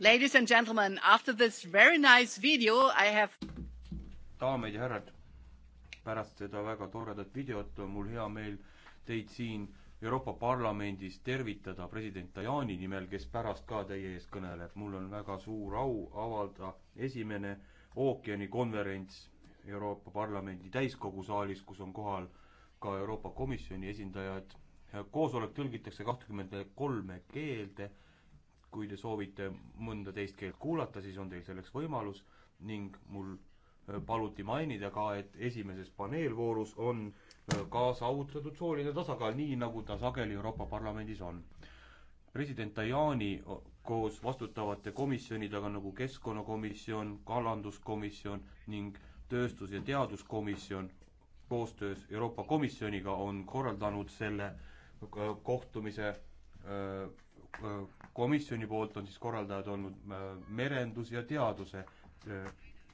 Ladies and gentlemen, after this very nice video I have daamid ja härrad, pärast seda väga toredat videot on mul hea meel teid siin Euroopa Parlamendis tervitada president Tajani nimel, kes pärast ka teie ees kõneleb. mul on väga suur au avalda esimene ookeanikonverents Euroopa Parlamendi täiskogu saalis, kus on kohal ka Euroopa Komisjoni esindajad. koosolek tõlgitakse kahtekümmend kolme keelde kui te soovite mõnda teist keelt kuulata, siis on teil selleks võimalus ning mul äh, paluti mainida ka, et esimeses paneelvoorus on äh, kaasavutatud sooline tasakaal, nii nagu ta sageli Euroopa Parlamendis on. president Tajani koos vastutavate komisjonidega nagu Keskkonnakomisjon, Kalanduskomisjon ning Tööstus- ja Teaduskomisjon koostöös Euroopa Komisjoniga on korraldanud selle äh, kohtumise öö, komisjoni poolt on siis korraldajad olnud merendus- ja teaduse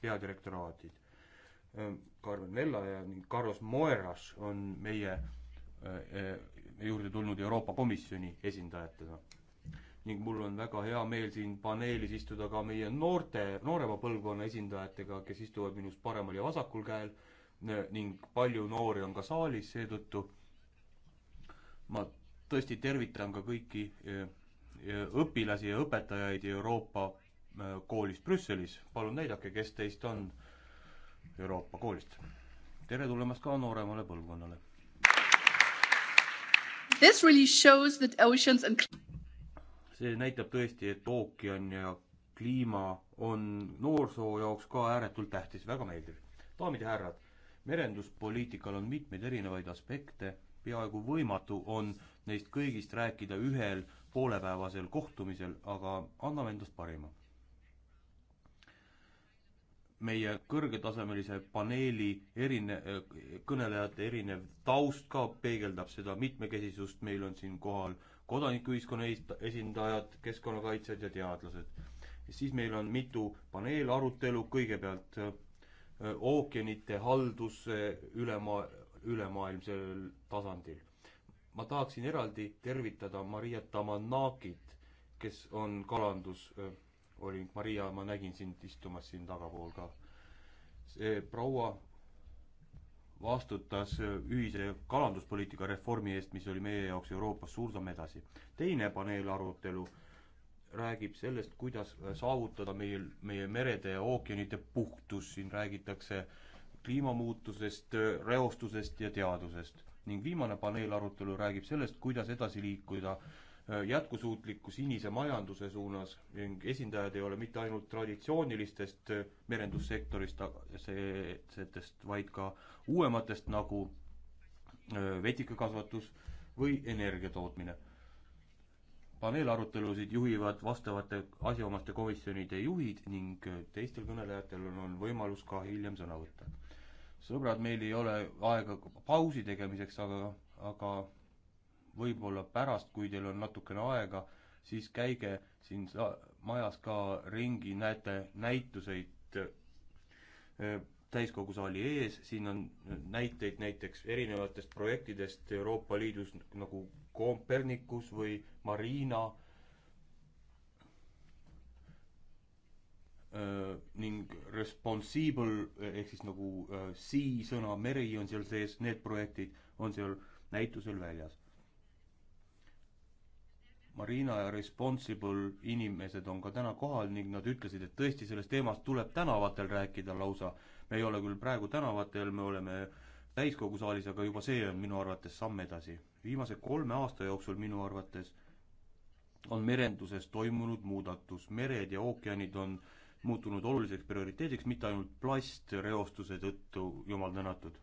peadirektoraadid. Carmen Vella ja ning Carlos Moeras on meie juurde tulnud Euroopa Komisjoni esindajatena. ning mul on väga hea meel siin paneelis istuda ka meie noorte, noorema põlvkonna esindajatega, kes istuvad minust paremal ja vasakul käel ning palju noori on ka saalis, seetõttu ma tõesti tervitan ka kõiki õpilasi ja õpetajaid Euroopa äh, koolist Brüsselis. palun näidake, kes teist on Euroopa koolist. tere tulemast ka nooremale põlvkonnale. This really shows that oceans and see näitab tõesti, et ookean ja kliima on noorsoo jaoks ka ääretult tähtis, väga meeldiv. daamid ja härrad, merenduspoliitikal on mitmeid erinevaid aspekte, peaaegu võimatu on neist kõigist rääkida ühel poolepäevasel kohtumisel, aga anname endast parima. meie kõrgetasemelise paneeli erine-, kõnelejate erinev taust ka peegeldab seda mitmekesisust, meil on siin kohal kodanikuühiskonna esindajad, keskkonnakaitsjad ja teadlased. siis meil on mitu paneelarutelu, kõigepealt äh, ookeanite haldus ülema-, ülemaailmsel tasandil ma tahaksin eraldi tervitada Maria Tamanakit, kes on kalandus, olin Maria, ma nägin sind istumas siin tagapool ka. see proua vastutas ühise kalanduspoliitika reformi eest, mis oli meie jaoks Euroopas suur samm edasi. teine paneelarutelu räägib sellest, kuidas saavutada meil, meie merede ja ookeanide puhtus, siin räägitakse kliimamuutusest, reostusest ja teadusest ning viimane paneelarutelu räägib sellest, kuidas edasi liikuda äh, jätkusuutliku sinise majanduse suunas ning esindajad ei ole mitte ainult traditsioonilistest äh, merendussektorist, setest, vaid ka uuematest, nagu äh, vetikakasvatus või energiatootmine. paneelarutelusid juhivad vastavate asjaomaste komisjonide juhid ning teistel kõnelejatel on võimalus ka hiljem sõna võtta sõbrad, meil ei ole aega pausi tegemiseks, aga, aga võib-olla pärast, kui teil on natukene aega, siis käige siin majas ka ringi, näete näituseid eh, täiskogu saali ees, siin on näiteid näiteks erinevatest projektidest Euroopa Liidus nagu Copernicus või Marina Äh, ning responsible äh, ehk siis nagu sea äh, sõna, meri on seal sees, need projektid on seal näitusel väljas. Marina ja Responsible inimesed on ka täna kohal ning nad ütlesid, et tõesti sellest teemast tuleb tänavatel rääkida lausa. me ei ole küll praegu tänavatel, me oleme täiskogu saalis, aga juba see on minu arvates samm edasi. viimase kolme aasta jooksul minu arvates on merenduses toimunud muudatus, mered ja ookeanid on äh, muutunud oluliseks prioriteediks mitte ainult plastreostuse tõttu, jumal tänatud.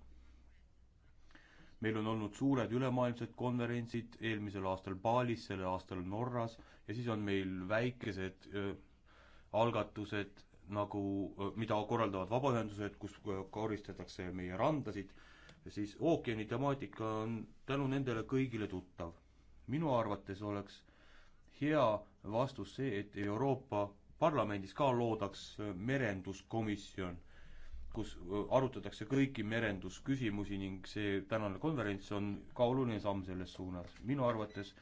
meil on olnud suured ülemaailmsed konverentsid, eelmisel aastal Balis, sel aastal Norras ja siis on meil väikesed öö, algatused nagu, mida korraldavad vabaühendused, kus koristatakse meie randasid, siis ookeani temaatika on tänu nendele kõigile tuttav. minu arvates oleks hea vastus see, et Euroopa parlamendis ka loodaks äh, merenduskomisjon, kus äh, arutatakse kõiki merendusküsimusi ning see tänane konverents on ka oluline samm selles suunas. minu arvates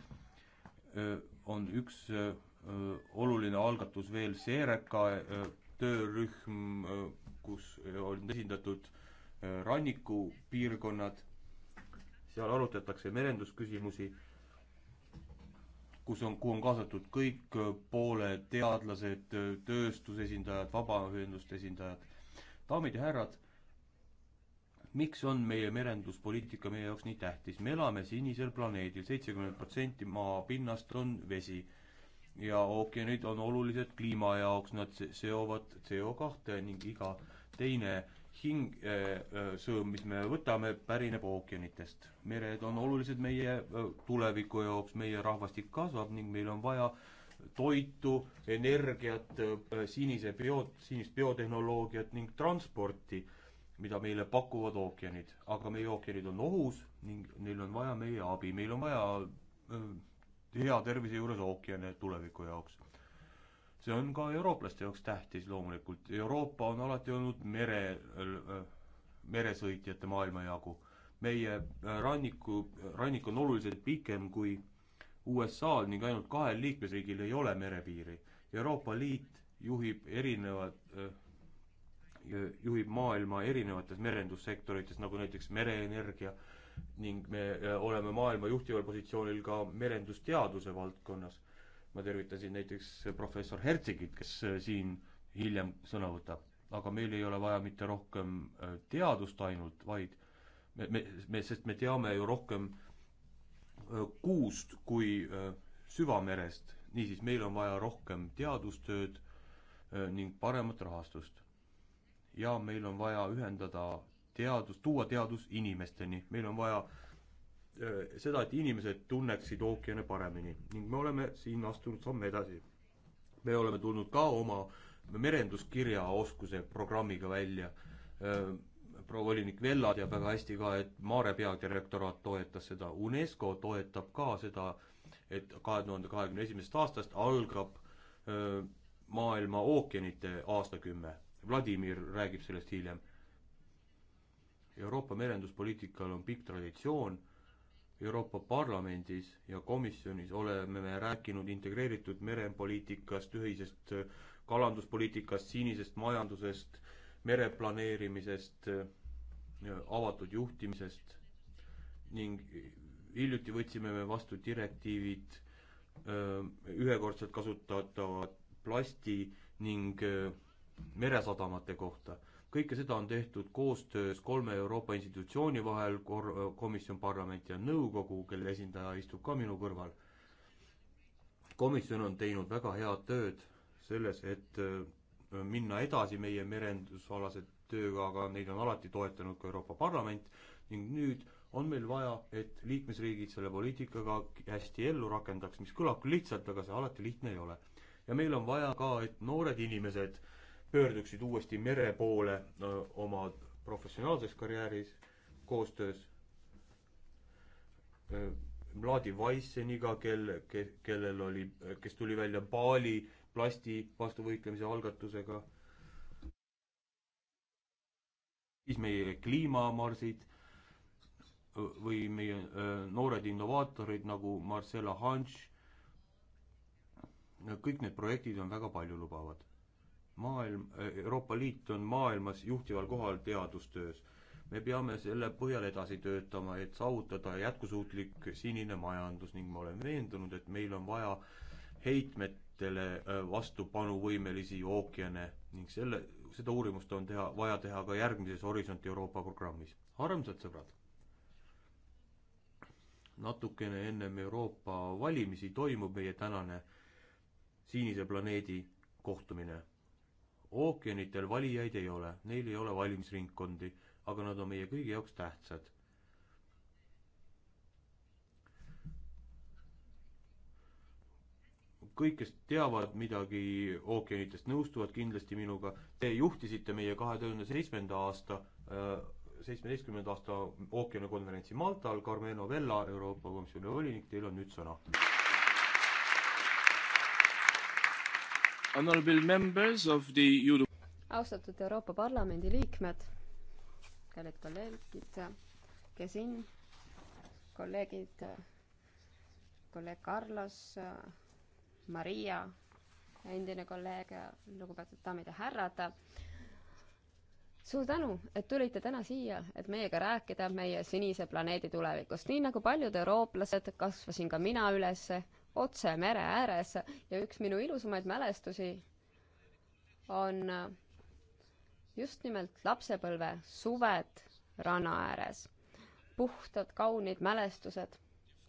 äh, on üks oluline algatus veel Seereka töörühm, kus on esindatud rannikupiirkonnad, seal arutatakse merendusküsimusi kus on, kuhu on kaasatud kõik äh, pooled, teadlased, äh, tööstusesindajad, vabaühenduste esindajad. daamid ja härrad, miks on meie merenduspoliitika meie jaoks nii tähtis? me elame sinisel planeedil, seitsekümmend protsenti maapinnast on vesi ja ookeanid on olulised kliima jaoks, nad seovad CO2 ning iga teine hing äh, äh,, sõõm, mis me võtame, pärineb ookeanitest. mered on olulised meie äh, tuleviku jaoks, meie rahvastik kasvab ning meil on vaja toitu, energiat, äh, sinise bio, sinist biotehnoloogiat ning transporti, mida meile pakuvad ookeanid. aga meie ookeanid on ohus ning neil on vaja meie abi, meil on vaja äh, hea tervise juures ookeane tuleviku jaoks see on ka eurooplaste jaoks tähtis loomulikult. Euroopa on alati olnud mere, äh, meresõitjate maailmajagu. meie äh, ranniku, rannik on oluliselt pikem kui USA-l ning ainult kahel liikmesriigil ei ole merepiiri. Euroopa Liit juhib erinevad, äh, juhib maailma erinevates merendussektorites, nagu näiteks mereenergia ning me oleme maailma juhtival positsioonil ka merendusteaduse valdkonnas ma tervitasin näiteks professor Hertsegit, kes äh, siin hiljem sõna võtab. aga meil ei ole vaja mitte rohkem äh, teadust ainult, vaid me, me, me, sest me teame ju rohkem äh, kuust kui süvamerest, niisiis meil on vaja rohkem teadustööd ning paremat rahastust. ja meil on vaja ühendada teadus, tuua teadus inimesteni, meil on vaja äh, Äh, seda, et inimesed tunneksid ookeane paremini ning me oleme siin astunud samme edasi. me oleme tulnud ka oma merenduskirjaoskuse programmiga välja, äh, proua volinik Vella teab väga hästi ka, et Maare peadirektoraat toetas seda, UNESCO toetab ka seda, et kahe tuhande kahekümne esimesest aastast algab öö, äh, maailma ookeanite aastakümme. Vladimir räägib sellest hiljem. Euroopa merenduspoliitikal on pikk traditsioon Euroopa Parlamendis ja komisjonis oleme me rääkinud integreeritud merepoliitikast, ühisest äh, kalanduspoliitikast, sinisest majandusest, mereplaneerimisest, äh, avatud juhtimisest ning hiljuti võtsime me vastu direktiivid äh, ühekordselt kasutatava plasti ning meresadamate kohta kõike seda on tehtud koostöös kolme Euroopa institutsiooni vahel, kor-, komisjon, parlament ja nõukogu, kelle esindaja istub ka minu kõrval. komisjon on teinud väga head tööd selles, et äh, minna edasi meie merendusalase tööga, aga neid on alati toetanud ka Euroopa Parlament ning nüüd on meil vaja, et liikmesriigid selle poliitikaga hästi ellu rakendaks, mis kõlab küll lihtsalt, aga see alati lihtne ei ole. ja meil on vaja ka, et noored inimesed äh, pöörduksid uuesti mere poole öö, oma professionaalses karjääris, koostöös öö, Mladi Vaisseniga, kel- ke,, kellel oli, kes tuli välja Bali plasti vastu võitlemise algatusega, siis meie kliimamarsid või meie öö, noored innovaatorid nagu Marcela Hanš, kõik need projektid on väga paljulubavad maailm, Euroopa Liit on maailmas juhtival kohal teadustöös. me peame selle põhjal edasi töötama, et saavutada jätkusuutlik sinine majandus ning ma olen veendunud, et meil on vaja heitmetele äh, vastupanuvõimelisi ookeane ning selle, seda uurimust on teha, vaja teha ka järgmises Horisont Euroopa programmis. armsad sõbrad! natukene ennem Euroopa valimisi toimub meie tänane sinise planeedi kohtumine ookeanitel valijaid ei ole, neil ei ole valimisringkondi, aga nad on meie kõigi jaoks tähtsad. kõik, kes teavad midagi ookeanitest, nõustuvad kindlasti minuga. Te juhtisite meie kahe tuhande seitsmenda aasta äh, seitsmeteistkümnenda aasta ookeanikonverentsi Maltal, Carmelo Vella, Euroopa Komisjoni volinik, teil on nüüd sõna. austatud Euroopa Parlamendi liikmed, kallid kolleegid, kes siin, kolleegid, kolleeg Carlos, Maria, endine kolleeg, lugupeetud daamid ja härrad. suur tänu, et tulite täna siia, et meiega rääkida meie sinise planeedi tulevikust, nii nagu paljud eurooplased, kasvasin ka mina üles otse mere ääres ja üks minu ilusamaid mälestusi on äh, just nimelt lapsepõlve suved ranna ääres. puhtad, kaunid mälestused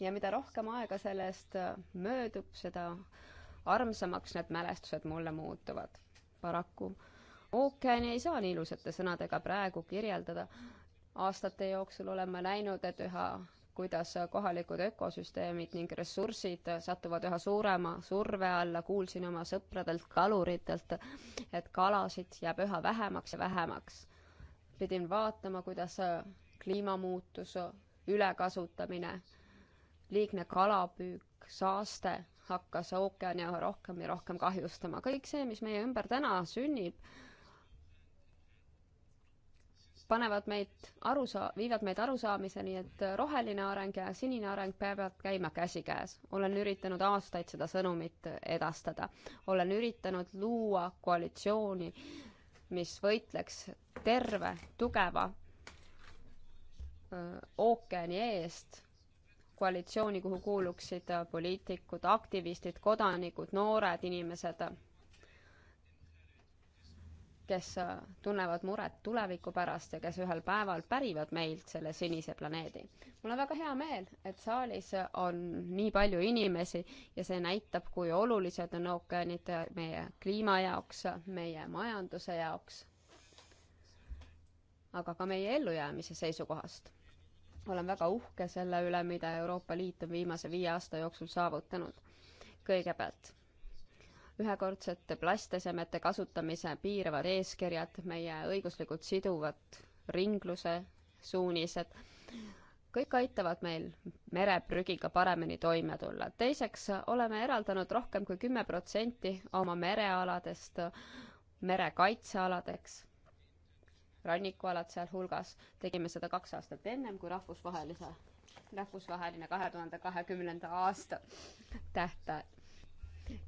ja mida rohkem aega sellest äh, möödub, seda armsamaks need mälestused mulle muutuvad. paraku ookeani ei saa nii ilusate sõnadega praegu kirjeldada. aastate jooksul olen ma näinud, et üha kuidas kohalikud ökosüsteemid ning ressursid satuvad üha suurema surve alla, kuulsin oma sõpradelt kaluritelt, et kalasid jääb üha vähemaks ja vähemaks. pidin vaatama, kuidas kliimamuutus, ülekasutamine, liigne kalapüük, saaste hakkas ookeani rohkem ja rohkem kahjustama, kõik see, mis meie ümber täna sünnib panevad meid aru saa-, viivad meid arusaamiseni, et roheline areng ja sinine areng peavad käima käsikäes. olen üritanud aastaid seda sõnumit edastada. olen üritanud luua koalitsiooni, mis võitleks terve, tugeva ookeani eest, koalitsiooni, kuhu kuuluksid poliitikud, aktivistid, kodanikud, noored inimesed kes äh, tunnevad muret tuleviku pärast ja kes ühel päeval pärivad meilt selle sinise planeedi. mul on väga hea meel, et saalis on nii palju inimesi ja see näitab, kui olulised on ookeanid meie kliima jaoks, meie majanduse jaoks, aga ka meie ellujäämise seisukohast. olen väga uhke selle üle, mida Euroopa Liit on viimase viie aasta jooksul saavutanud. kõigepealt ühekordsete plastesemete kasutamise piiravad eeskirjad, meie õiguslikult siduvad ringluse suunised, kõik aitavad meil mereprügiga paremini toime tulla. teiseks oleme eraldanud rohkem kui kümme protsenti oma merealadest merekaitsealadeks, rannikualad sealhulgas. tegime seda kaks aastat ennem kui rahvusvahelise, rahvusvaheline kahe tuhande kahekümnenda aasta tähtaeg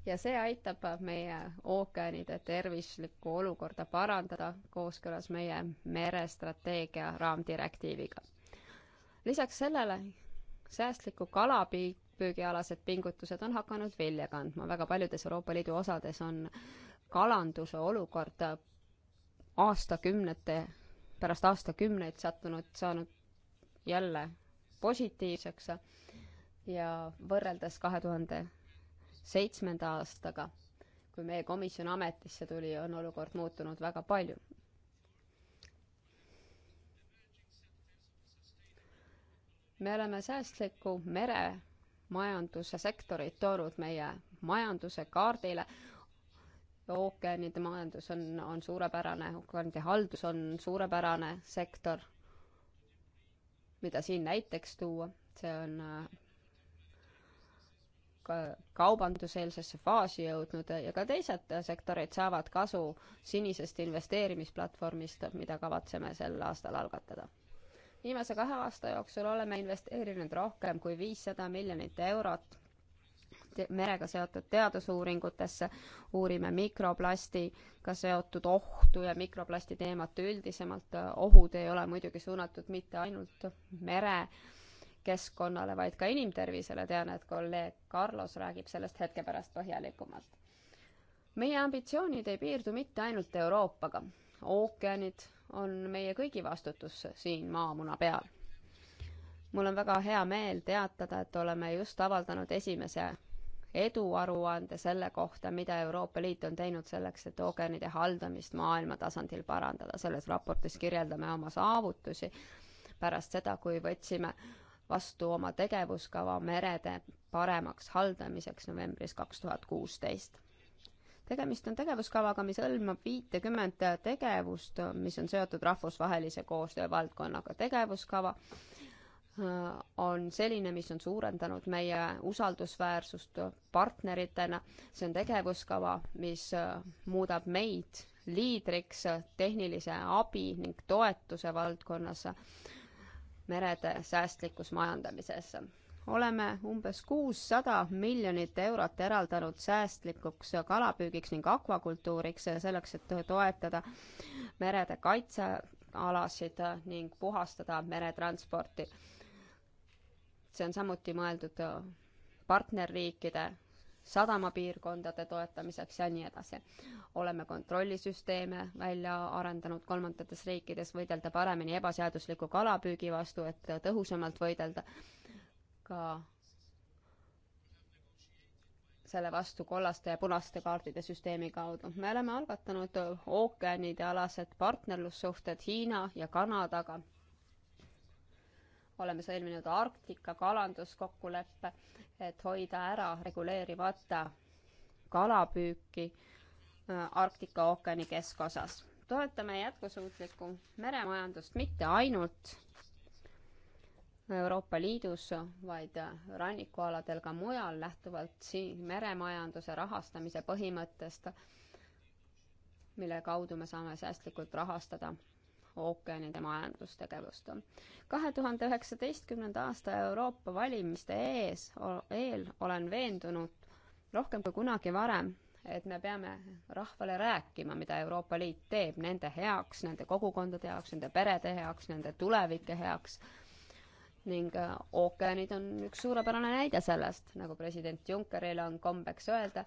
ja see aitab meie ookeanide tervislikku olukorda parandada kooskõlas meie merestrateegia raamdirektiiviga. lisaks sellele säästliku kalapüügialased pingutused on hakanud vilja kandma, väga paljudes Euroopa Liidu osades on kalanduse olukord aastakümnete, pärast aastakümneid sattunud, saanud jälle positiivseks ja võrreldes kahe tuhande seitsmenda aastaga, kui meie komisjon ametisse tuli, on olukord muutunud väga palju. me oleme säästliku meremajanduse sektorit toonud meie majanduse kaardile, ookeanide majandus on, on suurepärane, ookeanide haldus on suurepärane sektor, mida siin näiteks tuua, see on kaubanduseelsesse faasi jõudnud ja ka teised sektorid saavad kasu sinisest investeerimisplatvormist, mida kavatseme sel aastal algatada. viimase kahe aasta jooksul oleme investeerinud rohkem kui viissada miljonit eurot merega seotud teadusuuringutesse, uurime mikroplastiga seotud ohtu ja mikroplasti teemat üldisemalt. ohud ei ole muidugi suunatud mitte ainult mere keskkonnale, vaid ka inimtervisele. tean, et kolleeg Carlos räägib sellest hetke pärast põhjalikumalt. meie ambitsioonid ei piirdu mitte ainult Euroopaga. ookeanid on meie kõigi vastutus siin maamuna peal. mul on väga hea meel teatada, et oleme just avaldanud esimese eduaruande selle kohta, mida Euroopa Liit on teinud selleks, et ookeanide haldamist maailma tasandil parandada. selles raportis kirjeldame oma saavutusi pärast seda, kui võtsime äh, vastu oma tegevuskava merede paremaks haldamiseks novembris kaks tuhat kuusteist tegemist on tegevuskavaga, mis hõlmab viitekümmet tegevust, mis on seotud rahvusvahelise koostöö valdkonnaga. tegevuskava äh, on selline, mis on suurendanud meie usaldusväärsust partneritena. see on tegevuskava, mis äh, muudab meid liidriks tehnilise abi ning toetuse valdkonnas merede säästlikus majandamises. oleme umbes kuussada miljonit eurot eraldanud säästlikuks kalapüügiks ning akvakultuuriks, selleks et toetada merede kaitsealasid ning puhastada meretransporti. see on samuti mõeldud partnerriikide sadamapiirkondade toetamiseks ja nii edasi. oleme kontrollisüsteeme välja arendanud kolmandates riikides, võidelda paremini ebaseadusliku kalapüügi vastu, et tõhusamalt võidelda ka selle vastu kollaste ja punaste kaartide süsteemi kaudu. me oleme algatanud ookeanidealased partnerlussuhted Hiina ja Kanadaga. oleme sõlminud Arktika kalanduskokkuleppe et hoida ära reguleerimata kalapüüki äh, Arktika ookeani keskosas. toetame jätkusuutlikku meremajandust mitte ainult Euroopa Liidus, vaid äh, rannikualadel ka mujal, lähtuvalt siin meremajanduse rahastamise põhimõttest, mille kaudu me saame säästlikult rahastada ookeanide majandustegevust. kahe tuhande üheksateistkümnenda aasta Euroopa valimiste ees, eel olen veendunud rohkem kui kunagi varem, et me peame rahvale rääkima, mida Euroopa Liit teeb nende heaks, nende kogukondade heaks, nende perede heaks, nende tulevike heaks. ning äh, ookeanid on üks suurepärane näide sellest, nagu president Junckerile on kombeks öelda,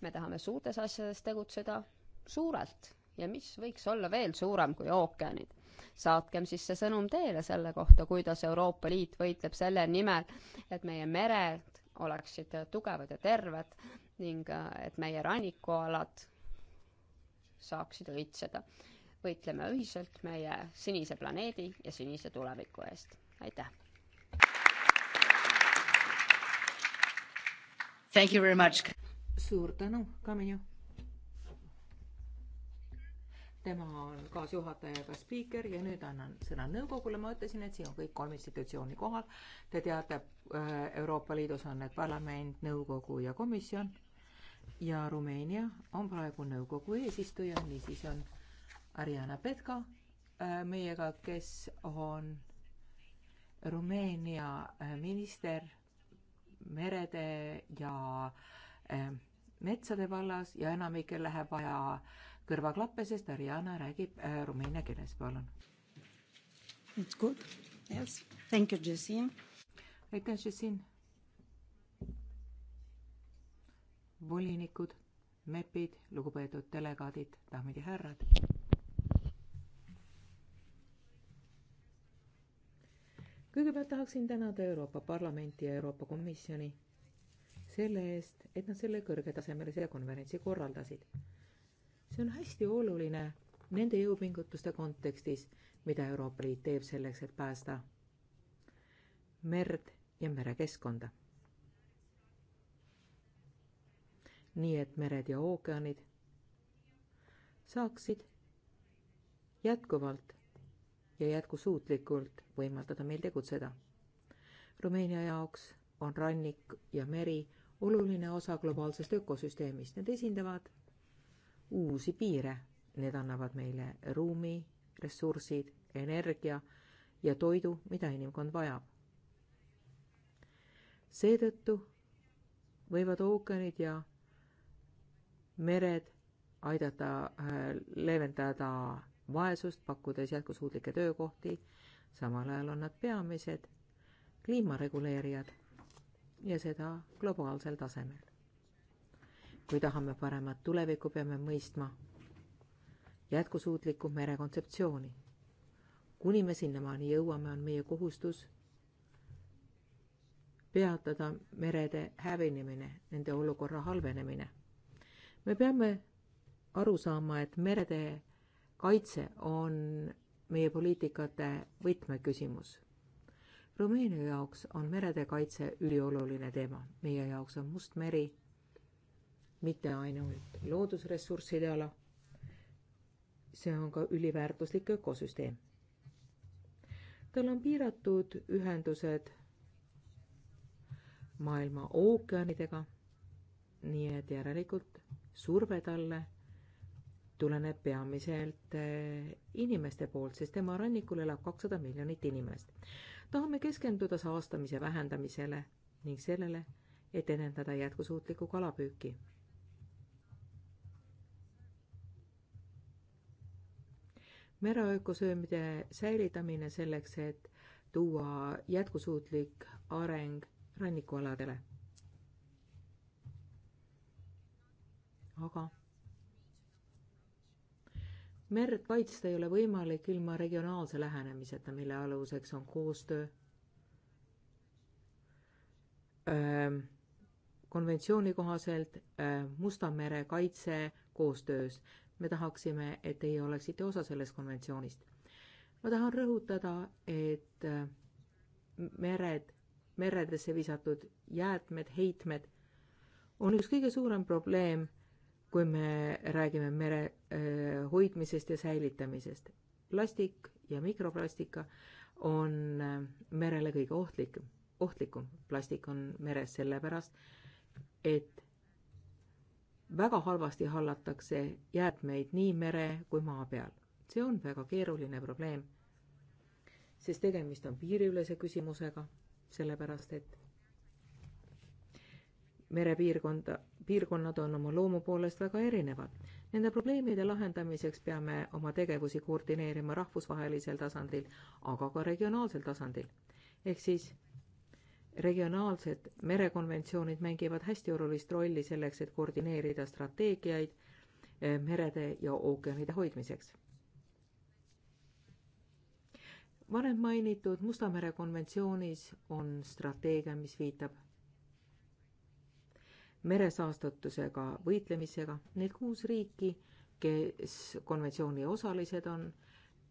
me tahame suurtes asjades tegutseda suurelt ja mis võiks olla veel suurem kui ookeanid. saatkem siis see sõnum teele selle kohta, kuidas Euroopa Liit võitleb selle nimel, et meie mered oleksid tugevad ja terved ning äh, et meie rannikualad saaksid õitseda. võitleme ühiselt meie sinise planeedi ja sinise tuleviku eest. aitäh! Thank you very much. suur tänu, Kaminju tema on kaasjuhataja ka spiiker ja nüüd annan sõna nõukogule, ma ütlesin, et siin on kõik kolm institutsiooni kohal. Te teate, äh, Euroopa Liidus on need parlament, nõukogu ja komisjon ja Rumeenia on praegu nõukogu eesistuja, niisiis on Ariana Petka äh, meiega, kes on Rumeenia äh, minister merede ja metsade vallas ja enamikel läheb vaja äh, kõrvaklappe, sest Ariana räägib äh, rumeenia keeles, palun. It's good, yes, thank you, Jessin. aitäh, Jessin. volinikud, MEP-id, lugupeetud delegaadid, daamid ja härrad. kõigepealt tahaksin tänada Euroopa Parlamenti ja Euroopa Komisjoni selle eest, et nad selle kõrgetasemelise konverentsi korraldasid see on hästi oluline nende jõupingutuste kontekstis, mida Euroopa Liit teeb selleks, et päästa merd ja merekeskkonda. nii et mered ja ookeanid saaksid jätkuvalt ja jätkusuutlikult võimaldada meil tegutseda. Rumeenia jaoks on rannik ja meri oluline osa globaalsest ökosüsteemist, need esindavad uusi piire. Need annavad meile ruumi, ressursid, energia ja toidu, mida inimkond vajab. seetõttu võivad ookeanid ja mered aidata äh, leevendada vaesust, pakkudes jätkusuutlikke töökohti, samal ajal on nad peamised kliimareguleerijad ja seda globaalsel tasemel kui tahame paremat tulevikku, peame mõistma jätkusuutlikku merekontseptsiooni. kuni me sinnamaani jõuame, on meie kohustus peatada merede hävinemine, nende olukorra halvenemine. me peame aru saama, et merede kaitse on meie poliitikate võtmeküsimus. Rumeenia jaoks on merede kaitse ülioluline teema, meie jaoks on Must meri mitte ainult loodusressursside ala, see on ka üliväärtuslik ökosüsteem. tal on piiratud ühendused maailma ookeanidega, nii et järelikult surve talle tuleneb peamiselt eh, inimeste poolt, sest tema rannikul elab kakssada miljonit inimest. tahame keskenduda saastamise vähendamisele ning sellele, et edendada jätkusuutlikku kalapüüki mereökosöömide säilitamine selleks, et tuua jätkusuutlik areng rannikualadele. aga merd kaitsta ei ole võimalik ilma regionaalse lähenemiseta, mille aluseks on koostöö öö, konventsiooni kohaselt Musta mere kaitse koostöös me tahaksime, et teie oleksite osa sellest konventsioonist. ma tahan rõhutada, et äh, mered, meredesse visatud jäätmed, heitmed on üks kõige suurem probleem, kui me räägime mere äh, hoidmisest ja säilitamisest. plastik ja mikroplastika on äh, merele kõige ohtlik, ohtlikum. plastik on meres sellepärast, et väga halvasti hallatakse jäätmeid nii mere kui maa peal. see on väga keeruline probleem, sest tegemist on piiriülese küsimusega, sellepärast et merepiirkonda, piirkonnad on oma loomu poolest väga erinevad. Nende probleemide lahendamiseks peame oma tegevusi koordineerima rahvusvahelisel tasandil, aga ka regionaalsel tasandil. ehk siis regionaalsed merekonventsioonid mängivad hästi olulist rolli selleks, et koordineerida strateegiaid eh, merede ja ookeanide hoidmiseks. varem mainitud Musta mere konventsioonis on strateegia, mis viitab meresaastatusega võitlemisega. Need kuus riiki, kes konventsiooni osalised on,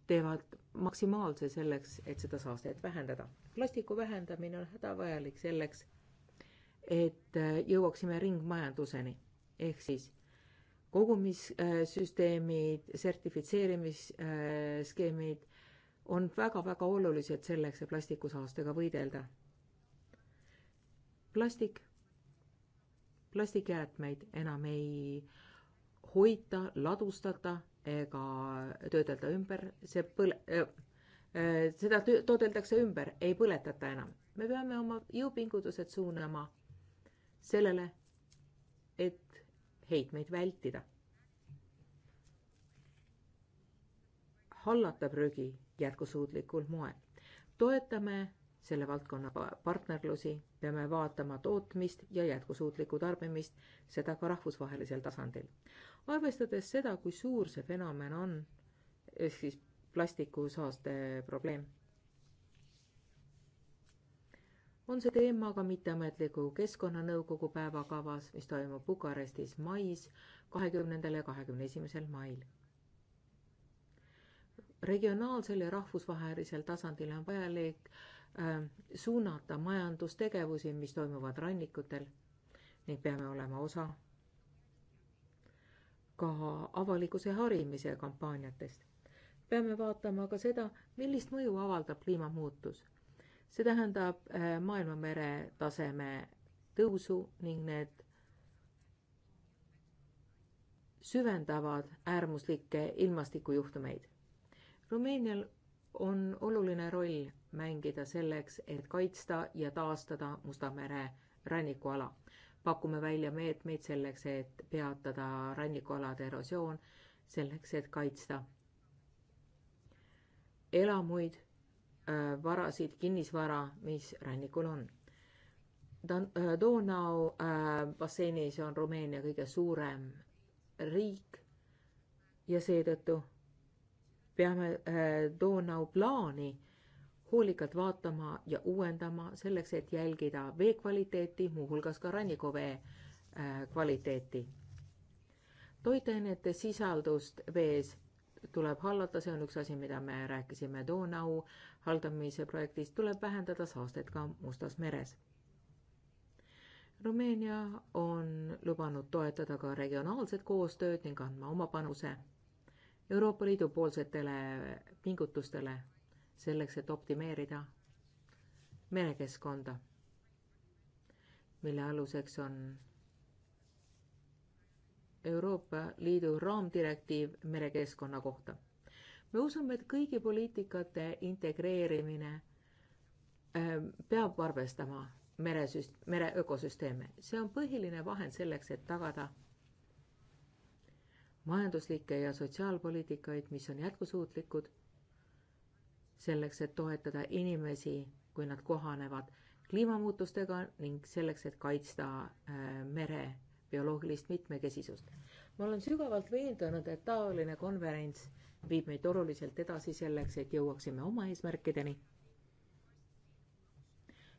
teevad maksimaalse selleks, et seda saastet vähendada. plastiku vähendamine on hädavajalik selleks, et äh, jõuaksime ringmajanduseni ehk siis kogumissüsteemid, sertifitseerimisskeemid on väga-väga olulised selleks, et plastikusaastega võidelda. plastik, plastikjäätmeid enam ei hoita, ladustata ega töödelda ümber, see põle- äh,, äh, eh, seda toodeldakse ümber, ei põletata enam. me peame oma jõupingutused suunama sellele, et heitmeid vältida. hallata prügi jätkusuutlikul moel. toetame selle valdkonna partnerlusi, peame vaatama tootmist ja jätkusuutlikku tarbimist, seda ka rahvusvahelisel tasandil arvestades seda, kui suur see fenomen on, ehk siis plastikusaaste probleem. on see teema ka mitteametliku Keskkonnanõukogu päevakavas, mis toimub Bukarestis mais, kahekümnendal ja kahekümne esimesel mail. regionaalsel ja rahvusvahelisel tasandil on vajalik äh, suunata majandustegevusi, mis toimuvad rannikutel ning peame olema osa ka avalikkuse harimise kampaaniatest. peame vaatama ka seda, millist mõju avaldab kliimamuutus. see tähendab eh, maailma meretaseme tõusu ning need süvendavad äärmuslikke ilmastikujuhtumeid. Rumeenial on oluline roll mängida selleks, et kaitsta ja taastada Musta mere rannikuala pakume välja meetmeid selleks, et peatada rannikualade erosioon, selleks, et kaitsta elamuid, äh, varasid, kinnisvara, mis rannikul on. Äh, Donau äh, basseinis on Rumeenia kõige suurem riik ja seetõttu peame Donau plaani äh, hoolikalt vaatama ja uuendama selleks, et jälgida vee kvaliteeti, muuhulgas ka rannikuvee äh, kvaliteeti. toitainete sisaldust vees tuleb hallata, see on üks asi, mida me rääkisime Donau haldamise projektis, tuleb vähendada saastet ka Mustas meres. Rumeenia on lubanud toetada ka regionaalset koostööd ning andma oma panuse Euroopa Liidu poolsetele pingutustele selleks, et optimeerida merekeskkonda, mille aluseks on Euroopa Liidu raamdirektiiv merekeskkonna kohta. me usume, et kõigi poliitikate integreerimine ähm, peab arvestama meresüst-, mere ökosüsteeme. see on põhiline vahend selleks, et tagada majanduslikke ja sotsiaalpoliitikaid, mis on jätkusuutlikud selleks, et toetada inimesi, kui nad kohanevad kliimamuutustega ning selleks, et kaitsta äh, mere bioloogilist mitmekesisust. ma olen sügavalt veendunud, et taoline konverents viib meid oluliselt edasi selleks, et jõuaksime oma eesmärkideni.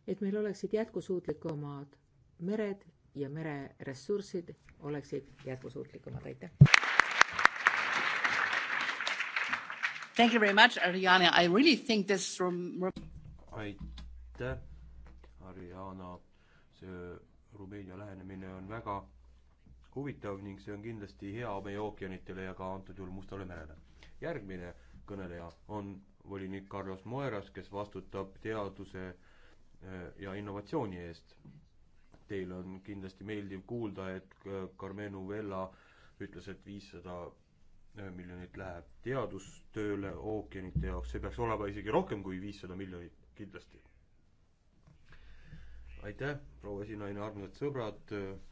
et meil oleksid jätkusuutlikumad mered ja mereressursid oleksid jätkusuutlikumad, aitäh! Thank you very much, Ariane, I really think this from. aitäh, Ariana, see Rumeenia lähenemine on väga huvitav ning see on kindlasti hea meie ookeanitele ja ka antud juhul Mustale merele. järgmine kõneleja on volinik Carlos Moeras, kes vastutab teaduse eh, ja innovatsiooni eest. Teil on kindlasti meeldiv kuulda, et eh, Carmen Uvela ütles, et viissada miljonit läheb teadustööle ookeanite jaoks, see peaks olema isegi rohkem kui viissada miljonit kindlasti. aitäh, proua esinaine, armsad sõbrad,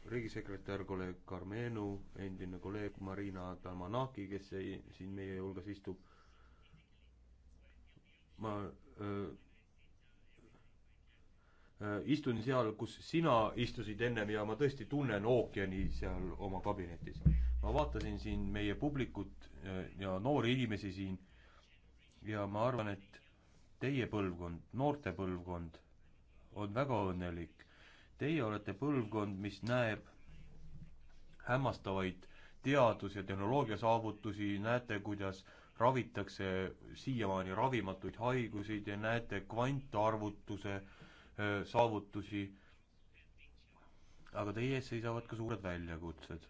riigisekretär, kolleeg Karmenu, endine kolleeg Marina Tamanaki, kes ei, siin meie hulgas istub. ma öö, öö, istun seal, kus sina istusid ennem ja ma tõesti tunnen ookeani seal oma kabinetis ma vaatasin siin meie publikut ja noori inimesi siin ja ma arvan, et teie põlvkond, noorte põlvkond on väga õnnelik. Teie olete põlvkond, mis näeb hämmastavaid teadus- ja tehnoloogiasaavutusi, näete, kuidas ravitakse siiamaani ravimatuid haiguseid ja näete kvantarvutuse saavutusi. aga teie ees seisavad ka suured väljakutsed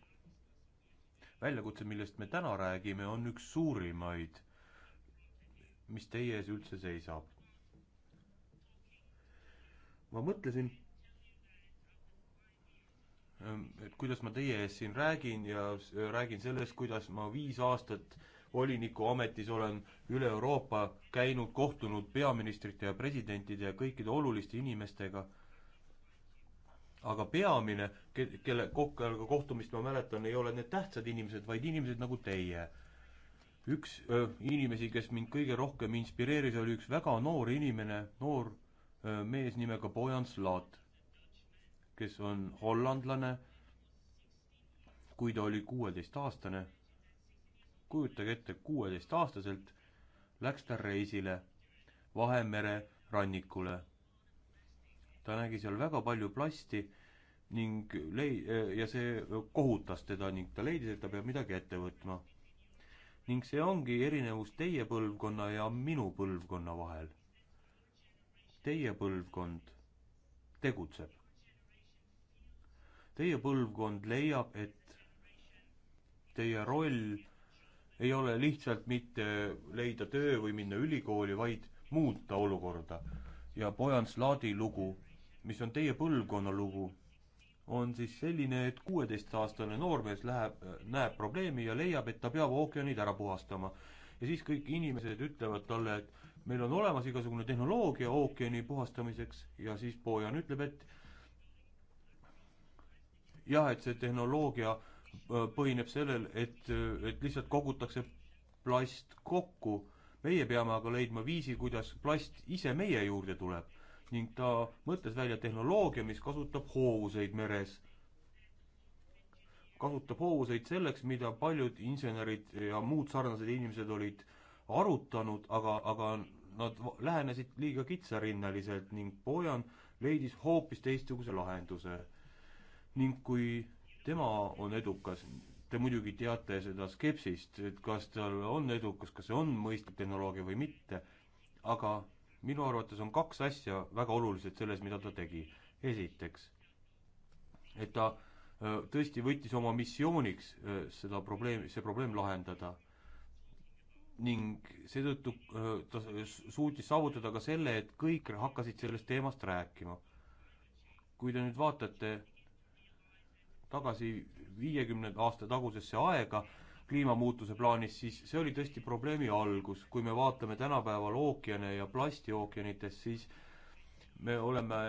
väljakutse, millest me täna räägime, on üks suurimaid, mis teie ees üldse seisab. ma mõtlesin, ähm, et kuidas ma teie ees siin räägin ja räägin sellest, kuidas ma viis aastat voliniku ametis olen üle Euroopa käinud, kohtunud peaministrite ja presidentide ja kõikide oluliste inimestega aga peamine, kelle kokkajaga kohtumist ma mäletan, ei ole need tähtsad inimesed, vaid inimesed nagu teie. üks öö, inimesi, kes mind kõige rohkem inspireeris, oli üks väga noor inimene, noor öö, mees nimega Bojan Slaat, kes on hollandlane, kui ta oli kuueteistaastane, kujutage ette, kuueteistaastaselt läks ta reisile Vahemere rannikule ta nägi seal väga palju plasti ning lei-, ja see kohutas teda ning ta leidis, et ta peab midagi ette võtma. ning see ongi erinevus teie põlvkonna ja minu põlvkonna vahel. Teie põlvkond tegutseb. Teie põlvkond leiab, et teie roll ei ole lihtsalt mitte leida töö või minna ülikooli, vaid muuta olukorda. ja Bojan Slaadi lugu mis on teie põlvkonna lugu, on siis selline, et kuueteistaastane noormees läheb, näeb probleemi ja leiab, et ta peab ookeanid ära puhastama. ja siis kõik inimesed ütlevad talle, et meil on olemas igasugune tehnoloogia ookeani puhastamiseks ja siis Bojan ütleb, et jah, et see tehnoloogia äh, põhineb sellel, et, et lihtsalt kogutakse plast kokku. meie peame aga leidma viisi, kuidas plast ise meie juurde tuleb ning ta mõtles välja tehnoloogia, mis kasutab hoovuseid meres. kasutab hoovuseid selleks, mida paljud insenerid ja muud sarnased inimesed olid arutanud, aga, aga nad lähenesid liiga kitsarinnaliselt ning Bojan leidis hoopis teistsuguse lahenduse. ning kui tema on edukas, te muidugi teate seda skepsist, et kas tal on edukas, kas see on mõistlik tehnoloogia või mitte, aga minu arvates on kaks asja väga olulised selles, mida ta tegi. esiteks, et ta äh, tõesti võttis oma missiooniks äh, seda probleemi, see probleem lahendada ning seetõttu äh, ta suutis saavutada ka selle, et kõik hakkasid sellest teemast rääkima. kui te nüüd vaatate tagasi viiekümne aasta tagusesse aega, kliimamuutuse plaanis, siis see oli tõesti probleemi algus. kui me vaatame tänapäeval ookeane ja plastiookeanitest, siis me oleme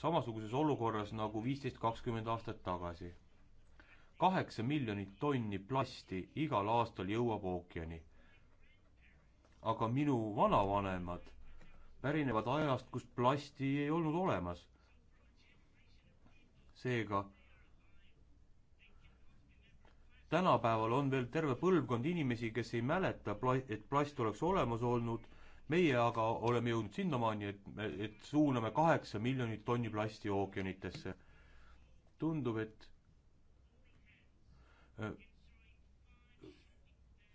samasuguses olukorras nagu viisteist, kakskümmend aastat tagasi. kaheksa miljonit tonni plasti igal aastal jõuab ookeani. aga minu vanavanemad pärinevad ajast, kus plasti ei olnud olemas. seega tänapäeval on veel terve põlvkond inimesi, kes ei mäleta, et plast oleks olemas olnud, meie aga oleme jõudnud sinnamaani, et me, et suuname kaheksa miljonit tonni plasti ookeanitesse. tundub, et äh,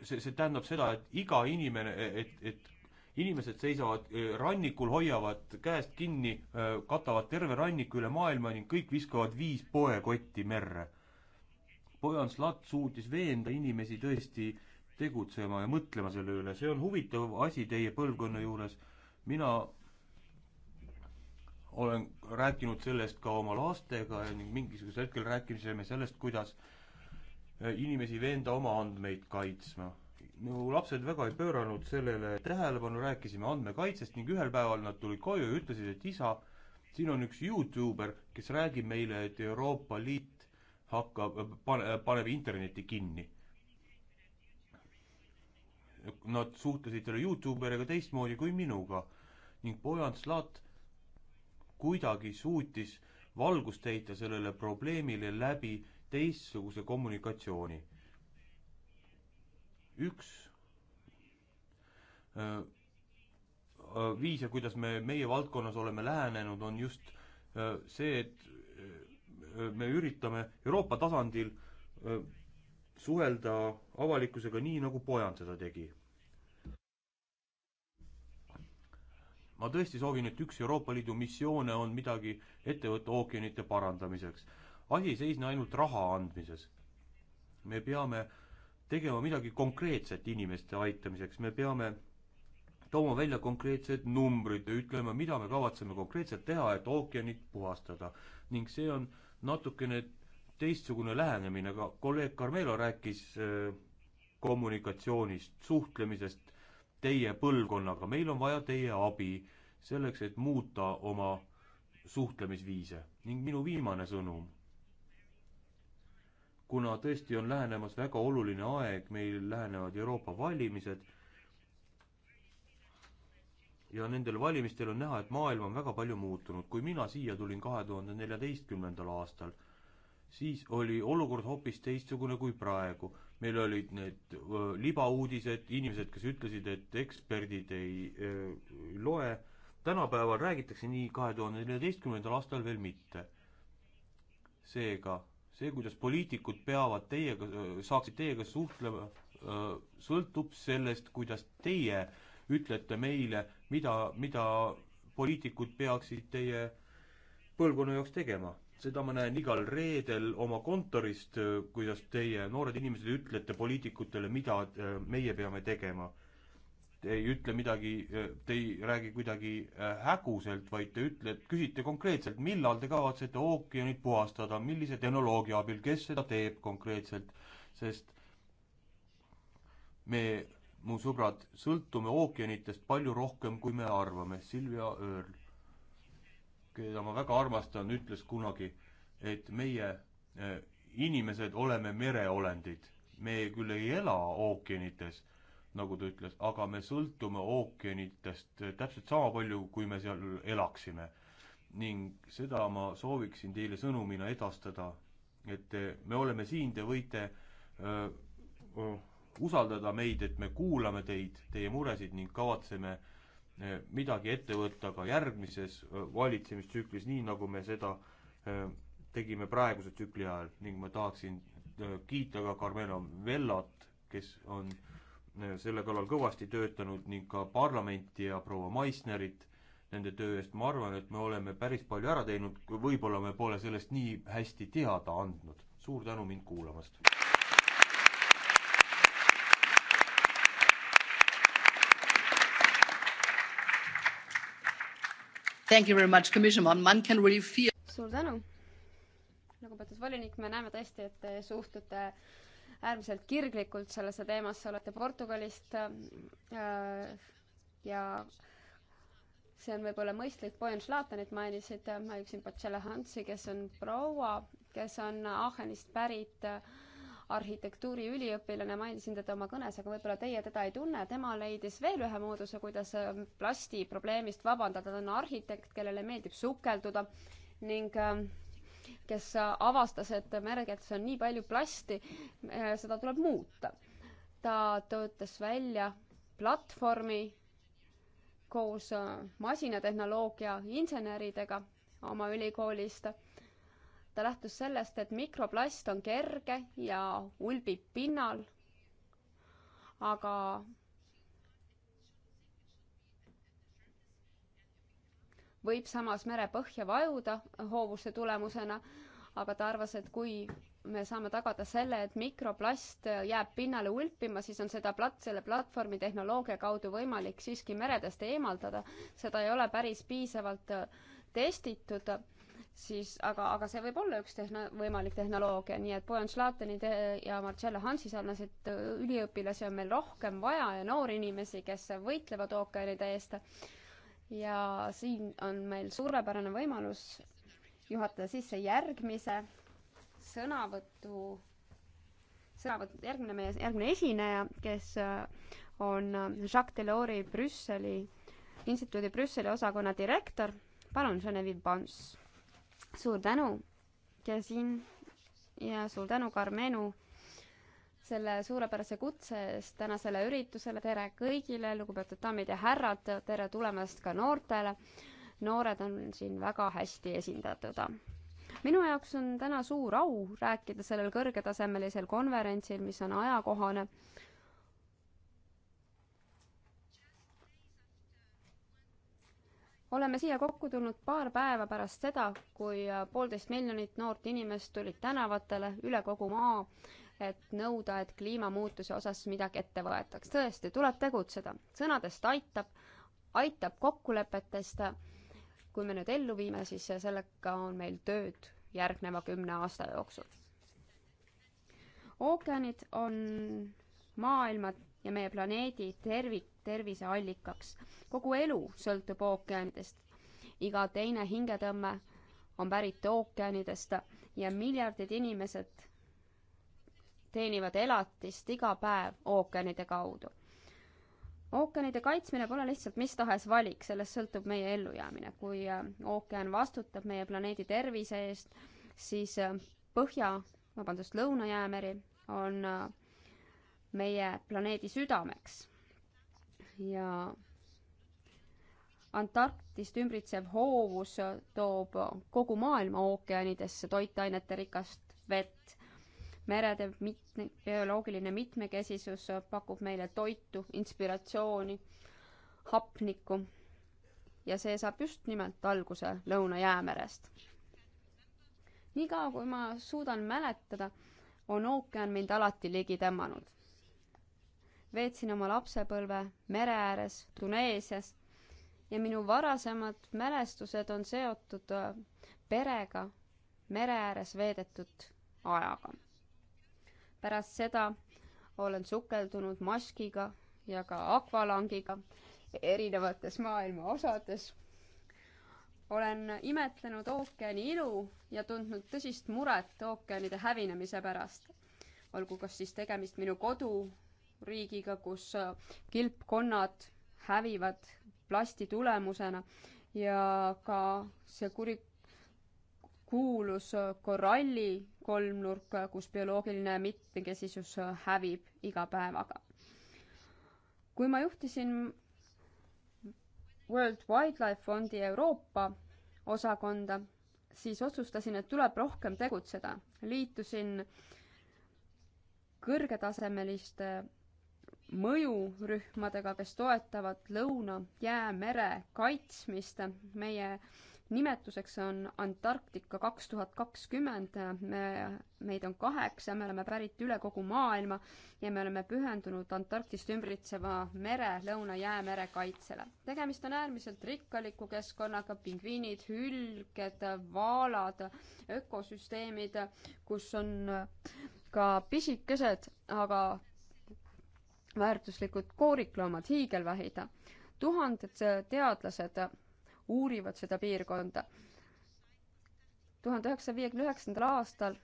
see, see tähendab seda, et iga inimene, et, et inimesed seisavad äh, rannikul, hoiavad käest kinni, äh, katavad terve ranniku üle maailma ning kõik viskavad viis poekotti merre Bojan Slat suutis veenda inimesi tõesti tegutsema ja mõtlema selle üle, see on huvitav asi teie põlvkonna juures, mina olen rääkinud sellest ka oma lastega ning mingisugusel hetkel rääkisime sellest, kuidas äh, inimesi veenda oma andmeid kaitsma. mu lapsed väga ei pööranud sellele tähelepanu, rääkisime andmekaitsest ning ühel päeval nad tulid koju ja ütlesid, et isa, siin on üks Youtuber, kes räägib meile, et Euroopa Liit hakkab, paneb interneti kinni. Nad suhtlesid selle Youtuberiga teistmoodi kui minuga ning Bojan Slat kuidagi suutis valgust heita sellele probleemile läbi teistsuguse kommunikatsiooni. üks öö, äh, äh, viise, kuidas me meie valdkonnas oleme lähenenud, on just öö, äh, see, et öö, me üritame Euroopa tasandil suhelda avalikkusega nii, nagu Pojand seda tegi. ma tõesti soovin, et üks Euroopa Liidu missioone on midagi ette võtta ookeanite parandamiseks. asi ei seisne ainult raha andmises. me peame tegema midagi konkreetset inimeste aitamiseks, me peame tooma välja konkreetsed numbrid ja ütlema, mida me kavatseme konkreetselt teha, et ookeanit puhastada. ning see on äh, natukene teistsugune lähenemine, aga kolleeg Carmelo rääkis äh, kommunikatsioonist, suhtlemisest teie põlvkonnaga, meil on vaja teie abi selleks, et muuta oma suhtlemisviise ning minu viimane sõnum. kuna tõesti on lähenemas väga oluline aeg, meil lähenevad Euroopa valimised ja nendel valimistel on näha, et maailm on väga palju muutunud. kui mina siia tulin kahe tuhande neljateistkümnendal aastal, siis oli olukord hoopis teistsugune kui praegu. meil olid need öö, libauudised, inimesed, kes ütlesid, et eksperdid ei öö, loe, tänapäeval räägitakse nii, kahe tuhande neljateistkümnendal aastal veel mitte. seega, see, kuidas poliitikud peavad teiega, saaksid teiega suhtlema, sõltub sellest, kuidas teie öö, ütlete meile, mida, mida poliitikud peaksid teie põlvkonna jaoks tegema. seda ma näen igal reedel oma kontorist, kuidas teie, noored inimesed, ütlete poliitikutele, mida äh, meie peame tegema. Te ei ütle midagi, äh, te ei räägi kuidagi äh, häguselt, vaid te ütlete, küsite konkreetselt, millal te kavatsete ookeanid puhastada, millise tehnoloogia abil, kes seda teeb konkreetselt, sest me mu sõbrad, sõltume ookeanitest palju rohkem, kui me arvame. Silvia Öörl, keda ma väga armastan, ütles kunagi, et meie eh, inimesed oleme mereolendid. me küll ei ela ookeanites, nagu ta ütles, aga me sõltume ookeanitest eh, täpselt sama palju, kui me seal elaksime. ning seda ma sooviksin teile sõnumina edastada, et eh, me oleme siin, te võite öö, öö, oh, usaldada meid, et me kuulame teid, teie muresid ning kavatseme eh, midagi ette võtta ka järgmises eh, valitsemistsüklis, nii nagu me seda eh, tegime praeguse tsükli ajal ning ma tahaksin kiita ka Carmelo Vellat, kes on selle kallal kõvasti töötanud ning ka parlamenti ja proua Meissnerit nende töö eest, ma arvan, et me oleme päris palju ära teinud, võib-olla me pole sellest nii hästi teada andnud. suur tänu mind kuulamast! Thank you very much, commission, one can really feel. suur tänu, lugupeetud volinik, me näeme tõesti, et te suhtute äärmiselt kirglikult sellesse teemasse, olete Portugalist äh, ja see on võib-olla mõistlik, Bojan Šlatanit mainisid, ma üksin Pacela Hansi, kes on proua, kes on Aachenist pärit äh, arhitektuuriüliõpilane, mainisin teda oma kõnes, aga võib-olla teie teda ei tunne, tema leidis veel ühe mooduse, kuidas ähm, plasti probleemist vabandada, ta on arhitekt, kellele meeldib sukelduda ning ähm, kes avastas, et mergetes on nii palju plasti, äh, seda tuleb muuta. ta töötas välja platvormi koos äh, masinatehnoloogia inseneridega oma ülikoolist ta lähtus sellest, et mikroplast on kerge ja ulbib pinnal, aga võib samas merepõhja vajuda hoovuse tulemusena, aga ta arvas, et kui me saame tagada selle, et mikroplast jääb pinnale ulpima, siis on seda plat-, selle platvormi tehnoloogia kaudu võimalik siiski meredest eemaldada. seda ei ole päris piisavalt testitud siis aga, aga see võib olla üks tehno-, võimalik tehnoloogia, nii et Bojan Šlateni ja Marcello Hansi sarnaseid äh, üliõpilasi on meil rohkem vaja ja noori inimesi, kes võitlevad ookeanide eest. ja siin on meil suurepärane võimalus juhatada sisse järgmise sõnavõtu, sõnavõtt, järgmine meie, järgmine esineja, kes äh, on Jacques Delors'i Brüsseli, instituudi Brüsseli osakonna direktor, palun, Genevieve Bans suur tänu, Jasin ja suur tänu, Carmenu, selle suurepärase kutse eest tänasele üritusele. tere kõigile, lugupeetud daamid ja härrad, tere tulemast ka noortele. noored on siin väga hästi esindatud. minu jaoks on täna suur au rääkida sellel kõrgetasemelisel konverentsil, mis on ajakohane oleme siia kokku tulnud paar päeva pärast seda, kui äh, poolteist miljonit noort inimest tulid tänavatele üle kogu maa, et nõuda, et kliimamuutuse osas midagi ette võetaks. tõesti, tuleb tegutseda. sõnadest aitab, aitab kokkulepetest. kui me nüüd ellu viime, siis sellega on meil tööd järgneva kümne aasta jooksul. ookeanid on maailma ja meie planeedi tervik, terviseallikaks. kogu elu sõltub ookeanidest. iga teine hingetõmme on pärit ookeanidest ja miljardid inimesed teenivad elatist iga päev ookeanide kaudu. ookeanide kaitsmine pole lihtsalt mis tahes valik, sellest sõltub meie ellujäämine. kui äh, ookean vastutab meie planeedi tervise eest, siis äh, Põhja, vabandust, Lõuna-Jäämeri on äh, meie planeedi südameks. ja Antarktist ümbritsev hoovus toob kogu maailma ookeanidesse toitainete rikast vett. merede mitme, bioloogiline mitmekesisus pakub meile toitu, inspiratsiooni, hapnikku ja see saab just nimelt alguse Lõuna-Jäämerest. niikaua, kui ma suudan mäletada, on ookean mind alati ligi tõmmanud veetsin oma lapsepõlve mere ääres Tuneesias ja minu varasemad mälestused on seotud äh, perega mere ääres veedetud ajaga. pärast seda olen sukeldunud maskiga ja ka akvalangiga erinevates maailma osades. olen imetlenud ookeani ilu ja tundnud tõsist muret ookeanide hävinemise pärast. olgu kas siis tegemist minu kodu riigiga, kus äh, kilpkonnad hävivad plasti tulemusena ja ka see kuri, kuulus äh, koralli kolmnurk, äh, kus bioloogiline mitmekesisus hävib iga päevaga. kui ma juhtisin World Wildlife Fondi Euroopa osakonda, siis otsustasin, et tuleb rohkem tegutseda. liitusin kõrgetasemeliste mõjurühmadega, kes toetavad Lõuna-Jäämere kaitsmist. meie nimetuseks on Antarktika kaks tuhat kakskümmend. me, meid on kaheksa, me oleme pärit üle kogu maailma ja me oleme pühendunud Antarktist ümbritseva mere, Lõuna-Jäämere kaitsele. tegemist on äärmiselt rikkaliku keskkonnaga, pingviinid, hülged, vaalad, ökosüsteemid, kus on ka pisikesed, aga väärtuslikud koorikloomad, hiigelvähid. tuhanded teadlased uurivad seda piirkonda. tuhande üheksasaja viiekümne üheksandal aastal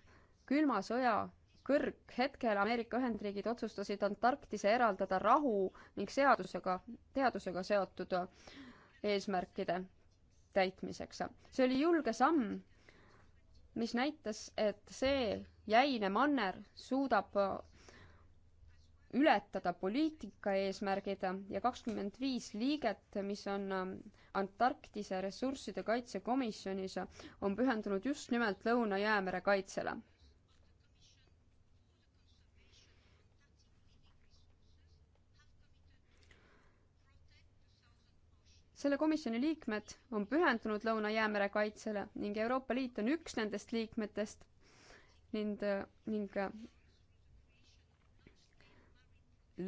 külma sõja kõrghetkel Ameerika Ühendriigid otsustasid Antarktise eraldada rahu ning seadusega, teadusega seotud eesmärkide täitmiseks. see oli julge samm, mis näitas, et see jäine manner suudab ületada poliitika eesmärgid ja kakskümmend viis liiget, mis on ähm, Antarktise ressursside kaitsekomisjonis, on pühendunud just nimelt Lõuna-Jäämere kaitsele. selle komisjoni liikmed on pühendunud Lõuna-Jäämere kaitsele ning Euroopa Liit on üks nendest liikmetest ning, äh, ning äh,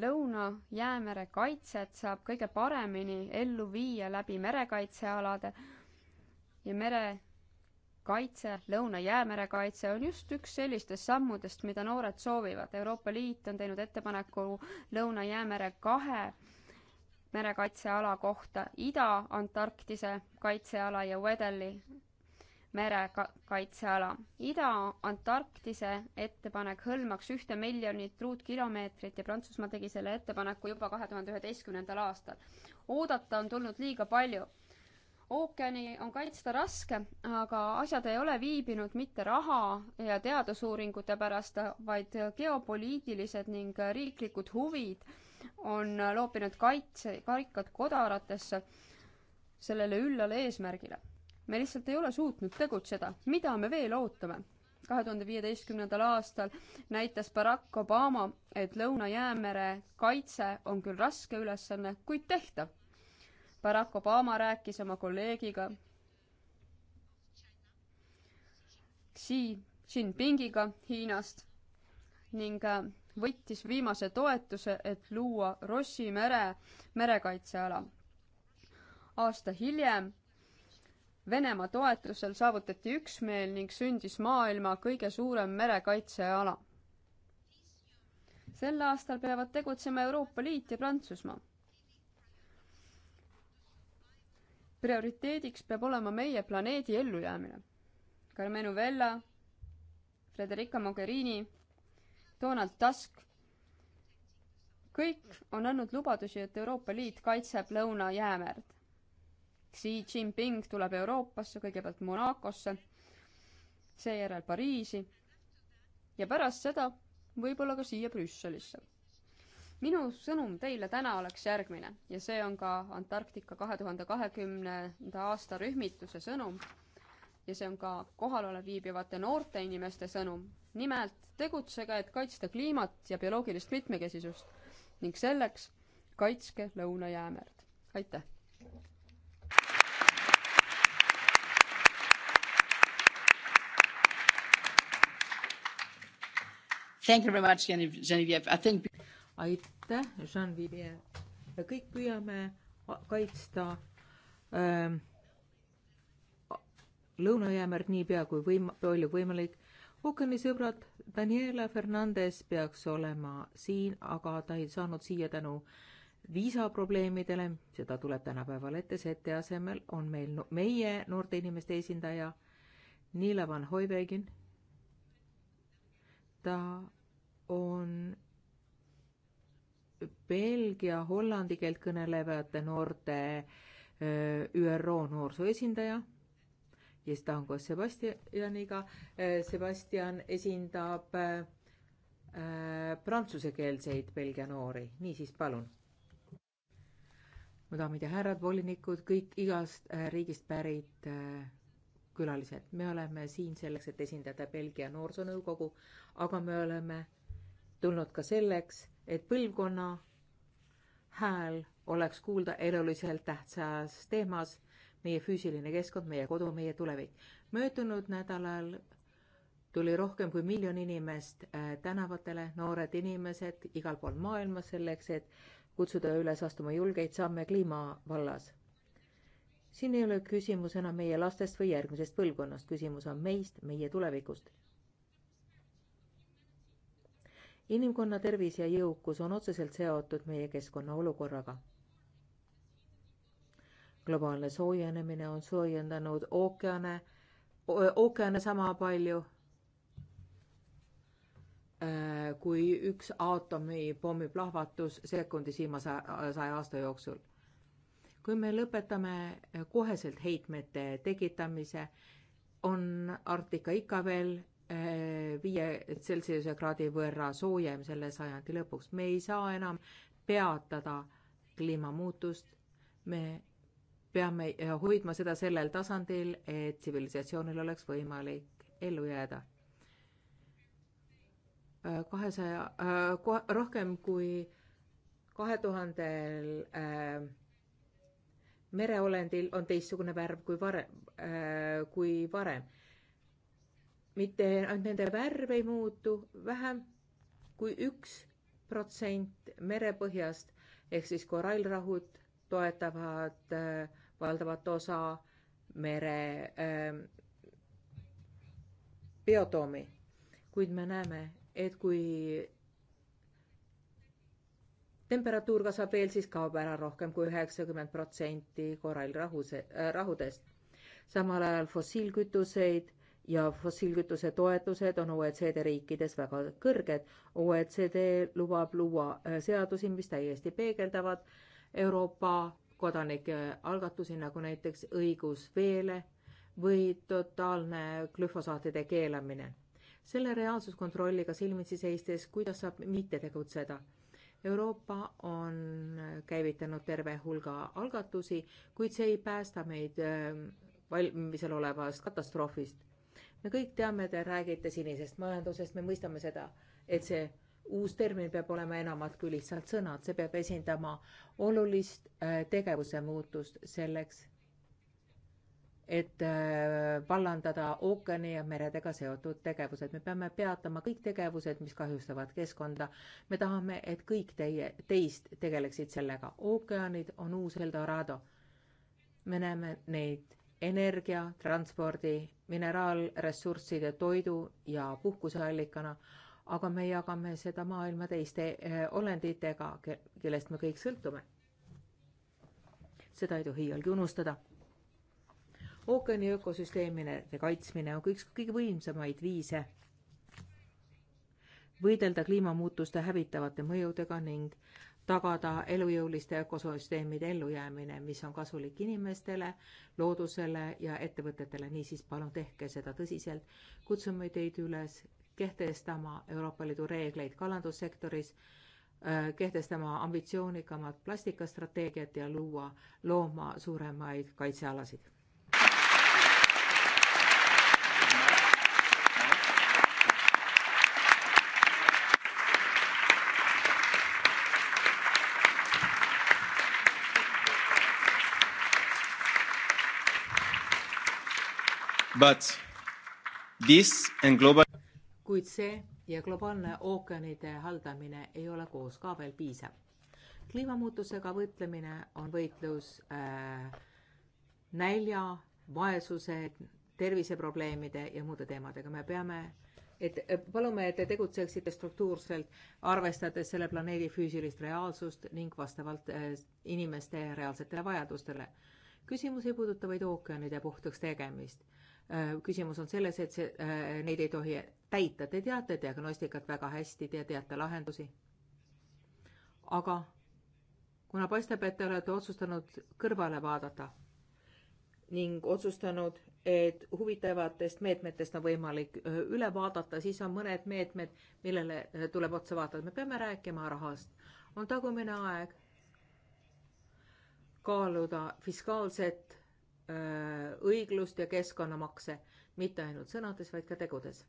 Lõuna-Jäämere kaitset saab kõige paremini ellu viia läbi merekaitsealade ja merekaitse, Lõuna-Jäämere kaitse on just üks sellistest sammudest, mida noored soovivad. Euroopa Liit on teinud ettepaneku Lõuna-Jäämere kahe merekaitseala kohta Ida-Antarktise kaitseala ja Wedeli merekaitseala. Ida-Antarktise ettepanek hõlmaks ühte miljonit ruutkilomeetrit ja Prantsusmaa tegi selle ettepaneku juba kahe tuhande üheteistkümnendal aastal. oodata on tulnud liiga palju. ookeani on kaitsta raske, aga asjad ei ole viibinud mitte raha ja teadusuuringute pärast, vaid geopoliitilised ning riiklikud huvid on loopinud kaitse, karikad kodaratesse sellele üllale eesmärgile me lihtsalt ei ole suutnud tegutseda, mida me veel ootame? kahe tuhande viieteistkümnendal aastal näitas Barack Obama, et Lõuna-Jäämere kaitse on küll raske ülesanne, kuid tehtav. Barack Obama rääkis oma kolleegiga Xi Jinpingiga Hiinast ning äh, võttis viimase toetuse, et luua Rossi mere merekaitseala. aasta hiljem Venemaa toetusel saavutati üksmeel ning sündis maailma kõige suurem merekaitseala. sel aastal peavad tegutsema Euroopa Liit ja Prantsusmaa. prioriteediks peab olema meie planeedi ellujäämine. Carmenu Vella, Frederica Mogherini, Donald Tusk, kõik on andnud lubadusi, et Euroopa Liit kaitseb Lõuna-Jäämerd Xi Jinping tuleb Euroopasse, kõigepealt Monacosse, seejärel Pariisi ja pärast seda võib-olla ka siia Brüsselisse. minu sõnum teile täna oleks järgmine ja see on ka Antarktika kahe tuhande kahekümnenda aasta rühmituse sõnum ja see on ka kohalolev viibivate noorte inimeste sõnum. nimelt tegutsege, et kaitsta kliimat ja bioloogilist mitmekesisust ning selleks kaitske Lõuna-Jäämerd. aitäh! Thank you very much, Genevieve. I think... aitäh, Genevieve. me kõik püüame kaitsta ähm, Lõuna-Jäämäärt niipea kui võim-, palju võimalik. ookeanisõbrad Daniela Fernandez peaks olema siin, aga ta ei saanud siia tänu viisaprobleemidele, seda tuleb tänapäeval ette, sete asemel on meil no, meie noorte inimeste esindaja Niila van Hoivegin. ta on Belgia hollandi keelt kõnelevate noorte ÜRO noorsoo esindaja ja siis ta on koos Sebastianiga. Sebastian esindab prantsusekeelseid Belgia noori, niisiis palun. mu daamid ja härrad, volinikud, kõik igast riigist pärit külalised, me oleme siin selleks, et esindada Belgia Noorsoonõukogu, aga me oleme tulnud ka selleks, et põlvkonna hääl oleks kuulda eluliselt tähtsas teemas, meie füüsiline keskkond, meie kodu, meie tulevik. möödunud nädalal tuli rohkem kui miljon inimest äh, tänavatele, noored inimesed igal pool maailmas selleks, et kutsuda üles astuma julgeid samme kliima vallas. siin ei ole küsimus enam meie lastest või järgmisest põlvkonnast, küsimus on meist, meie tulevikust. inimkonna tervis ja jõukus on otseselt seotud meie keskkonna olukorraga. globaalne soojenemine on soojendanud ookeane, ookeane sama palju äh, kui üks aatomipommi plahvatus sekundis viimase saja aasta jooksul. kui me lõpetame koheselt heitmete tekitamise, on Arktika ikka veel viie Celsiuse kraadi võrra soojem selle sajandi lõpuks. me ei saa enam peatada kliimamuutust, me peame hoidma seda sellel tasandil, et tsivilisatsioonil oleks võimalik ellu jääda. kahesaja, rohkem kui kahe tuhandel äh, mereolendil on teistsugune värv kui varem, äh, kui varem mitte ainult nende värv ei muutu, vähem kui üks protsent merepõhjast ehk siis korallrahud toetavad äh, valdavat osa mere äh, biotoomi, kuid me näeme, et kui temperatuur kasvab veel, siis kaob ära rohkem kui üheksakümmend protsenti korallrahuse äh,, rahudest. samal ajal fossiilkütuseid ja fossiilkütuse toetused on OECD riikides väga kõrged. OECD lubab luua äh, seadusi, mis täiesti peegeldavad Euroopa kodanike algatusi, nagu näiteks õigus veele või totaalne glüfosaatide keelamine. selle reaalsuskontrolliga silmitsi seistes, kuidas saab mitte tegutseda? Euroopa on käivitanud terve hulga algatusi, kuid see ei päästa meid äh, valmimisel olevast katastroofist me kõik teame, te räägite sinisest majandusest, me mõistame seda, et see uus termin peab olema enamat kui lihtsalt sõnad, see peab esindama olulist äh, tegevuse muutust selleks, et äh, vallandada ookeani ja meredega seotud tegevused. me peame peatama kõik tegevused, mis kahjustavad keskkonda. me tahame, et kõik teie, teist tegeleksid sellega. ookeanid on uus Eldorado. me näeme neid energia, transpordi, mineraalressursside, toidu ja puhkuseallikana, aga me jagame seda maailma teiste eh, olenditega, kellest me kõik sõltume. seda ei tohi iialgi unustada. ookeani ökosüsteemide kaitsmine on üks kõige võimsamaid viise võidelda kliimamuutuste hävitavate mõjudega ning tagada elujõuliste ökosüsteemide ellujäämine, mis on kasulik inimestele, loodusele ja ettevõtetele, niisiis palun tehke seda tõsiselt. kutsume teid üles kehtestama Euroopa Liidu reegleid kalandussektoris, äh, kehtestama ambitsioonikamat plastikastrateegiat ja luua, looma suuremaid kaitsealasid Global... kuid see ja globaalne ookeanide haldamine ei ole koos ka veel piisav. kliimamuutusega võitlemine on võitlus äh, nälja, vaesuse, terviseprobleemide ja muude teemadega. me peame et äh, palume, et te tegutseksite struktuurselt, arvestades selle planeedi füüsilist reaalsust ning vastavalt äh, inimeste reaalsetele vajadustele. küsimus ei puuduta vaid ookeanide puhtaks tegemist. Äh, küsimus on selles, et see, äh, neid ei tohi täita, te teate diagnostikat väga hästi, te teate lahendusi. aga kuna paistab, et te olete otsustanud kõrvale vaadata ning otsustanud, et huvitavatest meetmetest on võimalik äh, üle vaadata, siis on mõned meetmed, millele tuleb otsa vaadata, me peame rääkima rahast. on tagumine aeg kaaluda fiskaalset Äh, õiglust ja keskkonnamakse, mitte ainult sõnades, vaid ka tegudes.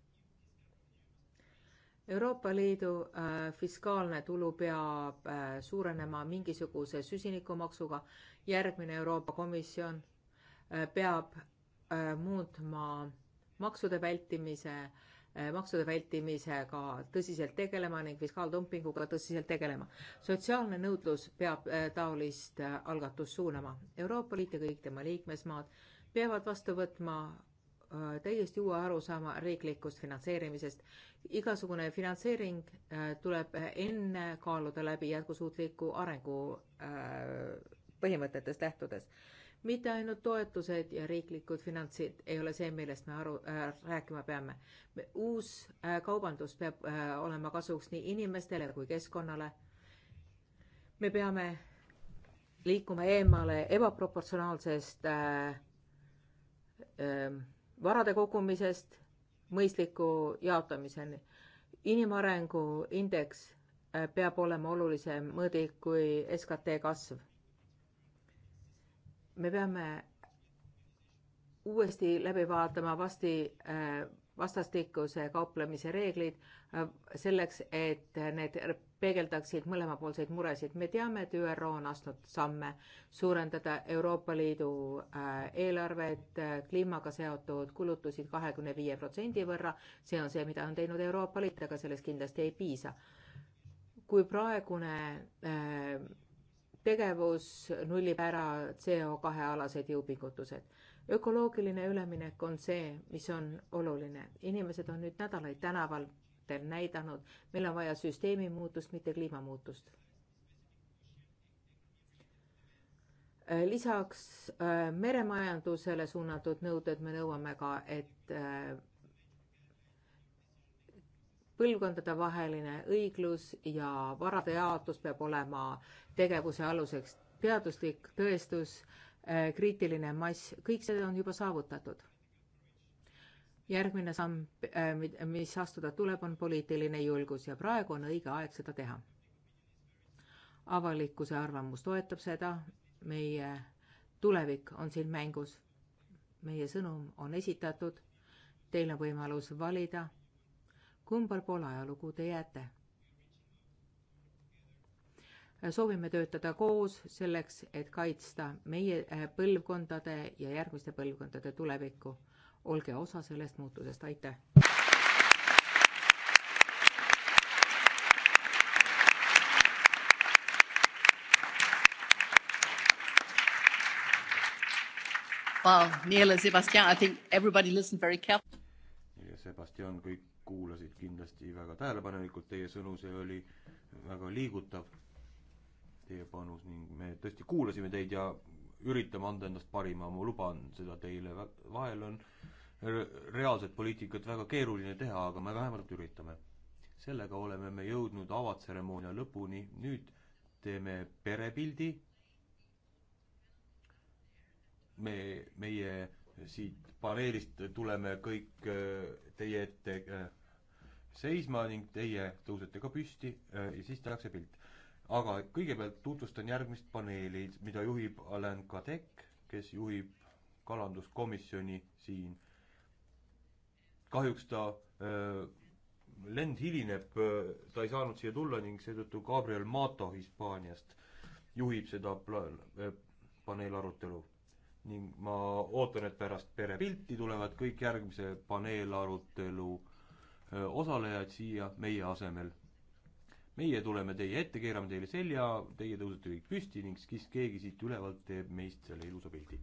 Euroopa Liidu äh, fiskaalne tulu peab äh, suurenema mingisuguse süsinikumaksuga, järgmine Euroopa Komisjon peab muutma maksude vältimise äh, Äh, maksude vältimisega tõsiselt tegelema ning fiskaaldumpinguga tõsiselt tegelema. sotsiaalne nõudlus peab äh, taolist äh, algatust suunama. Euroopa Liit ja kõik tema liikmesmaad peavad vastu võtma täiesti uue arusaama riiklikust finantseerimisest. igasugune finantseering tuleb enne kaaluda läbi jätkusuutliku arengu põhimõtetest lähtudes mitte ainult toetused ja riiklikud finantsid ei ole see, millest me aru äh,, rääkima peame. uus äh, kaubandus peab äh, olema kasuks nii inimestele kui keskkonnale. me peame liikuma eemale ebaproportsionaalsest äh, äh, varade kogumisest mõistliku jaotamiseni. inimarengu indeks äh, peab olema olulisem mõõdik kui SKT kasv me peame uuesti läbi vaatama vasti, äh, vastastikuse kauplemise reeglid äh, selleks, et need peegeldaksid mõlemapoolseid muresid. me teame, et ÜRO on astunud samme suurendada Euroopa Liidu äh, eelarvet, kliimaga seotud kulutusi kahekümne viie protsendi võrra. see on see, mida on teinud Euroopa Liit, aga sellest kindlasti ei piisa. kui praegune äh, tegevus nullib ära CO2 alased jõupingutused. ökoloogiline üleminek on see, mis on oluline. inimesed on nüüd nädalaid tänavatel näidanud, meil on vaja süsteemi muutust, mitte kliimamuutust. lisaks äh, meremajandusele suunatud nõuded, me nõuame ka, et äh, põlvkondadevaheline õiglus ja varade jaotus peab olema tegevuse aluseks. teaduslik tõestus, äh, kriitiline mass, kõik see on juba saavutatud. järgmine samm, äh, mis astuda tuleb, on poliitiline julgus ja praegu on õige aeg seda teha. avalikkuse arvamus toetab seda, meie tulevik on siin mängus. meie sõnum on esitatud, teil on võimalus valida kumbal pool ajalugu te jääte? soovime töötada koos selleks, et kaitsta meie eh, põlvkondade ja järgmiste põlvkondade tulevikku. olge osa sellest muutusest, aitäh! Wow, Neil and Sebastian, I think everybody listened very carefully. Sebastian, kõik kuulasid kindlasti väga tähelepanelikult teie sõnu, see oli väga liigutav, teie panus ning me tõesti kuulasime teid ja üritame anda endast parima, ma luban seda teile, vahel on reaalset poliitikat väga keeruline teha, aga me vähemalt üritame. sellega oleme me jõudnud avatseremoonia lõpuni, nüüd teeme perepildi. me, meie siit paneelist tuleme kõik äh, teie ette äh, seisma ning teie tõusete ka püsti äh, ja siis tehakse pilt. aga kõigepealt tutvustan järgmist paneeli, mida juhib Alain Kadek, kes juhib kalanduskomisjoni siin. kahjuks ta öö, äh, lend hilineb, äh, ta ei saanud siia tulla ning seetõttu Gabriel Mato Hispaaniast juhib seda paneelarutelu. ning ma ootan, et pärast perepilti tulevad kõik järgmise paneelarutelu osalejaid siia meie asemel. meie tuleme teie ette, keerame teile selja, teie tõusete kõik püsti ning siis keegi siit ülevalt teeb meist selle ilusa pildi.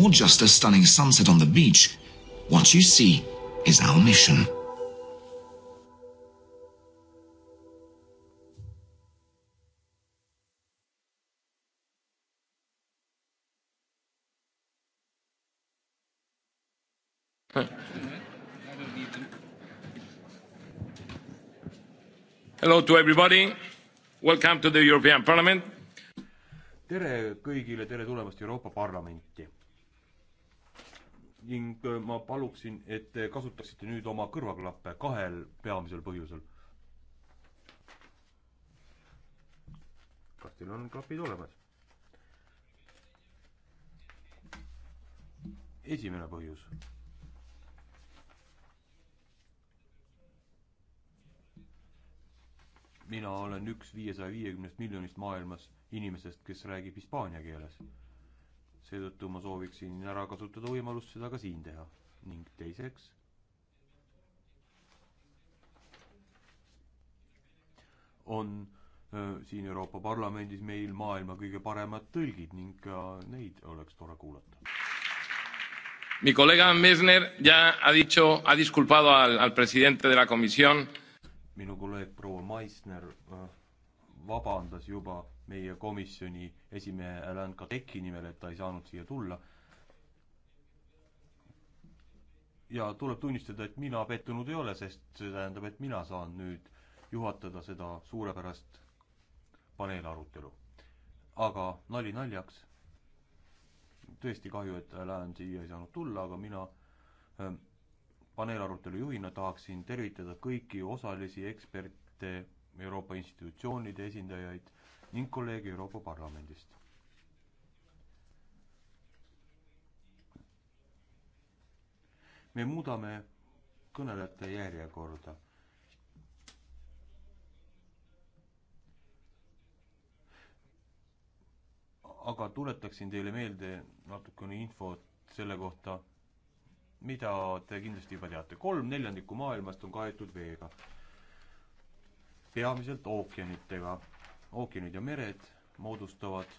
or just a stunning sunset on the beach, what you see is our mission. Hello to everybody. Welcome to the European Parliament. tere kõigile, tere tulemast Euroopa Parlamenti ning ma paluksin, et te kasutaksite nüüd oma kõrvaklappe kahel peamisel põhjusel. kas teil on klapid olemas? esimene põhjus. mina olen üks viiesaja viiekümnest miljonist maailmas inimesest, kes räägib hispaania keeles seetõttu ma sooviksin ära kasutada võimalust seda ka siin teha. ning teiseks, on äh, siin Euroopa Parlamendis meil maailma kõige paremad tõlgid ning ka neid oleks tore kuulata. Mi colega Messner ya ha dicho, ha disculpado al, al presidente de la comisión. minu kolleeg proua Meissner äh, vabandas juba meie komisjoni esimehe Alan Kadeki nimel, et ta ei saanud siia tulla. ja tuleb tunnistada, et mina pettunud ei ole, sest see tähendab, et mina saan nüüd juhatada seda suurepärast paneelarutelu. aga nali naljaks, tõesti kahju, et Alan siia ei saanud tulla, aga mina ähm, paneelarutelu juhina tahaksin tervitada kõiki osalisi, eksperte, Euroopa institutsioonide esindajaid ning kolleeg Euroopa Parlamendist. me muudame kõnelejate järjekorda. aga tuletaksin teile meelde natukene infot selle kohta, mida te kindlasti juba teate. kolm neljandikku maailmast on kaetud veega, peamiselt ookeanitega ookeanid ja mered moodustavad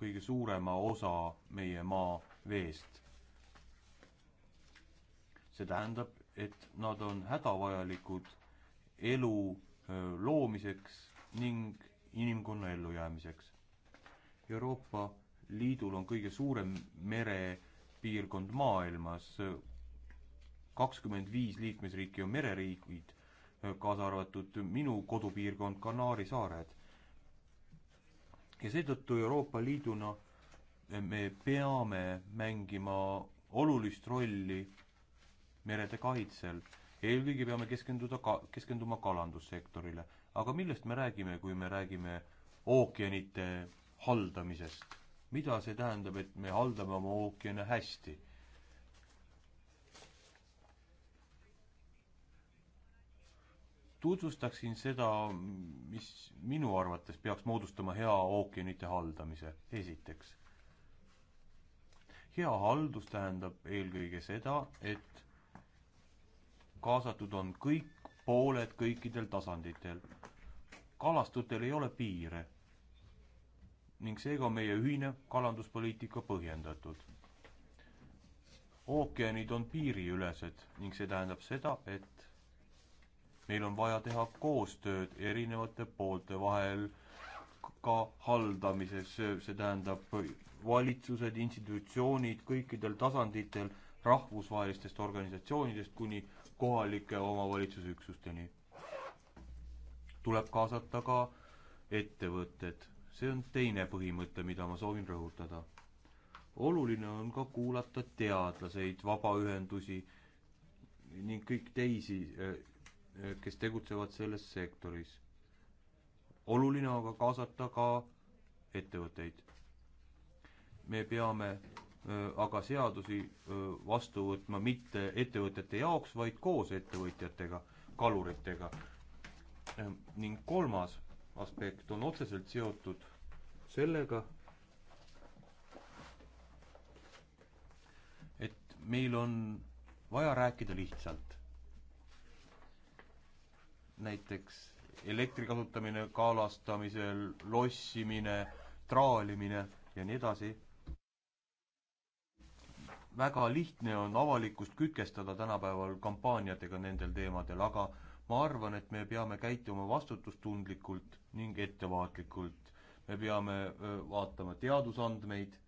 kõige suurema osa meie maa veest. see tähendab, et nad on hädavajalikud elu loomiseks ning inimkonna ellujäämiseks. Euroopa Liidul on kõige suurem merepiirkond maailmas, kakskümmend viis liikmesriiki on mereriigid, kaasa arvatud minu kodupiirkond Kanaari saared ja seetõttu Euroopa Liiduna me peame mängima olulist rolli merede kaitsel. eelkõige peame keskenduda ka, keskenduma kalandussektorile. aga millest me räägime, kui me räägime ookeanite haldamisest? mida see tähendab, et me haldame oma ookeane hästi? tutvustaksin seda, mis minu arvates peaks moodustama hea ookeanite haldamise. esiteks, hea haldus tähendab eelkõige seda, et kaasatud on kõik pooled kõikidel tasanditel. kalastutel ei ole piire ning seega on meie ühine kalanduspoliitika põhjendatud. ookeanid on piiriülesed ning see tähendab seda, et Neil on vaja teha koostööd erinevate poolte vahel ka haldamises, see tähendab valitsused, institutsioonid kõikidel tasanditel, rahvusvahelistest organisatsioonidest kuni kohalike omavalitsusüksusteni. tuleb kaasata ka ettevõtted, see on teine põhimõte, mida ma soovin rõhutada. oluline on ka kuulata teadlaseid, vabaühendusi ning kõik teisi eh, Eh, kes tegutsevad selles sektoris. oluline on aga kaasata ka ettevõtteid. me peame eh, aga seadusi eh, vastu võtma mitte ettevõtete jaoks, vaid koos ettevõtjatega, kaluritega. Ehm, ning kolmas aspekt on otseselt seotud sellega, et meil on vaja rääkida lihtsalt näiteks elektri kasutamine kaalastamisel, lossimine, traalimine ja nii edasi. väga lihtne on avalikkust kütkestada tänapäeval kampaaniatega nendel teemadel, aga ma arvan, et me peame käituma vastutustundlikult ning ettevaatlikult. me peame vaatama teadusandmeid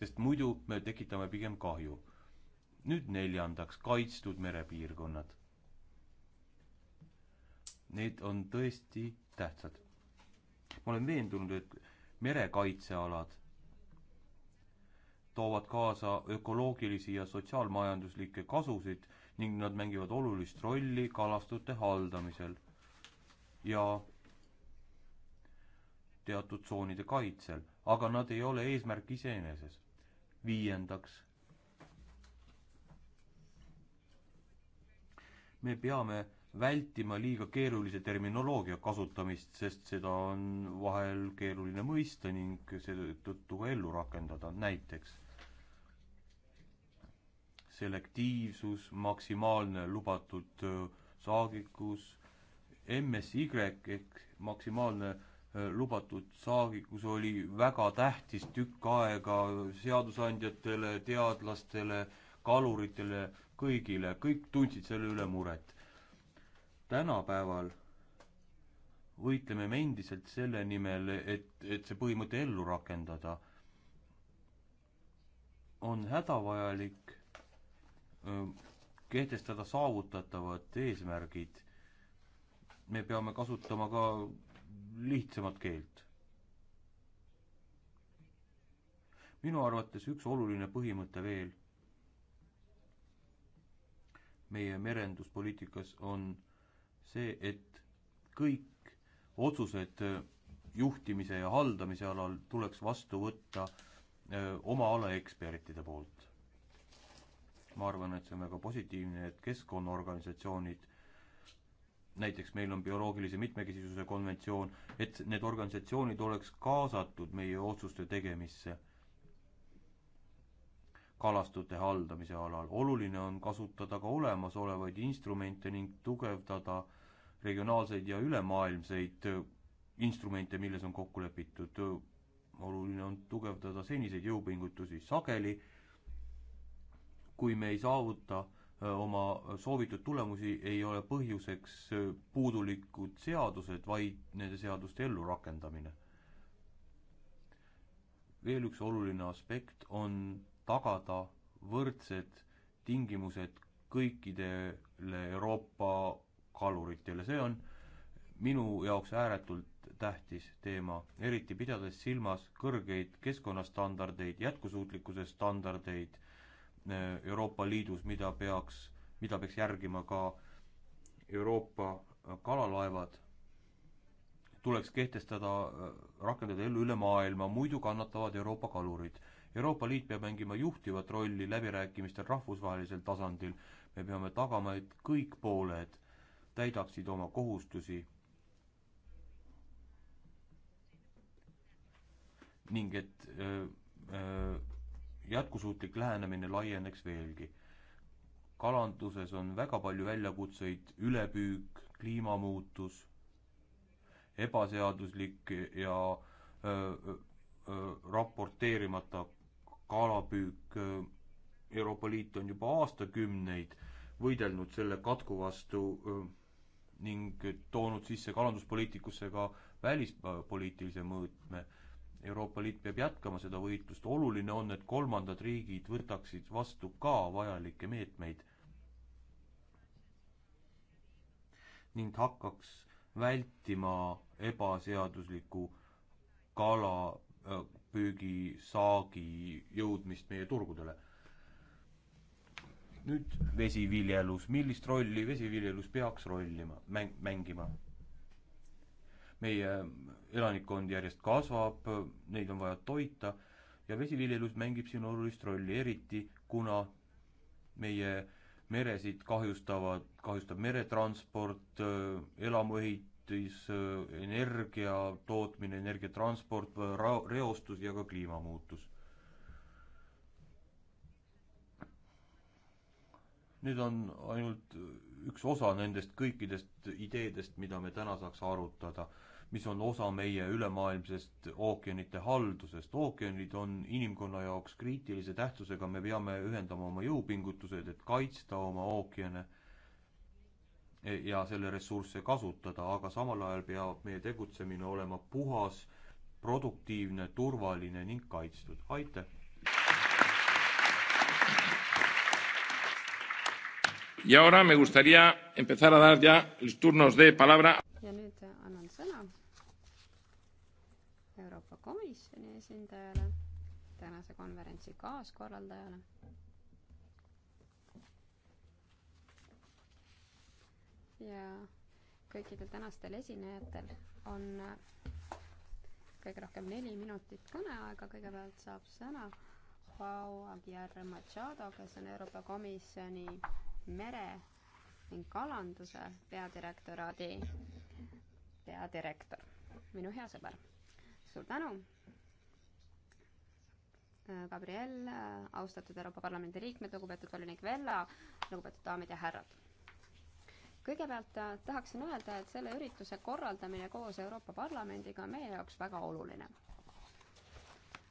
sest muidu me tekitame pigem kahju. nüüd neljandaks, kaitstud merepiirkonnad. Need on tõesti tähtsad. ma olen veendunud, et merekaitsealad toovad kaasa ökoloogilisi ja sotsiaalmajanduslikke kasusid ning nad mängivad olulist rolli kalastute haldamisel ja teatud tsoonide kaitsel, aga nad ei ole eesmärk iseeneses viiendaks, me peame vältima liiga keerulise terminoloogia kasutamist, sest seda on vahel keeruline mõista ning seetõttu ka ellu rakendada, näiteks selektiivsus, maksimaalne lubatud saagikus, MSY ehk maksimaalne Äh, lubatud saagikus oli väga tähtis tükk aega seadusandjatele, teadlastele, kaluritele, kõigile, kõik tundsid selle üle muret. tänapäeval võitleme me endiselt selle nimel, et, et see põhimõte ellu rakendada. on hädavajalik öö, äh, kehtestada saavutatavad eesmärgid. me peame kasutama ka lihtsamat keelt. minu arvates üks oluline põhimõte veel meie merenduspoliitikas on see, et kõik otsused äh, juhtimise ja haldamise alal tuleks vastu võtta öö, äh, oma ala ekspertide poolt. ma arvan, et see on väga positiivne, et keskkonnaorganisatsioonid näiteks meil on bioloogilise mitmekesisuse konventsioon, et need organisatsioonid oleks kaasatud meie otsuste tegemisse kalastute haldamise alal. oluline on kasutada ka olemasolevaid instrumente ning tugevdada regionaalseid ja ülemaailmseid instrumente, milles on kokku lepitud. oluline on tugevdada seniseid jõupingutusi sageli, kui me ei saavuta Äh, oma soovitud tulemusi, ei ole põhjuseks äh, puudulikud seadused, vaid nende seaduste ellurakendamine. veel üks oluline aspekt on tagada võrdsed tingimused kõikidele Euroopa kaluritele, see on minu jaoks ääretult tähtis teema, eriti pidades silmas kõrgeid keskkonnastandardeid, jätkusuutlikkuse standardeid Euroopa Liidus, mida peaks, mida peaks järgima ka Euroopa kalalaevad, tuleks kehtestada, rakendada ellu üle maailma, muidu kannatavad Euroopa kalurid. Euroopa Liit peab mängima juhtivat rolli läbirääkimistel rahvusvahelisel tasandil, me peame tagama, et kõik pooled täidaksid oma kohustusi ning et öö, äh, öö, äh, jätkusuutlik lähenemine laieneks veelgi. kalanduses on väga palju väljakutseid, ülepüük, kliimamuutus, ebaseaduslik ja öö, öö, raporteerimata kalapüük, Euroopa Liit on juba aastakümneid võidelnud selle katku vastu öö, ning toonud sisse kalanduspoliitikusse ka välispoliitilise mõõtme Euroopa Liit peab jätkama seda võitlust, oluline on, et kolmandad riigid võtaksid vastu ka vajalikke meetmeid ning hakkaks vältima ebaseadusliku kalapüügisaagi äh, jõudmist meie turgudele. nüüd vesiviljelus, millist rolli vesiviljelus peaks rollima, mäng, mängima? meie elanikkond järjest kasvab, neid on vaja toita ja vesiviljelus mängib siin olulist rolli, eriti kuna meie meresid kahjustavad, kahjustab meretransport, elamuehitis, energia tootmine, energiatransport, reostus ja ka kliimamuutus. Need on ainult üks osa nendest kõikidest ideedest, mida me täna saaks arutada mis on osa meie ülemaailmsest ookeanite haldusest. ookeanid on inimkonna jaoks kriitilise tähtsusega, me peame ühendama oma jõupingutused, et kaitsta oma ookeane ja selle ressursse kasutada, aga samal ajal peab meie tegutsemine olema puhas, produktiivne, turvaline ning kaitstud. aitäh! Y ahora me gustaría empezar a dar ya los turnos de palabra ja nüüd annan sõna Euroopa Komisjoni esindajale, tänase konverentsi kaaskorraldajale. ja kõikidel tänastel esinejatel on kõige rohkem neli minutit kõneaega, kõigepealt saab sõna Pau Aguiar Machado, kes on Euroopa Komisjoni mere ning kalanduse peadirektoraadi peadirektor, minu hea sõber. suur tänu. Äh, Gabriel, äh, austatud Euroopa Parlamendi liikmed, lugupeetud volinik Vella, lugupeetud daamid ja härrad. kõigepealt äh, tahaksin öelda, et selle ürituse korraldamine koos Euroopa Parlamendiga on meie jaoks väga oluline.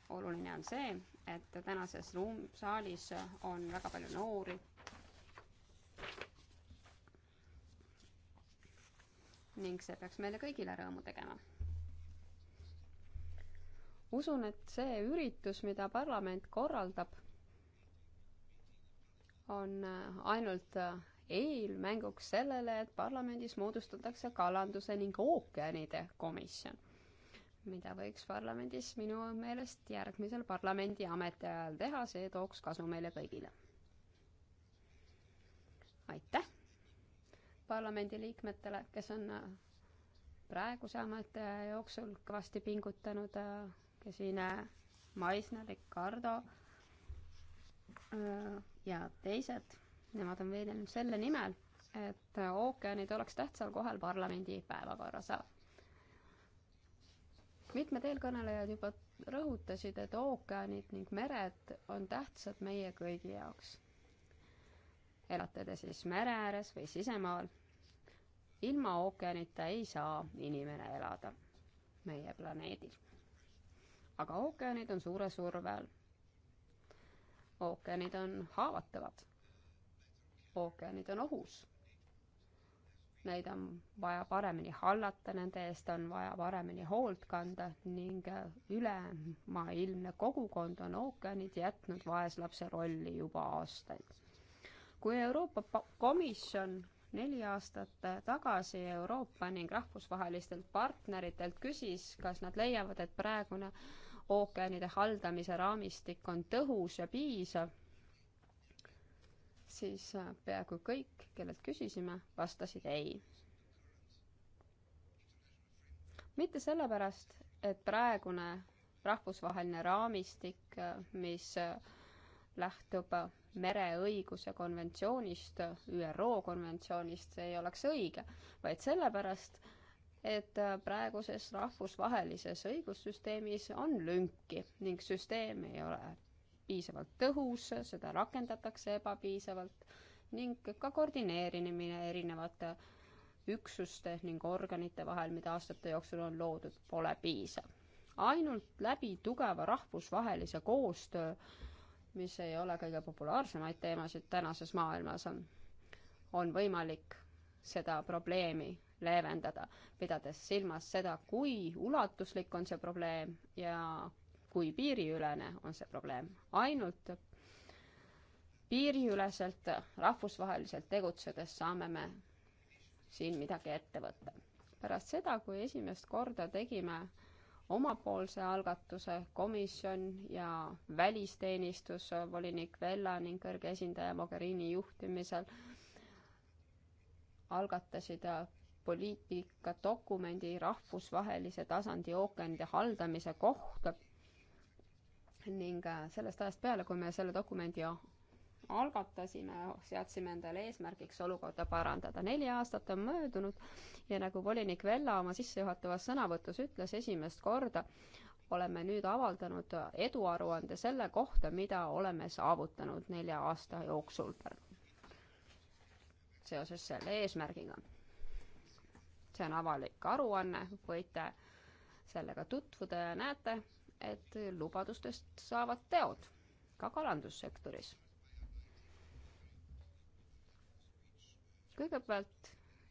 oluline on see, et tänases ruum, saalis on väga palju noori ning see peaks meile kõigile rõõmu tegema. usun, et see üritus, mida parlament korraldab, on äh, ainult äh, eelmänguks sellele, et parlamendis moodustatakse kalanduse ning ookeanide komisjon, mida võiks parlamendis minu meelest järgmisel parlamendi ametiajal teha, see tooks kasu meile kõigile. aitäh! parlamendiliikmetele, kes on äh, praeguse ametiaja äh, jooksul kõvasti pingutanud, äh, Kesine Maisna, Ricardo ja teised, nemad on veenenud selle nimel, et ookeanid oleks tähtsal kohal parlamendi päevakorras. mitmed eelkõnelejad juba rõhutasid, et ookeanid ning mered on tähtsad meie kõigi jaoks. elate te siis mere ääres või sisemaal ilma ookeanita ei saa inimene elada meie planeedil. aga ookeanid on suure surve all. ookeanid on haavatavad. ookeanid on ohus. Neid on vaja paremini hallata, nende eest on vaja paremini hoolt kanda ning äh, ülemaailmne kogukond on ookeanid jätnud vaeslapse rolli juba aastaid. kui Euroopa Komisjon neli aastat tagasi Euroopa ning rahvusvahelistelt partneritelt küsis, kas nad leiavad, et praegune ookeanide haldamise raamistik on tõhus ja piisav, siis äh, peaaegu kõik, kellelt küsisime, vastasid ei. mitte sellepärast, et praegune rahvusvaheline raamistik, äh, mis äh, lähtub mereõiguse konventsioonist, ÜRO konventsioonist, see ei oleks õige, vaid sellepärast, et äh, praeguses rahvusvahelises õigussüsteemis on lünki ning süsteem ei ole piisavalt tõhus, seda rakendatakse ebapiisavalt ning ka koordineerimine erinevate üksuste ning organite vahel, mida aastate jooksul on loodud, pole piisav. ainult läbi tugeva rahvusvahelise koostöö mis ei ole kõige populaarsemaid teemasid tänases maailmas, on, on võimalik seda probleemi leevendada, pidades silmas seda, kui ulatuslik on see probleem ja kui piiriülene on see probleem. ainult piiriüleselt, rahvusvaheliselt tegutsedes saame me siin midagi ette võtta. pärast seda, kui esimest korda tegime omapoolse algatuse, komisjon ja välisteenistus volinik Vella ning kõrge esindaja Mogherini juhtimisel algatasid äh, poliitikadokumendi rahvusvahelise tasandi ookeanide haldamise kohta ning äh, sellest ajast peale, kui me selle dokumendi algatasime, seadsime endale eesmärgiks olukorda parandada. neli aastat on möödunud ja nagu volinik Vella oma sissejuhatavas sõnavõtus ütles, esimest korda oleme nüüd avaldanud eduaruande selle kohta, mida oleme saavutanud nelja aasta jooksul seoses selle eesmärgiga. see on avalik aruanne, võite sellega tutvuda ja näete, et lubadustest saavad teod ka kalandussektoris kõigepealt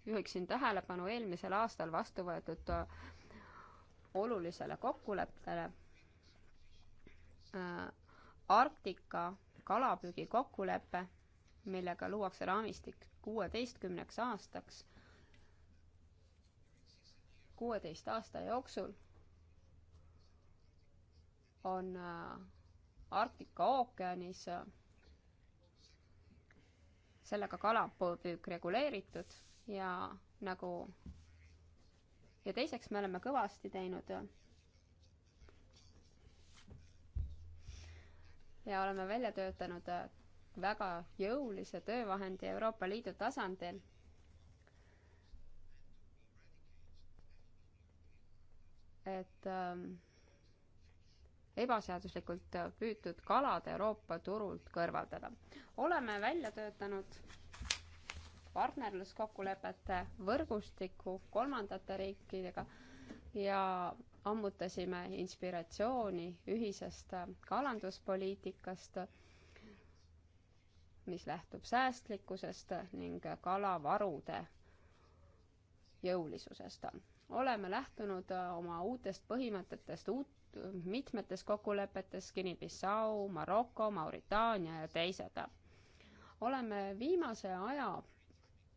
juhiksin tähelepanu eelmisel aastal vastu võetud äh, olulisele kokkuleppele äh, Arktika kalapüügi kokkulepe, millega luuakse raamistik kuueteistkümneks aastaks, kuueteist aasta jooksul on äh, Arktika ookeanis sellega kalapüük reguleeritud ja nagu ja teiseks me oleme kõvasti teinud ja oleme välja töötanud äh, väga jõulise töövahendi Euroopa Liidu tasandil. et ähm, ebaseaduslikult püütud kalad Euroopa turult kõrvaldada. oleme välja töötanud partnerluskokkulepete võrgustiku kolmandate riikidega ja ammutasime inspiratsiooni ühisest kalanduspoliitikast, mis lähtub säästlikkusest ning kalavarude jõulisusest. oleme lähtunud oma uutest põhimõtetest uut mitmetes kokkulepetes Guinea-Bissau, Maroko, Mauritaania ja teised. oleme viimase aja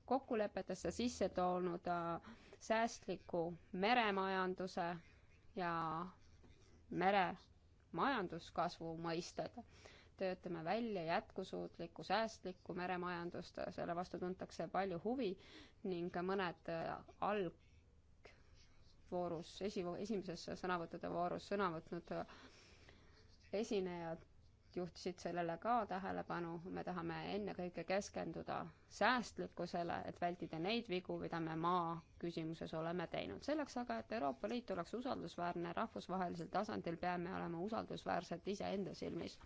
kokkulepetesse sisse toonud äh, säästliku meremajanduse ja meremajanduskasvu mõisted. töötame välja jätkusuutlikku säästlikku meremajandust, selle vastu tuntakse palju huvi ning mõned äh, alg- voorus, esi, esimeses sõnavõttude voorus sõna võtnud esinejad juhtisid sellele ka tähelepanu, me tahame ennekõike keskenduda säästlikkusele, et vältida neid vigu, mida me maa küsimuses oleme teinud. selleks aga, et Euroopa Liit oleks usaldusväärne rahvusvahelisel tasandil, peame olema usaldusväärsed iseenda silmis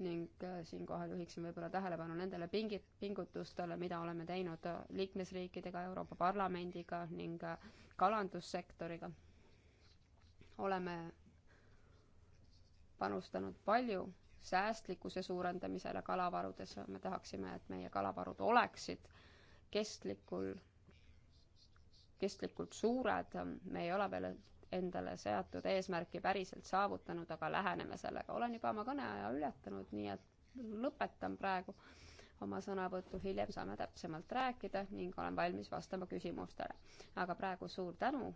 ning äh, siinkohal juhiksin võib-olla tähelepanu nendele pingi-, pingutustele, mida oleme teinud äh, liikmesriikidega, Euroopa Parlamendiga ning äh, kalandussektoriga. oleme panustanud palju säästlikkuse suurendamisele kalavarudes, me tahaksime, et meie kalavarud oleksid kestlikul, kestlikult suured, me ei ole veel endale seatud eesmärki päriselt saavutanud, aga läheneme sellega. olen juba oma kõneaja ületanud, nii et lõpetan praegu oma sõnavõttu, hiljem saame täpsemalt rääkida ning olen valmis vastama küsimustele. aga praegu suur tänu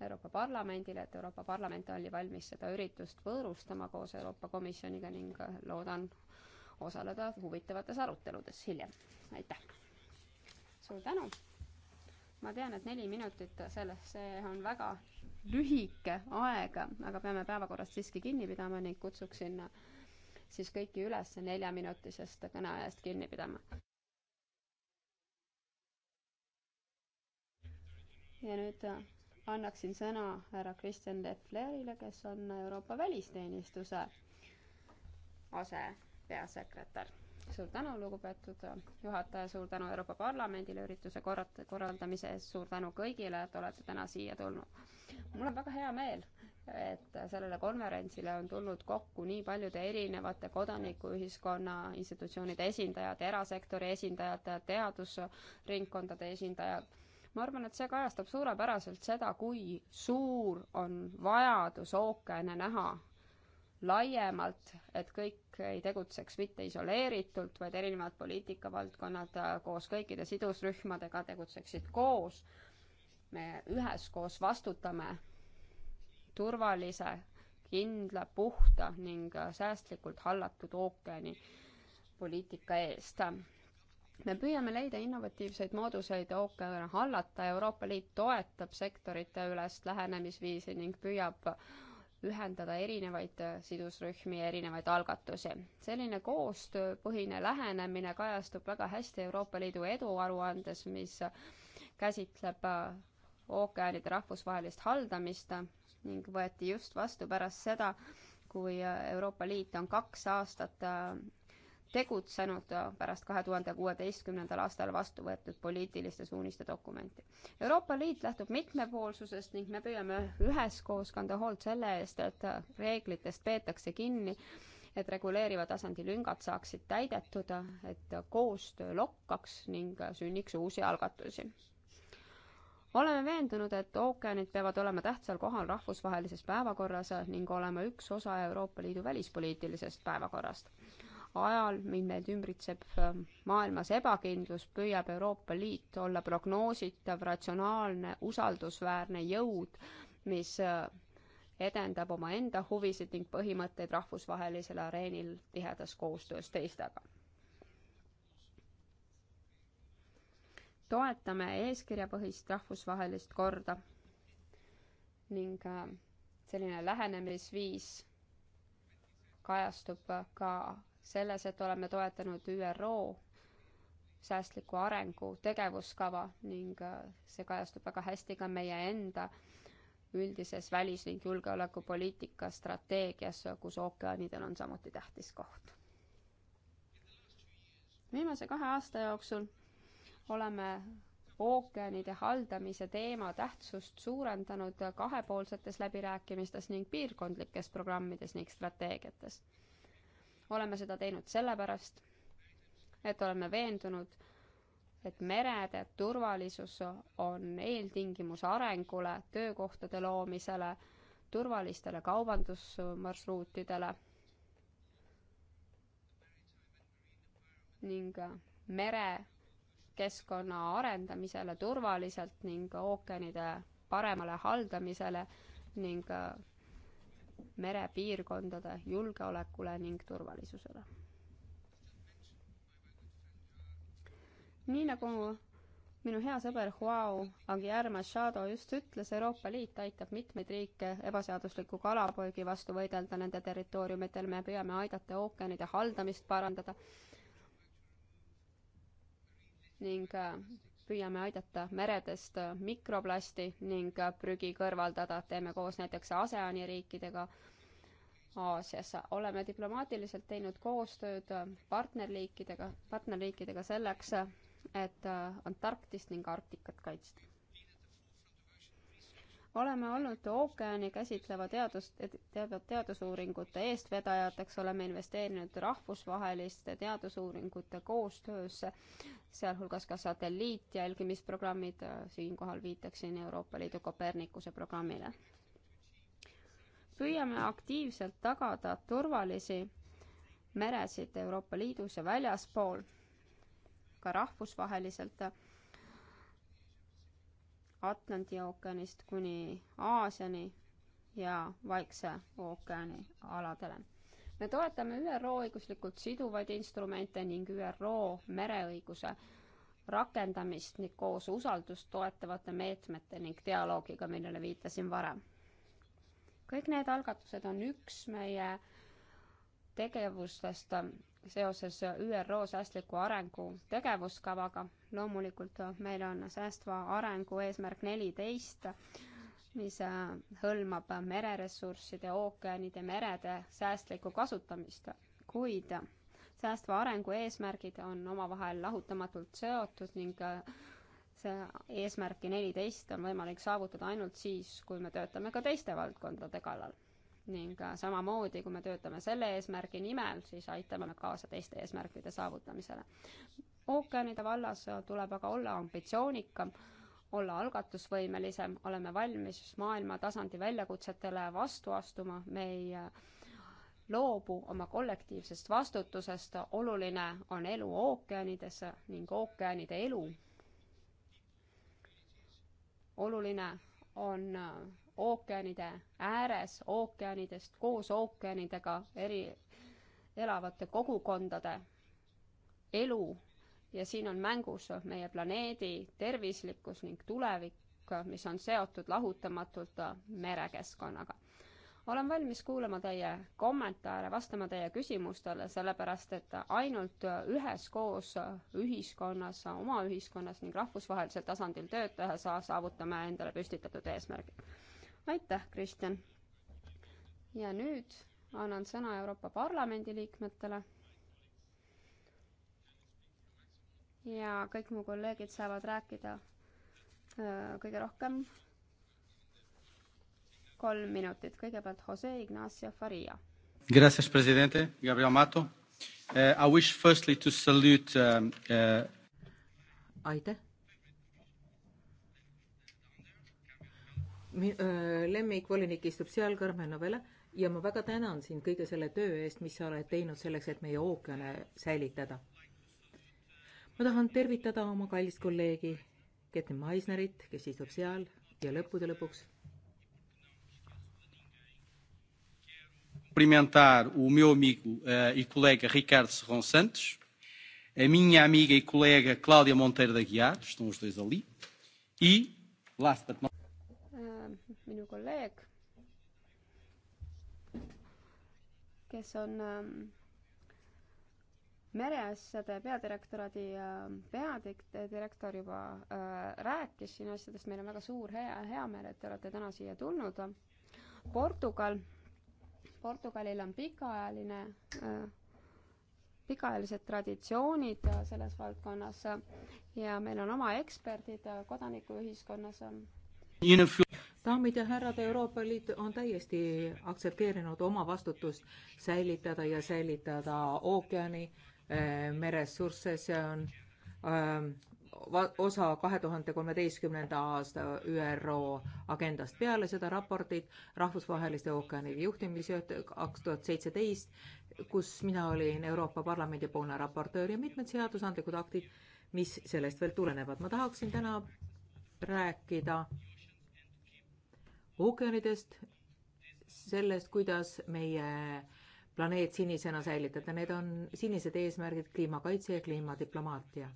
Euroopa Parlamendile, et Euroopa Parlament oli valmis seda üritust võõrustama koos Euroopa Komisjoniga ning loodan osaleda huvitavates aruteludes hiljem. aitäh! suur tänu! ma tean, et neli minutit selles, see on väga lühike aeg, aga peame päevakorrast siiski kinni pidama ning kutsuksin siis kõiki üles neljaminutisest kõneajast kinni pidama. ja nüüd annaksin sõna härra Kristjan Leflerile, kes on Euroopa Välisteenistuse asepeasekretär suur tänu, lugupeetud juhataja, suur tänu Euroopa Parlamendile ürituse korrat-, korraldamise eest, suur tänu kõigile, et olete täna siia tulnud. mul on väga hea meel, et sellele konverentsile on tulnud kokku nii paljude erinevate kodanikuühiskonna institutsioonide esindajad, erasektori esindajad, teadusringkondade esindajad ma arvan, et see kajastab suurepäraselt seda, kui suur on vajadus ookeane näha laiemalt, et kõik riik ei tegutseks mitte isoleeritult, vaid erinevad poliitikavaldkonnad äh, koos kõikide sidusrühmadega tegutseksid koos. me üheskoos vastutame turvalise, kindla, puhta ning äh, säästlikult hallatud ookeani poliitika eest me püüame leida innovatiivseid mooduseid ookeane hallata, Euroopa Liit toetab sektorite ülest lähenemisviisi ning püüab äh, ühendada erinevaid äh, sidusrühmi ja erinevaid algatusi. selline koostööpõhine lähenemine kajastub väga hästi Euroopa Liidu eduaruandes, mis käsitleb äh, ookeanide rahvusvahelist haldamist ning võeti just vastu pärast seda, kui äh, Euroopa Liit on kaks aastat tegutsenud pärast kahe tuhande kuueteistkümnendal aastal vastu võetud poliitiliste suuniste dokumenti. Euroopa Liit lähtub mitmepoolsusest ning me püüame üheskoos kanda hoolt selle eest, et reeglitest peetakse kinni, et reguleeriva tasandi lüngad saaksid täidetud, et koostöö lokkaks ning sünniks uusi algatusi oleme veendunud, et ookeanid peavad olema tähtsal kohal rahvusvahelises päevakorras ning olema üks osa Euroopa Liidu välispoliitilisest päevakorrast ajal, mil meid ümbritseb ähm, maailmas ebakindlus, püüab Euroopa Liit olla prognoositav, ratsionaalne, usaldusväärne jõud, mis äh, edendab omaenda huvisid ning põhimõtteid rahvusvahelisel areenil tihedas koostöös teistega. toetame eeskirjapõhist rahvusvahelist korda ning äh, selline lähenemisviis kajastub äh, ka selles, et oleme toetanud ÜRO säästliku arengu tegevuskava ning äh, see kajastub väga hästi ka meie enda üldises välis- ning julgeolekupoliitika strateegias, kus ookeanidel on samuti tähtis koht. viimase kahe aasta jooksul oleme ookeanide haldamise teema tähtsust suurendanud kahepoolsetes läbirääkimistes ning piirkondlikes programmides ning strateegiates oleme seda teinud sellepärast, et oleme veendunud, et merede turvalisus on eeltingimus arengule, töökohtade loomisele, turvalistele kaubandusmarsruutidele ning merekeskkonna arendamisele turvaliselt ning ookeanide paremale haldamisele ning merepiirkondade julgeolekule ning turvalisusele. nii nagu minu hea sõber Joao Aguiar Machado just ütles, Euroopa Liit aitab mitmeid riike ebaseadusliku kalapüügi vastu võidelda nende territooriumitel, me püüame aidata ookeanide haldamist parandada ning äh, püüame aidata meredest mikroplasti ning prügi kõrvaldada, teeme koos näiteks ASEAN-i riikidega Aasias. oleme diplomaatiliselt teinud koostööd partnerriikidega, partnerriikidega selleks, et Antarktist ning Arktikat kaitsta oleme olnud ookeani käsitleva teadus, teadvat teadusuuringute eestvedajateks, oleme investeerinud rahvusvaheliste teadusuuringute koostöösse, sealhulgas ka satelliitjälgimisprogrammid, siinkohal viitaksin Euroopa Liidu Kopernikuse programmile. püüame aktiivselt tagada turvalisi meresid Euroopa Liidus ja väljaspool, ka rahvusvaheliselt Atlandi ookeanist kuni Aasiani ja Vaikse ookeani aladele. me toetame ÜRO õiguslikult siduvaid instrumente ning ÜRO mereõiguse rakendamist ning koos usaldust toetavate meetmete ning dialoogiga, millele viitasin varem. kõik need algatused on üks meie tegevustest seoses ÜRO säästliku arengu tegevuskavaga. loomulikult meil on säästva arengu eesmärk neliteist, mis äh, hõlmab mereressursside, ookeanide, merede säästlikku kasutamist, kuid säästva arengu eesmärgid on omavahel lahutamatult seotud ning äh, see eesmärki neliteist on võimalik saavutada ainult siis, kui me töötame ka teiste valdkondade kallal ning äh, samamoodi, kui me töötame selle eesmärgi nimel, siis aitame me kaasa teiste eesmärkide saavutamisele. ookeanide vallas äh, tuleb aga olla ambitsioonikam, olla algatusvõimelisem, oleme valmis maailma tasandi väljakutsetele vastu astuma, me ei äh, loobu oma kollektiivsest vastutusest, oluline on elu ookeanides ning ookeanide elu. oluline on ookeanide ääres, ookeanidest koos ookeanidega eri elavate kogukondade elu ja siin on mängus meie planeedi tervislikkus ning tulevik, mis on seotud lahutamatult merekeskkonnaga. olen valmis kuulama teie kommentaare, vastama teie küsimustele, sellepärast et ainult üheskoos ühiskonnas, oma ühiskonnas ning rahvusvahelisel tasandil tööd tehes saavutame endale püstitatud eesmärgid aitäh, Kristjan! ja nüüd annan sõna Euroopa Parlamendi liikmetele. ja kõik mu kolleegid saavad rääkida kõige rohkem kolm minutit, kõigepealt Jose Ignacio Faria. Gracias, presidente, Gabriel Mato uh,. I wish firstly to salute um,. Uh... aitäh lemmikvolinik istub seal, Karmen Novele, ja ma väga tänan sind kõige selle töö eest, mis sa oled teinud selleks, et meie ookeane säilitada. ma tahan tervitada oma kallist kolleegi Ketni Maisnerit, kes istub seal ja lõppude lõpuks cumprimentar o meu amigo uh, e colega Ricardo Serrão Santos, a minha amiga e colega Cláudia Monteiro da Guiar, estão os dois ali, e, last but not minu kolleeg, kes on ähm, mereasjade peadirektoraadi ähm, peadirektor juba äh, rääkis siin asjadest, meil on väga suur hea, hea meel, et te olete täna siia tulnud. Portugal, Portugalil on pikaajaline äh, pikaajalised traditsioonid selles valdkonnas ja meil on oma eksperdid kodanikuühiskonnas daamid ja härrad, Euroopa Liit on täiesti aktsepteerinud oma vastutust säilitada ja säilitada ookeani äh,, eh, meressursse, see on äh, osa kahe tuhande kolmeteistkümnenda aasta ÜRO agendast. peale seda raportit rahvusvaheliste ookeanide juhtimise kaks tuhat seitseteist, kus mina olin Euroopa Parlamendi poolne raportöör ja mitmed seadusandlikud aktid, mis sellest veel tulenevad. ma tahaksin täna rääkida äh, ookeanidest, sellest, kuidas meie planeet sinisena säilitada, need on sinised eesmärgid kliimakaitse ja kliimadiplomaatia.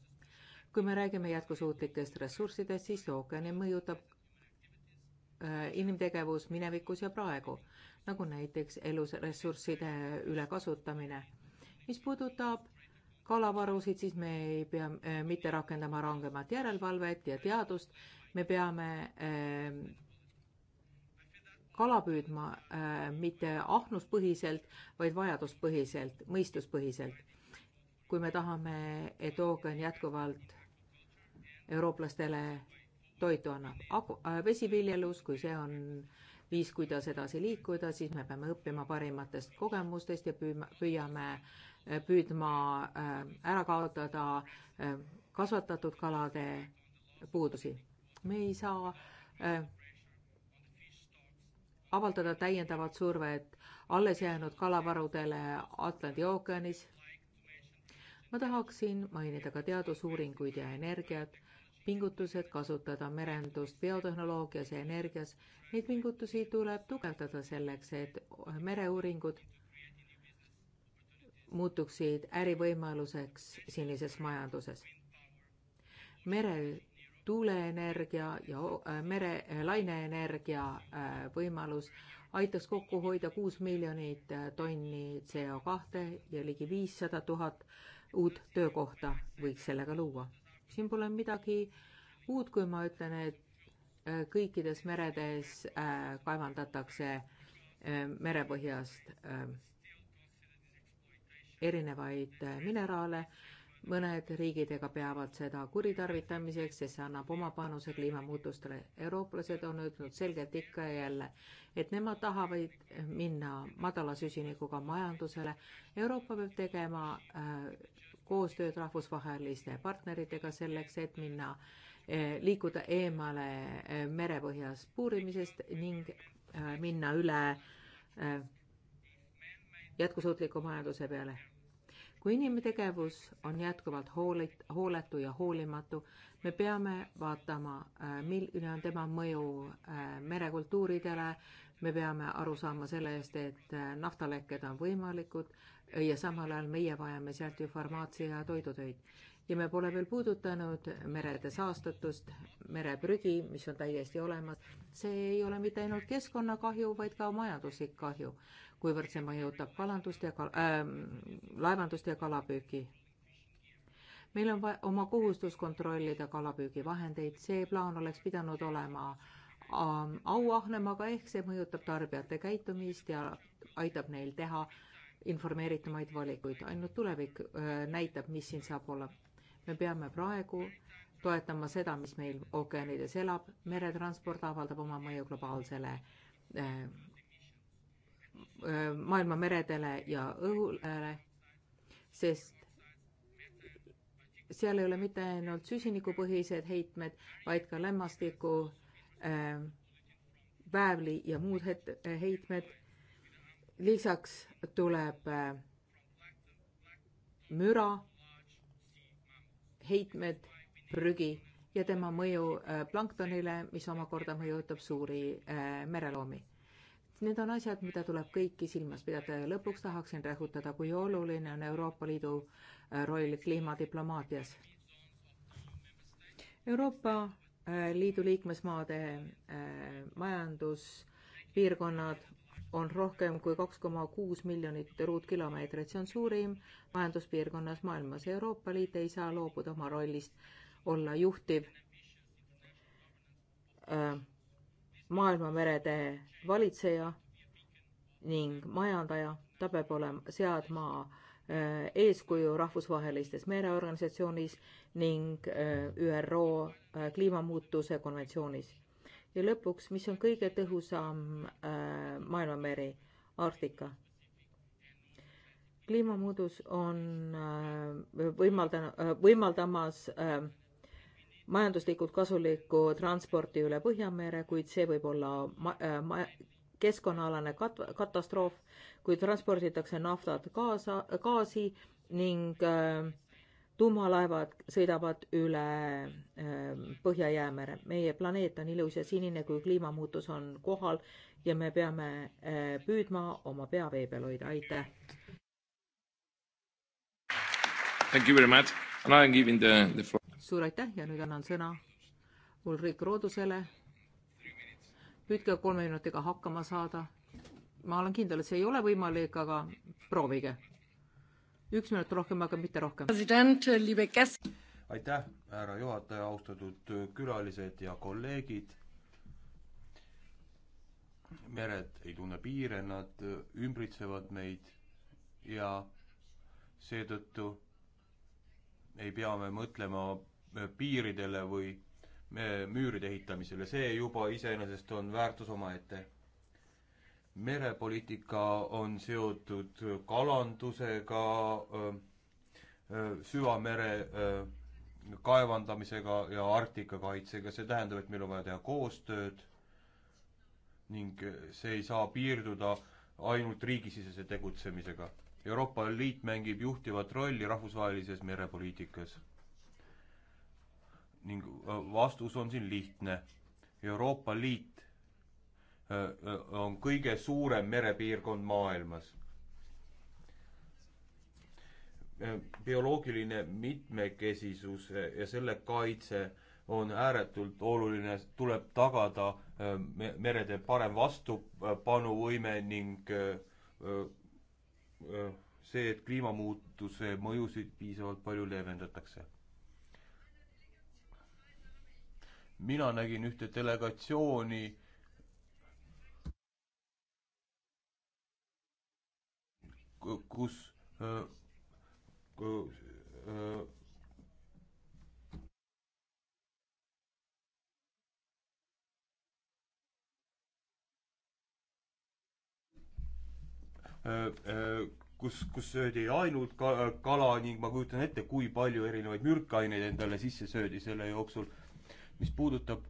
kui me räägime jätkusuutlikest ressurssidest, siis ookeani mõjutab äh, inimtegevus minevikus ja praegu, nagu näiteks elusressursside ülekasutamine. mis puudutab kalavarusid, siis me ei pea äh, mitte rakendama rangemat järelevalvet ja teadust, me peame äh, kala püüdma äh, mitte ahnuspõhiselt, vaid vajaduspõhiselt, mõistuspõhiselt. kui me tahame, et ookean jätkuvalt eurooplastele toitu annab, äh, vesiviljelus, kui see on viis, kuidas edasi liikuda, siis me peame õppima parimatest kogemustest ja püüma, püüame, äh, püüdma äh, ära kaotada äh, kasvatatud kalade puudusi. me ei saa äh, avaldada täiendavat survet alles jäänud kalavarudele Atlandi ookeanis. ma tahaksin mainida ka teadusuuringuid ja energiat, pingutused kasutada merendust biotehnoloogias ja energias. Neid pingutusi tuleb tugevdada selleks, et mereuuringud muutuksid ärivõimaluseks sinises majanduses. mere tuuleenergia ja äh, mere, äh, laineenergia äh, võimalus aitaks kokku hoida kuus miljonit tonni CO kahte ja ligi viissada tuhat uut töökohta võiks sellega luua. siin pole midagi uut, kui ma ütlen, et kõikides meredes kaevandatakse merepõhjast erinevaid mineraale mõned riigid aga peavad seda kuritarvitamiseks, sest see annab oma panuse kliimamuutustele. eurooplased on öelnud selgelt ikka ja jälle, et nemad tahavad minna madala süsinikuga majandusele. Euroopa peab tegema äh, koostööd rahvusvaheliste partneritega selleks, et minna äh,, liikuda eemale äh, merepõhjas puurimisest ning äh, minna üle äh, jätkusuutliku majanduse peale kui inimtegevus on jätkuvalt hoolit-, hooletu ja hoolimatu, me peame vaatama, äh, milline on tema mõju äh, merekultuuridele, me peame aru saama selle eest, et äh, naftalekked on võimalikud ja samal ajal meie vajame sealt ju farmaatsia ja toidutöid. ja me pole veel puudutanud merede saastatust, mereprügi, mis on täiesti olemas, see ei ole mitte ainult keskkonnakahju, vaid ka majanduslik kahju kuivõrd see mõjutab kalandust ja kal- äh,, laevandust ja kalapüüki. meil on vaja oma kohustus kontrollida kalapüügivahendeid, see plaan oleks pidanud olema ähm, auahnem, aga ehk see mõjutab tarbijate käitumist ja aitab neil teha informeeritumaid valikuid, ainult tulevik äh, näitab, mis siin saab olla. me peame praegu toetama seda, mis meil ookeanides elab, meretransport avaldab oma mõju globaalsele äh, Äh, maailma meredele ja õhule, sest seal ei ole mitte ainult süsinikupõhised heitmed, vaid ka lämmastiku äh,, väävli ja muud het-, heitmed. lisaks tuleb äh, müra, heitmed, prügi ja tema mõju äh, planktonile, mis omakorda mõjutab suuri äh, mereloomi Need on asjad, mida tuleb kõiki silmas pidada ja lõpuks tahaksin rõhutada, kui oluline on Euroopa Liidu äh, roll kliimadiplomaatias. Euroopa äh, Liidu liikmesmaade äh, majanduspiirkonnad on rohkem kui kaks koma kuus miljonit ruutkilomeetrit, see on suurim majanduspiirkonnas maailmas. Euroopa Liit ei saa loobuda oma rollist olla juhtiv maailmamerede valitseja ning majandaja, ta peab olema, seadma äh, eeskuju rahvusvahelistes mereorganisatsioonis ning äh, ÜRO äh, kliimamuutuse konventsioonis. ja lõpuks, mis on kõige tõhusam maailmameri, Arktika. kliimamuutus on võimaldanud, võimaldamas majanduslikult kasulikku transporti üle Põhjamere, kuid see võib olla ma-, äh, ma-, keskkonnaalane kat-, katastroof, kui transporditakse naftat kaasa, gaasi ning äh, tuumalaevad sõidavad üle äh, Põhja-Jäämere. meie planeet on ilus ja sinine, kui kliimamuutus on kohal ja me peame äh, püüdma oma pea vee peal hoida, aitäh! Thank you very much. Now I'm giving the, the floor suur aitäh ja nüüd annan sõna Ulrik Roodusele. püüdke kolme minutiga hakkama saada. ma olen kindel, et see ei ole võimalik, aga proovige. üks minut rohkem, aga mitte rohkem. aitäh, härra juhataja, austatud külalised ja kolleegid. mered ei tunne piire, nad ümbritsevad meid ja seetõttu ei pea me mõtlema Äh, piiridele või äh, müüride ehitamisele, see juba iseenesest on väärtus omaette. merepoliitika on seotud kalandusega, äh, süvamere kaevandamisega ja Arktika kaitsega, see tähendab, et meil on vaja teha koostööd ning see ei saa piirduda ainult riigisisese tegutsemisega. Euroopa Liit mängib juhtivat rolli rahvusvahelises merepoliitikas ning vastus on siin lihtne. Euroopa Liit on kõige suurem merepiirkond maailmas. bioloogiline mitmekesisus ja selle kaitse on ääretult oluline, tuleb tagada merede parem vastupanuvõime ning see, et kliimamuutuse mõjusid piisavalt palju leevendatakse mina nägin ühte delegatsiooni kus äh, äh, äh, kus, kus söödi ainult ka, kala ning ma kujutan ette, kui palju erinevaid mürkaineid endale sisse söödi selle jooksul mis puudutab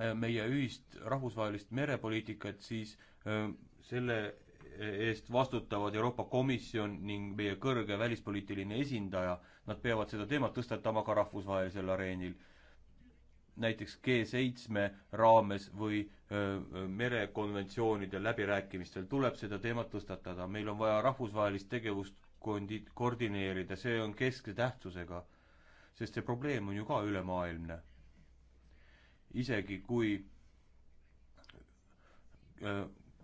äh, meie ühist rahvusvahelist merepoliitikat, siis äh, selle äh, eest vastutavad Euroopa Komisjon ning meie kõrge välispoliitiline esindaja. Nad peavad seda teemat tõstatama ka rahvusvahelisel areenil. näiteks G7 raames või merekonventsioonide läbirääkimistel tuleb seda teemat tõstatada. meil on vaja rahvusvahelist tegevust kondi-, koordineerida, see on keskse tähtsusega. sest see probleem on ju ka ülemaailmne isegi äh,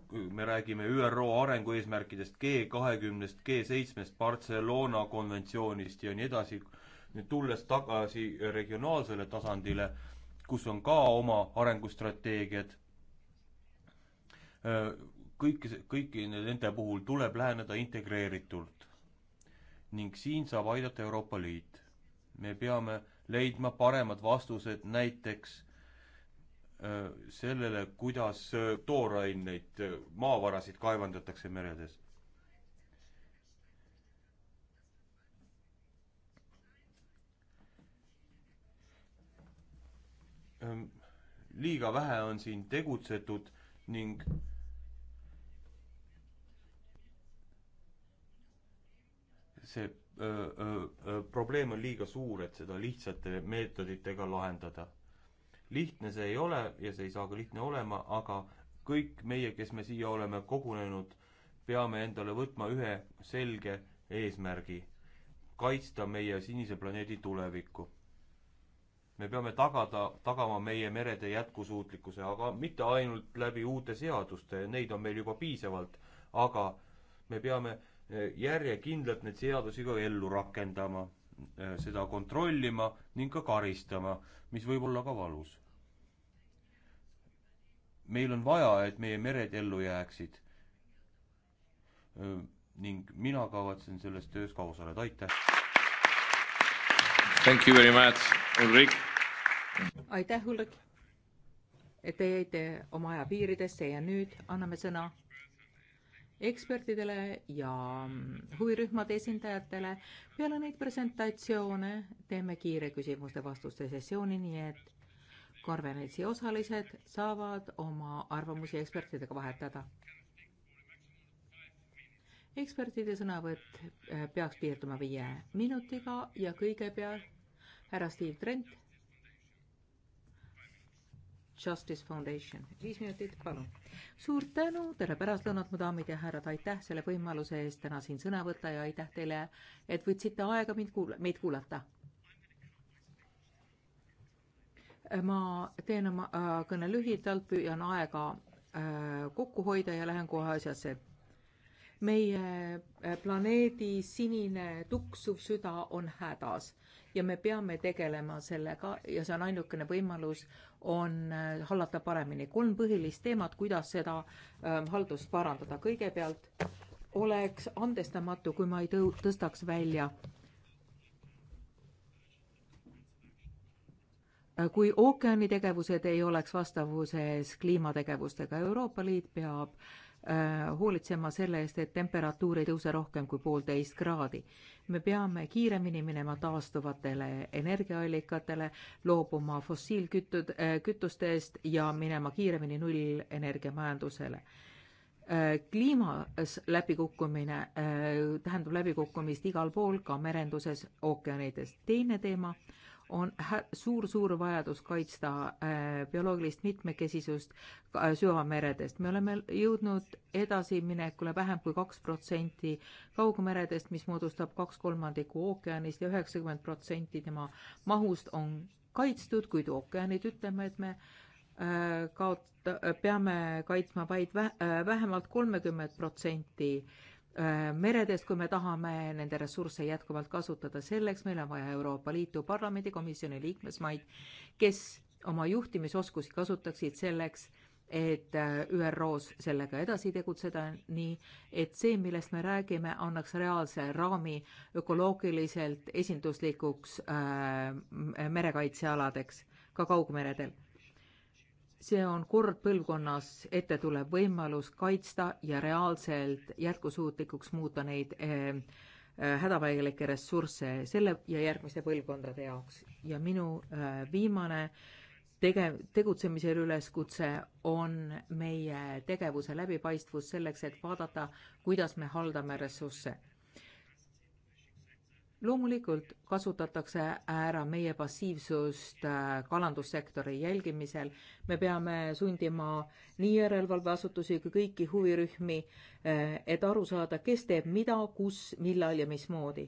kui me räägime ÜRO arengueesmärkidest, G kahekümnest, G seitsmest, Barcelona konventsioonist ja nii edasi, nüüd tulles tagasi regionaalsele tasandile, kus on ka oma arengustrateegiad, äh, kõik, kõiki nende puhul tuleb läheneda integreeritult. ning siin saab aidata Euroopa Liit. me peame leidma paremad vastused näiteks Äh, sellele, kuidas äh, tooraineid, äh, maavarasid kaevandatakse meredes. Ähm, liiga vähe on siin tegutsetud ning see öö, öö, probleem on liiga suur, et seda lihtsate meetoditega lahendada lihtne see ei ole ja see ei saa ka lihtne olema, aga kõik meie, kes me siia oleme kogunenud, peame endale võtma ühe selge eesmärgi, kaitsta meie sinise planeedi tulevikku. me peame tagada, tagama meie merede jätkusuutlikkuse, aga mitte ainult läbi uute seaduste, neid on meil juba piisavalt, aga me peame eh, järjekindlalt neid seadusi ka ellu rakendama, eh, seda kontrollima ning ka karistama, mis võib olla ka valus meil on vaja, et meie mered ellu jääksid. ning mina kavatsen selles töös ka osaleda, aitäh! Thank you very much, Ulrik! aitäh, Ulrik! Te jäite oma aja piiridesse ja nüüd anname sõna ekspertidele ja huvirühmade esindajatele. peale neid presentatsioone teeme kiire küsimuste-vastuste sessiooni, nii et konverentsi osalised saavad oma arvamusi ekspertidega vahetada. ekspertide sõnavõtt äh, peaks piirduma viie minutiga ja kõigepealt härra Steve Trent, Justice Foundation, viis minutit, palun. suur tänu, tere pärastlõunat, mu daamid ja härrad, aitäh selle võimaluse eest täna siin sõna võtta ja aitäh teile, et võtsite aega mind kuula-, meid kuulata ma teen oma äh, kõne lühidalt, püüan aega äh, kokku hoida ja lähen kohe asjasse. meie äh, planeedi sinine tuksuv süda on hädas ja me peame tegelema sellega ja see on ainukene võimalus, on hallata paremini. kolm põhilist teemat, kuidas seda haldust parandada. kõigepealt oleks andestamatu, kui ma ei tõu-, tõstaks välja Äh, kui ookeani tegevused ei oleks vastavuses kliimategevustega, Euroopa Liit peab äh, hoolitsema selle eest, et temperatuur ei tõuse rohkem kui poolteist kraadi. me peame kiiremini minema taastuvatele energiaallikatele, loobuma fossiilkütud, äh, kütustest ja minema kiiremini nullenergiamajandusele. kliimas läbikukkumine tähendab läbikukkumist igal pool, ka merenduses, ookeanides. teine teema on suur-suur vajadus kaitsta äh, bioloogilist mitmekesisust äh, süvameredest. me oleme jõudnud edasiminekule vähem kui kaks protsenti kaugmeredest, mis moodustab kaks kolmandikku ookeanist ja üheksakümmend protsenti tema mahust on kaitstud, kuid ookeanid, ütleme, et me äh, kaot-, peame kaitsma vaid vä-, vähemalt kolmekümmet protsenti Äh, meredest, kui me tahame nende ressursse jätkuvalt kasutada. selleks meil on vaja Euroopa Liitu Parlamendi komisjoni liikmesmaid, kes oma juhtimisoskusi kasutaksid selleks, et äh, ÜRO-s sellega edasi tegutseda, nii et see, millest me räägime, annaks reaalse raami ökoloogiliselt esinduslikuks äh, merekaitsealadeks ka kaugmeredel see on kord põlvkonnas ette tulev võimalus kaitsta ja reaalselt jätkusuutlikuks muuta neid eh, eh hädavajalikke ressursse selle ja järgmiste põlvkondade jaoks. ja minu eh, viimane tege-, tegutsemisel üleskutse on meie tegevuse läbipaistvus selleks, et vaadata, kuidas me haldame ressursse loomulikult kasutatakse ära meie passiivsust äh, kalandussektori jälgimisel. me peame sundima nii järelevalveasutusi kui kõiki huvirühmi, äh, et aru saada, kes teeb mida, kus, millal ja mismoodi.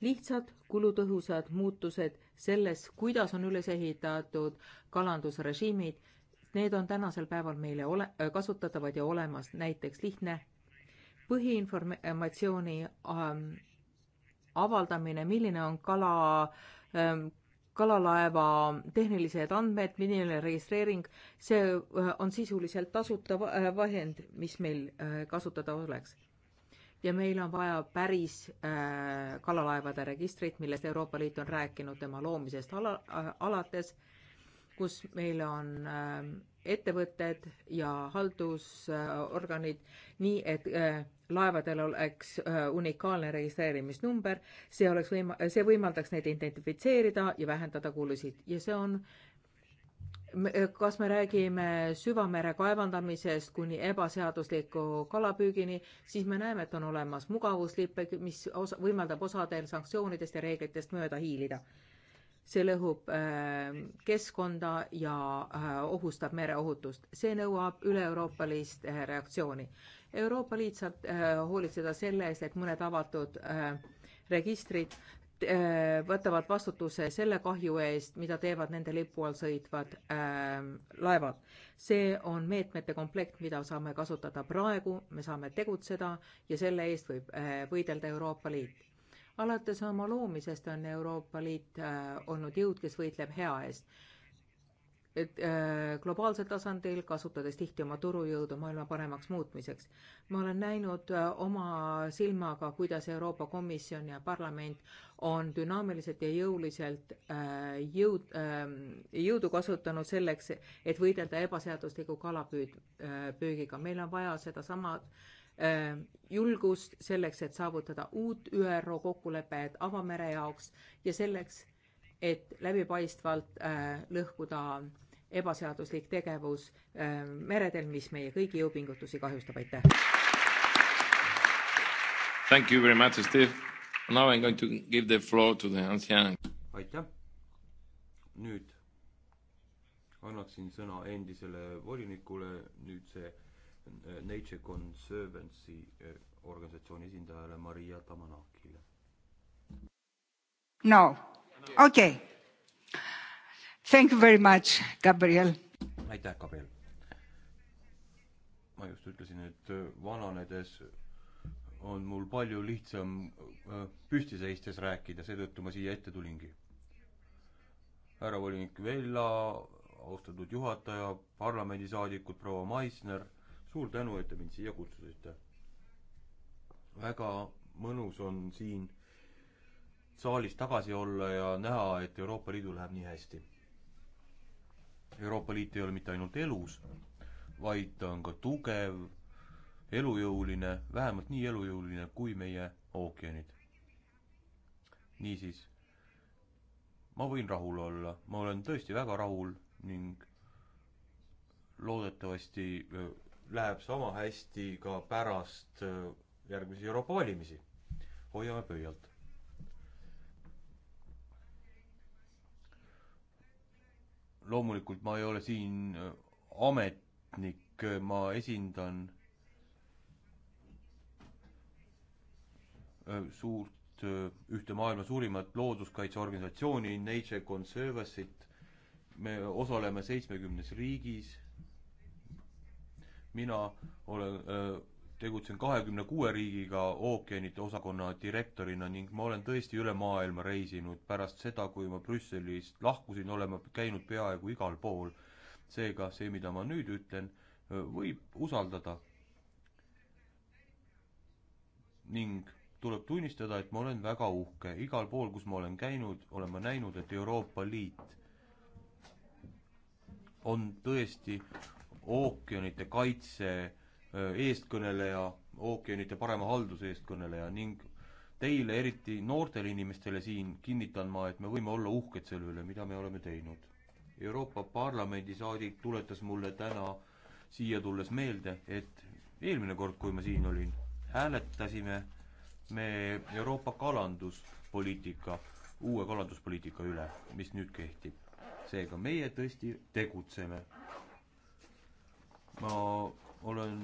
lihtsad kulutõhusad muutused selles, kuidas on üles ehitatud kalandusrežiimid, need on tänasel päeval meile ole-, äh, kasutatavad ja olemas, näiteks lihtne põhiinformatsiooni ähm, avaldamine, milline on kala, ähm, kalalaeva tehnilised andmed, milline registreering, see äh, on sisuliselt tasuta äh, vahend, mis meil äh, kasutada oleks. ja meil on vaja päris kalalaevade registrit, millest Euroopa Liit on rääkinud tema loomisest ala, alates, kus meil on ähm, ettevõtted ja haldusorganid, nii et laevadel oleks äh, unikaalne registreerimisnumber, see oleks võima-, see võimaldaks neid identifitseerida ja vähendada kulusid ja see on kas me räägime süvamere kaevandamisest kuni ebaseadusliku kalapüügini, siis me näeme, et on olemas mugavuslippe, mis osa, võimaldab osadel sanktsioonidest ja reeglitest mööda hiilida. see lõhub äh, keskkonda ja äh, ohustab mereohutust. see nõuab üle-euroopalist äh, reaktsiooni. Euroopa Liit saab äh, hoolitseda selle eest, et mõned avatud äh, registrid äh, võtavad vastutuse selle kahju eest, mida teevad nende lipu all sõitvad äh, laevad. see on meetmete komplekt, mida saame kasutada praegu, me saame tegutseda ja selle eest võib äh, võidelda Euroopa Liit. alates oma loomisest on Euroopa Liit äh, olnud jõud, kes võitleb hea eest et äh, globaalsel tasandil, kasutades tihti oma turujõudu maailma paremaks muutmiseks. ma olen näinud äh, oma silmaga, kuidas Euroopa Komisjon ja parlament on dünaamiliselt ja jõuliselt äh, jõud äh,, jõudu kasutanud selleks, et võidelda ebaseadusliku kalapüüd äh,, püügiga. meil on vaja sedasama äh, julgust selleks, et saavutada uut ÜRO kokkulepet avamere jaoks ja selleks, et läbipaistvalt äh, lõhkuda äh, ebaseaduslik tegevus ähm, meredel, mis meie kõigi jõupingutusi kahjustab, aitäh! Thank you very much, Steve. Now I am going to give the floor to the ancien. aitäh! nüüd annaksin sõna endisele volinikule, nüüd see äh, Nature Conservancy äh, organisatsiooni esindajale Maria Tamanakile. no okei okay Thank you very much, Gabriel. aitäh, Gabriel. ma just ütlesin, et äh, vananedes on mul palju lihtsam äh, püsti seistes rääkida, seetõttu ma siia ette tulingi. härra volinik Vella, austatud juhataja, parlamendisaadikud, proua Maisner, suur tänu, et te mind siia kutsusite. väga mõnus on siin saalis tagasi olla ja näha, et Euroopa Liidul läheb nii hästi Euroopa Liit ei ole mitte ainult elus, vaid ta on ka tugev, elujõuline, vähemalt nii elujõuline kui meie ookeanid. niisiis, ma võin rahul olla, ma olen tõesti väga rahul ning loodetavasti läheb sama hästi ka pärast järgmisi Euroopa valimisi. hoiame pöialt. loomulikult ma ei ole siin äh, ametnik, äh, ma esindan äh, suurt, ühte maailma suurimat looduskaitseorganisatsiooni Nature Conservance'it. me osaleme seitsmekümnes riigis. mina olen öö, tegutsen kahekümne kuue riigiga ookeanide osakonna direktorina ning ma olen tõesti üle maailma reisinud. pärast seda, kui ma Brüsselist lahkusin, olen ma käinud peaaegu igal pool. seega see, mida ma nüüd ütlen, võib usaldada. ning tuleb tunnistada, et ma olen väga uhke. igal pool, kus ma olen käinud, olen ma näinud, et Euroopa Liit on tõesti ookeanide kaitse Äh, eestkõneleja, ookeanide parema halduse eestkõneleja ning teile, eriti noortele inimestele siin, kinnitan ma, et me võime olla uhked selle üle, mida me oleme teinud. Euroopa Parlamendi saadik tuletas mulle täna siia tulles meelde, et eelmine kord, kui ma siin olin, hääletasime me Euroopa kalanduspoliitika, uue kalanduspoliitika üle, mis nüüd kehtib. seega meie tõesti tegutseme. ma olen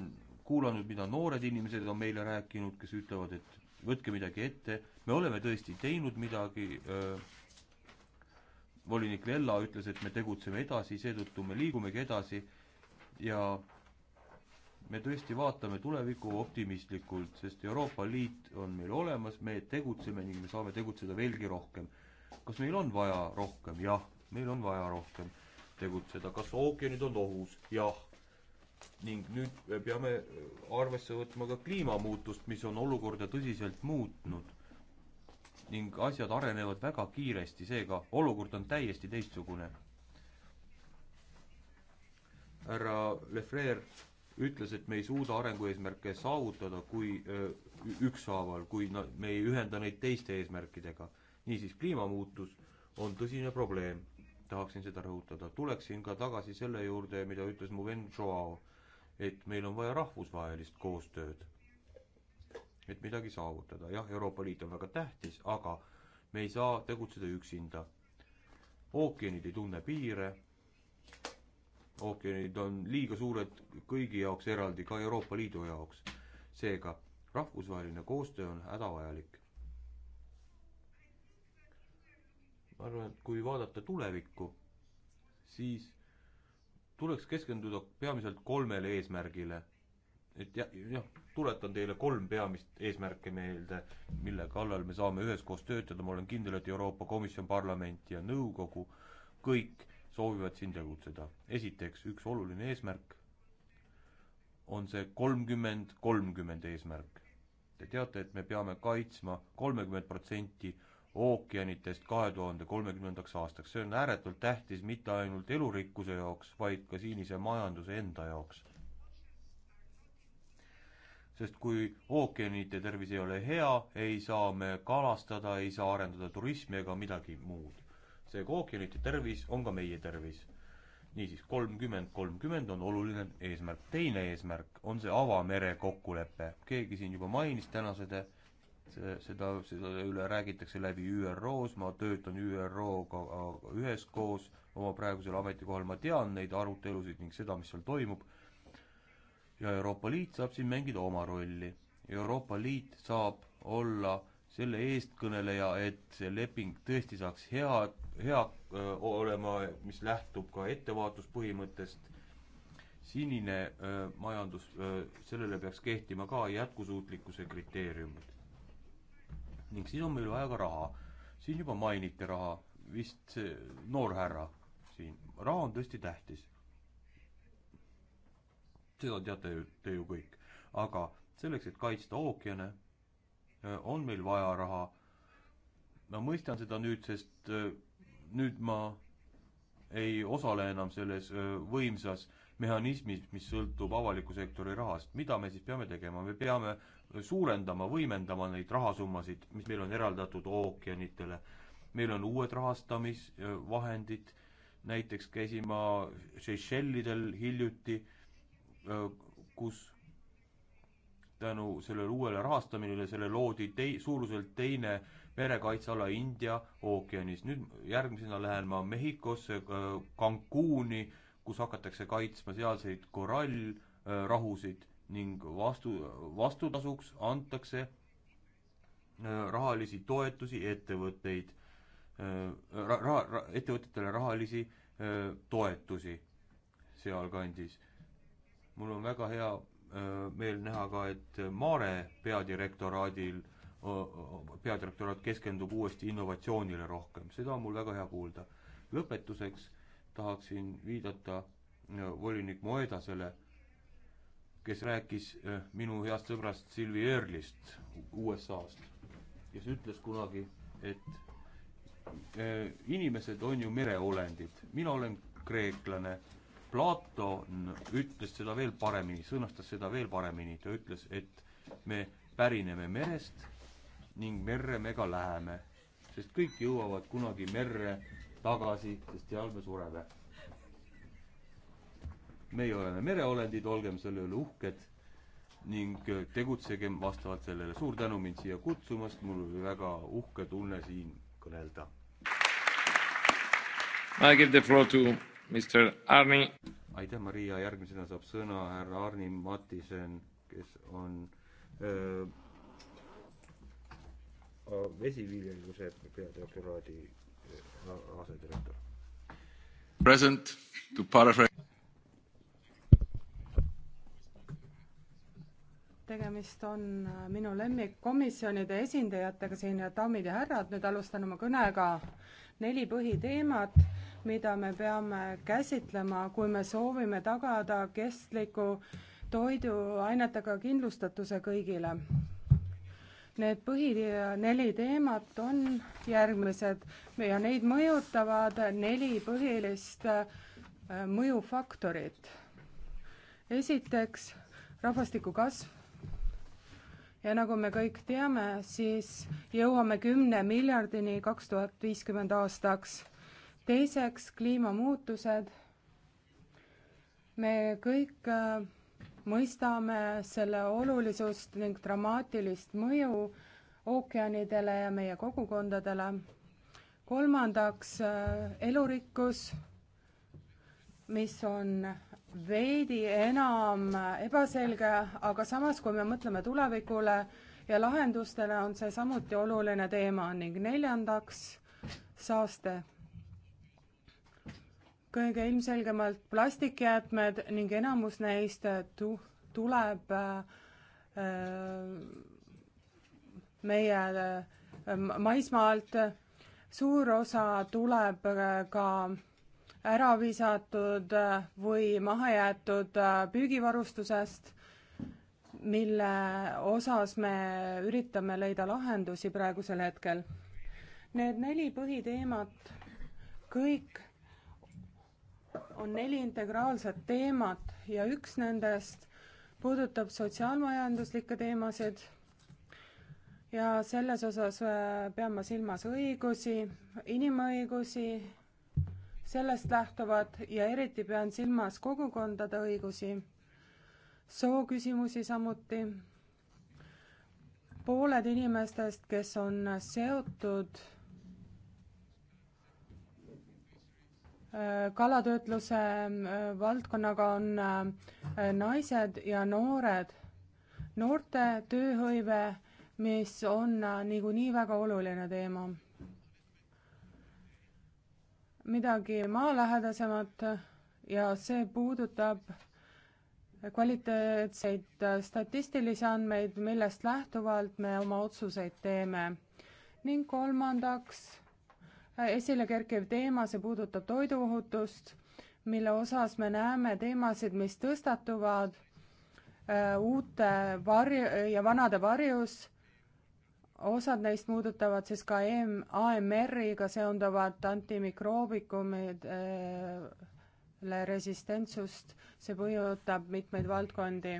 kuulanud, mida noored inimesed on meile rääkinud, kes ütlevad, et võtke midagi ette, me oleme tõesti teinud midagi, äh, volinik Lella ütles, et me tegutseme edasi, seetõttu me liigumegi edasi ja me tõesti vaatame tulevikku optimistlikult, sest Euroopa Liit on meil olemas, me tegutseme ning me saame tegutseda veelgi rohkem. kas meil on vaja rohkem? jah, meil on vaja rohkem tegutseda. kas ookeanid on ohus? jah ning nüüd me peame arvesse võtma ka kliimamuutust, mis on olukorda tõsiselt muutnud. ning asjad arenevad väga kiiresti, seega olukord on täiesti teistsugune. härra Lefreer ütles, et me ei suuda arengueesmärke saavutada, kui äh, ükshaaval, kui na-, me ei ühenda neid teiste eesmärkidega. niisiis, kliimamuutus on tõsine probleem tahaksin seda rõhutada. tuleksin ka tagasi selle juurde, mida ütles mu vend Joao et meil on vaja rahvusvahelist koostööd, et midagi saavutada. jah, Euroopa Liit on väga tähtis, aga me ei saa tegutseda üksinda. ookeanid ei tunne piire, ookeanid on liiga suured kõigi jaoks eraldi, ka Euroopa Liidu jaoks. seega rahvusvaheline koostöö on hädavajalik. ma arvan, et kui vaadata tulevikku, siis tuleks keskenduda peamiselt kolmele eesmärgile. et jah, jah, tuletan teile kolm peamist eesmärke meelde, mille kallal me saame üheskoos töötada, ma olen kindel, et Euroopa Komisjon, parlament ja nõukogu kõik soovivad siin tegutseda. esiteks, üks oluline eesmärk on see kolmkümmend, kolmkümmend eesmärk. Te teate, et me peame kaitsma kolmekümmet protsenti ookeanitest kahe tuhande kolmekümnendaks aastaks. see on ääretult tähtis mitte ainult elurikkuse jaoks, vaid ka siinise majanduse enda jaoks. sest kui ookeanite tervis ei ole hea, ei saa me kalastada, ei saa arendada turismi ega midagi muud. seega ookeanite tervis on ka meie tervis. niisiis, kolmkümmend kolmkümmend on oluline eesmärk. teine eesmärk on see avamere kokkulepe. keegi siin juba mainis tänase seda, selle üle räägitakse läbi ÜRO-s, ma töötan ÜRO-ga üheskoos oma praegusel ametikohal, ma tean neid arutelusid ning seda, mis seal toimub, ja Euroopa Liit saab siin mängida oma rolli. Euroopa Liit saab olla selle eestkõneleja, et see leping tõesti saaks hea, hea öö, olema, mis lähtub ka ettevaatuspõhimõttest, sinine öö, majandus, sellele peaks kehtima ka jätkusuutlikkuse kriteeriumid ning siis on meil vaja ka raha. siin juba mainiti raha, vist see noor härra siin, raha on tõesti tähtis. seda teate ju, te ju kõik. aga selleks, et kaitsta ookeane, äh, on meil vaja raha. ma mõistan seda nüüd, sest äh, nüüd ma ei osale enam selles äh, võimsas mehhanismis, mis sõltub avaliku sektori rahast. mida me siis peame tegema? me peame suurendama, võimendama neid rahasummasid, mis meil on eraldatud ookeanitele. meil on uued rahastamisvahendid, näiteks käisin ma Seychellidel hiljuti, kus tänu sellele uuele rahastamisele, selle loodi tei-, suuruselt teine merekaitseala India ookeanis. nüüd järgmisena lähen ma Mehhikosse, Cancuni, kus hakatakse kaitsma sealseid korallrahusid ning vastu, vastutasuks antakse äh, rahalisi toetusi ettevõtteid äh, ra-, ra-, ra, ettevõtetele rahalisi äh, toetusi sealkandis. mul on väga hea meel näha ka, et Maare peadirektoraadil, peadirektoraat keskendub uuesti innovatsioonile rohkem, seda on mul väga hea kuulda. lõpetuseks tahaksin viidata volinik Moedasele kes rääkis äh, minu heast sõbrast Silvi Earlist USA-st, kes ütles kunagi, et äh, inimesed on ju mereolendid, mina olen kreeklane, Platon ütles seda veel paremini, sõnastas seda veel paremini, ta ütles, et me pärineme merest ning merre me ka läheme, sest kõik jõuavad kunagi merre tagasi, sest seal me sureme meie oleme mereolendid, olgem selle üle uhked ning äh, tegutsegem vastavalt sellele. suur tänu mind siia kutsumast, mul oli väga uhke tunne siin kõnelda. I give the floor to Mr Arni. aitäh, Maria, järgmisena saab sõna härra Arni Mattisen, kes on öö, äh, äh, vesiviljeluse peadirektoraadi asedirektor. Present to paraphrase tegemist on äh, minu lemmikkomisjonide esindajatega siin, daamid ja härrad, nüüd alustan oma kõnega. neli põhiteemat, mida me peame käsitlema, kui me soovime tagada kestliku toiduainetega kindlustatuse kõigile. Need põhi, neli teemat on järgmised ja neid mõjutavad neli põhilist äh, mõjufaktorit. esiteks rahvastiku kasv ja nagu me kõik teame, siis jõuame kümne miljardini kaks tuhat viiskümmend aastaks. teiseks, kliimamuutused. me kõik äh, mõistame selle olulisust ning dramaatilist mõju ookeanidele ja meie kogukondadele. kolmandaks, äh, elurikkus, mis on veidi enam ebaselge, aga samas, kui me mõtleme tulevikule ja lahendustele, on see samuti oluline teema ning neljandaks, saaste. kõige ilmselgemalt plastikjäätmed ning enamus neist tu-, tuleb äh, meie äh, maismaalt, suur osa tuleb äh, ka äh, ära visatud või maha jäetud püügivarustusest, mille osas me üritame leida lahendusi praegusel hetkel. Need neli põhiteemat kõik on neli integraalset teemat ja üks nendest puudutab sotsiaalmajanduslikke teemasid ja selles osas äh, pean ma silmas õigusi, inimõigusi sellest lähtuvad ja eriti pean silmas kogukondade õigusi, sooküsimusi samuti. pooled inimestest, kes on seotud äh, kalatöötluse äh, valdkonnaga, on äh, naised ja noored. noorte tööhõive, mis on niikuinii väga oluline teema midagi maalähedasemat ja see puudutab kvaliteetseid statistilisi andmeid, millest lähtuvalt me oma otsuseid teeme. ning kolmandaks, esile kerkiv teema, see puudutab toiduohutust, mille osas me näeme teemasid, mis tõstatuvad äh, uute varju ja vanade varjus osad neist puudutavad siis ka EM, AMR-iga seonduvat antimikroobikumidele äh, resistentsust, see puudutab mitmeid valdkondi.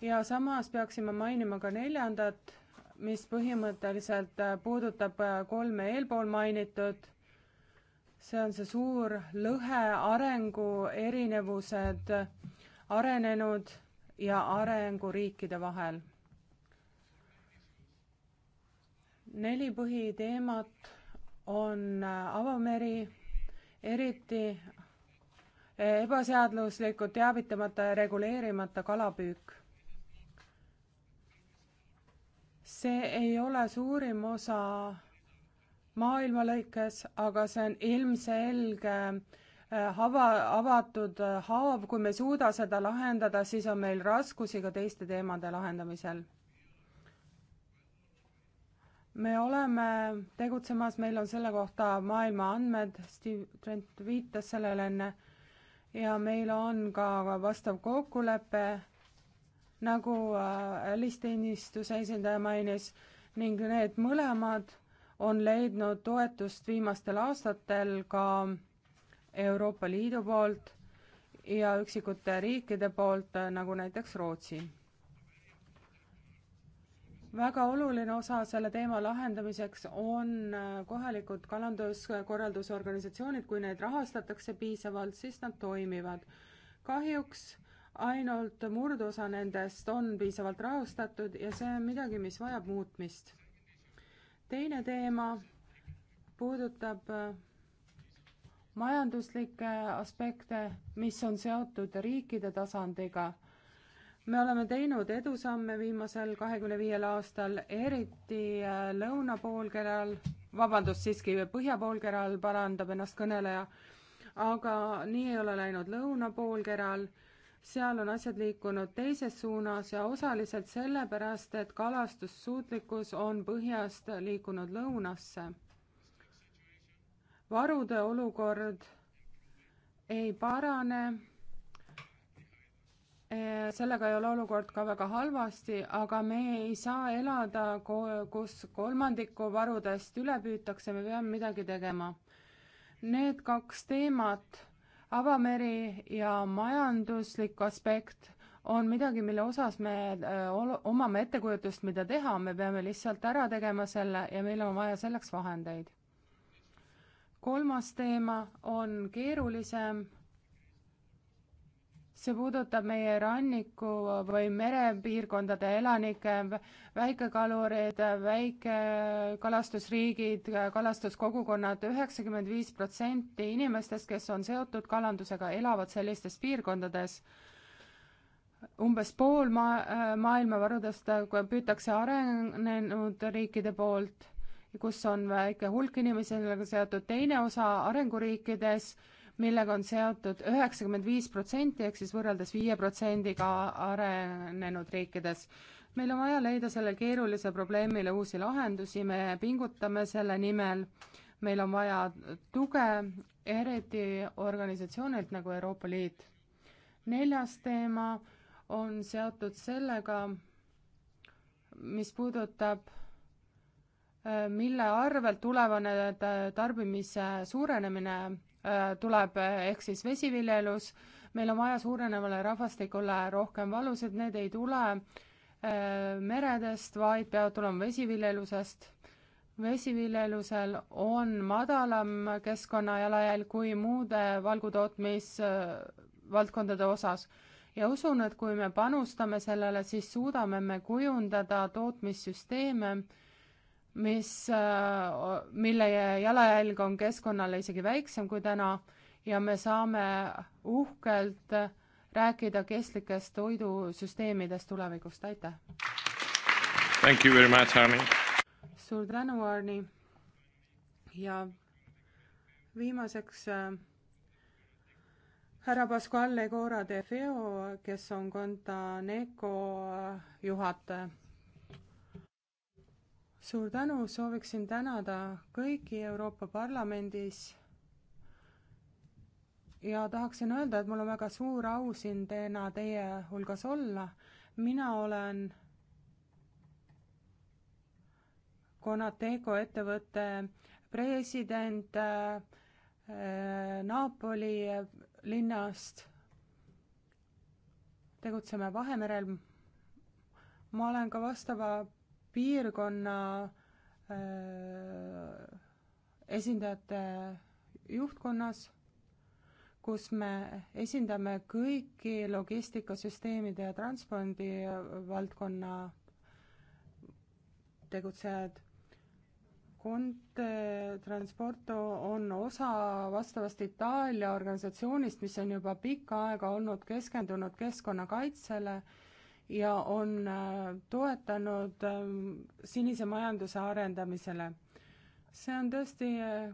ja samas peaksime mainima ka neljandat, mis põhimõtteliselt äh, puudutab äh, kolme eelpool mainitud, see on see suur lõhe, arengu erinevused arenenud ja arenguriikide vahel neli põhiteemat on äh, avameri, eriti äh, ebaseaduslikult teavitamata ja reguleerimata kalapüük. see ei ole suurim osa maailma lõikes, aga see on ilmselge äh, hava, avatud haav, kui me ei suuda seda lahendada, siis on meil raskusi ka teiste teemade lahendamisel me oleme tegutsemas, meil on selle kohta maailma andmed, Steve Trent viitas sellele enne, ja meil on ka vastav kokkulepe, nagu äh, välisteenistuse esindaja mainis, ning need mõlemad on leidnud toetust viimastel aastatel ka Euroopa Liidu poolt ja üksikute riikide poolt, äh, nagu näiteks Rootsi väga oluline osa selle teema lahendamiseks on äh, kohalikud kalanduskorraldusorganisatsioonid, kui neid rahastatakse piisavalt, siis nad toimivad. kahjuks ainult murdosa nendest on piisavalt rahastatud ja see on midagi, mis vajab muutmist. teine teema puudutab äh, majanduslikke aspekte, mis on seotud riikide tasandiga me oleme teinud edusamme viimasel kahekümne viiel aastal, eriti äh, lõunapoolkeral, vabandust, siiski põhjapoolkeral parandab ennast kõneleja, aga nii ei ole läinud lõunapoolkeral, seal on asjad liikunud teises suunas ja osaliselt sellepärast, et kalastussuutlikkus on põhjast liikunud lõunasse. varude olukord ei parane Äh, sellega ei ole olukord ka väga halvasti, aga me ei saa elada, kus kolmandiku varudest üle püütakse, me peame midagi tegema. Need kaks teemat, avameri ja majanduslik aspekt, on midagi, mille osas me äh, omame ettekujutust, mida teha, me peame lihtsalt ära tegema selle ja meil on vaja selleks vahendeid. kolmas teema on keerulisem see puudutab meie ranniku või merepiirkondade elanikke, väikekalureid, väikekalastusriigid, kalastuskogukonnad, üheksakümmend viis protsenti inimestest, kes on seotud kalandusega, elavad sellistes piirkondades. umbes pool maa, maailmavarudest püütakse arenenud riikide poolt, kus on väike hulk inimesi sellega seotud, teine osa arenguriikides millega on seotud üheksakümmend viis protsenti ehk siis võrreldes viie protsendiga arenenud riikides. meil on vaja leida sellele keerulisele probleemile uusi lahendusi, me pingutame selle nimel, meil on vaja tuge, eriti organisatsioonilt nagu Euroopa Liit. neljas teema on seotud sellega, mis puudutab äh, mille arvelt tulevane äh, tarbimise suurenemine Äh, tuleb äh, ehk siis vesiviljelus, meil on vaja suurenevale rahvastikule rohkem valusid, need ei tule äh, meredest, vaid peavad tulema vesiviljelusest. vesiviljelusel on madalam keskkonnajalajälg kui muude valgutootmisvaldkondade osas ja usun, et kui me panustame sellele, siis suudame me kujundada tootmissüsteeme, mis, äh, mille jalajälg on keskkonnale isegi väiksem kui täna ja me saame uhkelt rääkida kestlikest toidusüsteemidest tulevikust, aitäh! suur tänu, Arni! ja viimaseks äh, härra Pascual Legora de Feo, kes on Contaneco äh, juhataja suur tänu, sooviksin tänada kõiki Euroopa Parlamendis ja tahaksin öelda, et mul on väga suur au siin täna teie hulgas olla. mina olen Konateco ettevõtte president äh, Napoli linnast. tegutseme Vahemerel. ma olen ka vastava piirkonna äh, esindajate juhtkonnas, kus me esindame kõiki logistikasüsteemide ja transpordivaldkonna tegutsejad. Kont Transporto on osa vastavast Itaalia organisatsioonist, mis on juba pikka aega olnud keskendunud keskkonnakaitsele ja on äh, toetanud äh, sinise majanduse arendamisele. see on tõesti äh,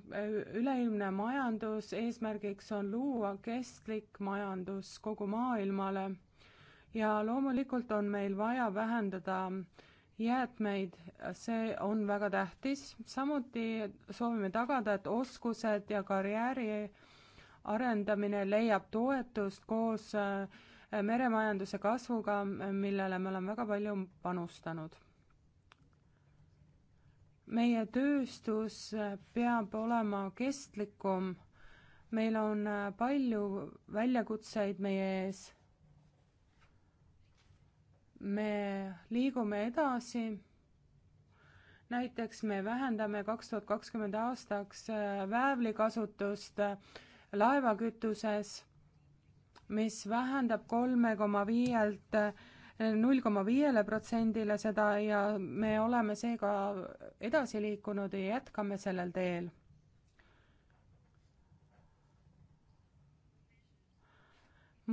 üleilmne majandus, eesmärgiks on luua kestlik majandus kogu maailmale ja loomulikult on meil vaja vähendada jäätmeid, see on väga tähtis, samuti soovime tagada, et oskused ja karjääri arendamine leiab toetust koos äh, meremajanduse kasvuga, millele me oleme väga palju panustanud. meie tööstus peab olema kestlikum, meil on palju väljakutseid meie ees. me liigume edasi näiteks me vähendame kaks tuhat kakskümmend aastaks väävlikasutust laevakütuses mis vähendab kolme koma viielt eh, null koma viiele protsendile seda ja me oleme seega edasi liikunud ja jätkame sellel teel.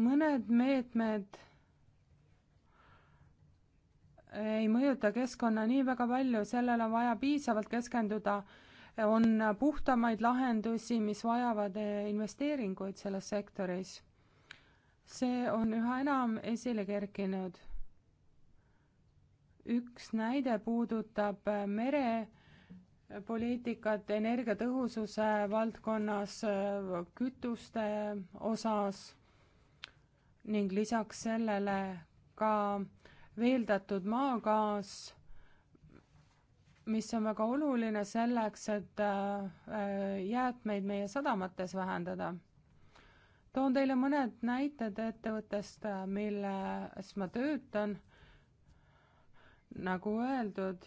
mõned meetmed ei mõjuta keskkonna nii väga palju, sellele on vaja piisavalt keskenduda. on puhtamaid lahendusi, mis vajavad eh, investeeringuid selles sektoris see on üha enam esile kerkinud. üks näide puudutab merepoliitikat energiatõhususe valdkonnas, kütuste osas ning lisaks sellele ka veeldatud maagaas, mis on väga oluline selleks, et äh, jäätmeid meie sadamates vähendada toon teile mõned näited ettevõttest, milles ma töötan. nagu öeldud,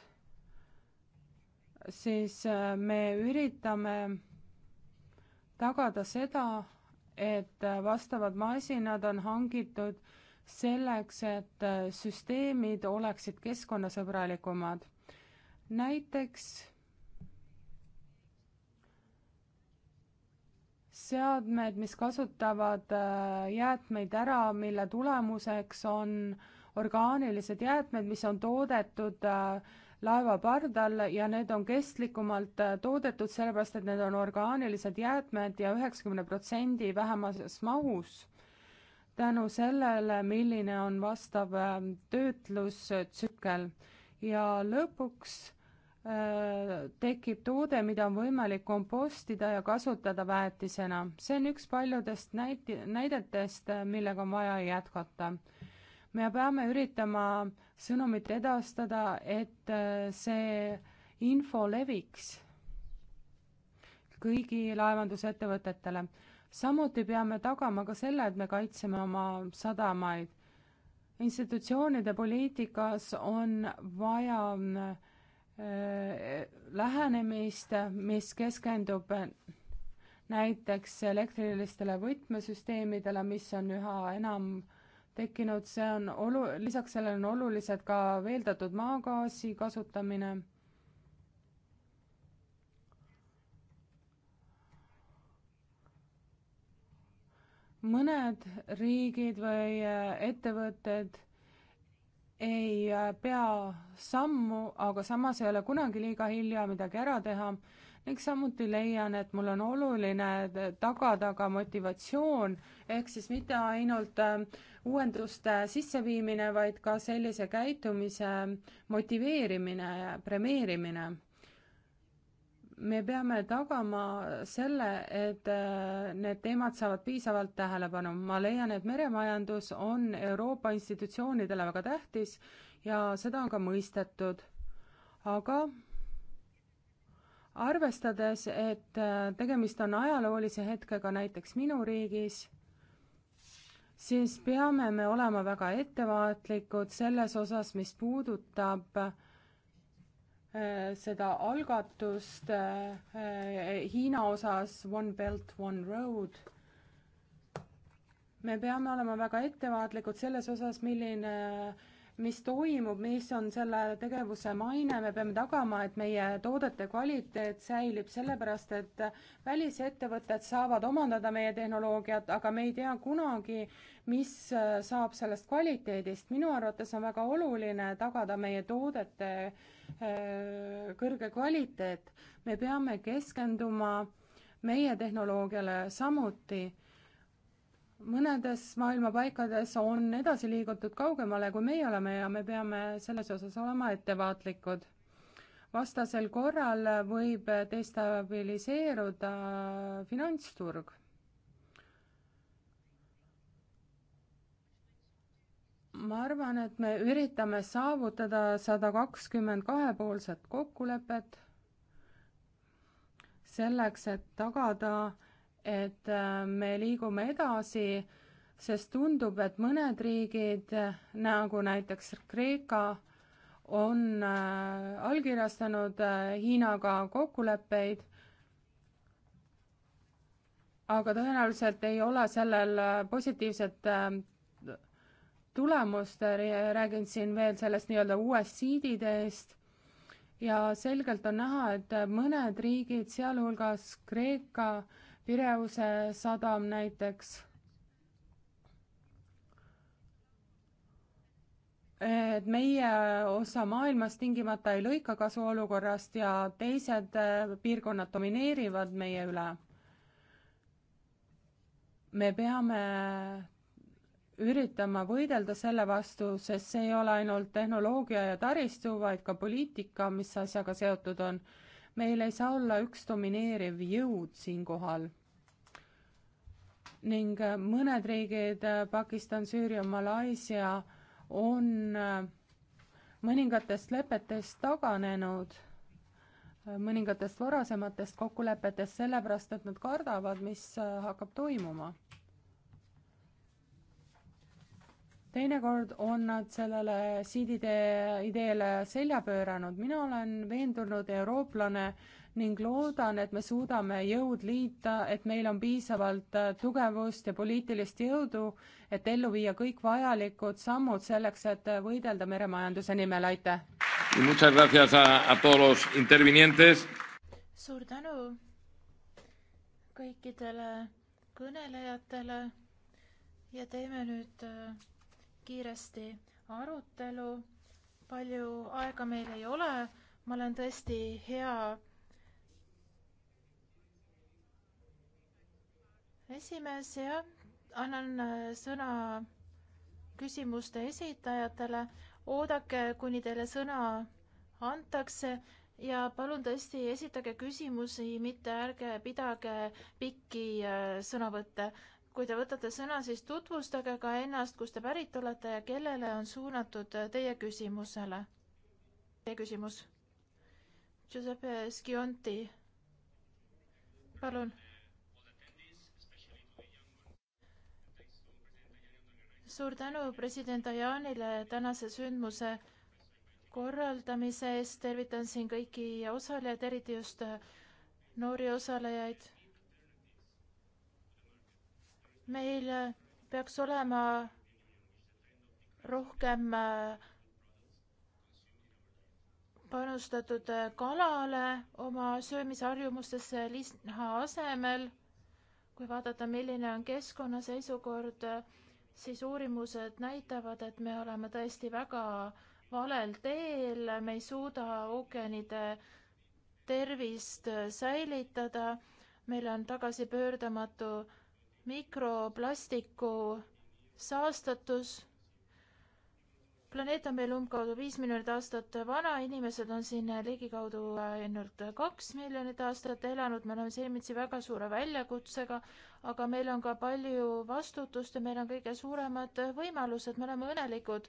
siis äh, me üritame tagada seda, et äh, vastavad masinad on hangitud selleks, et äh, süsteemid oleksid keskkonnasõbralikumad. näiteks seadmed, mis kasutavad äh, jäätmeid ära, mille tulemuseks on orgaanilised jäätmed, mis on toodetud äh, laeva pardal ja need on kestlikumalt äh, toodetud, sellepärast et need on orgaanilised jäätmed ja üheksakümne protsendi vähemas mahus. tänu sellele, milline on vastav töötlustsükkel ja lõpuks Äh, tekib toode, mida on võimalik kompostida ja kasutada väetisena. see on üks paljudest näit-, näidetest, äh, millega on vaja jätkata. me peame üritama sõnumit edastada, et äh, see info leviks kõigi laevandusettevõtetele. samuti peame tagama ka selle, et me kaitseme oma sadamaid. institutsioonide poliitikas on vaja Äh, lähenemist, mis keskendub näiteks elektrilistele võtmesüsteemidele, mis on üha enam tekkinud, see on olu-, lisaks sellele on olulised ka veeldatud maagaasi kasutamine. mõned riigid või äh, ettevõtted ei äh, pea sammu, aga samas ei ole kunagi liiga hilja midagi ära teha ning samuti leian, et mul on oluline tagada ka motivatsioon, ehk siis mitte ainult äh, uuenduste sisseviimine, vaid ka sellise käitumise motiveerimine ja premeerimine me peame tagama selle, et äh, need teemad saavad piisavalt tähelepanu. ma leian, et meremajandus on Euroopa institutsioonidele väga tähtis ja seda on ka mõistetud. aga arvestades, et äh, tegemist on ajaloolise hetkega näiteks minu riigis, siis peame me olema väga ettevaatlikud selles osas, mis puudutab äh, Äh, seda algatust äh, Hiina osas One Belt, One Road. me peame olema väga ettevaatlikud selles osas, milline mis toimub, mis on selle tegevuse maine, me peame tagama, et meie toodete kvaliteet säilib, sellepärast et välisettevõtted saavad omandada meie tehnoloogiat, aga me ei tea kunagi, mis saab sellest kvaliteedist. minu arvates on väga oluline tagada meie toodete äh, kõrge kvaliteet. me peame keskenduma meie tehnoloogiale samuti mõnedes maailma paikades on edasi liigutud kaugemale, kui meie oleme ja me peame selles osas olema ettevaatlikud. vastasel korral võib destabiliseeruda finantsturg ma arvan, et me üritame saavutada sada kakskümmend kahepoolset kokkulepet selleks, et tagada et äh, me liigume edasi, sest tundub, et mõned riigid, nagu näiteks Kreeka, on äh, allkirjastanud äh, Hiinaga kokkuleppeid, aga tõenäoliselt ei ole sellel positiivset tulemust, räägin siin veel sellest nii-öelda uuest siididest ja selgelt on näha, et mõned riigid, sealhulgas Kreeka, Pireuse sadam näiteks. et meie osa maailmast tingimata ei lõika kasu olukorrast ja teised äh, piirkonnad domineerivad meie üle. me peame üritama võidelda selle vastu, sest see ei ole ainult tehnoloogia ja taristu, vaid ka poliitika, mis asjaga seotud on meil ei saa olla üks domineeriv jõud siinkohal. ning äh, mõned riigid, äh, Pakistan, Süüria, Malaisia, on äh, mõningatest lepetest taganenud, mõningatest varasematest kokkulepetest, sellepärast et nad kardavad, mis hakkab toimuma teinekord on nad sellele siidide ideele selja pööranud. mina olen veendunud eurooplane ning loodan, et me suudame jõud liita, et meil on piisavalt äh, tugevust ja poliitilist jõudu, et ellu viia kõik vajalikud sammud selleks, et äh, võidelda meremajanduse nimel, aitäh! suur tänu kõikidele kõnelejatele ja teeme nüüd äh, kiiresti arutelu. palju aega meil ei ole, ma olen tõesti hea esimees ja annan äh, sõna küsimuste esitajatele. oodake, kuni teile sõna antakse ja palun tõesti esitage küsimusi, mitte ärge pidage pikki äh, sõnavõtte kui te võtate sõna, siis tutvustage ka ennast, kust te pärit olete ja kellele on suunatud teie küsimusele. Teie küsimus. Giuseppe Schionti, palun. suur tänu president Ajanile tänase sündmuse korraldamise eest, tervitan siin kõiki osalejaid, eriti just noori osalejaid meil peaks olema rohkem äh, panustatud äh, kalale oma söömisharjumustesse liha asemel. kui vaadata, milline on keskkonna seisukord, siis uurimused näitavad, et me oleme tõesti väga valel teel, me ei suuda ookeanide tervist äh, säilitada. meil on tagasipöördamatu mikroplastiku saastatus. planeet on meil umbkaudu viis miljonit aastat vana, inimesed on siin ligikaudu äh, ainult kaks miljonit aastat elanud, me oleme silmitsi väga suure väljakutsega, aga meil on ka palju vastutust ja meil on kõige suuremad võimalused, me oleme õnnelikud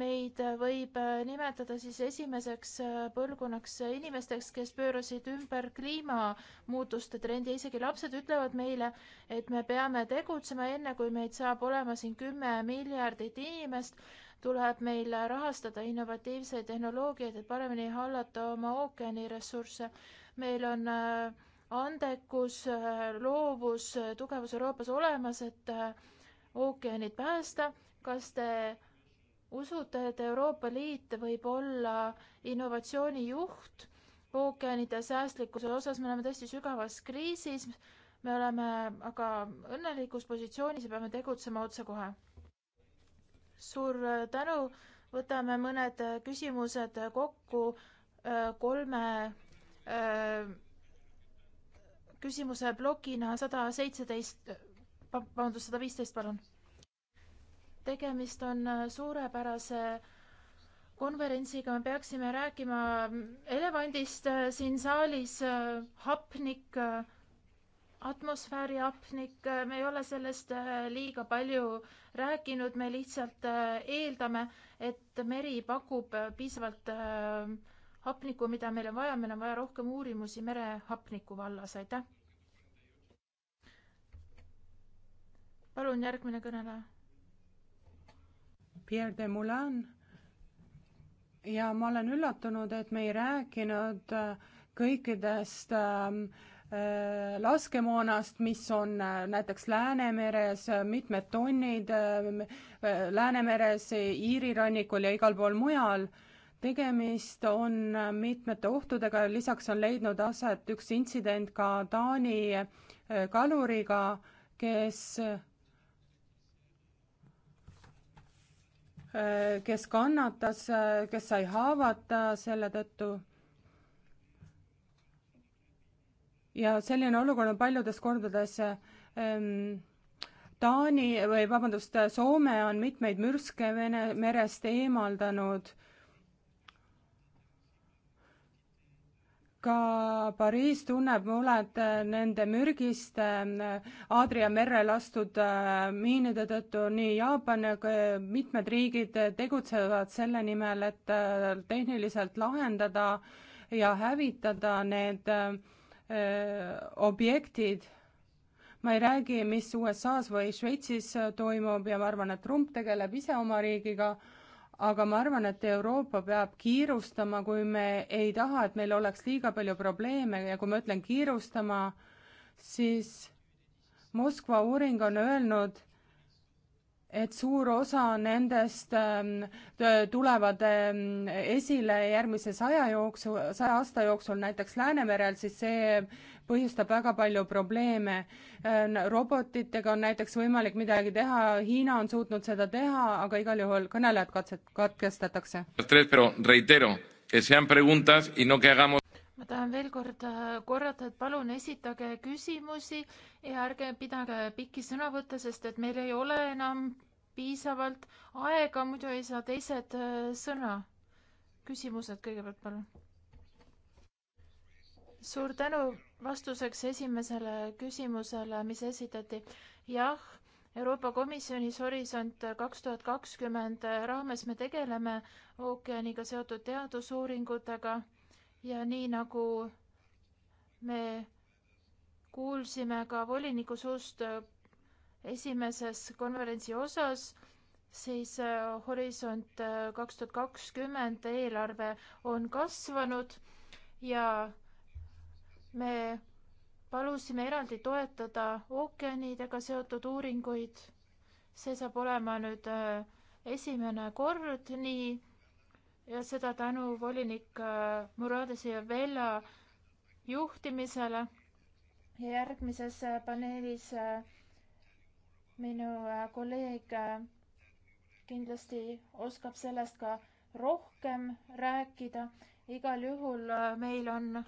meid äh, võib äh, nimetada siis esimeseks äh, põlvkonnaks inimesteks, kes pöörasid ümber kliimamuutuste trendi, isegi lapsed ütlevad meile, et me peame tegutsema, enne kui meid saab olema siin kümme miljardit inimest, tuleb meil rahastada innovatiivseid tehnoloogiaid, et paremini hallata oma ookeaniressursse. meil on andekus, loovus, tugevus Euroopas olemas, et ookeanid päästa. kas te usute, et Euroopa Liit võib olla innovatsiooni juht ookeanide säästlikkuse osas, me oleme tõesti sügavas kriisis, me oleme aga õnnelikus positsioonis ja peame tegutsema otsekohe. suur äh, tänu, võtame mõned äh, küsimused äh, kokku kolme küsimuse plokina sada seitseteist, vabandust, sada viisteist, palun tegemist on äh, suurepärase konverentsiga, me peaksime rääkima mm, elevandist äh, siin saalis, äh, hapnik, atmosfääri hapnik, me ei ole sellest liiga palju rääkinud, me lihtsalt eeldame, et meri pakub piisavalt hapnikku, mida meil on vaja, meil on vaja rohkem uurimusi merehapniku vallas, aitäh! palun järgmine kõneleja Pierre de Moulin ja ma olen üllatunud, et me ei rääkinud äh, kõikidest ähm, äh, laskemoonast, mis on äh, näiteks Läänemeres, mitmed tonnid ähm, Läänemeres, Iiri rannikul ja igal pool mujal. tegemist on mitmete ohtudega, lisaks on leidnud aset üks intsident ka Taani kaluriga, kes kes kannatas, kes sai haavata selle tõttu. ja selline olukord on paljudes kordades ähm, Taani või vabandust, Soome on mitmeid mürske Vene merest eemaldanud ka Pariis tunneb muret äh, nende mürgiste äh, Aadria merre lastud äh, miinide tõttu, nii Jaapan kui mitmed riigid tegutsevad selle nimel, et tehniliselt lahendada ja hävitada need objektid. ma ei räägi, mis USA-s või Šveitsis toimub ja ma arvan, et Trump tegeleb ise oma riigiga aga ma arvan, et Euroopa peab kiirustama, kui me ei taha, et meil oleks liiga palju probleeme ja kui ma ütlen kiirustama, siis Moskva uuring on öelnud, et suur osa nendest ähm, tulevad ähm, esile järgmise saja jooksul, saja aasta jooksul näiteks Läänemerel, siis see põhjustab väga palju probleeme. Äh, robotitega on näiteks võimalik midagi teha, Hiina on suutnud seda teha, aga igal juhul kõnelejad katset-, katkestatakse ma tahan veel kord äh, korrata, et palun esitage küsimusi ja ärge pidage pikki sõnavõtte, sest et meil ei ole enam piisavalt aega, muidu ei saa teised äh, sõna. küsimused kõigepealt, palun. suur tänu vastuseks esimesele küsimusele, mis esitati. jah, Euroopa Komisjonis Horisont kaks tuhat kakskümmend raames me tegeleme ookeaniga seotud teadusuuringutega ja nii nagu me kuulsime ka voliniku suust äh, esimeses konverentsi osas, siis äh, Horisont äh, kaks tuhat kakskümmend eelarve on kasvanud ja me palusime eraldi toetada ookeanidega seotud uuringuid. see saab olema nüüd esimene kord nii ja seda tänu volinik äh, Muradesi ja Vella juhtimisele. ja järgmises äh, paneelis äh, minu kolleeg kindlasti oskab sellest ka rohkem rääkida. igal juhul meil on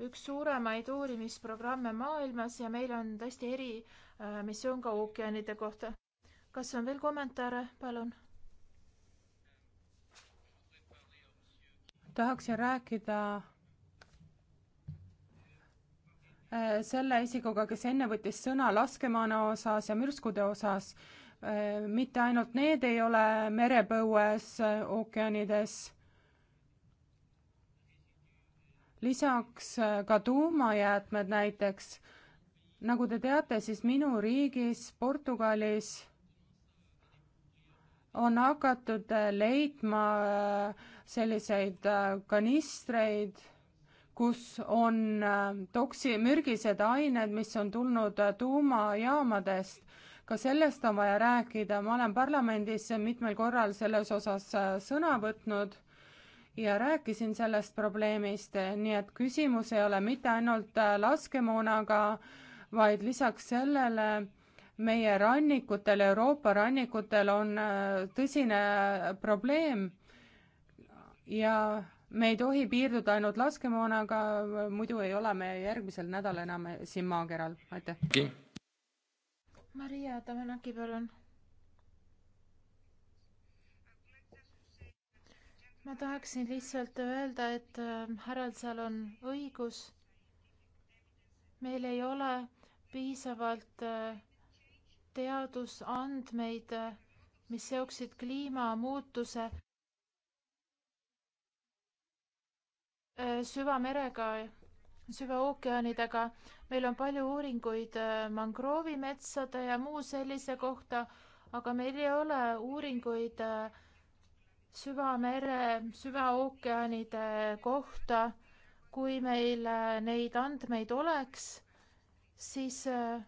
üks suuremaid uurimisprogramme maailmas ja meil on tõesti erimissioon ka ookeanide kohta. kas on veel kommentaare, palun? tahaksin rääkida äh, selle isikuga, kes enne võttis sõna laskemoona osas ja mürskude osas. Äh, mitte ainult need ei ole merepõues, äh, ookeanides. lisaks ka tuumajäätmed näiteks. nagu te teate, siis minu riigis Portugalis on hakatud äh, leidma äh, selliseid äh, kanistreid, kus on toksi-, mürgised ained, mis on tulnud tuumajaamadest. ka sellest on vaja rääkida, ma olen parlamendis mitmel korral selles osas sõna võtnud ja rääkisin sellest probleemist, nii et küsimus ei ole mitte ainult laskemoonaga, vaid lisaks sellele meie rannikutel, Euroopa rannikutel on äh, tõsine probleem ja me ei tohi piirduda ainult laskemoonaga, muidu ei ole me järgmisel nädalal enam äh, siin maakeral, aitäh. Maria Tavenaki, palun. ma tahaksin lihtsalt öelda, et äh, härral seal on õigus. meil ei ole piisavalt äh, teadusandmeid, mis seoksid kliimamuutuse süvamerega, süvaookeanidega. meil on palju uuringuid äh, mangroovimetsade ja muu sellise kohta, aga meil ei ole uuringuid äh, süvamere, süvaookeanide kohta. kui meil äh, neid andmeid oleks, siis äh,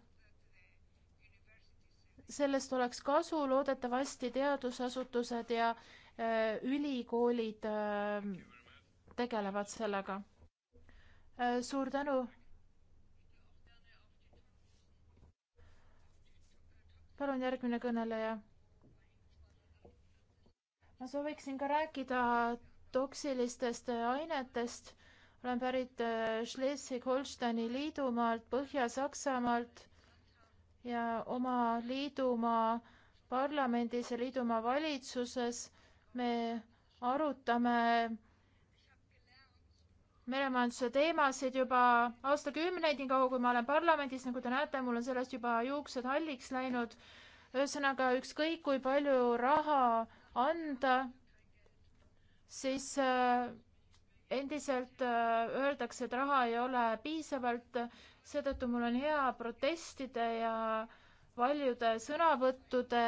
sellest oleks kasu, loodetavasti teadusasutused ja äh, ülikoolid äh, tegelevad sellega äh,. suur tänu. palun järgmine kõneleja. ma sooviksin ka rääkida toksilistest ainetest. olen pärit äh, Schleswig-Holsteini liidumaalt, Põhja-Saksamaalt ja oma liidumaa parlamendis ja liidumaa valitsuses me arutame meremajanduse teemasid juba aastakümneid, nii kaua kui ma olen parlamendis, nagu te näete, mul on sellest juba juuksed halliks läinud. ühesõnaga, ükskõik kui palju raha anda, siis äh, endiselt äh, öeldakse, et raha ei ole piisavalt seetõttu mul on hea protestide ja paljude sõnavõttude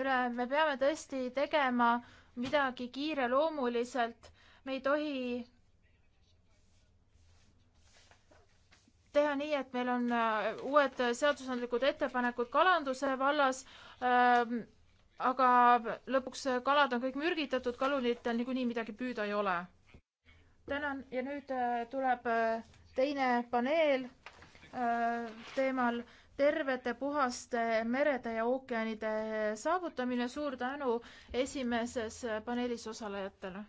üle, me peame tõesti tegema midagi kiireloomuliselt, me ei tohi teha nii, et meil on äh, uued seadusandlikud ettepanekud kalanduse vallas ähm,, aga lõpuks kalad on kõik mürgitatud, kaluritel niikuinii midagi püüda ei ole. tänan ja nüüd äh, tuleb äh, teine paneel äh, teemal tervete, puhaste merede ja ookeanide saavutamine. suur tänu esimeses paneelis osalejatele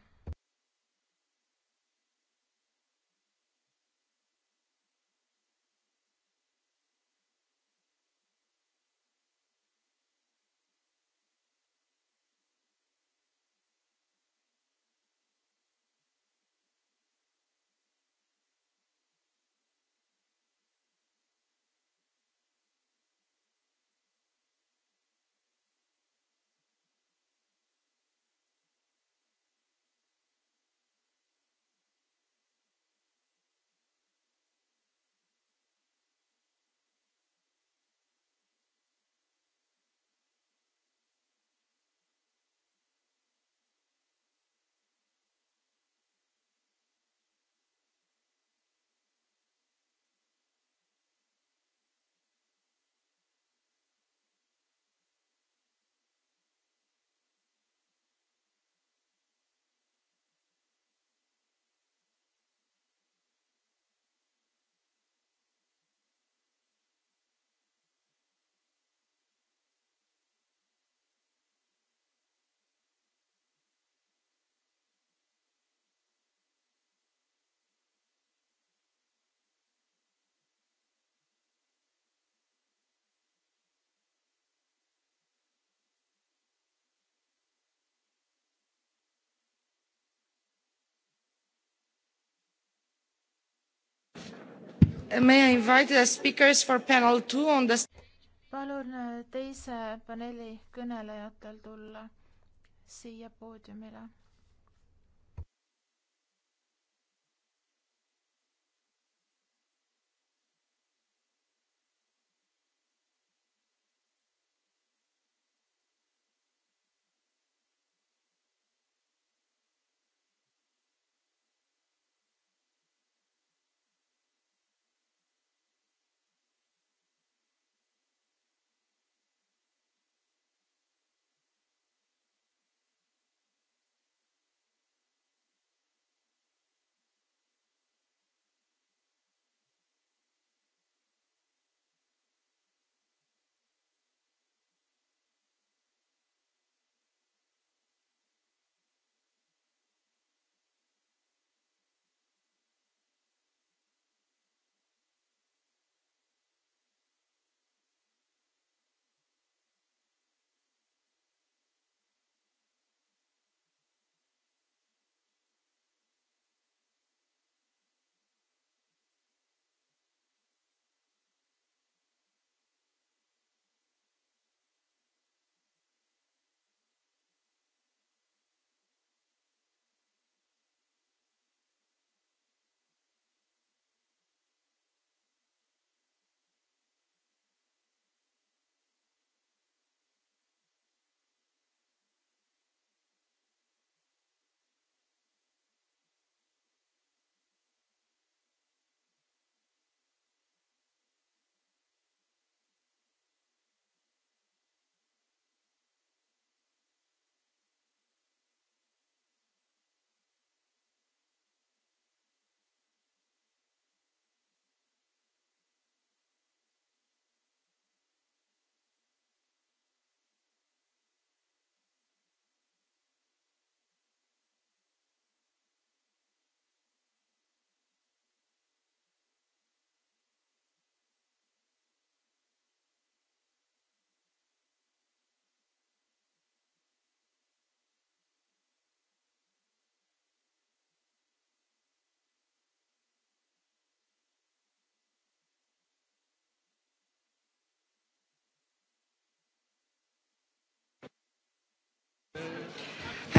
May I invite the speakers for panel two on the palun äh, teise paneeli kõnelejatel tulla siia poodiumile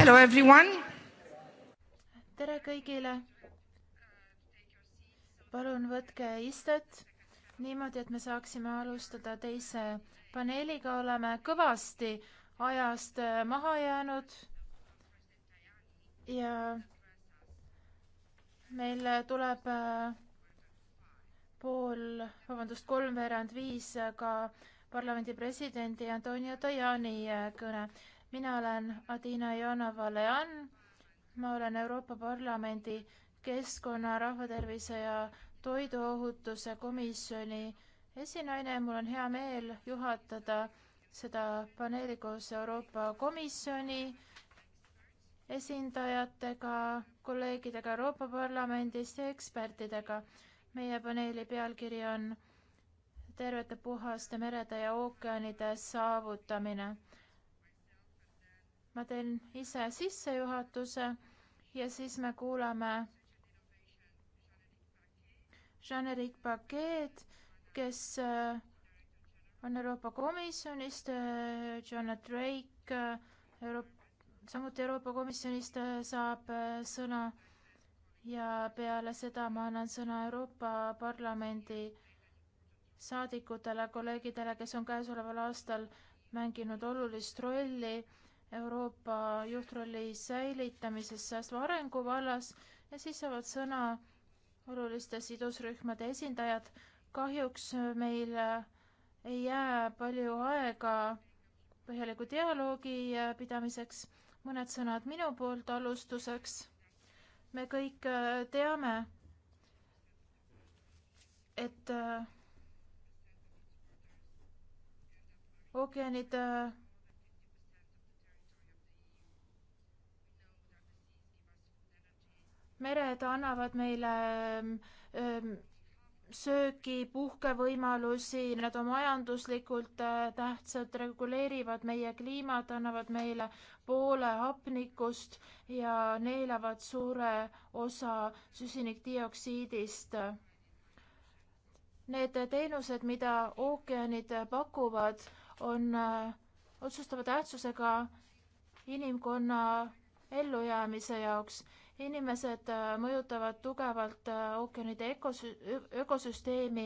Hello everyone. tere kõigile. palun võtke istet niimoodi, et me saaksime alustada teise paneeliga, oleme kõvasti ajast äh, maha jäänud. ja meil tuleb äh, pool, vabandust, kolmveerand viis ka parlamendi presidendi Antonio Tajani äh, kõne mina olen Adina Jonova-Lean, ma olen Euroopa Parlamendi keskkonna, rahvatervise ja toiduohutuse komisjoni esinaine ja mul on hea meel juhatada seda paneeli koos Euroopa Komisjoni esindajatega, kolleegidega Euroopa Parlamendist ja ekspertidega. meie paneeli pealkiri on tervete puhaste merede ja ookeanide saavutamine ma teen ise sissejuhatuse ja siis me kuulame Jean-Éric Paquet, kes äh, on Euroopa Komisjonist, äh, Jonah Drake äh, Euroop-, samuti Euroopa Komisjonist saab sõna ja peale seda ma annan sõna Euroopa Parlamendi saadikutele, kolleegidele, kes on käesoleval aastal mänginud olulist rolli Euroopa juhtrolli säilitamises säästva arengu vallas ja siis saavad sõna oluliste sidusrühmade esindajad. kahjuks meil ei jää palju aega põhjaliku dialoogi pidamiseks. mõned sõnad minu poolt alustuseks. me kõik äh, teame, et äh, ookeanid äh, mered annavad meile öö, ähm, ähm, söögi, puhkevõimalusi, nad on majanduslikult äh, tähtsad, reguleerivad meie kliimat, annavad meile poole hapnikust ja neelavad suure osa süsinikdioksiidist. Need teenused, mida ookeanid pakuvad, on äh, otsustava tähtsusega inimkonna ellujäämise jaoks inimesed äh, mõjutavad tugevalt äh, ookeanide ökosü ökosüsteemi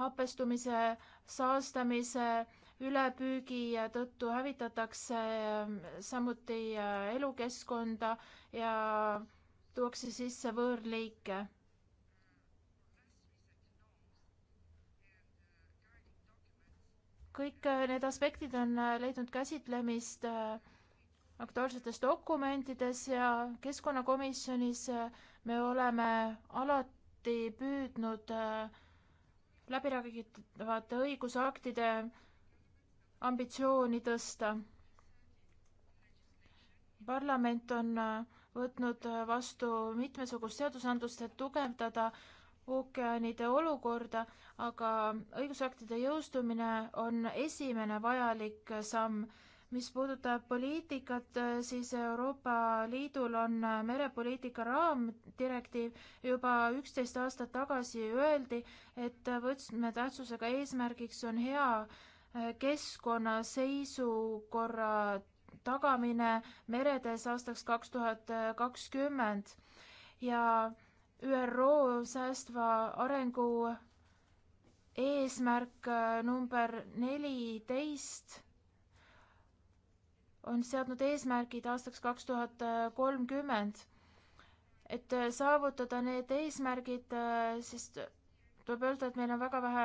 hapestumise, saastamise, ülepüügi tõttu hävitatakse ähm, samuti äh, elukeskkonda ja tuuakse sisse võõrliike. kõik need aspektid on leidnud käsitlemist äh, aktuaalsetes dokumentides ja keskkonnakomisjonis eh, me oleme alati püüdnud eh, läbiräägitavate õigusaktide ambitsiooni tõsta. parlament on eh, võtnud vastu mitmesugust seadusandlust, et tugevdada ookeanide olukorda, aga õigusaktide jõustumine on esimene vajalik samm mis puudutab poliitikat, äh, siis Euroopa Liidul on äh, merepoliitika raamdirektiiv. juba üksteist aastat tagasi öeldi, et võtmetähtsusega eesmärgiks on hea äh, keskkonnaseisukorra tagamine meredes aastaks kaks tuhat kakskümmend ja ÜRO säästva arengu eesmärk number neliteist on seadnud eesmärgid aastaks kaks tuhat kolmkümmend. et äh, saavutada need eesmärgid, äh, siis tuleb öelda, et meil on väga vähe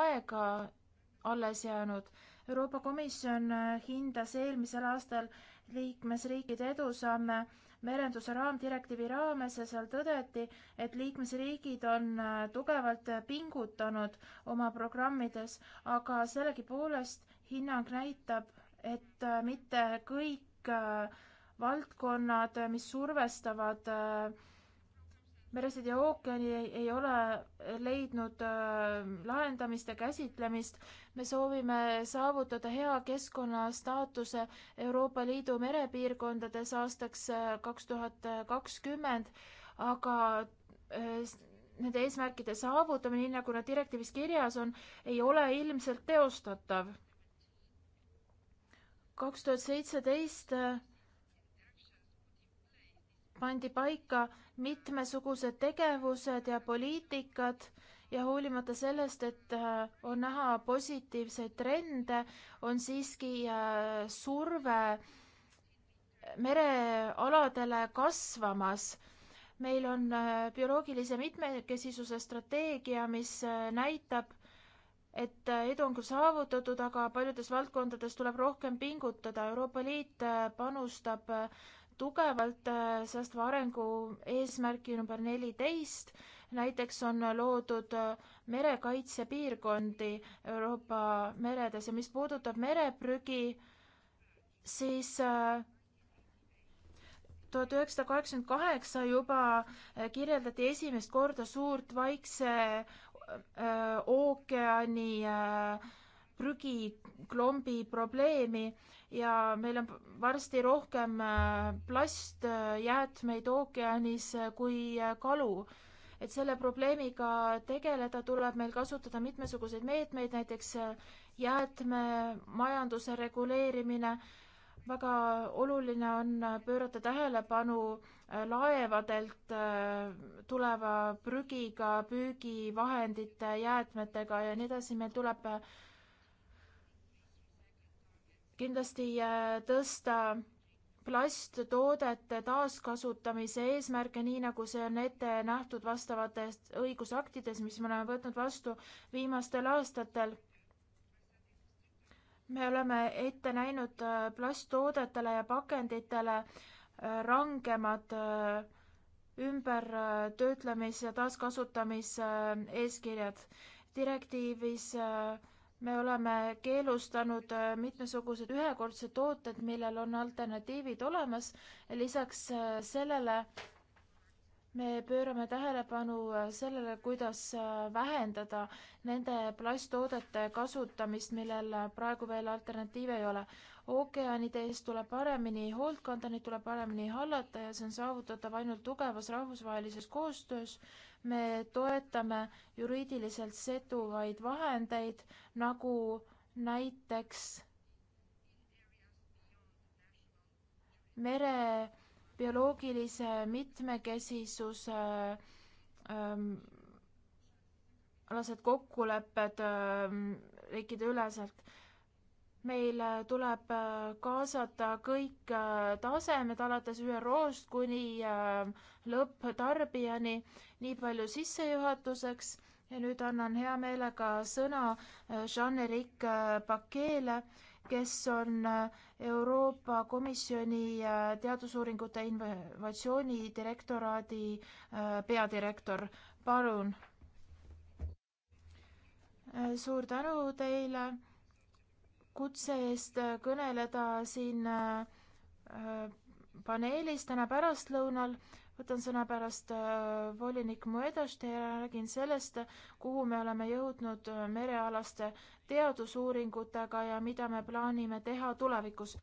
aega alles jäänud. Euroopa Komisjon äh, hindas eelmisel aastal liikmesriikide edusamme merenduse raamdirektiivi raames ja seal tõdeti, et liikmesriigid on tugevalt pingutanud oma programmides, aga sellegipoolest hinnang näitab, et äh, mitte kõik äh, valdkonnad, äh, mis survestavad meresid ja ookeani, ei ole leidnud lahendamist ja käsitlemist. me soovime saavutada hea keskkonna staatuse Euroopa Liidu merepiirkondades aastaks kaks tuhat kakskümmend, aga nende eesmärkide saavutamine, nii nagu nad direktiivis kirjas on, ei ole ilmselt teostatav kaks tuhat seitseteist äh, pandi paika mitmesugused tegevused ja poliitikad ja hoolimata sellest, et äh, on näha positiivseid trende, on siiski äh, surve merealadele kasvamas. meil on bioloogilise mitmekesisuse strateegia, mis näitab, et äh, edu on küll saavutatud, aga paljudes valdkondades tuleb rohkem pingutada. Euroopa Liit äh, panustab äh, tugevalt säästva arengu eesmärki number neliteist. näiteks on loodud merekaitsepiirkondi Euroopa meredes ja mis puudutab mereprügi, siis tuhat üheksasada kaheksakümmend kaheksa juba kirjeldati esimest korda suurt Vaikse Äh, ookeani äh, prügiklombi probleemi ja meil on varsti rohkem äh, plastjäätmeid ookeanis kui kalu. et selle probleemiga tegeleda, tuleb meil kasutada mitmesuguseid meetmeid, näiteks jäätmemajanduse reguleerimine väga oluline on pöörata tähelepanu äh, laevadelt äh, tuleva prügiga, püügivahendite, jäätmetega ja nii edasi, meil tuleb äh, kindlasti tõsta plasttoodete taaskasutamise eesmärke, nii nagu see on ette nähtud vastavates õigusaktides, mis me oleme võtnud vastu viimastel aastatel me oleme ette näinud äh, plasttoodetele ja pakenditele äh, rangemad äh, ümbertöötlemis- ja taaskasutamiseeskirjad. direktiivis me oleme keelustanud mitmesugused ühekordsed tooted, millel on alternatiivid olemas. lisaks sellele me pöörame tähelepanu äh, sellele, kuidas äh, vähendada nende plasttoodete kasutamist, millel äh, praegu veel alternatiive ei ole. ookeanide eest tuleb paremini hoolt kanda, neid tuleb paremini hallata ja see on saavutatav ainult tugevas rahvusvahelises koostöös. me toetame juriidiliselt seduvaid vahendeid nagu näiteks mere bioloogilise mitmekesisuse ähm, alased kokkulepped ähm, riikide üleselt. meil äh, tuleb äh, kaasata kõik äh, tasemed alates ÜRO-st kuni ähm, lõpptarbijani. nii palju sissejuhatuseks ja nüüd annan hea meelega sõna Jean-Éric Paquet'le kes on äh, Euroopa Komisjoni äh, teadusuuringute innovatsiooni direktoraadi äh, peadirektor. palun. suur tänu teile kutse eest kõneleda siin paneelis täna pärastlõunal võtan sõna pärast äh, volinik Moedaste ja räägin sellest, kuhu me oleme jõudnud äh, merealaste teadusuuringutega ja mida me plaanime teha tulevikus.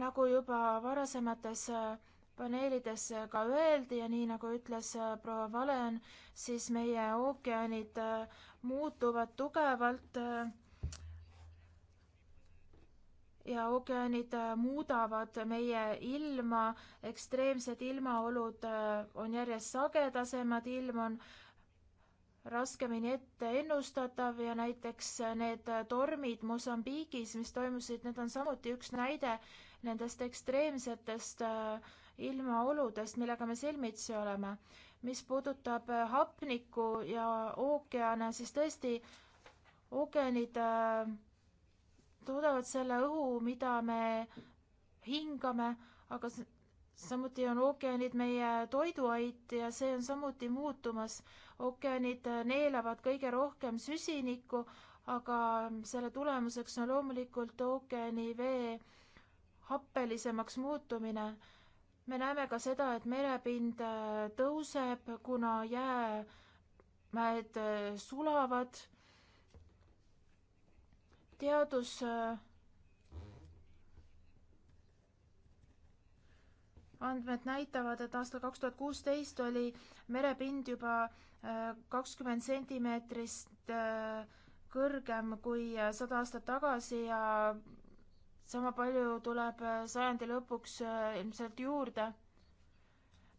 nagu juba varasemates äh, paneelides ka öeldi ja nii nagu ütles proua Valen, siis meie ookeanid muutuvad tugevalt ja ookeanid äh, muudavad meie ilma, ekstreemsed ilmaolud äh, on järjest sagedasemad, ilm on raskemini ette ennustatav ja näiteks äh, need tormid Mosambiigis, mis toimusid, need on samuti üks näide nendest ekstreemsetest ilmaoludest, millega me silmitsi oleme. mis puudutab hapnikku ja ookeane, siis tõesti, ookeanid äh, toodavad selle õhu, mida me hingame, aga samuti on ookeanid meie toiduait ja see on samuti muutumas. ookeanid neelavad kõige rohkem süsinikku, aga selle tulemuseks on loomulikult ookeani vee happelisemaks muutumine. me näeme ka seda, et merepind äh, tõuseb, kuna jäämäed äh, sulavad teadus äh, andmed näitavad, et aastal kaks tuhat kuusteist oli merepind juba äh, kakskümmend sentimeetrist äh, kõrgem kui sada aastat tagasi ja sama palju tuleb sajandi lõpuks ilmselt juurde.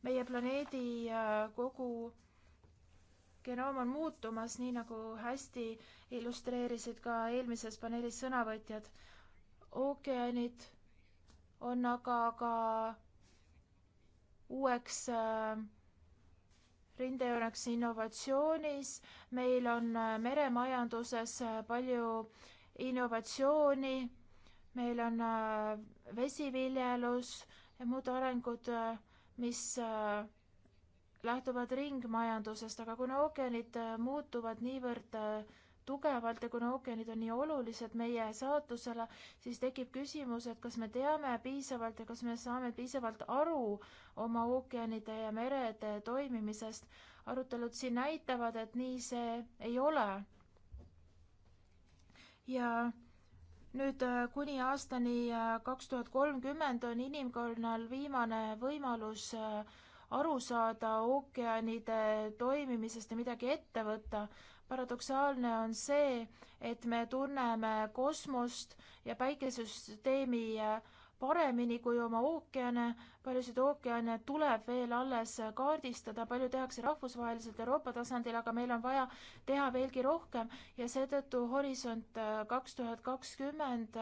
meie planeedi kogu genoom on muutumas, nii nagu hästi illustreerisid ka eelmises paneelis sõnavõtjad. ookeanid on aga ka uueks äh, rindejooneks innovatsioonis, meil on äh, meremajanduses äh, palju innovatsiooni, meil on vesiviljelus ja muud arengud, mis äh, lähtuvad ringmajandusest, aga kuna ookeanid äh, muutuvad niivõrd äh, tugevalt ja kuna ookeanid on nii olulised meie saatusele, siis tekib küsimus, et kas me teame piisavalt ja kas me saame piisavalt aru oma ookeanide ja merede toimimisest. arutelud siin näitavad, et nii see ei ole. ja nüüd äh, kuni aastani kaks tuhat kolmkümmend on inimkonnal viimane võimalus äh, aru saada ookeanide toimimisest ja midagi ette võtta. paradoksaalne on see, et me tunneme kosmost ja päikesesüsteemi paremini kui oma ookeane, paljusid ookeane tuleb veel alles kaardistada, palju tehakse rahvusvaheliselt Euroopa tasandil, aga meil on vaja teha veelgi rohkem ja seetõttu Horisont kaks tuhat kakskümmend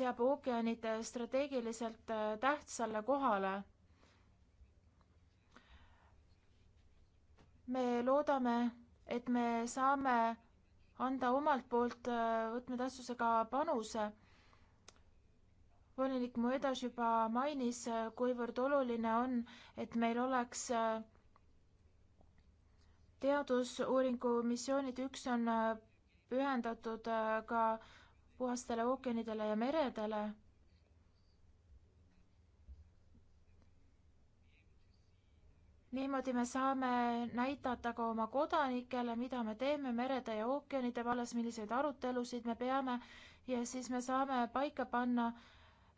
seab ookeanid strateegiliselt tähtsale kohale me loodame, et me saame anda omalt poolt äh, võtmetähtsusega panuse. volinik Moedas juba mainis, äh, kuivõrd oluline on, et meil oleks äh, teadusuuringu missioonid, üks on pühendatud ka puhastele ookeanidele ja meredele niimoodi me saame näidata ka oma kodanikele, mida me teeme merede ja ookeanide vallas, milliseid arutelusid me peame ja siis me saame paika panna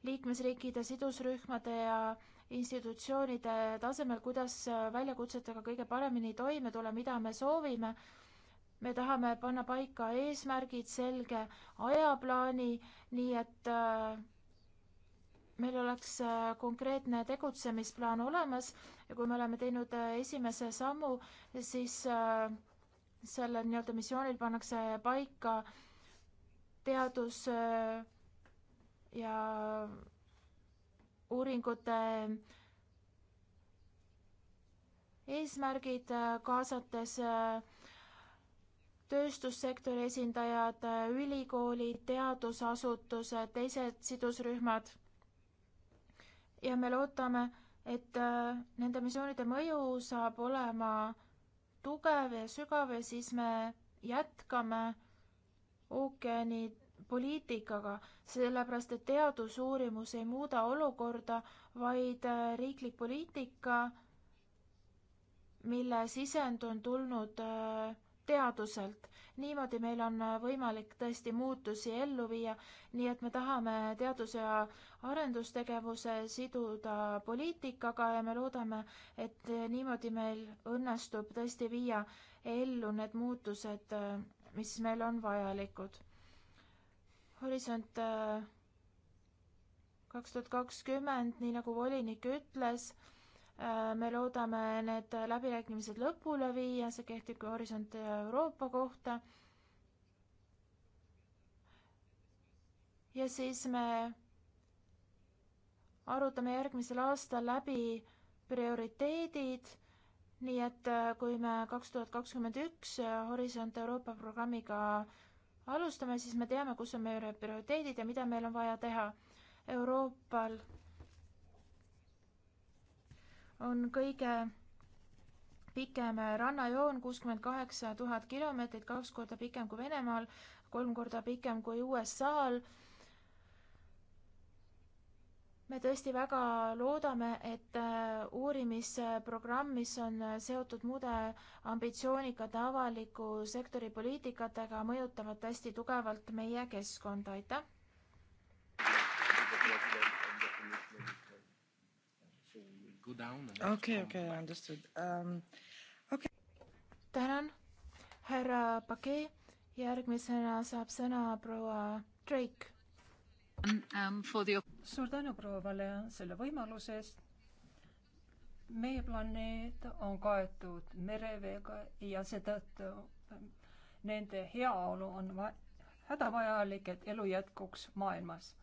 liikmesriikide sidusrühmade ja institutsioonide tasemel, kuidas väljakutsetega kõige paremini toime tulla, mida me soovime. me tahame panna paika eesmärgid, selge ajaplaani, nii et äh, meil oleks äh, konkreetne tegutsemisplaan olemas ja kui me oleme teinud äh, esimese sammu, siis äh, sellel nii-öelda missioonil pannakse paika teadus ja uuringute eesmärgid, kaasates tööstussektori esindajad, ülikoolid, teadusasutused, teised sidusrühmad ja me loodame, et äh, nende missioonide mõju saab olema tugev ja sügav ja siis me jätkame ookeani poliitikaga, sellepärast et teadusuurimus ei muuda olukorda, vaid äh, riiklik poliitika, mille sisend on tulnud äh, teaduselt niimoodi meil on äh, võimalik tõesti muutusi ellu viia, nii et me tahame teadus- ja arendustegevuse siduda poliitikaga ja me loodame, et äh, niimoodi meil õnnestub tõesti viia ellu need muutused, äh, mis meil on vajalikud. horisont kaks tuhat kakskümmend, nii nagu volinik ütles Äh, me loodame need läbirääkimised lõpule viia, see kehtib ka Horisont Euroopa kohta. ja siis me arutame järgmisel aastal läbi prioriteedid, nii et äh, kui me kaks tuhat kakskümmend üks Horisont Euroopa programmiga alustame, siis me teame, kus on meie prioriteedid ja mida meil on vaja teha. Euroopal on kõige pikem rannajoon, kuuskümmend kaheksa tuhat kilomeetrit, kaks korda pikem kui Venemaal, kolm korda pikem kui USA-l. me tõesti väga loodame, et äh, uurimisprogramm, mis on seotud muude ambitsioonikate avaliku sektori poliitikatega, mõjutavad hästi tugevalt meie keskkonda, aitäh! go down. okei, okei, understood um,. okei okay.. tänan, härra Pakee. järgmisena saab sõna proua Drake um,. um the... suur tänu proua Valea selle võimaluse eest meie planeet on kaetud mereveega ja seetõttu nende heaolu on hädavajalik, et elu jätkuks maailmas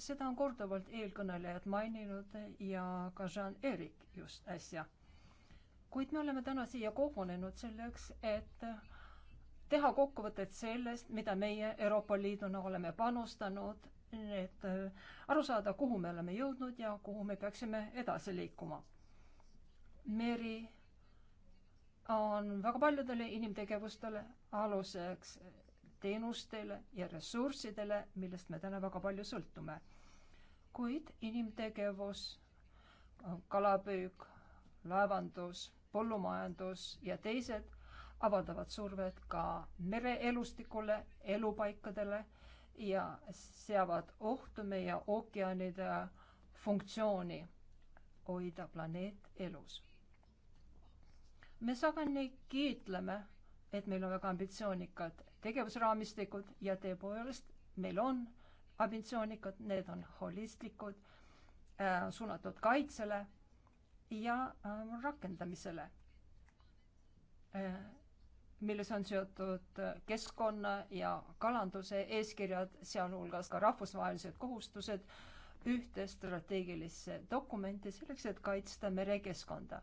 seda on korduvalt eelkõnelejad maininud ja ka Jean-Erik just äsja. kuid me oleme täna siia kogunenud selleks, et teha kokkuvõtet sellest, mida meie Euroopa Liiduna oleme panustanud, et aru saada, kuhu me oleme jõudnud ja kuhu me peaksime edasi liikuma. Meri on väga paljudele inimtegevustele aluseks teenustele ja ressurssidele, millest me täna väga palju sõltume. kuid inimtegevus, kalapüük, laevandus, põllumajandus ja teised avaldavad survet ka mereelustikule, elupaikadele ja seavad ohtu meie ookeanide funktsiooni hoida planeet elus. me sageli kiitleme, et meil on väga ambitsioonikad tegevusraamistikud ja tõepoolest meil on ambitsioonikud, need on holistlikud äh,, suunatud kaitsele ja äh, rakendamisele äh,, milles on seotud keskkonna ja kalanduse eeskirjad, sealhulgas ka rahvusvahelised kohustused ühte strateegilisse dokumenti selleks, et kaitsta merekeskkonda.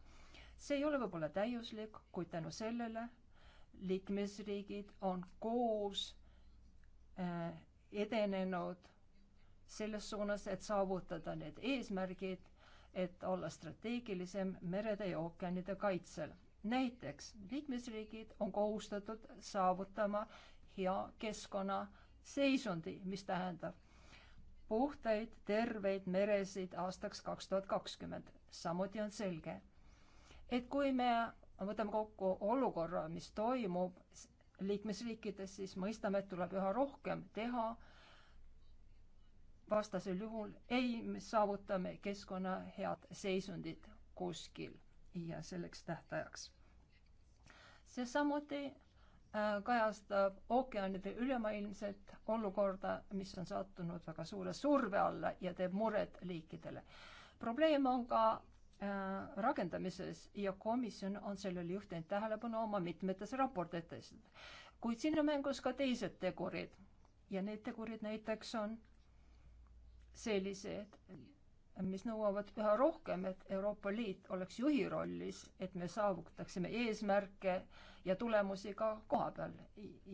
see ei ole võib-olla täiuslik, kuid tänu sellele liikmesriigid on koos äh, edenenud selles suunas, et saavutada need eesmärgid, et olla strateegilisem merede ja ookeanide kaitsel. näiteks liikmesriigid on kohustatud saavutama hea keskkonnaseisundi, mis tähendab puhtaid, terveid meresid aastaks kaks tuhat kakskümmend. samuti on selge, et kui me võtame kokku olukorra, mis toimub liikmesriikides, siis mõistame, et tuleb üha rohkem teha. vastasel juhul ei, me saavutame keskkonna head seisundit kuskil ja selleks tähtajaks. see samuti äh, kajastab ookeanide ülemaailmset olukorda, mis on sattunud väga suure surve alla ja teeb muret liikidele. probleem on ka Äh, rakendamises ja komisjon on sellele juhtinud tähelepanu oma mitmetes raportites. kuid siin on mängus ka teised tegurid ja need tegurid näiteks on sellised, mis nõuavad üha rohkem, et Euroopa Liit oleks juhi rollis, et me saavutaksime eesmärke ja tulemusi ka koha peal.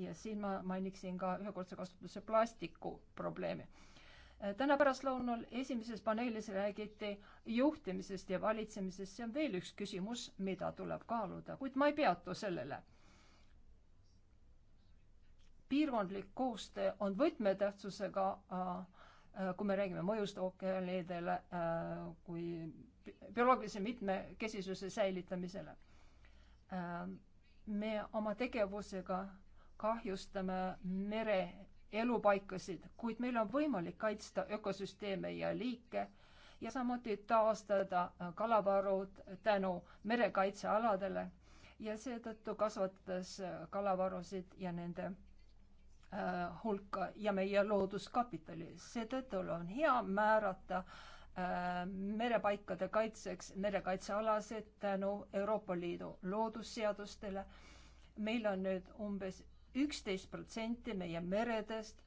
ja siin ma mainiksin ka ühekordse kasutuse plastiku probleemi Eh, täna pärastlõunal esimeses paneelis räägiti juhtimisest ja valitsemisest, see on veel üks küsimus, mida tuleb kaaluda, kuid ma ei peatu sellele. piirkondlik koostöö on võtmetähtsusega, kui me räägime mõjust ookeanidele kui bioloogilise mitmekesisuse säilitamisele. me oma tegevusega kahjustame mere elupaikasid, kuid meil on võimalik kaitsta ökosüsteeme ja liike ja samuti taastada kalavarud tänu merekaitsealadele ja seetõttu kasvatades kalavarusid ja nende äh, hulka ja meie looduskapitali. seetõttu on hea määrata äh, merepaikade kaitseks merekaitsealased tänu Euroopa Liidu loodusseadustele. meil on nüüd umbes üksteist protsenti meie meredest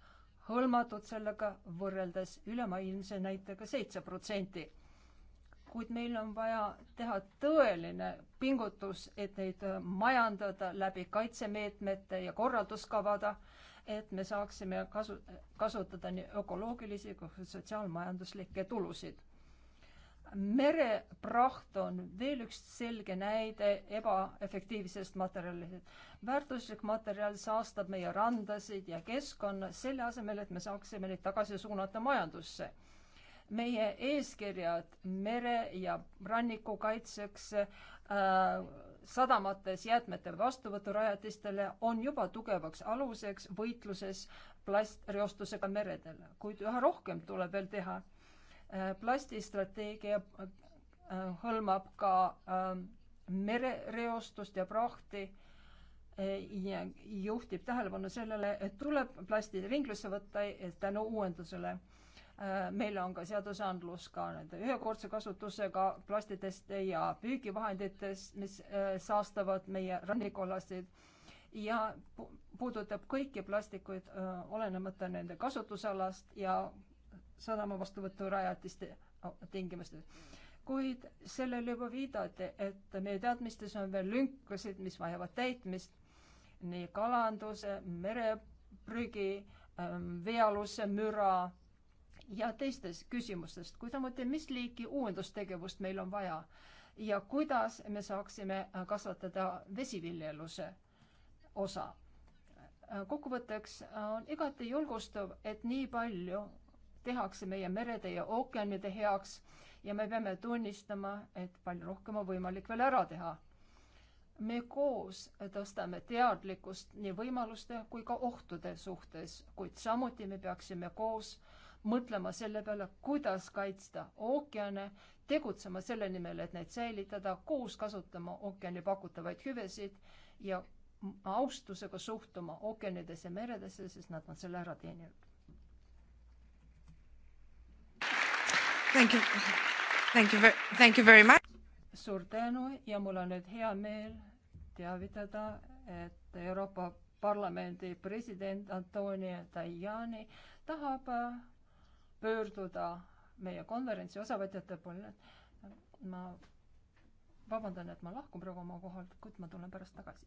hõlmatud sellega võrreldes ülemaailmse näitega seitse protsenti. kuid meil on vaja teha tõeline pingutus, et neid majandada läbi kaitsemeetmete ja korralduskavada, et me saaksime kasu, kasutada nii ökoloogilisi kui sotsiaalmajanduslikke tulusid merepraht on veel üks selge näide ebaefektiivsest materjalist. väärtuslik materjal saastab meie randasid ja keskkonna, selle asemel, et me saaksime neid tagasi suunata majandusse. meie eeskirjad mere ja ranniku kaitseks äh, sadamates jäätmete vastuvõturajatistele on juba tugevaks aluseks võitluses plastreostusega meredel, kuid üha rohkem tuleb veel teha plastistrateegia äh, hõlmab ka ähm, merereostust ja prahti äh, ja juhtib tähelepanu sellele, et tuleb plasti ringlusse võtta tänu uuendusele. Äh, meil on ka seadusandlus ka nende ühekordse kasutusega plastidest ja püügivahenditest, mis saastavad meie rannikualasid ja puudutab kõiki plastikuid, olenemata nende kasutusalast ja sadama vastuvõturajatiste tingimustes. kuid sellele juba viidati, et meie teadmistes on veel lünkasid, mis vajavad täitmist, nii kalanduse, mereprügi, ähm, veealuse müra ja teistes küsimustes, kui samuti, mis liiki uuendustegevust meil on vaja ja kuidas me saaksime kasvatada vesiviljeluse osa. kokkuvõtteks on igati julgustav, et nii palju tehakse meie merede ja ookeanide heaks ja me peame tunnistama, et palju rohkem on võimalik veel ära teha. me koos tõstame teadlikkust nii võimaluste kui ka ohtude suhtes, kuid samuti me peaksime koos mõtlema selle peale, kuidas kaitsta ookeane, tegutsema selle nimel, et neid säilitada, koos kasutama ookeani pakutavaid hüvesid ja austusega suhtuma ookeanidesse, meredesse, sest nad on selle ära teeninud. Thank you. Thank you, thank you very much. suur tänu ja mul on nüüd hea meel teavitada, et Euroopa Parlamendi president Antonio Tajani tahab äh, pöörduda meie konverentsi osavõtjate poole. ma vabandan, et ma lahkun praegu oma kohalt, kuid ma tulen pärast tagasi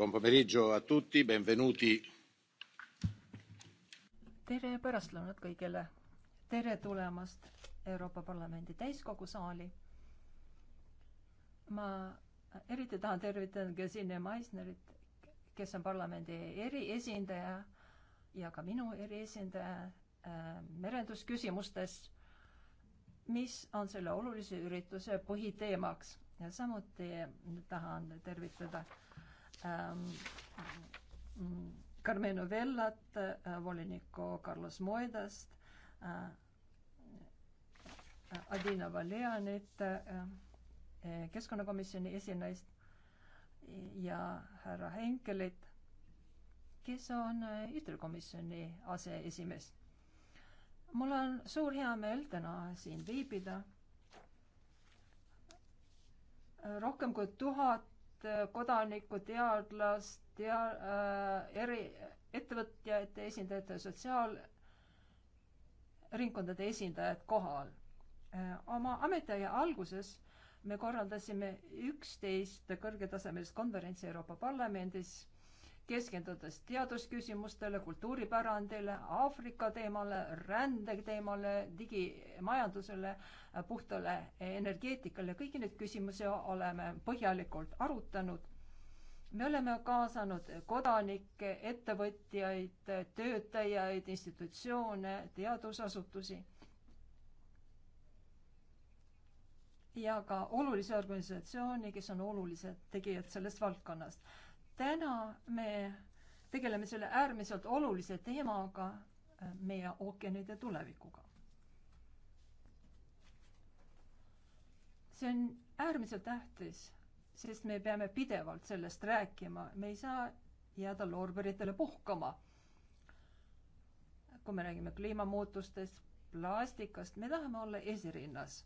buon pomeriggio a tutti, benvenuti. tere pärastlõunat kõigile. tere tulemast Euroopa Parlamendi täiskogu saali. ma eriti tahan tervitada Gesine Meissnerit, kes on parlamendi eriesindaja ja ka minu eriesindaja äh, merendusküsimustes, mis on selle olulise ürituse põhiteemaks ja samuti tahan tervitada äh, ähm, Carmenu Vellat äh,, voliniku Carlos Moedast äh,, äh Adina Valeanit äh, äh,, keskkonnakomisjoni esinaist ja härra Henkelit, kes on äh, ühtelkomisjoni aseesimees. mul on suur heameel täna siin viibida. rohkem kui tuhat Äh, kodanikku, teadlast, tea- äh,, eri, ettevõtjate esindajate, sotsiaalringkondade esindajad kohal äh,. oma ametiaja alguses me korraldasime üksteist kõrgetasemelist konverentsi Euroopa Parlamendis keskendudes teadusküsimustele, kultuuripärandile, Aafrika teemale, rändeteemale, digimajandusele, puhtale energeetikale, kõiki neid küsimusi oleme põhjalikult arutanud. me oleme kaasanud kodanikke, ettevõtjaid, töötajaid, institutsioone, teadusasutusi ja ka olulisi organisatsioone, kes on olulised tegijad selles valdkonnas täna me tegeleme selle äärmiselt olulise teemaga, äh, meie ookeanide tulevikuga. see on äärmiselt tähtis, sest me peame pidevalt sellest rääkima, me ei saa jääda loorberitele puhkama. kui me räägime kliimamuutustest, plastikast, me tahame olla esirinnas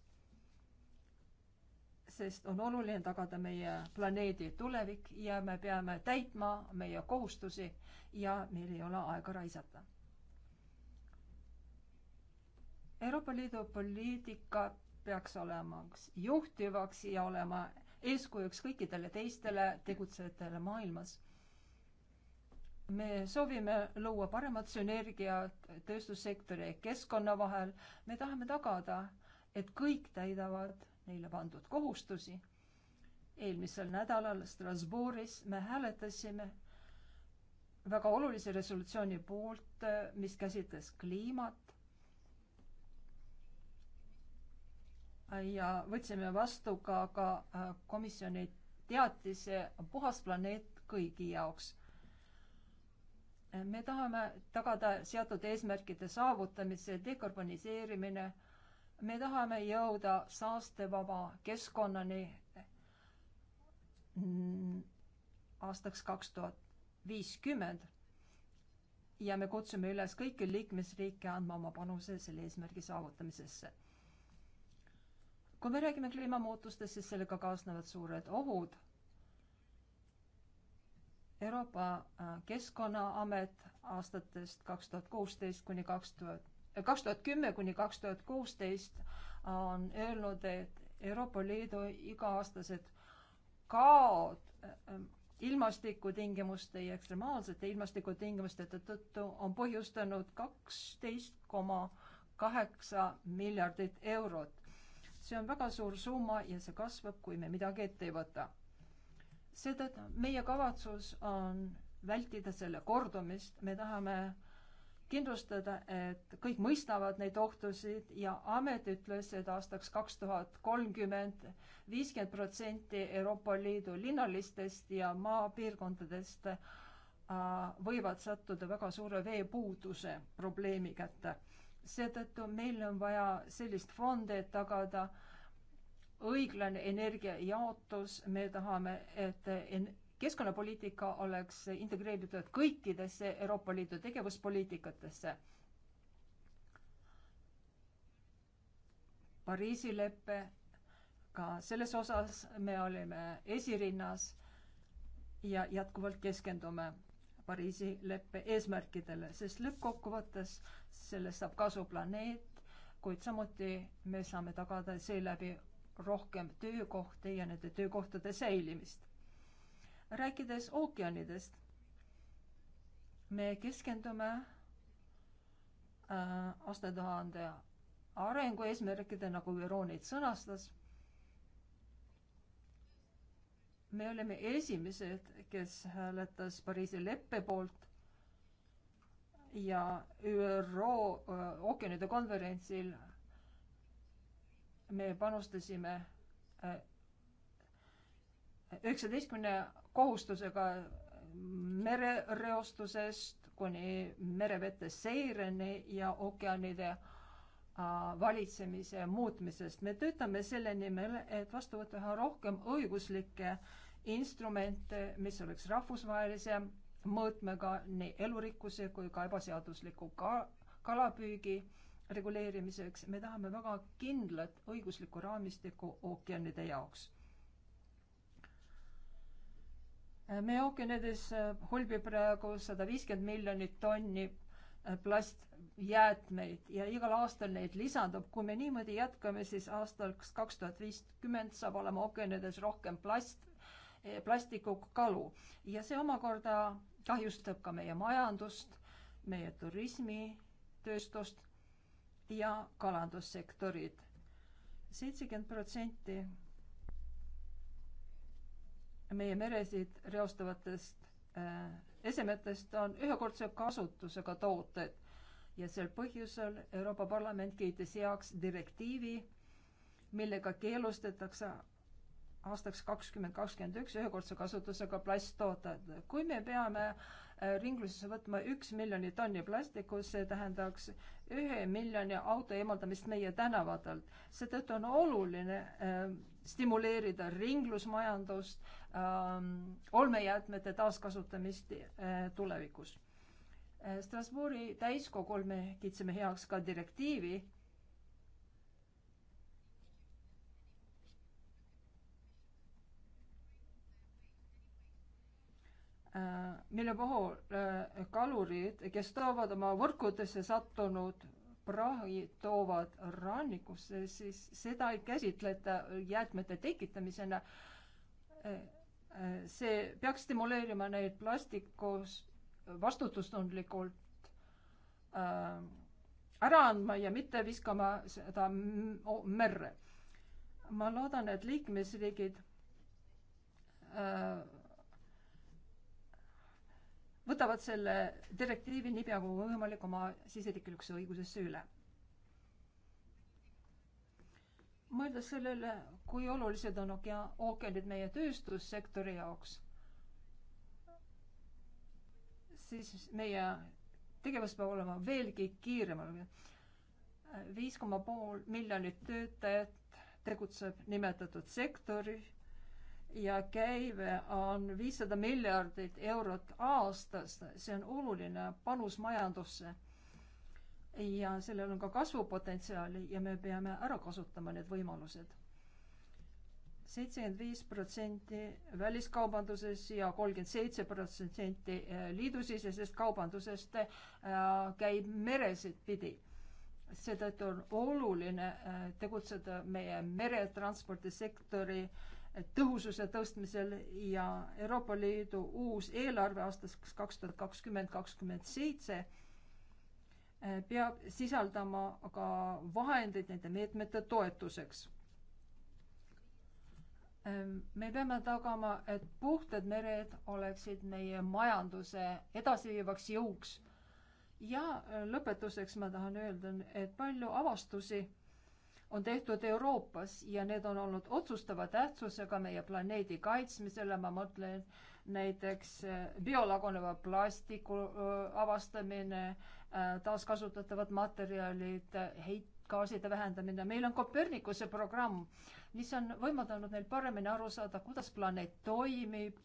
sest on oluline tagada meie planeedi tulevik ja me peame täitma meie kohustusi ja meil ei ole aega raisata. Euroopa Liidu poliitika peaks olema juhtivaks ja olema eeskujuks kõikidele teistele tegutsejatele maailmas. me soovime luua paremat sünergiat tööstussektori ja keskkonna vahel. me tahame tagada, et kõik täidavad neile pandud kohustusi. eelmisel nädalal Strasbourgis me hääletasime väga olulise resolutsiooni poolt, mis käsitles kliimat. ja võtsime vastu ka, ka komisjoni teatise Puhas planeet kõigi jaoks me tahame tagada seatud eesmärkide saavutamise dekarboniseerimine me tahame jõuda saastevaba keskkonnani aastaks kaks tuhat viiskümmend. ja me kutsume üles kõiki liikmesriike andma oma panuse selle eesmärgi saavutamisesse. kui me räägime kliimamuutustest, siis sellega kaasnevad suured ohud. Euroopa äh, Keskkonnaamet aastatest kaks tuhat kuusteist kuni kaks tuhat kaks tuhat kümme kuni kaks tuhat kuusteist on öelnud, et Euroopa Liidu iga-aastased kaod ähm, ilmastikutingimuste ja ekstremaalsete ilmastikutingimuste tõttu on põhjustanud kaksteist koma kaheksa miljardit eurot. see on väga suur summa ja see kasvab, kui me midagi ette ei võta. seetõttu meie kavatsus on vältida selle kordumist, me tahame kindlustada, et kõik mõistavad neid ohtusid ja amet ütles, et aastaks kaks tuhat kolmkümmend viiskümmend protsenti Euroopa Liidu linnalistest ja maapiirkondadest äh, võivad sattuda väga suure veepuuduse probleemi kätte. seetõttu meil on vaja sellist fondi, et tagada õiglane energiajaotus, me tahame, et keskkonnapoliitika oleks integreeritud kõikidesse Euroopa Liidu tegevuspoliitikatesse. Pariisi lepe, ka selles osas me olime esirinnas ja jätkuvalt keskendume Pariisi leppe eesmärkidele, sest lõppkokkuvõttes sellest saab kasu planeet, kuid samuti me saame tagada seeläbi rohkem töökohti ja nende töökohtade säilimist rääkides ookeanidest, me keskendume äh, aastatuhande arengueesmärkide, nagu ÜRO neid sõnastas. me olime esimesed, kes hääletas Pariisi leppe poolt ja ÜRO äh, ookeanide konverentsil me panustasime äh, üheksateistkümne kohustusega merereostusest kuni merevete seireni ja ookeanide äh, valitsemise muutmisest. me töötame selle nimel, et vastu võtta üha rohkem õiguslikke instrumente, mis oleks rahvusvahelise mõõtmega nii elurikkuse kui ka ebaseadusliku ka kalapüügi reguleerimiseks. me tahame väga kindlat õiguslikku raamistikku ookeanide jaoks meie ookeanides hulbib äh, praegu sada viiskümmend miljonit tonni äh, plastjäätmeid ja igal aastal neid lisandub. kui me niimoodi jätkame, siis aastaks kaks tuhat viiskümmend saab olema ookeanides rohkem plast, äh, plastikukalu ja see omakorda kahjustab ka meie majandust, meie turismitööstust ja kalandussektorit. seitsekümmend protsenti meie meresid reostavatest äh, esemetest on ühekordse kasutusega tooted ja sel põhjusel Euroopa Parlament kiitis heaks direktiivi, millega keelustatakse aastaks kakskümmend kakskümmend üks ühekordse kasutusega plasttooted. kui me peame äh, ringlusesse võtma üks miljoni tonni plastikku, see tähendaks ühe miljoni auto eemaldamist meie tänavatelt. seetõttu on oluline äh, stimuleerida ringlusmajandust ähm,, olmejäätmete taaskasutamist äh, tulevikus. Äh, Strasbourgi täiskogul me kiitsime heaks ka direktiivi, äh, mille puhul äh, kalurid, kes toovad oma võrkudesse sattunud prahi toovad rannikusse, siis seda ei käsitleta jäätmete tekitamisena. see peaks stimuleerima neid plastikus vastutustundlikult äh, ära andma ja mitte viskama seda merre. ma loodan, et liikmesriigid äh, võtavad selle direktiivi niipea kui võimalik oma siseriiklikusse õigusesse üle. mõeldes sellele, kui olulised on okea-, ookeanid meie tööstussektori jaoks, siis meie tegevus peab olema veelgi kiirem. viis koma pool miljonit töötajat tegutseb nimetatud sektoris ja käive on viissada miljardit eurot aastas, see on oluline panus majandusse. ja sellel on ka kasvupotentsiaali ja me peame ära kasutama need võimalused. seitsekümmend viis protsenti väliskaubanduses ja kolmkümmend seitse protsenti eh, liidusisesest kaubandusest eh, käib meresid pidi seetõttu on oluline eh, tegutseda meie meretranspordisektori äh, tõhususe tõstmisel ja Euroopa Liidu uus eelarve aastaks kaks tuhat kakskümmend, kakskümmend seitse eh, peab sisaldama ka vahendeid nende meetmete toetuseks. Eh, me peame tagama, et puhtad mered oleksid meie majanduse edasiviivaks jõuks. ja lõpetuseks ma tahan öelda, et palju avastusi on tehtud Euroopas ja need on olnud otsustava tähtsusega meie planeedi kaitsmisele, ma mõtlen näiteks äh, biolaguneva plastiku avastamine, äh, taaskasutatavad materjalid, äh, heitgaaside vähendamine, meil on Kopernikuse programm, mis on võimaldanud neil paremini aru saada, kuidas planeet toimib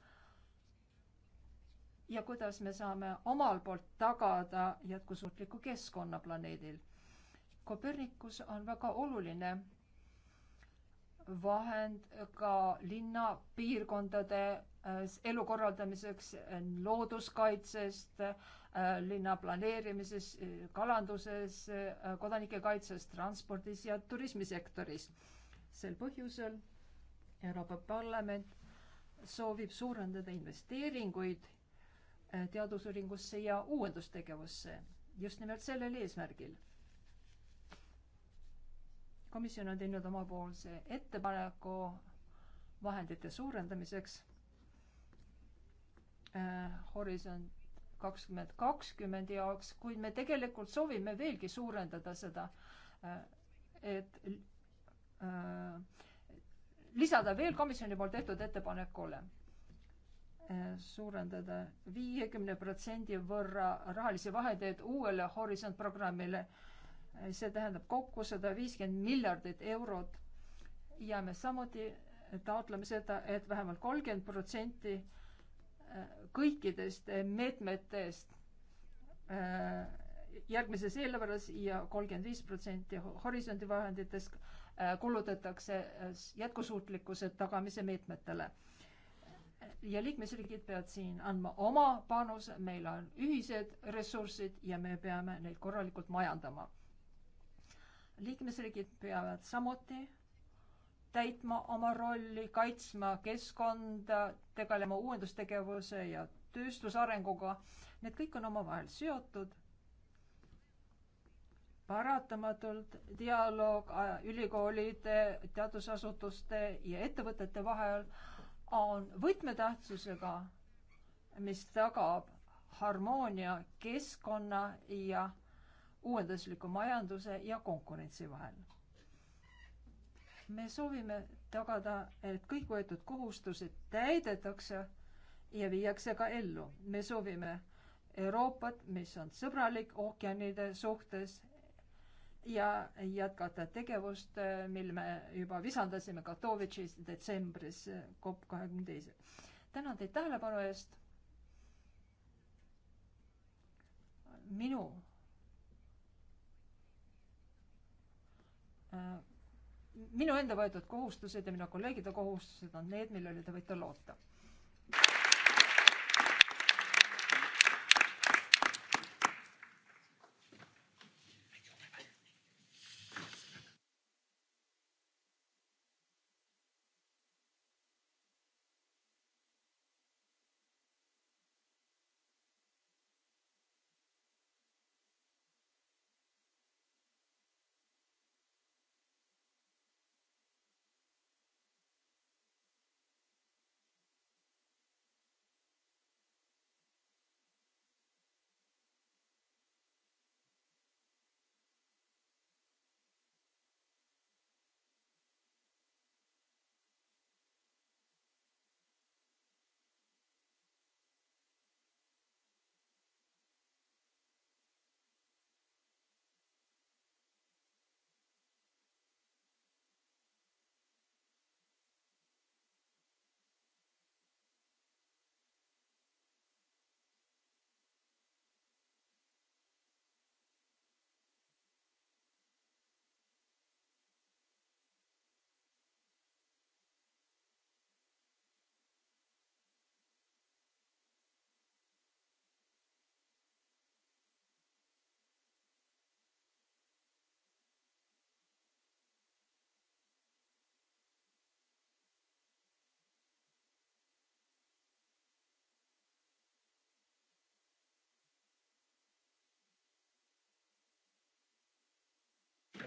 ja kuidas me saame omalt poolt tagada jätkusuutliku keskkonna planeedil Kopernikus on väga oluline vahend ka linna piirkondade äh, elu korraldamiseks, äh, looduskaitsest, äh, linna planeerimises, kalanduses, kodanike kaitses, transpordis ja turismisektoris. sel põhjusel Euroopa Parlament soovib suurendada investeeringuid teadusuuringusse ja uuendustegevusse just nimelt sellel eesmärgil komisjon on teinud omapoolse ettepaneku vahendite suurendamiseks äh, Horisont kakskümmend kakskümmend jaoks, kuid me tegelikult soovime veelgi suurendada seda äh,, et äh, lisada veel komisjoni poolt tehtud ettepanekule äh, suurendada viiekümne protsendi võrra rahalisi vahendeid uuele Horisont programmile äh, see tähendab kokku sada viiskümmend miljardit eurot ja me samuti taotleme seda, et vähemalt kolmkümmend protsenti äh, kõikidest äh, meetmetest äh, järgmises eelarves ja kolmkümmend viis protsenti horisondi vahenditest kulutatakse jätkusuutlikkuse tagamise meetmetele. ja liikmesriigid peavad siin andma oma panuse, meil on ühised ressursid ja me peame neid korralikult majandama liikmesriigid peavad samuti täitma oma rolli, kaitsma keskkonda, tegelema uuendustegevuse ja tööstusarenguga. Need kõik on omavahel seotud. paratamatult dialoog äh, ülikoolide, teadusasutuste ja ettevõtete vahel on võtmetähtsusega, mis tagab harmoonia keskkonna ja uuendusliku majanduse ja konkurentsi vahel. me soovime tagada, et kõik võetud kohustused täidetakse ja viiakse ka ellu. me soovime Euroopat, mis on sõbralik ookeanide suhtes ja jätkata tegevust, mil me juba visandasime Katowicis detsembris COP kahekümne teisel. tänan teid tähelepanu eest. minu Äh, minu enda võetud kohustused ja minu kolleegide kohustused on need, millele te võite loota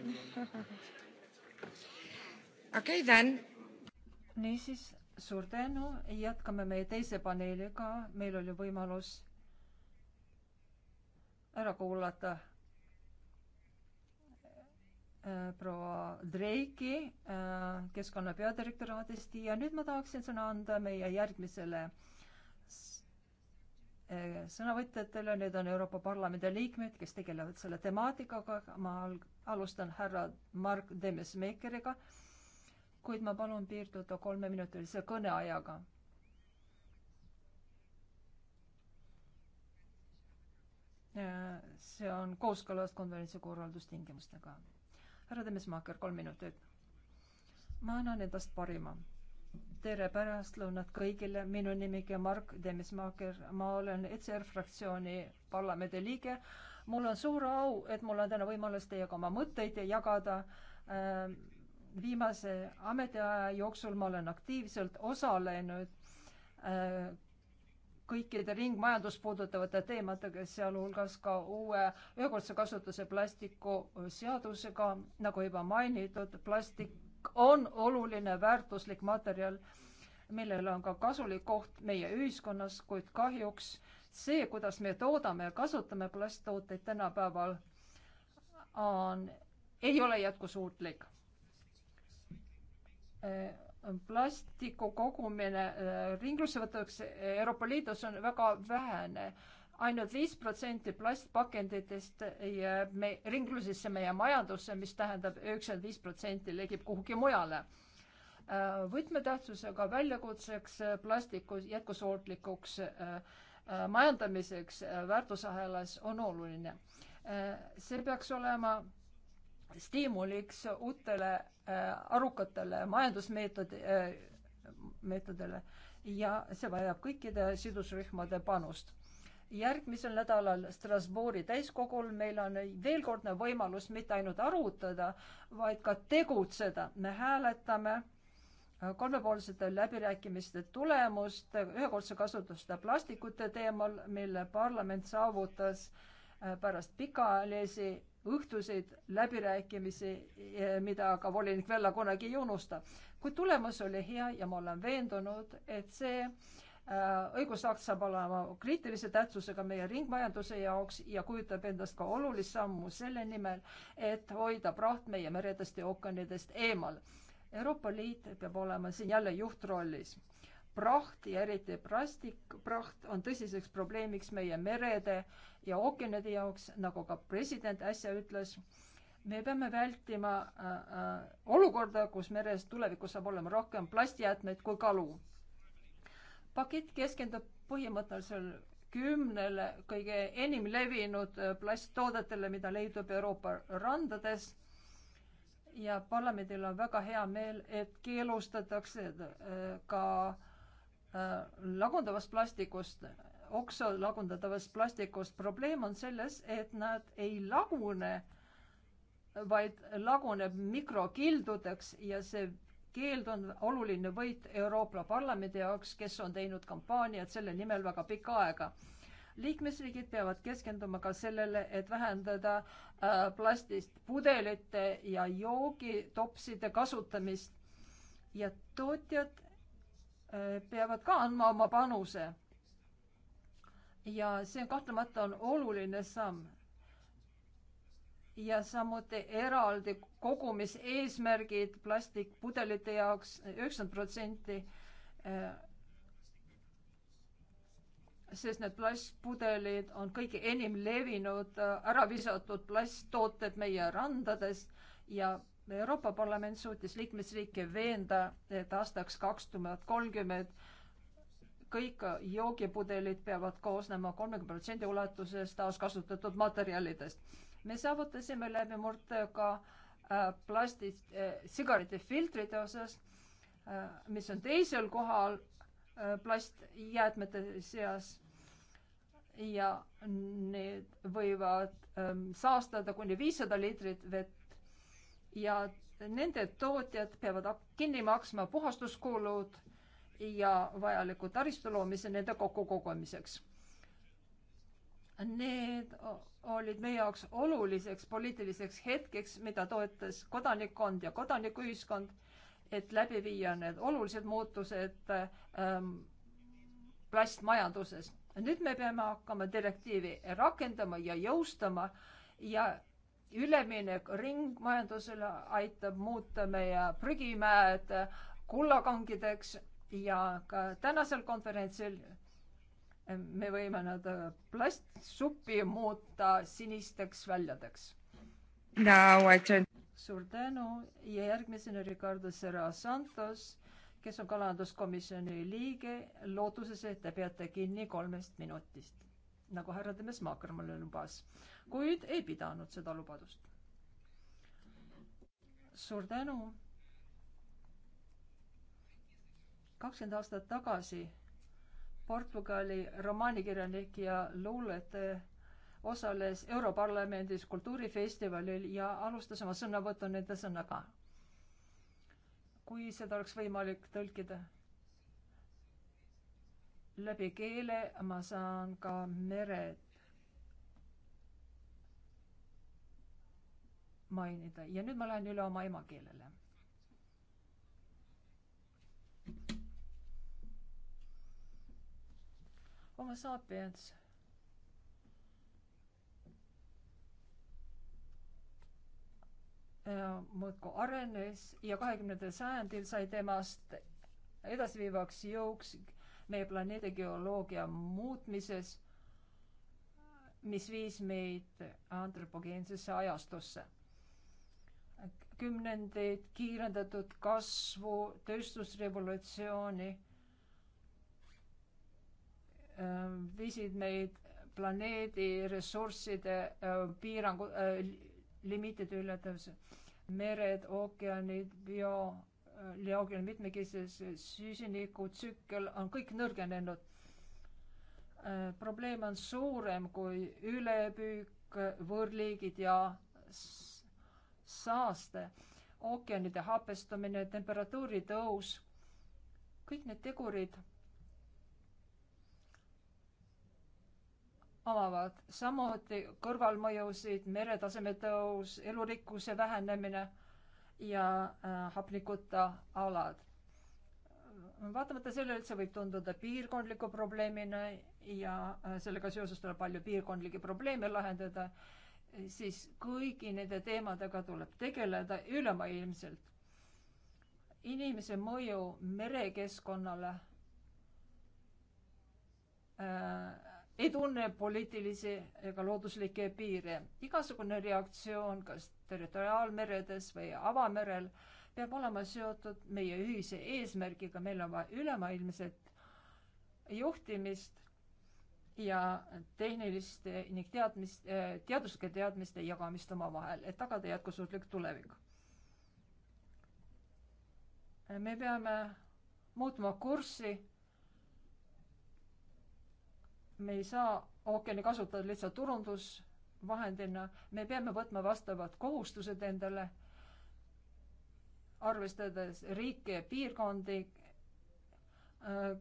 okei okay,, Dan. niisiis, suur tänu, jätkame meie teise paneeliga, meil oli võimalus ära kuulata äh, proua Dreiki äh, Keskkonna peadirektoraadist ja nüüd ma tahaksin sõna anda meie järgmisele äh, sõnavõtjatele, need on Euroopa Parlamendi liikmed, kes tegelevad selle temaatikaga, ma alustan härra Mark Demesmeekeriga, kuid ma palun piirduda kolmeminutilise kõneajaga. see on kooskõlas konverentsi korraldustingimustega. härra Demesmaaker, kolm minutit. ma annan endast parima tere pärastlõunat kõigile, minu nimi on Mark Demismaager, ma olen ECR fraktsiooni parlamendi liige. mul on suur au, et mul on täna võimalus teiega oma mõtteid jagada. Ähm, viimase ametiaja jooksul ma olen aktiivselt osalenud äh, kõikide ringmajandust puudutavate teemadega, sealhulgas ka uue ühekordse kasutuse plastiku seadusega, nagu juba mainitud, plastik on oluline väärtuslik materjal, millel on ka kasulik koht meie ühiskonnas, kuid kahjuks see, kuidas me toodame ja kasutame plasttooteid tänapäeval, on, ei ole jätkusuutlik. plastiku kogumine äh, ringlusse võtaks Euroopa Liidus on väga vähene ainult viis protsenti plastpakenditest jääb me ringlusesse meie majandusse, mis tähendab üheksakümmend viis protsenti legib kuhugi mujale. Äh, võtmetähtsusega väljakutseks äh, plastiku jätkusuutlikuks äh, majandamiseks väärtusahelas on oluline. see peaks olema stiimuliks uutele arukatele majandusmeetodi, meetodile ja see vajab kõikide sidusrühmade panust järgmisel nädalal Strasbourgi täiskogul meil on veelkordne võimalus mitte ainult arutada, vaid ka tegutseda. me hääletame kolmepoolsete läbirääkimiste tulemust ühekordse kasutuste plastikute teemal, mille parlament saavutas äh, pärast pikaajalisi õhtuseid läbirääkimisi, äh, mida ka volinik Vella kunagi ei unusta. kuid tulemus oli hea ja ma olen veendunud, et see äh, Äh, õigusakt saab olema kriitilise tähtsusega meie ringmajanduse jaoks ja kujutab endast ka olulist sammu selle nimel, et hoida praht meie meredest ja ookeanidest eemal. Euroopa Liit peab olema siin jälle juhtrollis. praht ja eriti plastikpraht on tõsiseks probleemiks meie merede ja ookeanide jaoks, nagu ka president äsja ütles me peame vältima äh, äh, olukorda, kus meres tulevikus saab olema rohkem plastijäätmeid kui kalu pakett keskendub põhimõtteliselt kümnele kõige enim levinud äh, plasttoodetele, mida leidub Euroopa randades. ja parlamendil on väga hea meel, et keelustatakse äh, ka äh, lagundavast plastikust, okso lagundatavast plastikust. probleem on selles, et nad ei lagune, vaid laguneb mikrokildudeks ja see keeld on oluline võit Euroopa Parlamendi jaoks, kes on teinud kampaaniat selle nimel väga pikka aega. liikmesriigid peavad keskenduma ka sellele, et vähendada äh, plastist pudelite ja joogitopside kasutamist ja tootjad äh, peavad ka andma oma panuse. ja see on kahtlemata on oluline samm ja samuti eraldi kogumiseesmärgid plastikpudelite jaoks üheksakümmend protsenti, eh, sest need plastpudelid on kõige enim levinud eh, ära visatud plasttooted meie randades ja Euroopa Parlament suutis liikmesriike veenda, et aastaks kaks tuhat kolmkümmend kõik joogipudelid peavad koosnema kolmekümne protsendi ulatuses taaskasutatud materjalidest me saavutasime läbimurde ka äh, plastist äh,, sigaretifiltrite osas äh,, mis on teisel kohal äh, plastjäätmete seas. ja need võivad ähm, saastada kuni viissada liitrit vett ja nende tootjad peavad kinni maksma puhastuskulud ja vajaliku taristu loomise nende kokkukogumiseks Need olid meie jaoks oluliseks poliitiliseks hetkeks, mida toetas kodanikkond ja kodanikuühiskond, et läbi viia need olulised muutused ähm, plastmajanduses. nüüd me peame hakkama direktiivi rakendama ja jõustama ja üleminek ringmajandusele aitab muuta meie prügimäed kullakangideks ja ka tänasel konverentsil me võime nad äh, plastsuppi muuta sinisteks väljadeks no,. suur tänu ja järgmisena Ricardo Serra Santos, kes on kalanduskomisjoni liige, lootuses, et te peate kinni kolmest minutist, nagu härra Demesmaaker mulle lubas, kuid ei pidanud seda lubadust. suur tänu. kakskümmend aastat tagasi Portugali romaanikirjanik ja luuletaja osales Europarlamendis kultuurifestivalil ja alustas oma sõnavõttu nende sõnaga. kui seda oleks võimalik tõlkida läbi keele, ma saan ka mered mainida ja nüüd ma lähen üle oma emakeelele Homo sapiens muudkui arenes ja kahekümnendal sajandil sai temast edasiviivaks jõuks meie planeedi geoloogia muutmises, mis viis meid antropogeensesse ajastusse. kümnendeid kiirendatud kasvu, tööstusrevolutsiooni Ähm, viisid meid planeedi ressursside äh, piirangu äh,, limiitide ületavuse. mered, ookeanid, bio, äh, geoloogiline mitmekesisus, süsinikutsükkel on kõik nõrgenenud äh,. probleem on suurem kui ülepüük, võõrliigid ja saaste, ookeanide hapestumine, temperatuuri tõus, kõik need tegurid avavad samuti kõrvalmõjusid, meretaseme tõus, elurikkuse vähenemine ja äh, hapnikuta alad. vaatamata sellele, et see võib tunduda piirkondliku probleemina ja äh, sellega seoses tuleb palju piirkondlikke probleeme lahendada, siis kõigi nende teemadega tuleb tegeleda ülemaailmselt. inimese mõju merekeskkonnale äh, ei tunne poliitilisi ega looduslikke piire. igasugune reaktsioon, kas territoriaalmeredes või avamerel, peab olema seotud meie ühise eesmärgiga, meil on vaja ülemaailmset juhtimist ja tehniliste ning teadmist, teaduslike teadmiste jagamist omavahel, et tagada jätkusuutlik tulevik. me peame muutma kurssi me ei saa ookeani kasutada lihtsalt turundusvahendina, me peame võtma vastavad kohustused endale, arvestades riike ja piirkondi,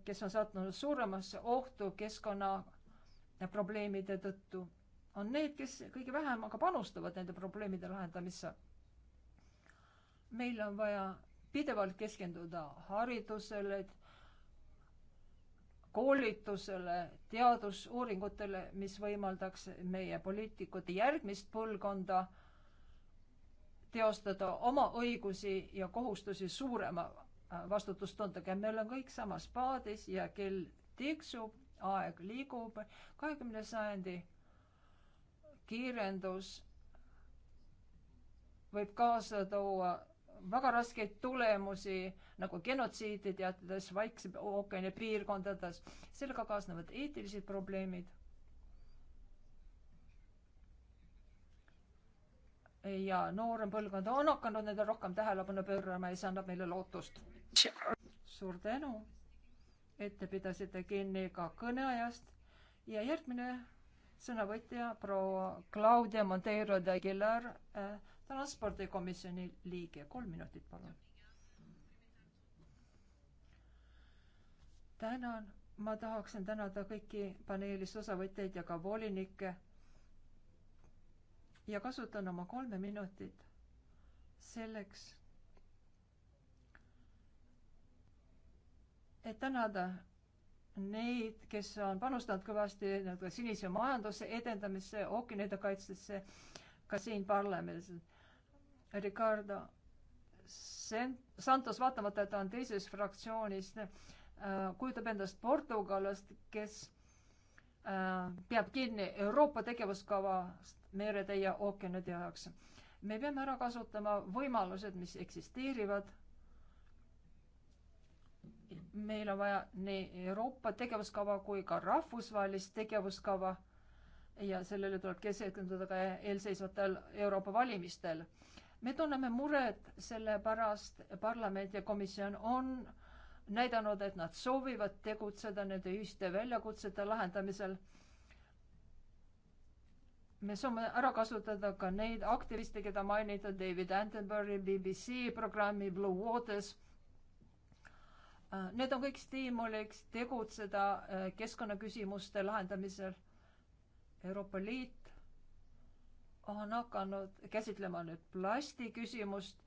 kes on sattunud suuremasse ohtu keskkonnaprobleemide tõttu, on need, kes kõige vähem aga panustavad nende probleemide lahendamisse. meil on vaja pidevalt keskenduda haridusele, koolitusele, teadusuuringutele, mis võimaldaks meie poliitikute järgmist põlvkonda teostada oma õigusi ja kohustusi suurema äh, vastutustundega. me oleme kõik samas paadis ja kell tiksub, aeg liigub, kahekümne sajandi kiirendus võib kaasa tuua väga raskeid tulemusi, nagu genotsiidi teatades Vaikse ookeani piirkondades. sellega kaasnevad eetilised probleemid. ja noorem põlvkond on hakanud nendele rohkem tähelepanu pöörama ja see annab meile lootust. suur tänu, et te pidasite kinni ka kõneajast ja järgmine sõnavõtja proua Claudia Monteiro de Aguilar äh, transpordikomisjoni liige, kolm minutit, palun. tänan, ma tahaksin tänada kõiki paneelist osavõtjaid ja ka volinikke. ja kasutan oma kolme minutit selleks, et tänada neid, kes on panustanud kõvasti nii-öelda sinise majanduse edendamisse, ookeanide kaitsesse, ka siin parlamendis Ricardo Santos, vaatamata, et ta on teisest fraktsioonist, äh, kujutab endast portugalast, kes äh, peab kinni Euroopa tegevuskavast merede ja ookeanide jaoks. me peame ära kasutama võimalused, mis eksisteerivad. meil on vaja nii Euroopa tegevuskava kui ka rahvusvahelist tegevuskava ja sellele tuleb keskenduda ka eelseisvatel Euroopa valimistel me tunneme muret selle pärast, parlament ja komisjon on näidanud, et nad soovivad tegutseda nende ühiste väljakutsete lahendamisel. me saame ära kasutada ka neid aktiviste, keda mainiti, David Attenbury, BBC programmi Blue Waters. Need on kõik stiimuliks tegutseda eh, keskkonnaküsimuste lahendamisel. Euroopa Liit on hakanud käsitlema nüüd plasti küsimust,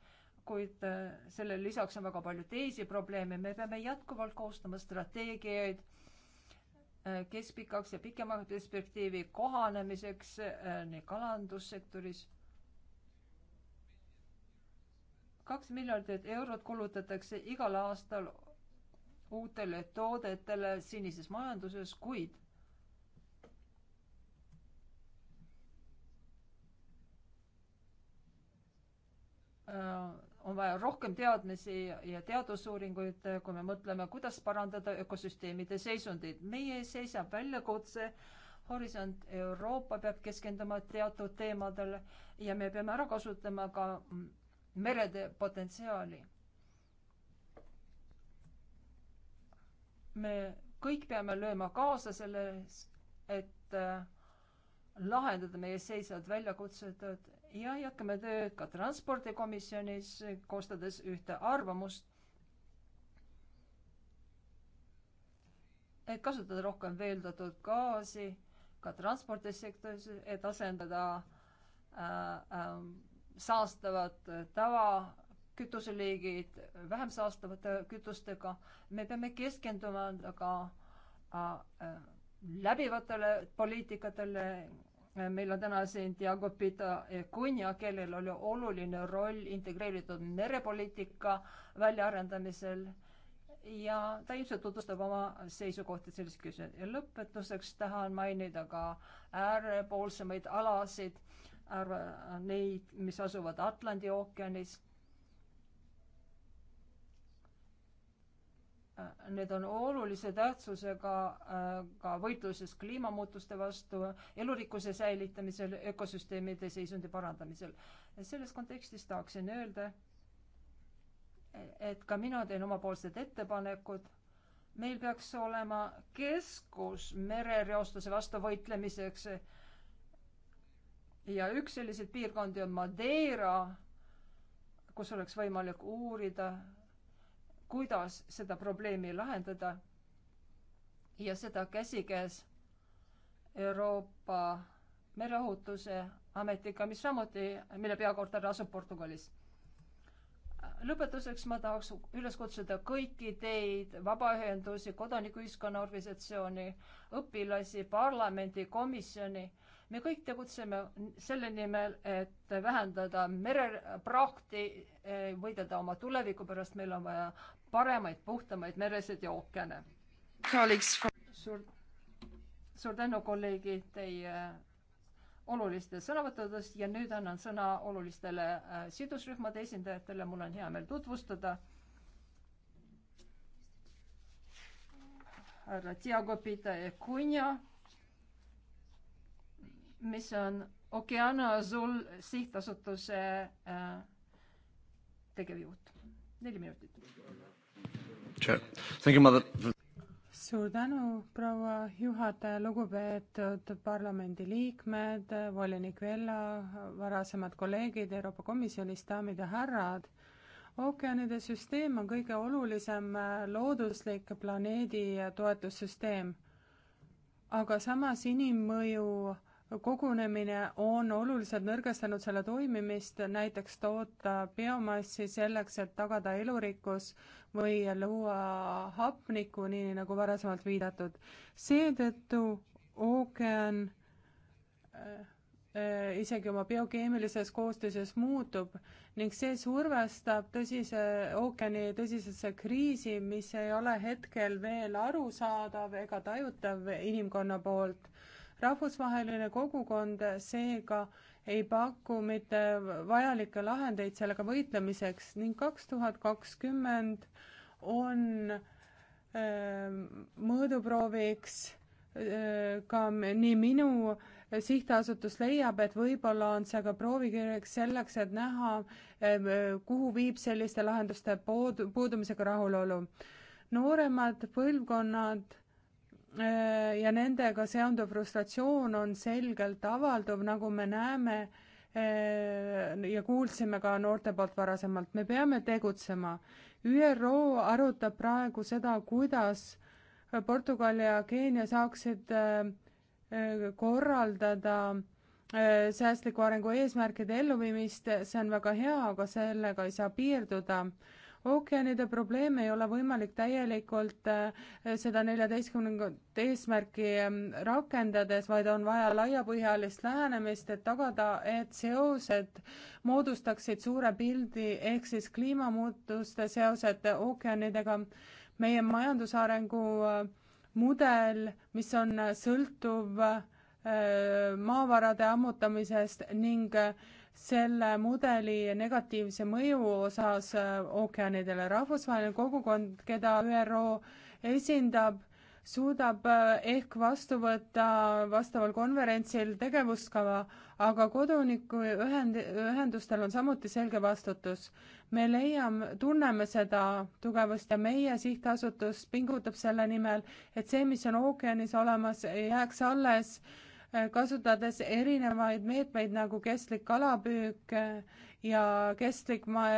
kuid äh, sellele lisaks on väga palju teisi probleeme, me peame jätkuvalt koostama strateegiaid äh, keskpikaks ja pikema perspektiivi kohanemiseks äh, nii kalandussektoris. kaks miljardit eurot kulutatakse igal aastal uutele toodetele sinises majanduses, kuid Äh, on vaja rohkem teadmisi ja teadusuuringuid, äh, kui me mõtleme, kuidas parandada ökosüsteemide seisundit. meie ees seisab väljakutse, Horisont Euroopa peab keskenduma teatud teemadele ja me peame ära kasutama ka merede potentsiaali. me kõik peame lööma kaasa selles, et äh, lahendada meie seisvad väljakutsed ja jätkame tööd ka transpordikomisjonis, koostades ühte arvamust, et kasutada rohkem veeldatud gaasi ka transpordisektoris, et asendada äh, äh, saastavad tavakütuseliigid vähem saastavate kütustega. me peame keskenduma aga äh, äh, läbivatele poliitikatele meil on täna siin Diego Pita Cunha, kellel oli oluline roll integreeritud merepoliitika väljaarendamisel ja ta ilmselt tutvustab oma seisukohti selles küsimuses. ja lõpetuseks tahan mainida ka äärepoolsemaid alasid, neid, mis asuvad Atlandi ookeanis Need on olulise tähtsusega äh, ka võitluses kliimamuutuste vastu, elurikkuse säilitamisel, ökosüsteemide seisundi parandamisel. selles kontekstis tahaksin öelda, et ka mina teen omapoolsed ettepanekud. meil peaks olema keskus merereostuse vastu võitlemiseks. ja üks selliseid piirkondi on Madeira, kus oleks võimalik uurida kuidas seda probleemi lahendada ja seda käsikäes Euroopa mereohutuse ametiga, mis samuti, mille peakorter asub Portugalis. lõpetuseks ma tahaks üles kutsuda kõiki teid, vabaühendusi, kodanikuühiskonna organisatsiooni, õpilasi, parlamendi, komisjoni äh, me kõik tegutseme selle nimel, et vähendada mereprahti, eh, võidelda oma tuleviku pärast, meil on vaja paremaid, puhtamaid meresid ja ookeane. suur, suur tänu, kolleegid, teie olulistest sõnavõttudest ja nüüd annan sõna olulistele äh, sidusrühmade esindajatele, mul on hea meel tutvustada. härra Tiago Pita Cunha mis on Okeana Azul sihtasutuse äh, tegevjuht. neli minutit. suur tänu, proua juhataja, lugupeetud parlamendiliikmed, volinik Vella, varasemad kolleegid Euroopa Komisjonist, daamid ja härrad. ookeanide süsteem on kõige olulisem äh, looduslik planeedi toetussüsteem. aga samas inimmõju kogunemine on oluliselt nõrgestanud selle toimimist, näiteks toota biomassi selleks, et tagada elurikkus või luua hapnikku, nii nagu varasemalt viidatud. seetõttu ookean äh, isegi oma biokeemilises koostises muutub ning see survestab tõsise, ookeani tõsisesse kriisi, mis ei ole hetkel veel arusaadav ega tajutav inimkonna poolt rahvusvaheline kogukond seega ei paku mitte vajalikke lahendeid sellega võitlemiseks ning kaks tuhat kakskümmend on äh, mõõduprooviks äh, ka nii minu sihtasutus leiab, et võib-olla on see ka proovikirjaks selleks, et näha äh,, kuhu viib selliste lahenduste puud-, puudumisega rahulolu. nooremad põlvkonnad Äh, ja nendega seonduv frustratsioon on selgelt avalduv, nagu me näeme äh, ja kuulsime ka noorte poolt varasemalt, me peame tegutsema. ÜRO arutab praegu seda, kuidas Portugal ja Keenia saaksid äh, korraldada säästliku arengu eesmärkide elluviimist, see on väga hea, aga sellega ei saa piirduda ookeanide probleem ei ole võimalik täielikult äh, seda neljateistkümnendat eesmärki ähm, rakendades, vaid on vaja laiapõhjalist lähenemist, et tagada, et seosed moodustaksid suure pildi ehk siis kliimamuutuste seosed ookeanidega. meie majandusarengu äh, mudel, mis on äh, sõltuv maavarade ammutamisest ning selle mudeli negatiivse mõju osas äh, ookeanidele. rahvusvaheline kogukond, keda ÜRO esindab, suudab äh, ehk vastu võtta vastaval konverentsil tegevuskava, aga kodanikuühend, ühendustel on samuti selge vastutus. me leiame, tunneme seda tugevust ja meie sihtasutus pingutab selle nimel, et see, mis on ookeanis olemas, jääks alles äh, Äh, kasutades erinevaid meetmeid nagu kestlik kalapüük äh, ja kestlik ma-,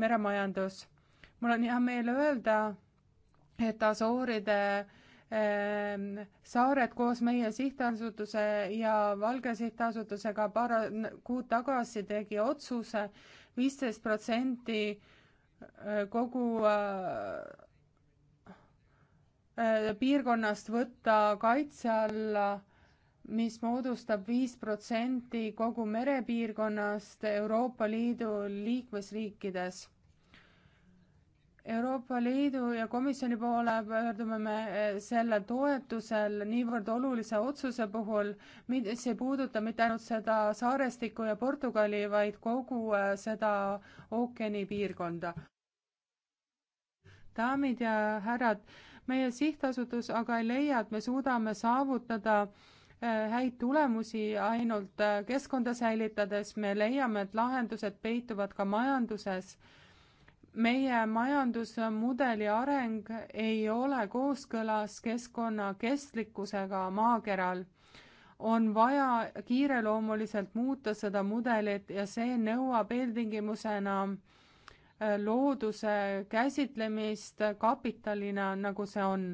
meremajandus. mul on hea meel öelda, et Asooride ähm, saared koos meie sihtasutuse ja Valge sihtasutusega paar kuud tagasi tegi otsuse viisteist protsenti äh, kogu piirkonnast võtta kaitse alla mis moodustab viis protsenti kogu merepiirkonnast Euroopa Liidu liikmesriikides. Euroopa Liidu ja komisjoni poole pöördume me eh, selle toetusel niivõrd olulise otsuse puhul, mis ei puuduta mitte ainult seda saarestikku ja Portugali, vaid kogu eh, seda ookeanipiirkonda. daamid ja härrad, meie sihtasutus aga ei leia, et me suudame saavutada äh, häid tulemusi ainult äh, keskkonda säilitades, me leiame, et lahendused peituvad ka majanduses. meie majandusmudeli areng ei ole kooskõlas keskkonna kestlikkusega maakeral. on vaja kiireloomuliselt muuta seda mudelit ja see nõuab eeltingimusena äh, looduse käsitlemist kapitalina, nagu see on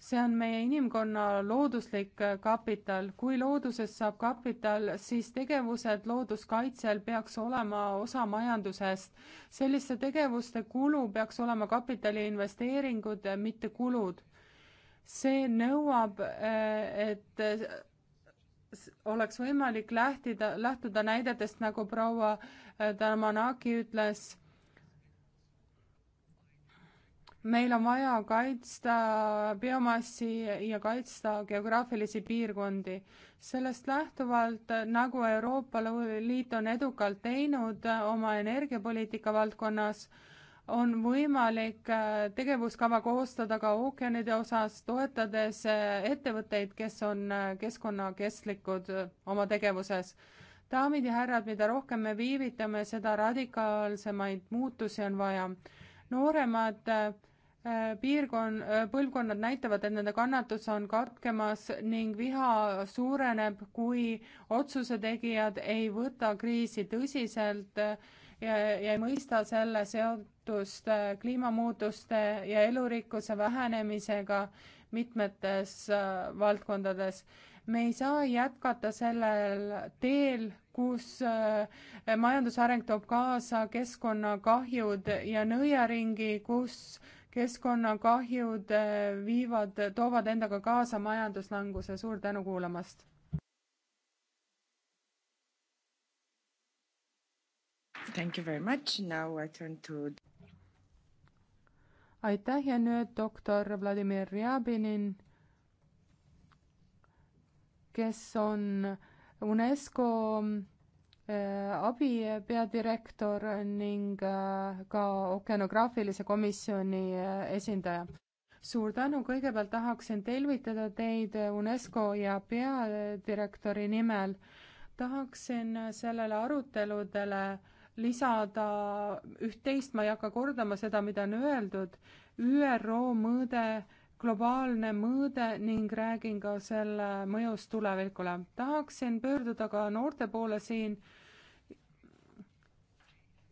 see on meie inimkonna looduslik kapital. kui loodusest saab kapital, siis tegevused looduskaitsel peaks olema osa majandusest. selliste tegevuste kulu peaks olema kapitali investeeringud, mitte kulud. see nõuab, et oleks võimalik lähtida, lähtuda näidetest, nagu proua Darmanaki ütles meil on vaja kaitsta biomassi ja kaitsta geograafilisi piirkondi. sellest lähtuvalt, nagu Euroopa Liit on edukalt teinud oma energiapoliitika valdkonnas, on võimalik äh, tegevuskava koostada ka ookeanide osas, toetades äh, ettevõtteid, kes on äh, keskkonnakestlikud oma tegevuses. daamid ja härrad, mida rohkem me viivitame, seda radikaalsemaid muutusi on vaja. nooremad äh, Äh, piirkon-, äh, põlvkonnad näitavad, et nende kannatus on katkemas ning viha suureneb, kui otsuse tegijad ei võta kriisi tõsiselt äh, ja, ja ei mõista selle seotust kliimamuutuste ja elurikkuse vähenemisega mitmetes valdkondades. me ei saa jätkata sellel teel, kus majandusareng toob kaasa keskkonnakahjud ja nõiaringi, kus keskkonnakahjud äh, viivad, toovad endaga kaasa majanduslanguse, suur tänu kuulamast! Thank you very much, now I turn to aitäh ja nüüd doktor Vladimir Rjabinin, kes on UNESCO Äh, abipeadirektor ning äh, ka okeanograafilise komisjoni äh, esindaja. suur tänu, kõigepealt tahaksin tervitada teid UNESCO ja peadirektori nimel. tahaksin sellele aruteludele lisada üht-teist, ma ei hakka kordama seda, mida on öeldud, ÜRO mõõde, globaalne mõõde ning räägin ka selle mõjust tulevikule. tahaksin pöörduda ka noorte poole siin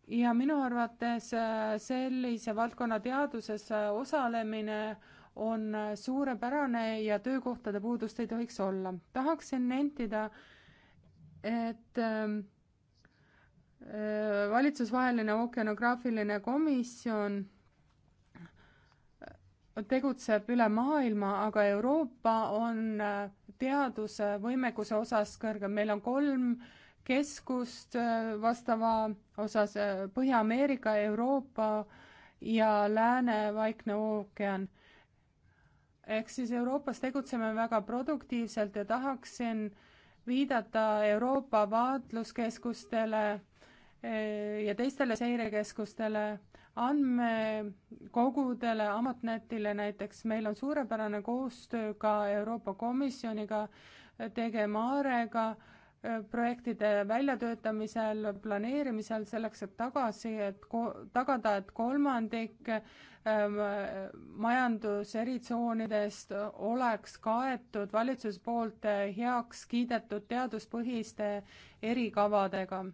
ja minu arvates äh, sellise valdkonna teaduses äh, osalemine on äh, suurepärane ja töökohtade puudust ei tohiks olla. tahaksin nentida, et ähm, valitsusvaheline ookeanograafiline komisjon tegutseb üle maailma, aga Euroopa on teaduse võimekuse osas kõrgem, meil on kolm äh, keskust äh, vastava osas äh, Põhja-Ameerika, Euroopa ja Lääne Vaikne ookean. ehk siis Euroopas tegutseme väga produktiivselt ja tahaksin viidata Euroopa vaatluskeskustele äh, ja teistele seirekeskustele, andmekogudele, Ametnetile näiteks, meil on suurepärane koostöö ka Euroopa Komisjoniga, DG Maarega äh,, projektide väljatöötamisel, planeerimisel selleks, et tagasi, et ko-, tagada, et kolmandik ähm, majandus eritsoonidest oleks kaetud valitsuse poolt heaks kiidetud teaduspõhiste erikavadega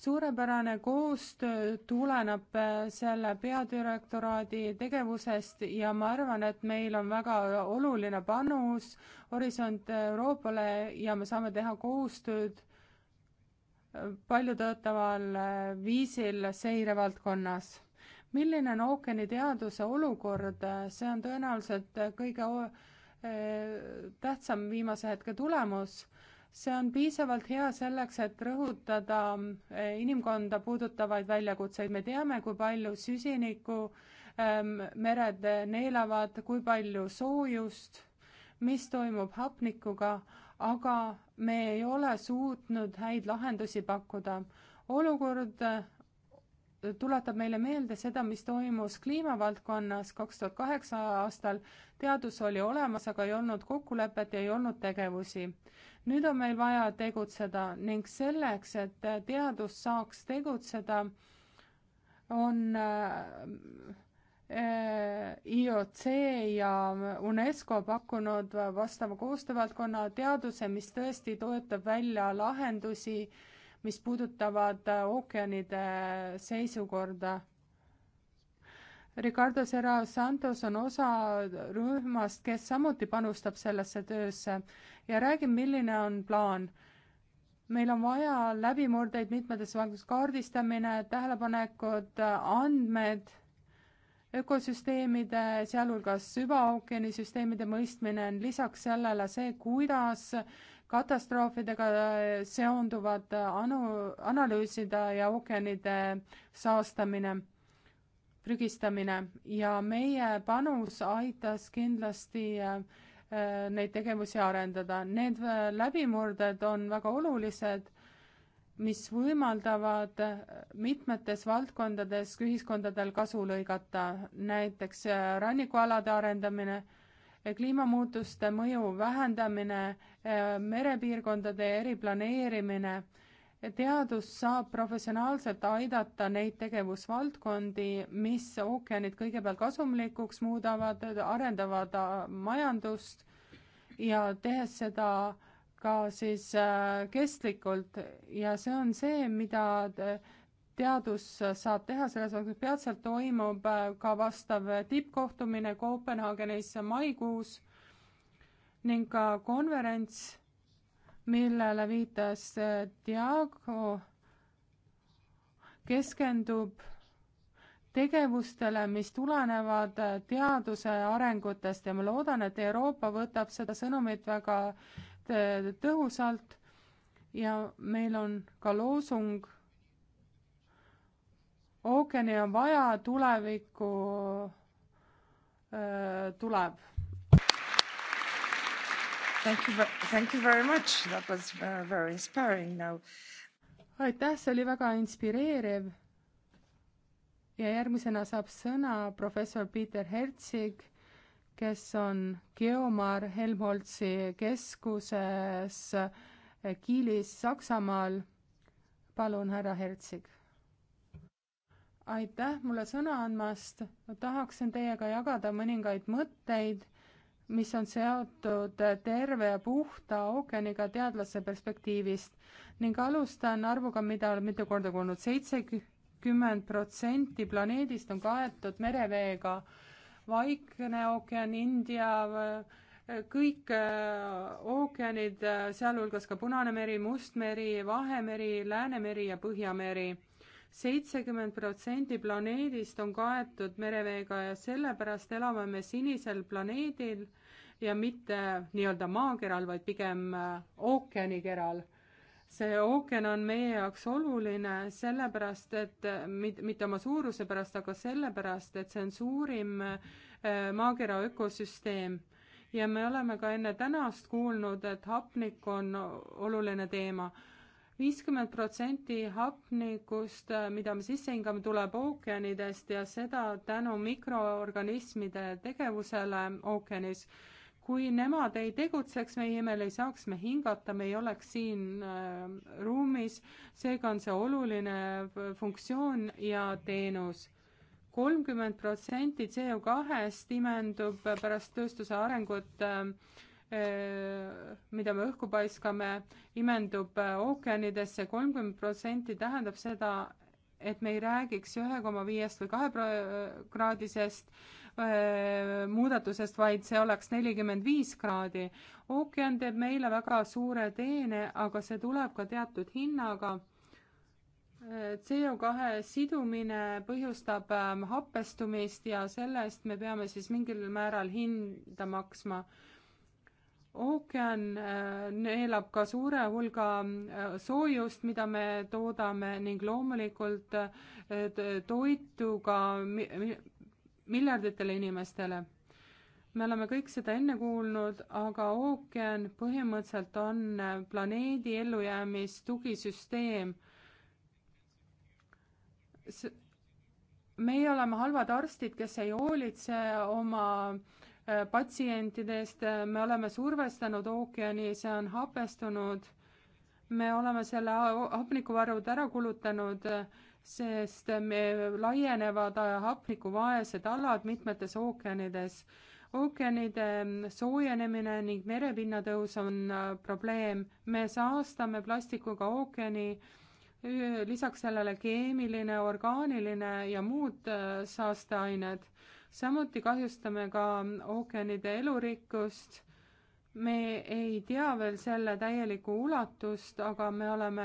suurepärane koostöö tuleneb äh, selle peadirektoraadi tegevusest ja ma arvan, et meil on väga oluline panus Horisont Euroopale ja me saame teha koostööd äh, paljutõotaval äh, viisil seirevaldkonnas. milline on ookeaniteaduse olukord, see on tõenäoliselt kõige tähtsam viimase hetke tulemus see on piisavalt hea selleks, et rõhutada eh, inimkonda puudutavaid väljakutseid, me teame, kui palju süsinikku ehm, mered neelavad, kui palju soojust, mis toimub hapnikuga, aga me ei ole suutnud häid lahendusi pakkuda. olukord tuletab meile meelde seda, mis toimus kliimavaldkonnas kaks tuhat kaheksa aastal. teadus oli olemas, aga ei olnud kokkulepet ja ei olnud tegevusi. nüüd on meil vaja tegutseda ning selleks, et teadus saaks tegutseda, on äh, IOC ja UNESCO pakkunud vastava koostöövaldkonna teaduse, mis tõesti toetab välja lahendusi äh, mis puudutavad äh, ookeanide äh, seisukorda. Ricardo Serra Santos on osa rühmast, kes samuti panustab sellesse töösse ja räägib, milline on plaan. meil on vaja läbimurdeid mitmetes valdkondades, kaardistamine, tähelepanekud, äh, andmed, ökosüsteemide, sealhulgas süvaookeani süsteemide mõistmine on lisaks sellele see, kuidas katastroofidega äh, seonduvad äh, anu-, analüüsida ja ookeanide saastamine, prügistamine ja meie panus aitas kindlasti äh, neid tegevusi arendada. Need läbimurded on väga olulised, mis võimaldavad mitmetes valdkondades ühiskondadel kasu lõigata, näiteks rannikualade arendamine kliimamuutuste mõju vähendamine, eh, merepiirkondade eriplaneerimine, teadus saab professionaalselt aidata neid tegevusvaldkondi, mis ookeanid kõigepealt kasumlikuks muudavad, arendavad äh, majandust ja tehes seda ka siis äh, kestlikult ja see on see, mida äh, teadus saab teha, selles mõttes peatselt toimub äh, ka vastav äh, tippkohtumine Kopenhaagenis maikuus ning ka konverents, millele viitas äh, Diago, keskendub tegevustele, mis tulenevad teaduse arengutest ja ma loodan, et Euroopa võtab seda sõnumit väga tõhusalt ja meil on ka loosung ookeani on vaja, tulevikku äh, tuleb. Thank you, thank you very much, that was uh, very inspiring now. aitäh, see oli väga inspireeriv. ja järgmisena saab sõna professor Peter Hertsig, kes on Geomar Helmholtzi keskuses Kiilis, Saksamaal. palun, härra Hertsig aitäh mulle sõna andmast, tahaksin teiega jagada mõningaid mõtteid, mis on seotud terve ja puhta ookeaniga teadlase perspektiivist ning alustan arvuga, mida olen mitu korda kuulnud, seitsekümmend protsenti planeedist on kaetud mereveega. Vaikne ookean, India, kõik äh, ookeanid, äh, sealhulgas ka Punane meri, Must meri, Vahemeri, Läänemeri ja Põhjameri seitsekümmend protsenti planeedist on kaetud mereveega ja sellepärast elame me sinisel planeedil ja mitte nii-öelda maakeral, vaid pigem äh, ookeanikeral. see ookean on meie jaoks oluline sellepärast, et äh, mit-, mitte oma suuruse pärast, aga sellepärast, et see on suurim äh, maakera ökosüsteem ja me oleme ka enne tänast kuulnud, et hapnik on oluline teema viiskümmend protsenti hapnikust, äh, mida me sisse hingame, tuleb ookeanidest ja seda tänu mikroorganismide tegevusele ookeanis. kui nemad ei tegutseks, meie imel ei saaks me hingata, me ei oleks siin äh, ruumis, seega on see oluline äh, funktsioon ja teenus kolmkümmend protsenti CO2-st imendub pärast tööstuse arengut äh, mida me õhku paiskame, imendub äh, ookeanidesse, kolmkümmend protsenti tähendab seda, et me ei räägiks ühe koma viiest või kahekraadisest äh, muudatusest, vaid see oleks nelikümmend viis kraadi. ookean teeb meile väga suure teene, aga see tuleb ka teatud hinnaga. Äh, CO2 sidumine põhjustab happestumist ja selle eest me peame siis mingil määral hinda maksma ookean äh, neelab ka suure hulga äh, soojust, mida me toodame ning loomulikult äh, toitu ka miljarditele inimestele. me oleme kõik seda enne kuulnud, aga ookean põhimõtteliselt on planeedi ellujäämistugisüsteem. meie oleme halvad arstid, kes ei hoolitse oma äh, Äh, patsientidest, äh, me oleme survestanud ookeani, see on hapestunud, me oleme selle hapnikuvarud ära kulutanud, sest me laienevad äh, hapnikuvaesed alad mitmetes ookeanides. ookeanide mm, soojenemine ning merepinna tõus on probleem, me saastame plastikuga ookeani, lisaks sellele keemiline, orgaaniline ja muud saasteained samuti kahjustame ka ookeanide elurikkust. me ei tea veel selle täielikku ulatust, aga me oleme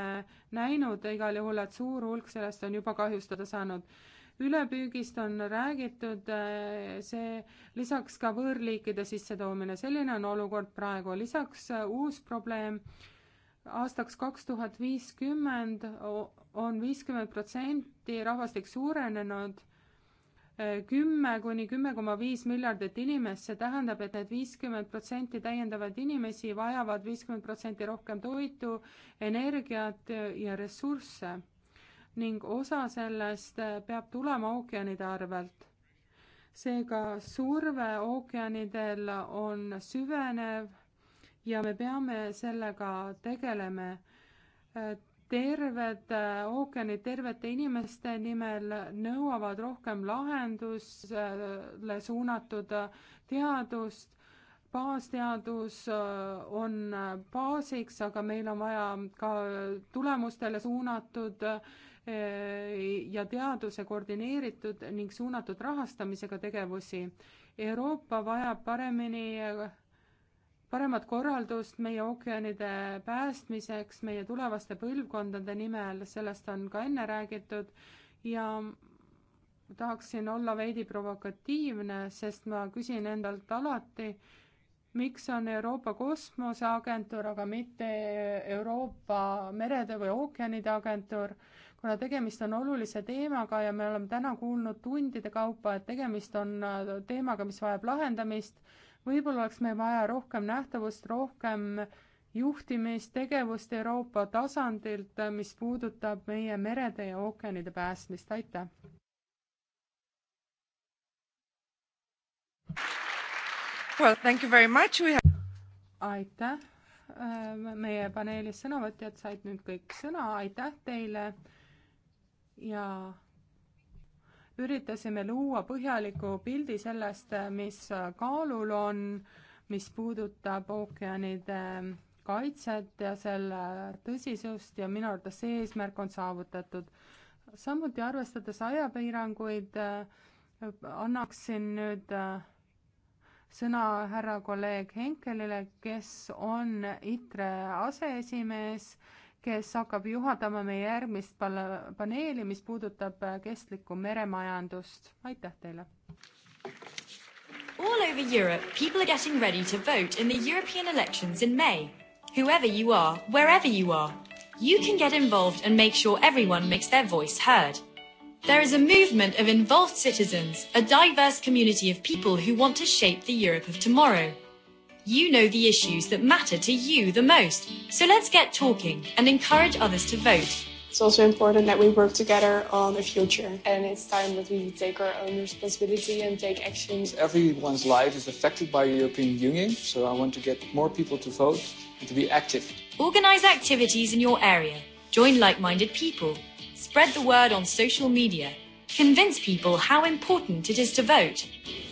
näinud igal juhul, et suur hulk sellest on juba kahjustada saanud ülepüügist on räägitud, eh, see lisaks ka võõrliikide sissetoomine, selline on olukord praegu, lisaks eh, uus probleem, aastaks kaks tuhat viiskümmend on viiskümmend protsenti rahvastik suurenenud kümme kuni kümme koma viis miljardit inimest, see tähendab, et need viiskümmend protsenti täiendavaid inimesi vajavad viiskümmend protsenti rohkem toitu, energiat ja ressursse. ning osa sellest peab tulema ookeanide arvelt. seega surve ookeanidel on süvenev ja me peame sellega tegelema terved äh, ookeanid tervete inimeste nimel nõuavad rohkem lahendusele suunatud teadust. baasteadus äh, on äh, baasiks, aga meil on vaja ka tulemustele suunatud ja teaduse koordineeritud ning suunatud rahastamisega tegevusi. Euroopa vajab paremini paremat korraldust meie ookeanide päästmiseks, meie tulevaste põlvkondade nimel, sellest on ka enne räägitud ja tahaksin olla veidi provokatiivne, sest ma küsin endalt alati, miks on Euroopa Kosmoseagentuur, aga mitte Euroopa Merede või Ookeanide Agentuur, kuna tegemist on olulise teemaga ja me oleme täna kuulnud tundide kaupa, et tegemist on äh, teemaga, mis vajab lahendamist võib-olla oleks meil vaja rohkem nähtavust, rohkem juhtimistegevust Euroopa tasandilt, mis puudutab meie merede ja ookeanide päästmist, aitäh! Well, thank you very much, we have aitäh! Äh, meie paneelis sõnavõtjad said nüüd kõik sõna, aitäh teile ja üritasime luua põhjaliku pildi sellest, mis kaalul on, mis puudutab ookeanide kaitset ja selle tõsisust ja minu arvates see eesmärk on saavutatud. samuti arvestades ajapiiranguid, annaksin nüüd äh, sõna härra kolleeg Henkelile, kes on ITRE aseesimees kes hakkab juhatama meie järgmist pal-, paneeli, mis puudutab äh, kestlikku meremajandust. aitäh teile! All over Europe, people are getting ready to vote in the European elections in May. Whoever you are, wherever you are, you can get involved and make sure everyone makes their voice heard. There is a movement of involved citizens, a diverse community of people who want to shape the Europe of tomorrow. You know the issues that matter to you the most. So let's get talking and encourage others to vote. It's also important that we work together on the future. And it's time that we take our own responsibility and take actions. Everyone's life is affected by the European Union, so I want to get more people to vote and to be active. Organise activities in your area. Join like minded people. Spread the word on social media. Convince people how important it is to vote.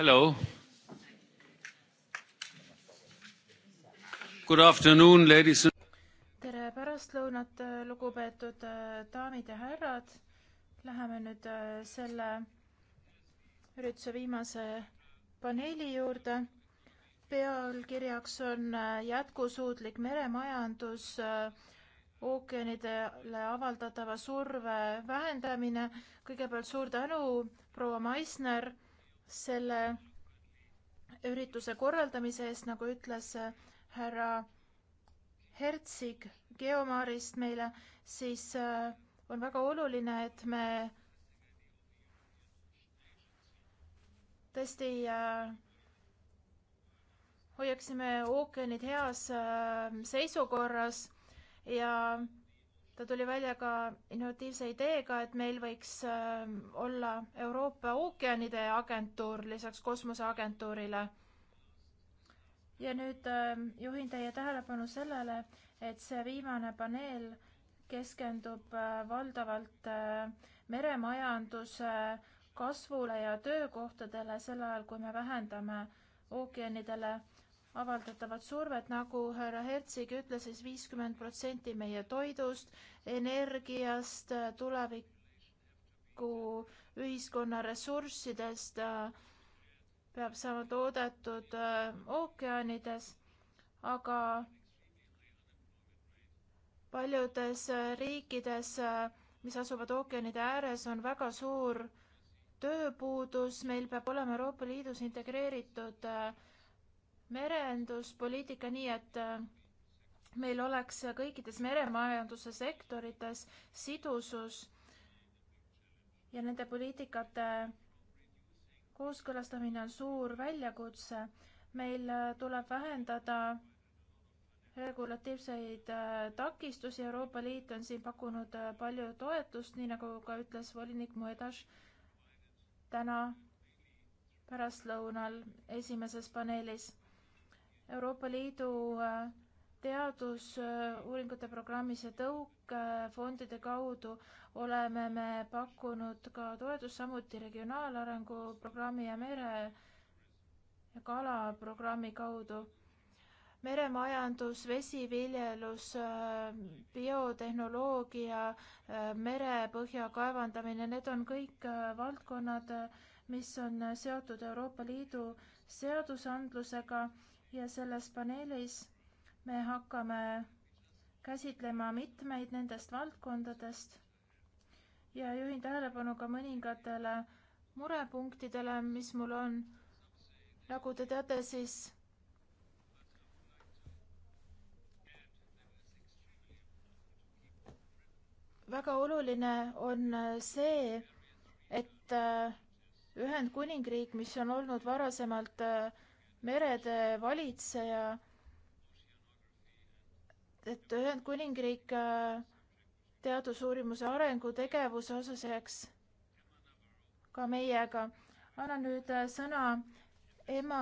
Hello. Good afternoon, ladies and tere pärastlõunat, lugupeetud äh, daamid ja härrad. Läheme nüüd äh, selle ürituse viimase paneeli juurde. pealkirjaks on äh, jätkusuutlik meremajandus, ookeanidele avaldatava surve vähendamine. kõigepealt suur tänu, proua Maisner selle ürituse korraldamise eest, nagu ütles äh, härra Hertsig Geomaarist meile, siis äh, on väga oluline, et me tõesti äh, hoiaksime ookeanid heas seisukorras ja ta tuli välja ka innovatiivse ideega, et meil võiks ähm, olla Euroopa ookeanide agentuur lisaks kosmoseagentuurile. ja nüüd ähm, juhin teie tähelepanu sellele, et see viimane paneel keskendub äh, valdavalt äh, meremajanduse kasvule ja töökohtadele sel ajal, kui me vähendame ookeanidele avaldatavat survet, nagu härra Hertsig ütles, siis viiskümmend protsenti meie toidust, energiast, tuleviku ühiskonna ressurssidest äh, peab saama toodetud äh, ookeanides, aga paljudes äh, riikides, mis asuvad ookeanide ääres, on väga suur tööpuudus, meil peab olema Euroopa Liidus integreeritud äh, merenduspoliitika nii, et äh, meil oleks kõikides meremajanduse sektorites sidusus ja nende poliitikate kooskõlastamine on suur väljakutse. meil äh, tuleb vähendada regulatiivseid äh, takistusi, Euroopa Liit on siin pakkunud palju toetust, nii nagu ka ütles volinik Moedas täna pärastlõunal esimeses paneelis Euroopa Liidu äh, teadusuuringute programmis ja tõukefondide kaudu oleme me pakkunud ka toetust, samuti regionaalarengu programmi ja mere ja kalaprogrammi kaudu. meremajandus, vesiviljelus, äh, biotehnoloogia, äh, merepõhja kaevandamine, need on kõik valdkonnad, mis on seotud Euroopa Liidu seadusandlusega ja selles paneelis me hakkame käsitlema mitmeid nendest valdkondadest ja juhin tähelepanu ka mõningatele murepunktidele, mis mul on. nagu te teate, siis väga oluline on see, et äh, Ühendkuningriik, mis on olnud varasemalt äh, merede valitseja, et Ühendkuningriik äh, teadusuurimuse arengutegevuse osas jääks ka meiega. annan nüüd äh, sõna Emma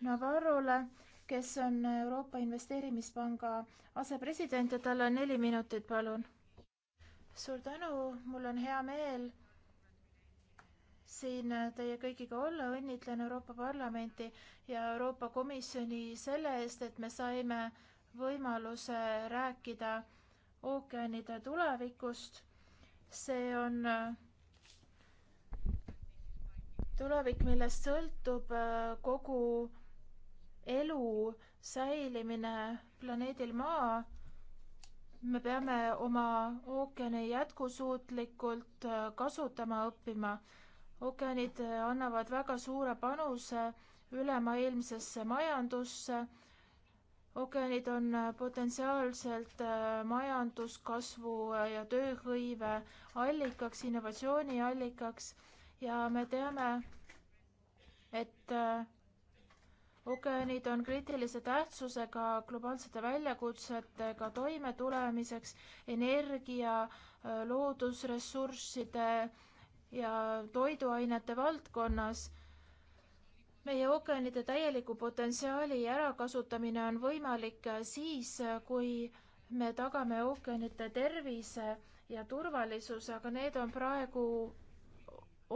Navarrole, kes on Euroopa Investeerimispanga asepresident ja tal on neli minutit, palun. suur tänu, mul on hea meel siin äh, teie kõigiga olla, õnnitlen Euroopa Parlamenti ja Euroopa Komisjoni selle eest, et me saime võimaluse rääkida ookeanide tulevikust. see on äh, tulevik, millest sõltub äh, kogu elu säilimine planeedil Maa. me peame oma ookeane jätkusuutlikult kasutama õppima ookeanid äh, annavad väga suure panuse ülemaailmsesse majandusse. ookeanid on äh, potentsiaalselt äh, majanduskasvu ja tööhõive allikaks, innovatsiooni allikaks ja me teame, et ookeanid on kriitilise tähtsusega globaalsete väljakutsetega toimetulemiseks, energia, loodusressursside ja toiduainete valdkonnas meie ookeanide täieliku potentsiaali ärakasutamine on võimalik siis, kui me tagame ookeanide tervise ja turvalisuse, aga need on praegu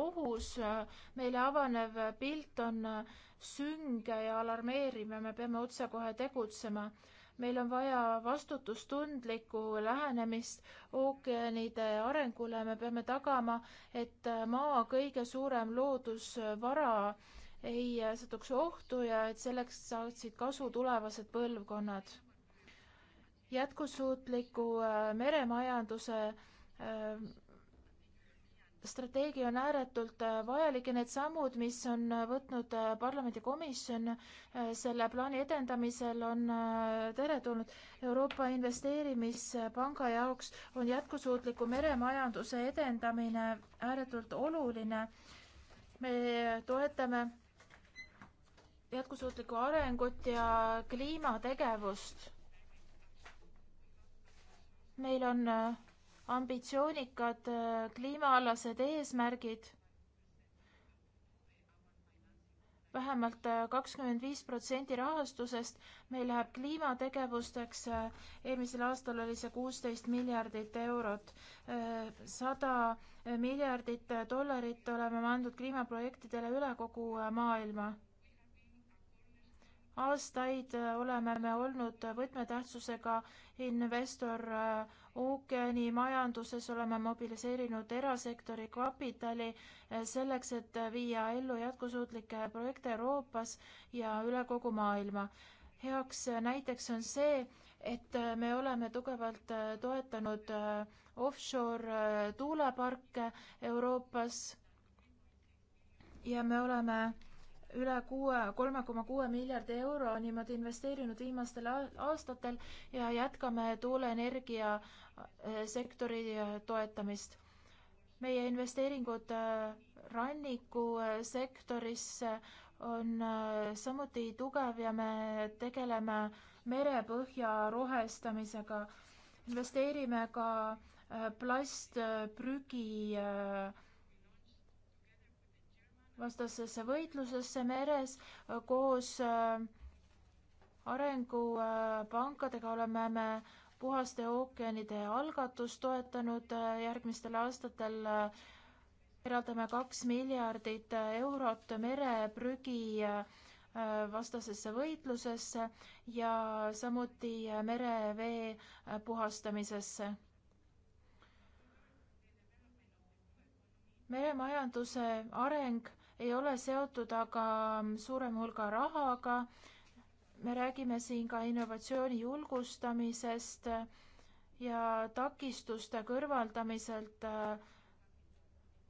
ohus. meile avanev pilt on sünge ja alarmeeriv ja me peame otsekohe tegutsema meil on vaja vastutustundlikku lähenemist ookeanide arengule, me peame tagama, et Maa kõige suurem loodusvara ei satuks ohtu ja et selleks saaksid kasu tulevased põlvkonnad. jätkusuutliku äh, meremajanduse äh, strateegia on ääretult äh, vajalik ja need sammud, mis on äh, võtnud äh, parlamendikomisjon selle plaani edendamisel, on teretulnud. Euroopa Investeerimispanga jaoks on jätkusuutliku meremajanduse edendamine ääretult oluline. me toetame jätkusuutlikku arengut ja kliimategevust. meil on ambitsioonikad äh, kliimaalased eesmärgid vähemalt äh, kakskümmend viis protsenti rahastusest meil läheb kliimategevusteks, äh, eelmisel aastal oli see kuusteist miljardit eurot. sada miljardit dollarit oleme me andnud kliimaprojektidele üle kogu maailma aastaid äh, oleme me olnud võtmetähtsusega investor äh, ookeani majanduses, oleme mobiliseerinud erasektori kapitali äh, selleks, et viia ellu jätkusuutlikke projekte Euroopas ja üle kogu maailma. heaks näiteks on see, et me oleme tugevalt toetanud offshore tuuleparke Euroopas ja me oleme üle kuue, kolme koma kuue miljardi euro niimoodi investeerinud viimastel aastatel ja jätkame tuuleenergia äh, sektori äh, toetamist. meie investeeringud äh, rannikusektorisse on samuti tugev ja me tegeleme merepõhja rohestamisega. investeerime ka plastprügi äh, vastasesse võitlusesse meres äh, koos äh, arengupankadega äh, oleme me puhaste ookeanide algatust toetanud järgmistel aastatel eraldame kaks miljardit eurot mereprügi vastasesse võitlusesse ja samuti merevee puhastamisesse. meremajanduse areng ei ole seotud aga suurema hulga rahaga. me räägime siin ka innovatsiooni julgustamisest ja takistuste kõrvaldamiselt äh,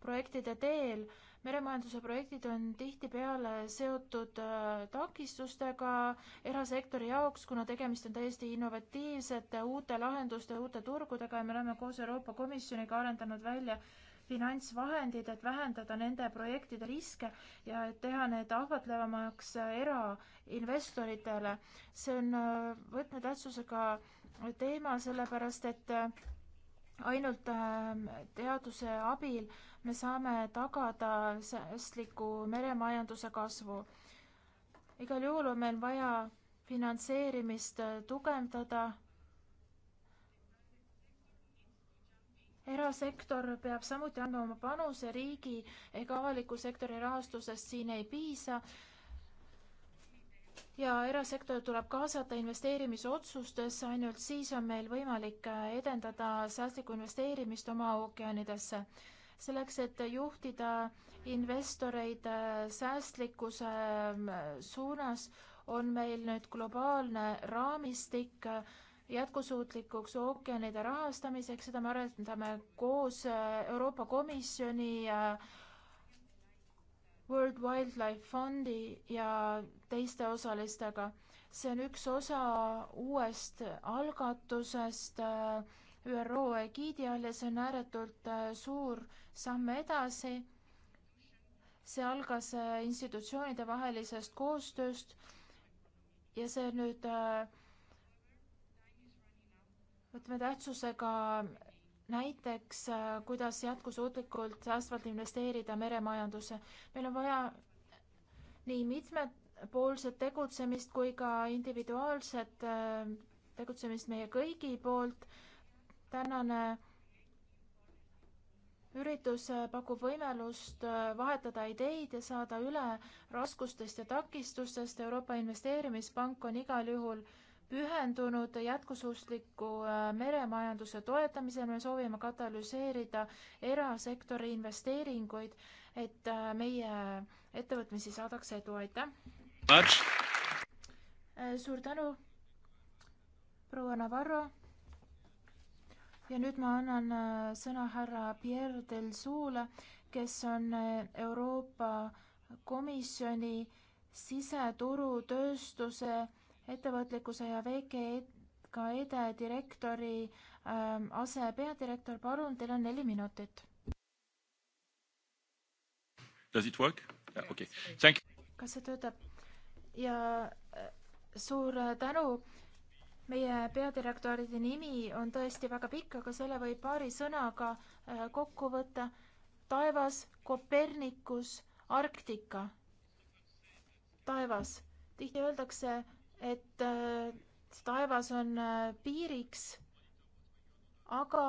projektide teel. meremajanduse projektid on tihtipeale seotud äh, takistustega erasektori jaoks, kuna tegemist on täiesti innovatiivsete uute lahenduste, uute turgudega ja me oleme koos Euroopa Komisjoniga arendanud välja finantsvahendid, et vähendada nende projektide riske ja et teha need ahvatlevamaks erainvestoritele. see on äh, võtmetähtsusega teema, sellepärast et äh, ainult ähm, teaduse abil me saame tagada säästliku meremajanduse kasvu. igal juhul on meil vaja finantseerimist äh, tugevdada erasektor peab samuti andma oma panuse, riigi ega avaliku sektori rahastusest siin ei piisa ja erasektor tuleb kaasata investeerimisotsustesse, ainult siis on meil võimalik äh, edendada säästlikku investeerimist oma ookeanidesse. selleks, et juhtida investoreid äh, säästlikkuse äh, suunas, on meil nüüd globaalne raamistik jätkusuutlikuks ookeanide rahastamiseks, seda me arendame koos äh, Euroopa Komisjoni World Wildlife Fundi ja teiste osalistega. see on üks osa uuest algatusest äh, ÜRO egiidi all ja see on ääretult äh, suur samm edasi. see algas institutsioonide vahelisest koostööst ja see nüüd äh, võtmetähtsusega näiteks, äh, kuidas jätkusuutlikult säästvalt investeerida meremajandusse. meil on vaja nii mitmepoolset tegutsemist kui ka individuaalset äh, tegutsemist meie kõigi poolt. tänane üritus äh, pakub võimalust vahetada ideid ja saada üle raskustest ja takistustest. Euroopa Investeerimispank on igal juhul pühendunud jätkusuutliku äh, meremajanduse toetamisele, me soovime katalüseerida erasektori investeeringuid, et äh, meie ettevõtmisi saadaks edu, aitäh! Äh, suur tänu, proua Navarro! ja nüüd ma annan sõna härra Pierre del Soule, kes on Euroopa Komisjoni siseturutööstuse ettevõtlikkuse ja VKE-ga EDE direktori ähm, asepeadirektor, palun, teil on neli minutit. Does it work? okei, thank you. kas see töötab? ja äh, suur äh, tänu. meie peadirektoride nimi on tõesti väga pikk, aga selle võib paari sõnaga äh, kokku võtta. taevas, Kopernikus, Arktika. taevas, tihti öeldakse et äh, taevas on äh, piiriks, aga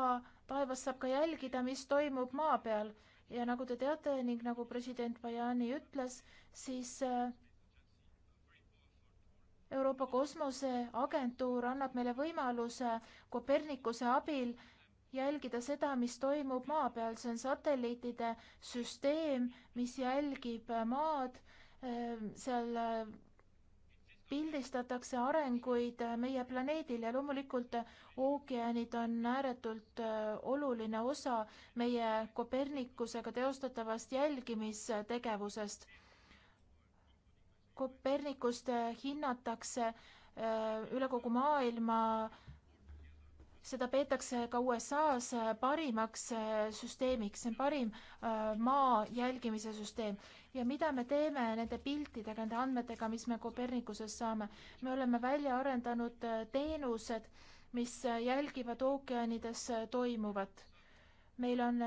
taevas saab ka jälgida, mis toimub maa peal ja nagu te teate ning nagu president Bajani ütles, siis äh, Euroopa Kosmoseagentuur annab meile võimaluse Kopernikuse abil jälgida seda, mis toimub maa peal, see on satelliitide süsteem, mis jälgib maad, seal pildistatakse arenguid äh, meie planeedil ja loomulikult äh, ookeanid on ääretult äh, oluline osa meie Kopernikusega teostatavast jälgimistegevusest. Kopernikust hinnatakse üle kogu maailma äh, seda peetakse ka USA-s äh, parimaks äh, süsteemiks, see on parim äh, maa jälgimise süsteem. ja mida me teeme nende piltidega, nende andmetega, mis me Kopernikusest saame? me oleme välja arendanud teenused, mis jälgivad ookeanides toimuvat. meil on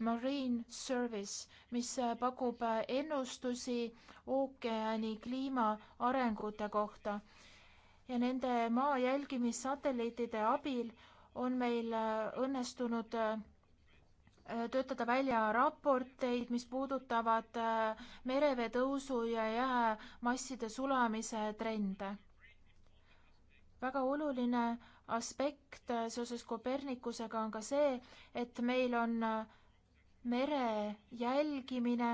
Marine Service, mis pakub ennustusi ookeani kliima arengute kohta ja nende maa jälgimissatelliitide abil on meil äh, õnnestunud äh, äh, töötada välja raporteid, mis puudutavad merevee tõusu ja jäämasside sulamise trende. väga oluline aspekt seoses Kopernikusega on ka see, et meil on mere jälgimine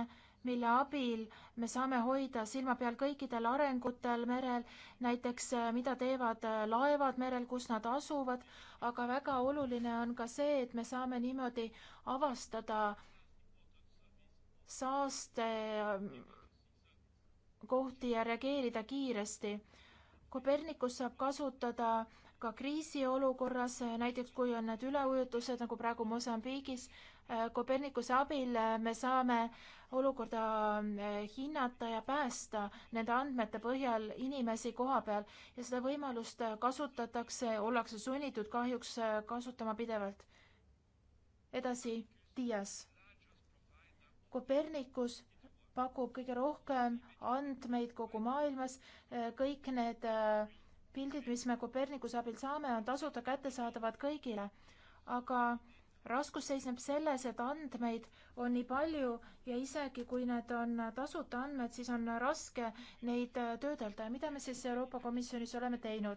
mille abil me saame hoida silma peal kõikidel arengutel merel, näiteks äh, mida teevad äh, laevad merel, kus nad asuvad, aga väga oluline on ka see, et me saame niimoodi avastada saaste äh, kohti ja reageerida kiiresti. Kopernikus saab kasutada ka kriisiolukorras, näiteks kui on need üleujutused nagu praegu Mosambiigis, Kopernikuse abil me saame olukorda eh, hinnata ja päästa nende andmete põhjal inimesi koha peal ja seda võimalust eh, kasutatakse, ollakse sunnitud kahjuks eh, kasutama pidevalt. edasi, Dias. Kopernikus pakub kõige rohkem andmeid kogu maailmas, kõik need pildid, mis me Kopernikuse abil saame, on tasuta kättesaadavad kõigile. aga raskus seisneb selles, et andmeid on nii palju ja isegi kui need on tasuta andmed, siis on raske neid töödelda ja mida me siis Euroopa Komisjonis oleme teinud?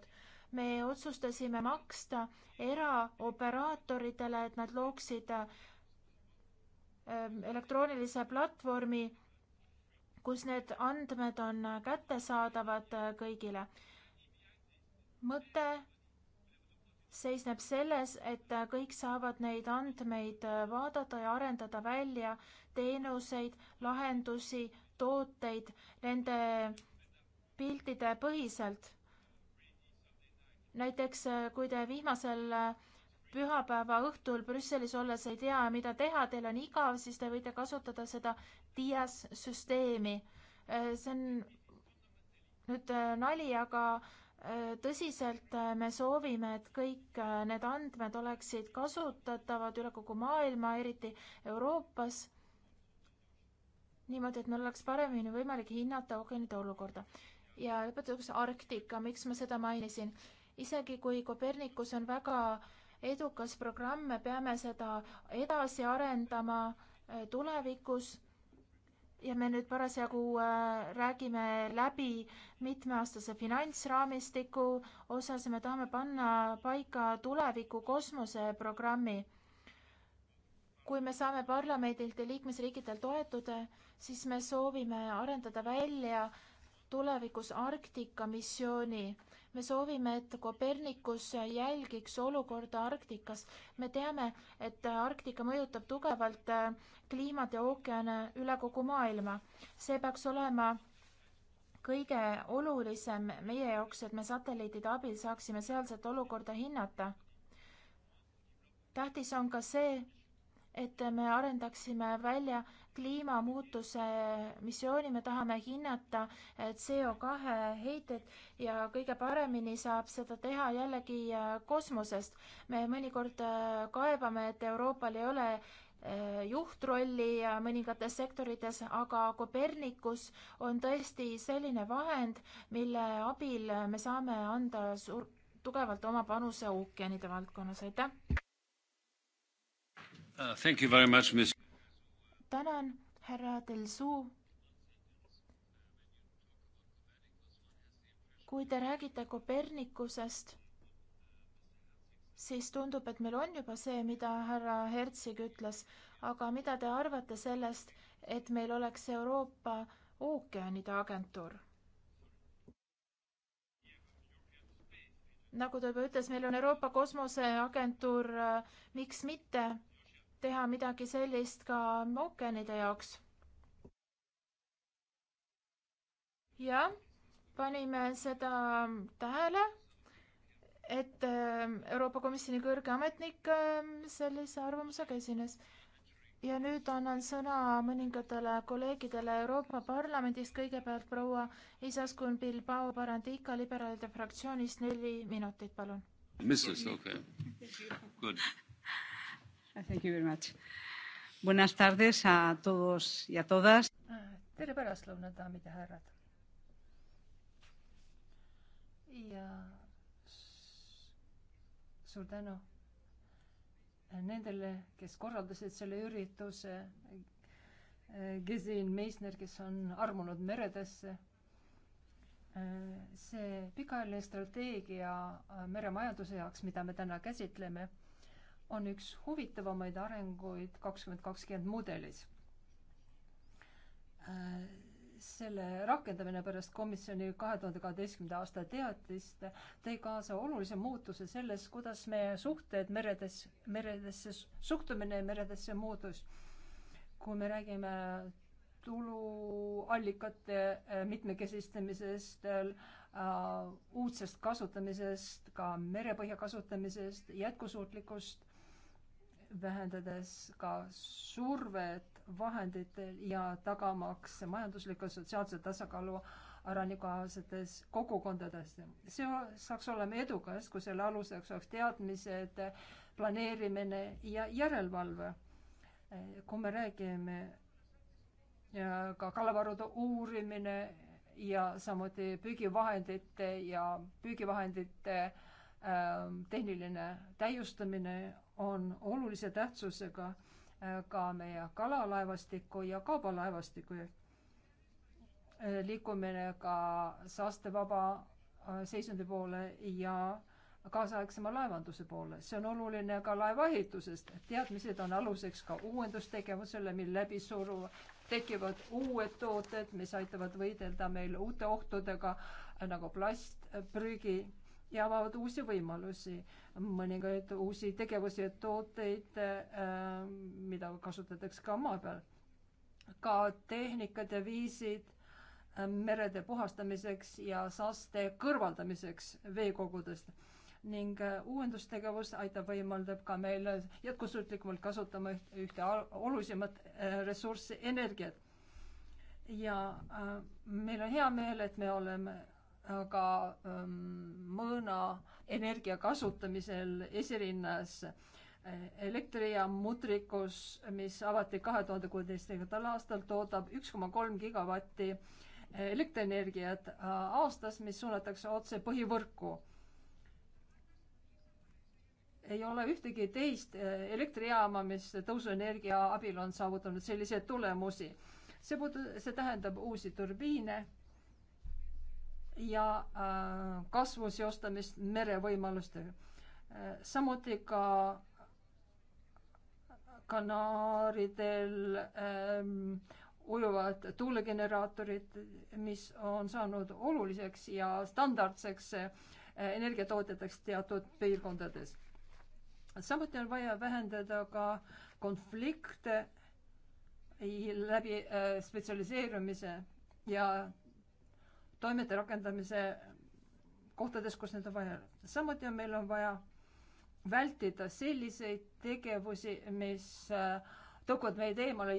me otsustasime maksta eraoperaatoritele, et nad looksid ähm, elektroonilise platvormi, kus need andmed on kättesaadavad äh, kõigile. mõte seisneb selles, et äh, kõik saavad neid andmeid äh, vaadata ja arendada välja teenuseid, lahendusi, tooteid nende piltide põhiselt. näiteks äh, kui te viimasel pühapäeva õhtul Brüsselis olles ei tea, mida teha, teil on igav, siis te võite kasutada seda Dias süsteemi. see on nüüd nali, aga tõsiselt äh, me soovime, et kõik äh, need andmed oleksid kasutatavad üle kogu maailma, eriti Euroopas, niimoodi, et meil oleks paremini võimalik hinnata ookeanide olukorda. ja lõpetuseks Arktika, miks ma seda mainisin? isegi kui Kopernikus on väga edukas programm, me peame seda edasi arendama äh, tulevikus ja me nüüd parasjagu äh, räägime läbi mitmeaastase finantsraamistiku osas ja me tahame panna paika tuleviku kosmoseprogrammi. kui me saame parlamendilt ja liikmesriikidel toetuda, siis me soovime arendada välja tulevikus Arktika missiooni me soovime, et Kopernikus jälgiks olukorda Arktikas. me teame, et Arktika mõjutab tugevalt äh, kliimat ja ookeane üle kogu maailma. see peaks olema kõige olulisem meie jaoks, et me satelliidide abil saaksime sealset olukorda hinnata. tähtis on ka see, et me arendaksime välja kliimamuutuse missiooni, me tahame hinnata CO2 heiteid ja kõige paremini saab seda teha jällegi äh, kosmosest. me mõnikord äh, kaebame, et Euroopal ei ole äh, juhtrolli mõningates sektorites, aga Copernicus on tõesti selline vahend, mille abil me saame anda suur, tugevalt oma panuse ookeanide valdkonnas, aitäh! Uh, tänan, härra Delsuu. kui te räägite Kopernikusest, siis tundub, et meil on juba see, mida härra Hertsig ütles, aga mida te arvate sellest, et meil oleks Euroopa ookeanide agentuur? nagu ta juba ütles, meil on Euroopa Kosmoseagentuur, miks mitte teha midagi sellist ka ookeanide jaoks. jah, panime seda tähele, et ähm, Euroopa Komisjoni kõrge ametnik ähm, sellise arvamusega esines ja nüüd annan sõna mõningatele kolleegidele Euroopa Parlamendist, kõigepealt proua Isaskun Bilbao Barandika liberaalide fraktsioonist, neli minutit, palun. Mrs, okei okay., good Thank you very much. Buenas tardes a todos ja todas. tere pärastlõunat, daamid ja härrad. ja suur tänu nendele, kes korraldasid selle ürituse. Gesin Meisner, kes on armunud meredesse. see pikaajaline strateegia meremajanduse jaoks, mida me täna käsitleme on üks huvitavamaid arenguid kakskümmend kakskümmend mudelis. selle rakendamine pärast komisjoni kahe tuhande kaheteistkümnenda aasta teatist tõi kaasa olulise muutuse selles, kuidas meie suhted meredes, meredesse, suhtumine meredesse muutus. kui me räägime tuluallikate äh, mitmekesistamisest äh,, uudsest kasutamisest, ka merepõhja kasutamisest, jätkusuutlikust vähendades ka survet vahenditel ja tagamaks majandusliku ja sotsiaalse tasakaalu arengukohasetes kogukondades. see saaks olema edukas, kui selle aluseks oleks teadmised, planeerimine ja järelevalve. kui me räägime ka kalavarude uurimine ja samuti püügivahendite ja püügivahendite äh, tehniline täiustamine on olulise tähtsusega äh, ka meie kalalaevastiku ja kaubalaevastiku liikumine ka saastevaba äh, seisundi poole ja kaasaegsema laevanduse poole. see on oluline ka laevaehitusest. teadmised on aluseks ka uuendustegevusele, mille läbi suruva tekivad uued tooted, mis aitavad võidelda meil uute ohtudega äh, nagu plastprügi ja avavad uusi võimalusi, mõningaid uusi tegevusi ja tooteid, äh, mida kasutatakse ka maa peal. ka tehnikad ja viisid äh, merede puhastamiseks ja saaste kõrvaldamiseks veekogudest ning äh, uuendustegevus aitab, võimaldab ka meil jätkusuutlikumalt kasutama ühte olulisemat ressurssi, energiat. ja meil on hea meel, et me oleme ka ähm, mõõna energia kasutamisel esirinnas äh, elektrijaam Mutrikus, mis avati kahe tuhande kuueteistkümnendal aastal, toodab üks koma kolm gigavatti äh, elektrienergiat äh, aastas, mis suunatakse otse põhivõrku. ei ole ühtegi teist elektrijaama, mis tõusuenergia abil on saavutanud selliseid tulemusi. see puudu-, see tähendab uusi turbiine ja äh, kasvu seostamist merevõimalustega. Äh, samuti ka Kanaaridel ähm, ujuvad tuulegeneraatorid, mis on saanud oluliseks ja standardseks äh, energiatootjateks teatud piirkondades. samuti on vaja vähendada ka konflikte läbi äh, spetsialiseerumise ja toimete rakendamise kohtades, kus need on vaja. samuti on meil on vaja vältida selliseid tegevusi, mis äh, tõukavad meid eemale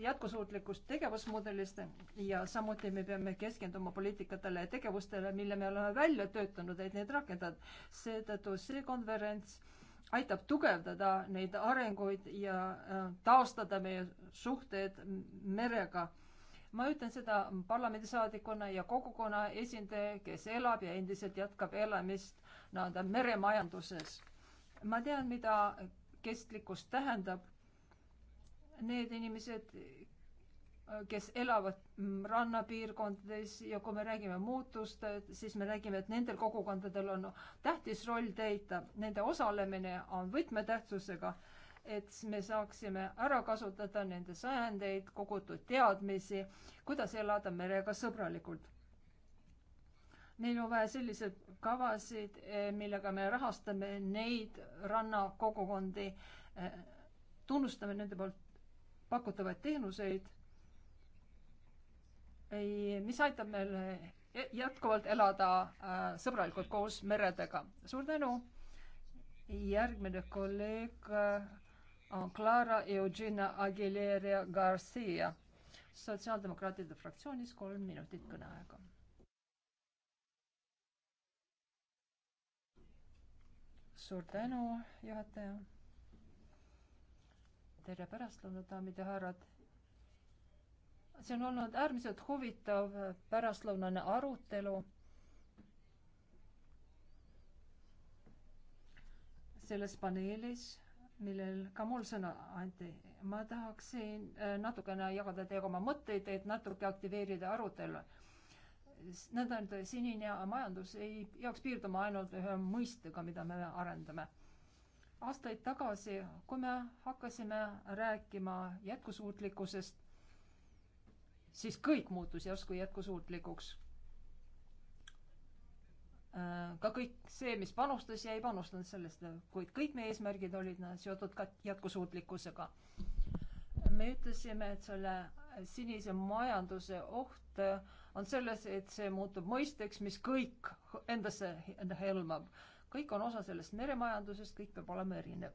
jätkusuutlikust tegevusmudelist ja samuti me peame keskenduma poliitikatele ja tegevustele, mille me oleme välja töötanud, et neid rakendada. seetõttu see konverents aitab tugevdada neid arenguid ja äh, taastada meie suhted merega ma ütlen seda parlamendisaadikuna ja kogukonna esindaja, kes elab ja endiselt jätkab elamist nii-öelda meremajanduses. ma tean, mida kestlikkus tähendab. Need inimesed, kes elavad rannapiirkondades ja kui me räägime muutust, siis me räägime, et nendel kogukondadel on tähtis roll täita, nende osalemine on võtmetähtsusega et me saaksime ära kasutada nende sajandeid kogutud teadmisi, kuidas elada merega sõbralikult. meil on vaja selliseid kavasid, eh, millega me rahastame neid rannakogukondi, eh, tunnustame nende poolt pakutavaid teenuseid, mis aitab meil e-, jätkuvalt elada äh, sõbralikult koos meredega. suur tänu. järgmine kolleeg äh, Clara Eugenia Aguilera Garcia. sotsiaaldemokraatide fraktsioonis kolm minutit kõneaega. suur tänu, juhataja. tere pärastlõunat, daamid ja härrad. see on olnud äärmiselt huvitav pärastlõunane arutelu selles paneelis millel ka mul sõna anti. ma tahaksin äh, natukene jagada teiega oma mõtteid, et natuke aktiveerida arutelu. nõnda-öelda sinine majandus ei peaks piirduma ainult ühe mõistega, mida me arendame. aastaid tagasi, kui me hakkasime rääkima jätkusuutlikkusest, siis kõik muutus järsku jätkusuutlikuks Äh, ka kõik see, mis panustas ja ei panustanud sellesse, kuid kõik meie eesmärgid olid seotud ka jätkusuutlikkusega. me ütlesime, et selle sinise majanduse oht on selles, et see muutub mõisteks, mis kõik endasse hõlmab. kõik on osa sellest meremajandusest, kõik peab olema erinev.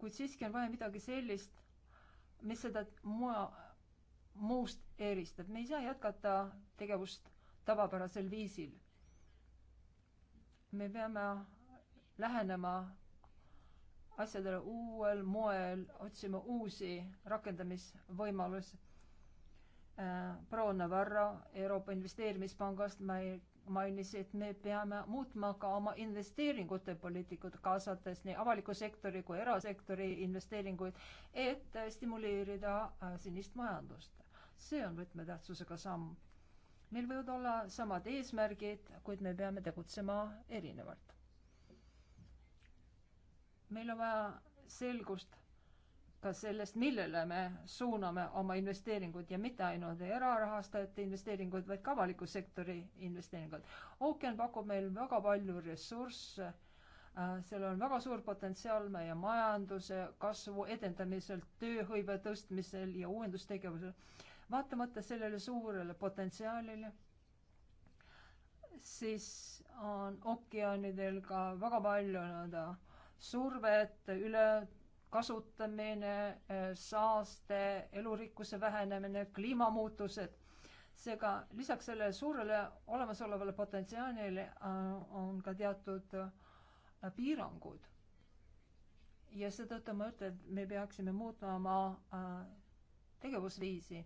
kuid siiski on vaja midagi sellist, mis seda mua muust eristab. me ei saa jätkata tegevust tavapärasel viisil. me peame lähenema asjadele uuel moel, otsima uusi rakendamisvõimalusi. Äh, proua Navarra Euroopa Investeerimispangast ma mainis, et me peame muutma ka oma investeeringute poliitikud, kaasates nii avaliku sektori kui erasektori investeeringuid, et stimuleerida äh, sinist majandust. see on võtmetähtsusega samm meil võivad olla samad eesmärgid, kuid me peame tegutsema erinevalt. meil on vaja selgust ka sellest, millele me suuname oma investeeringud ja mitte ainult erarahastajate investeeringuid, vaid ka avaliku sektori investeeringuid. ookean pakub meil väga palju ressursse, äh, seal on väga suur potentsiaal meie majanduse kasvu edendamisel, tööhõive tõstmisel ja uuendustegevusel vaatamata sellele suurele potentsiaalile, siis on ookeanidel ka väga palju nii-öelda survet, ülekasutamine, saaste, elurikkuse vähenemine, kliimamuutused. seega lisaks sellele suurele olemasolevale potentsiaalile äh, on ka teatud äh, piirangud. ja seetõttu ma ütlen, et me peaksime muutma oma äh, tegevusviisi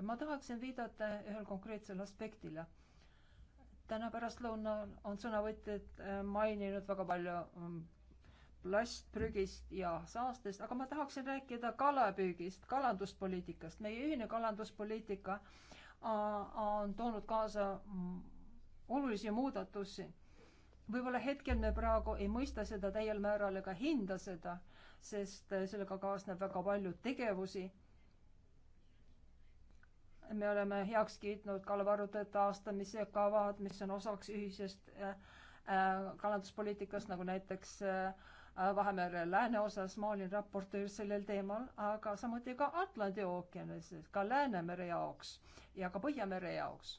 ma tahaksin viidata ühel konkreetsel aspektile. täna pärastlõunal on sõnavõtjad äh, maininud väga palju mm, plastprügist ja saastest, aga ma tahaksin rääkida kalapüügist, kalanduspoliitikast. meie ühine kalanduspoliitika äh, on toonud kaasa mm, olulisi muudatusi. võib-olla hetkel me praegu ei mõista seda täiel määral ega hinda seda, sest äh, sellega kaasneb väga palju tegevusi me oleme heaks kiitnud kalavarude taastamise kavad, mis on osaks ühisest äh, äh, kalanduspoliitikast, nagu näiteks äh, Vahemere lääneosas, ma olin raportöör sellel teemal, aga samuti ka Atlandi ookeanis, ka Läänemere jaoks ja ka Põhjamere jaoks.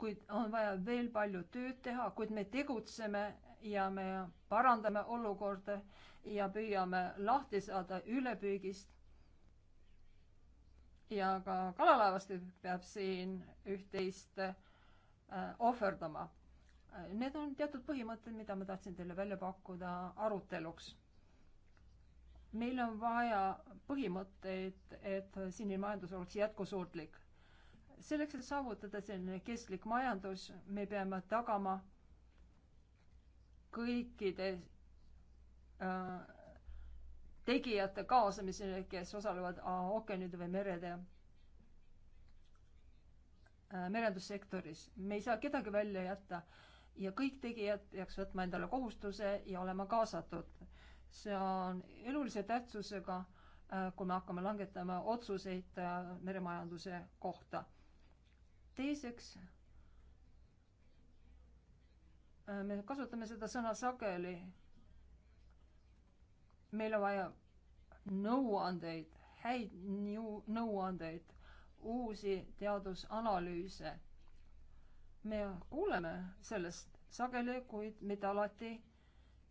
kuid on vaja veel palju tööd teha, kuid me tegutseme ja me parandame olukorda ja püüame lahti saada ülepüügist ja ka kalalaevastik peab siin üht-teist äh, ohverdama. Need on teatud põhimõtted, mida ma tahtsin teile välja pakkuda aruteluks. meil on vaja põhimõtteid, et sinine majandus oleks jätkusuutlik. selleks, et saavutada selline kestlik majandus, me peame tagama kõikide äh, tegijate kaasamisele, kes osalevad ookeanide või merede merendussektoris. me ei saa kedagi välja jätta ja kõik tegijad peaks võtma endale kohustuse ja olema kaasatud. see on elulise tähtsusega, kui me hakkame langetama otsuseid meremajanduse kohta. teiseks, me kasutame seda sõna sageli meil on vaja nõuandeid, häid nõuandeid, uusi teadusanalüüse. me kuuleme sellest sageli, kuid mitte alati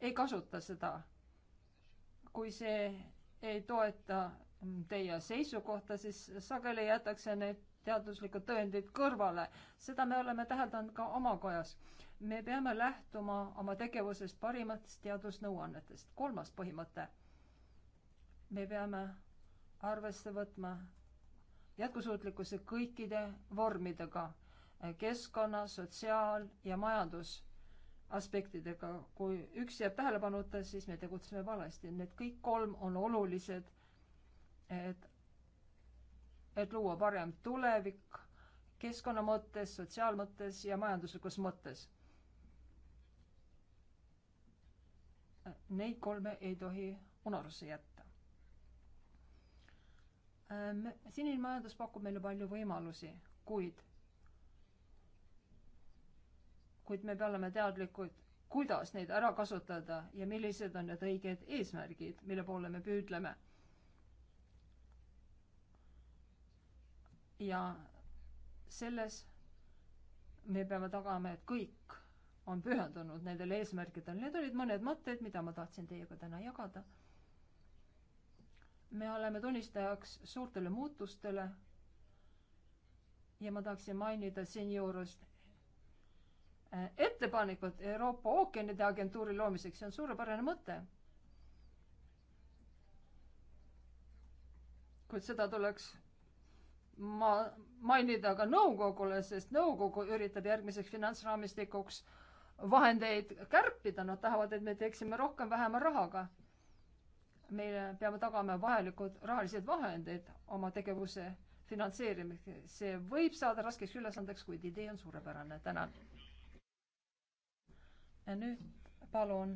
ei kasuta seda. kui see ei toeta teie seisukohta, siis sageli jätakse need teaduslikud tõendid kõrvale. seda me oleme täheldanud ka oma kojas me peame lähtuma oma tegevuses parimatest teadusnõuannetest. kolmas põhimõte. me peame arvesse võtma jätkusuutlikkuse kõikide vormidega, keskkonna, sotsiaal- ja majandusaspektidega. kui üks jääb tähelepanuta, siis me tegutseme valesti. Need kõik kolm on olulised, et, et luua parem tulevik keskkonna mõttes, sotsiaalmõttes ja majanduslikus mõttes neid kolme ei tohi unarusse jätta. Ehm, sinine majandus pakub meile palju võimalusi, kuid, kuid me peame olema teadlikud, kuidas neid ära kasutada ja millised on need õiged eesmärgid, mille poole me püüdleme. ja selles me peame tagama, et kõik on pühendunud nendele eesmärkidele. Need olid mõned mõtted, mida ma tahtsin teiega täna jagada. me oleme tunnistajaks suurtele muutustele ja ma tahaksin mainida siinjuures eh, ettepanekut Euroopa ookeanide agentuuri loomiseks, see on suurepärane mõte. kuid seda tuleks ma mainida ka nõukogule, sest nõukogu üritab järgmiseks finantsraamistikuks äh, vahendeid kärpida, nad tahavad, et me teeksime rohkem vähema rahaga. meile peame tagama vajalikud rahalised vahendid oma tegevuse finantseerimiseks. see võib saada raskeks ülesandeks, kuid idee on suurepärane. tänan. ja nüüd palun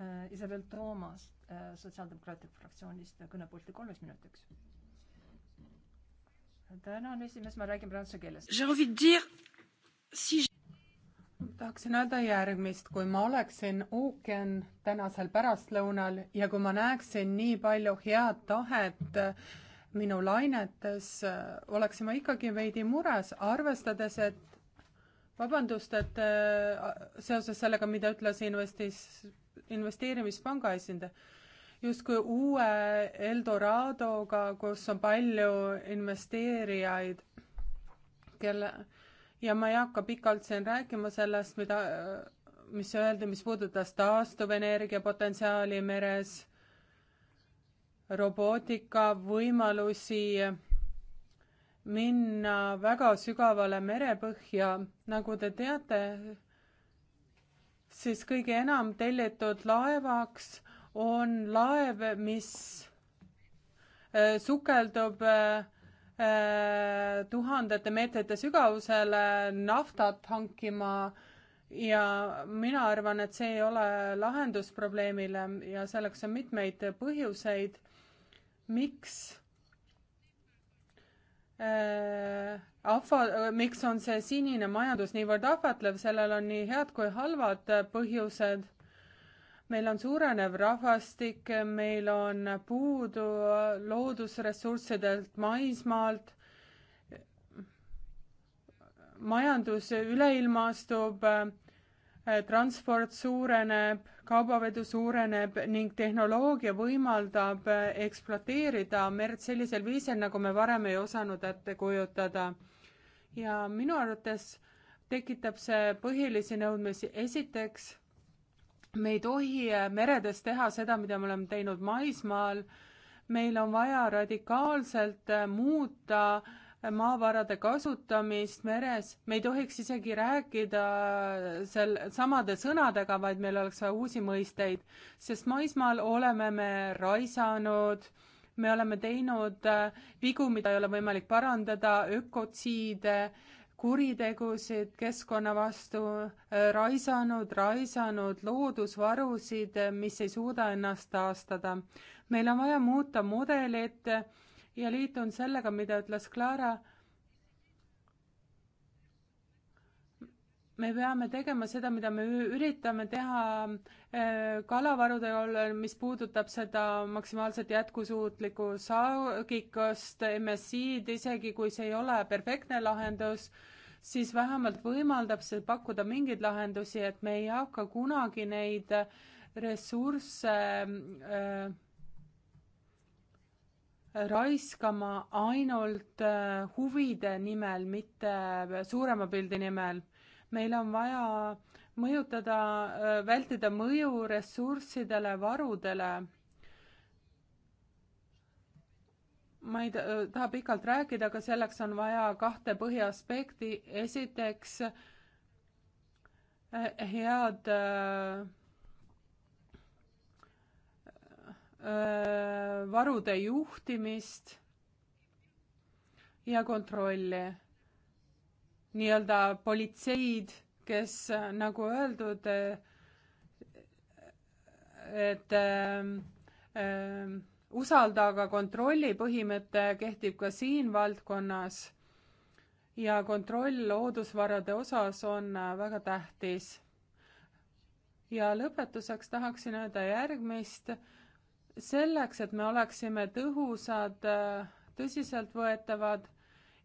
äh, Isabel Toomas äh, Sotsiaaldemokraatliku fraktsioonist kõnepulti kolmeks minutiks. tänan, esimees, ma räägin prantsuse keeles si tahaksin öelda järgmist, kui ma oleksin ookean tänasel pärastlõunal ja kui ma näeksin nii palju head tahet minu lainetes, oleksin ma ikkagi veidi mures, arvestades, et vabandust, et äh, seoses sellega, mida ütles investis-, investeerimispanga esindaja, justkui uue Eldoradoga, kus on palju investeerijaid, kelle ja ma ei hakka pikalt siin rääkima sellest, mida, mis öeldi, mis puudutas taastuvenergia potentsiaali meres, robootika võimalusi minna väga sügavale merepõhja, nagu te teate, siis kõige enam tellitud laevaks on laev, mis eh, sukeldub äh, Äh, tuhandete meetrite sügavusele naftat hankima ja mina arvan, et see ei ole lahendus probleemile ja selleks on mitmeid põhjuseid, miks äh, ahva-, miks on see sinine majandus niivõrd ahvatlev, sellel on nii head kui halvad põhjused meil on suurenev rahvastik, meil on puudu loodusressurssidelt maismaalt, majandus üleilmastub, transport suureneb, kaubavedu suureneb ning tehnoloogia võimaldab ekspluateerida merd sellisel viisil, nagu me varem ei osanud ette kujutada. ja minu arvates tekitab see põhilisi nõudmisi, esiteks me ei tohi äh, meredes teha seda, mida me oleme teinud maismaal. meil on vaja radikaalselt äh, muuta äh, maavarade kasutamist meres, me ei tohiks isegi rääkida seal samade sõnadega, vaid meil oleks vaja uusi mõisteid, sest maismaal oleme me raisanud, me oleme teinud vigu, mida ei ole võimalik parandada, ökotsiide äh,, kuritegusid keskkonna vastu, äh, raisanud, raisanud loodusvarusid, äh, mis ei suuda ennast taastada. meil on vaja muuta mudelit ja liitun sellega, mida ütles Clara. me peame tegema seda, mida me üritame teha äh, kalavarude all, mis puudutab seda maksimaalselt jätkusuutlikku saagikust, MSI-d, isegi kui see ei ole perfektne lahendus siis vähemalt võimaldab see pakkuda mingeid lahendusi, et me ei hakka kunagi neid äh, ressursse äh, raiskama ainult äh, huvide nimel, mitte suurema pildi nimel. meil on vaja mõjutada äh,, vältida mõju ressurssidele, varudele ma ei taha pikalt rääkida, aga selleks on vaja kahte põhiaspekti. esiteks eh, head eh, eh, varude juhtimist ja kontrolli. nii-öelda politseid, kes nagu öeldud, et äh, äh, usalda aga kontrolli põhimõte kehtib ka siin valdkonnas ja kontroll loodusvarade osas on äh, väga tähtis. ja lõpetuseks tahaksin öelda järgmist. selleks, et me oleksime tõhusad, äh, tõsiseltvõetavad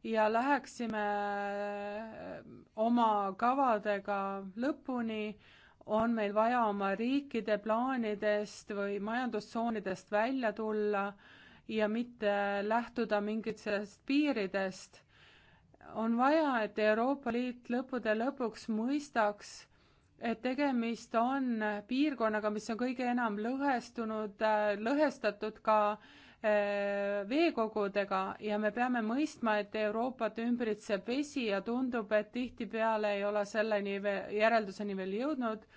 ja läheksime äh, oma kavadega lõpuni, on meil vaja oma riikide plaanidest või majandustsoonidest välja tulla ja mitte lähtuda mingitest piiridest. on vaja, et Euroopa Liit lõppude lõpuks mõistaks, et tegemist on piirkonnaga, mis on kõige enam lõhestunud, lõhestatud ka äh, Äh, veekogudega ja me peame mõistma, et Euroopat ümbritseb vesi ja tundub, et tihtipeale ei ole selleni, järelduseni veel jõudnud.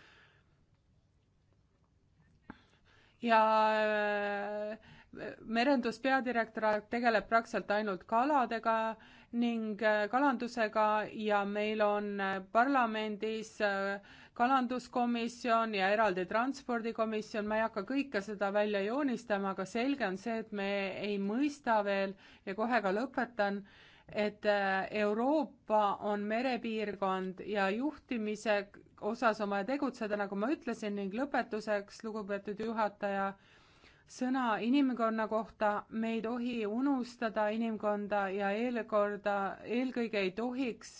ja äh, merenduspeadirektoraat tegeleb praktiliselt ainult kaladega ning äh, kalandusega ja meil on parlamendis äh, kalanduskomisjon ja eraldi transpordikomisjon, ma ei hakka kõike seda välja joonistama, aga selge on see, et me ei mõista veel ja kohe ka lõpetan, et äh, Euroopa on merepiirkond ja juhtimise osas on vaja tegutseda, nagu ma ütlesin, ning lõpetuseks, lugupeetud juhataja, sõna inimkonna kohta, me ei tohi unustada inimkonda ja eelkorda, eelkõige ei tohiks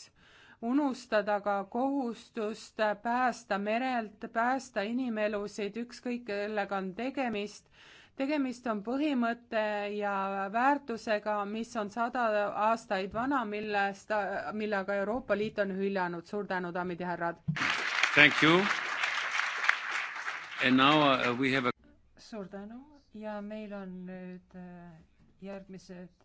unustada ka kohustust päästa merelt, päästa inimelusid, ükskõik kellega on tegemist. tegemist on põhimõtte ja väärtusega, mis on sada aastaid vana, millest, millega Euroopa Liit on hüljanud. suur tänu, daamid ja härrad! Uh, a... suur tänu ja meil on nüüd äh, järgmised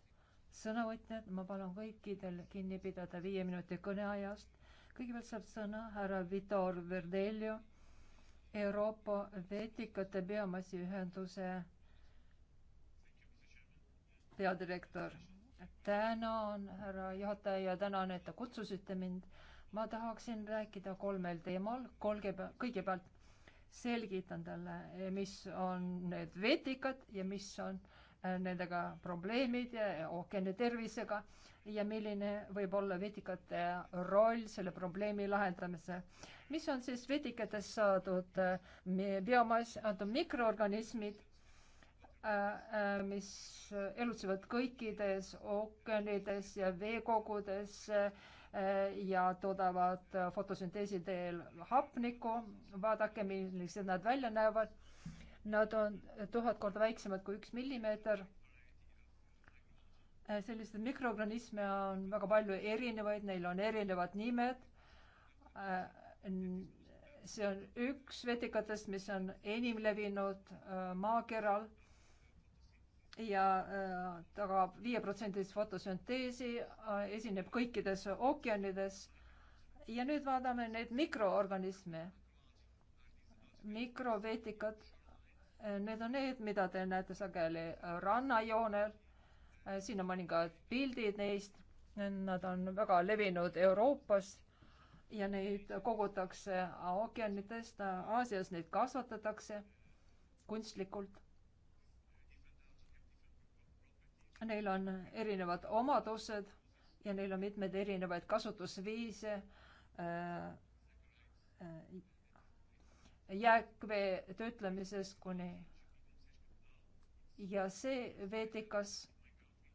sõnavõtjad, ma palun kõikidel kinni pidada viie minuti kõneajast. kõigepealt saab sõna härra Vitor Verdelio, Euroopa Veetikate Biomassi Ühenduse peadirektor. tänan, härra juhataja, ja tänan, et te kutsusite mind. ma tahaksin rääkida kolmel teemal, kolge, kõigepealt selgitan talle, mis on need veetikad ja mis on äh, Äh, nendega probleemid, ookeani tervisega ja milline võib olla vetikate roll selle probleemi lahendamisel. mis on siis vetikatest saadud äh, biomass, on mikroorganismid, äh, mis elutsevad kõikides ookeanides ja veekogudes ja toodavad fotosünteesi teel hapnikku. vaadake, millised nad välja näevad Nad on tuhat korda väiksemad kui üks millimeeter. Äh, selliseid mikroorganisme on väga palju erinevaid, neil on erinevad nimed. Äh, see on üks vetikatest, mis on enim levinud äh, maakeral ja tagab viieprotsendilist fotosünteesi, esineb kõikides ookeanides. ja nüüd vaatame neid mikroorganisme mikroveetikad Need on need, mida te näete sageli rannajoonel. siin on mõningad pildid neist. Nad on väga levinud Euroopas ja neid kogutakse ookeanidest, Aasias neid kasvatatakse kunstlikult. Neil on erinevad omadused ja neil on mitmeid erinevaid kasutusviise äh,. Äh, jääkvee töötlemises kuni ja see veetikas,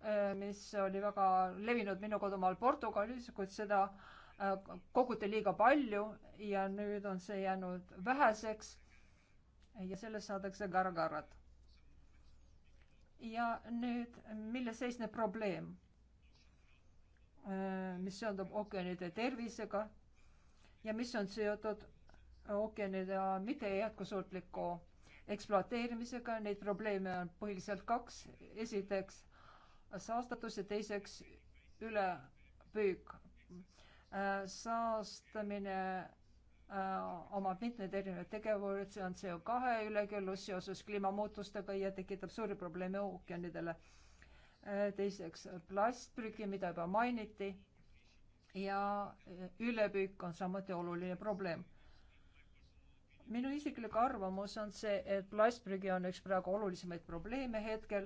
äh, mis oli väga levinud minu kodumaal Portugalis, kuid seda äh, koguti liiga palju ja nüüd on see jäänud väheseks. ja sellest saadakse gargarad. ja nüüd, milles seisneb probleem? Äh, mis seondub ookeanide tervisega ja mis on seotud ookeanide mitte jätkusuutliku ekspluateerimisega, neid probleeme on põhiliselt kaks. esiteks saastatus ja teiseks ülepüük. saastamine äh, omab mitmeid erinevaid tegevusi, see on CO2 üleküllus seoses kliimamuutustega ja tekitab suuri probleeme ookeanidele. Äh, teiseks plastprügi, mida juba mainiti ja äh, ülepüük on samuti oluline probleem minu isiklik arvamus on see, et plastprügi on üks praegu olulisemaid probleeme hetkel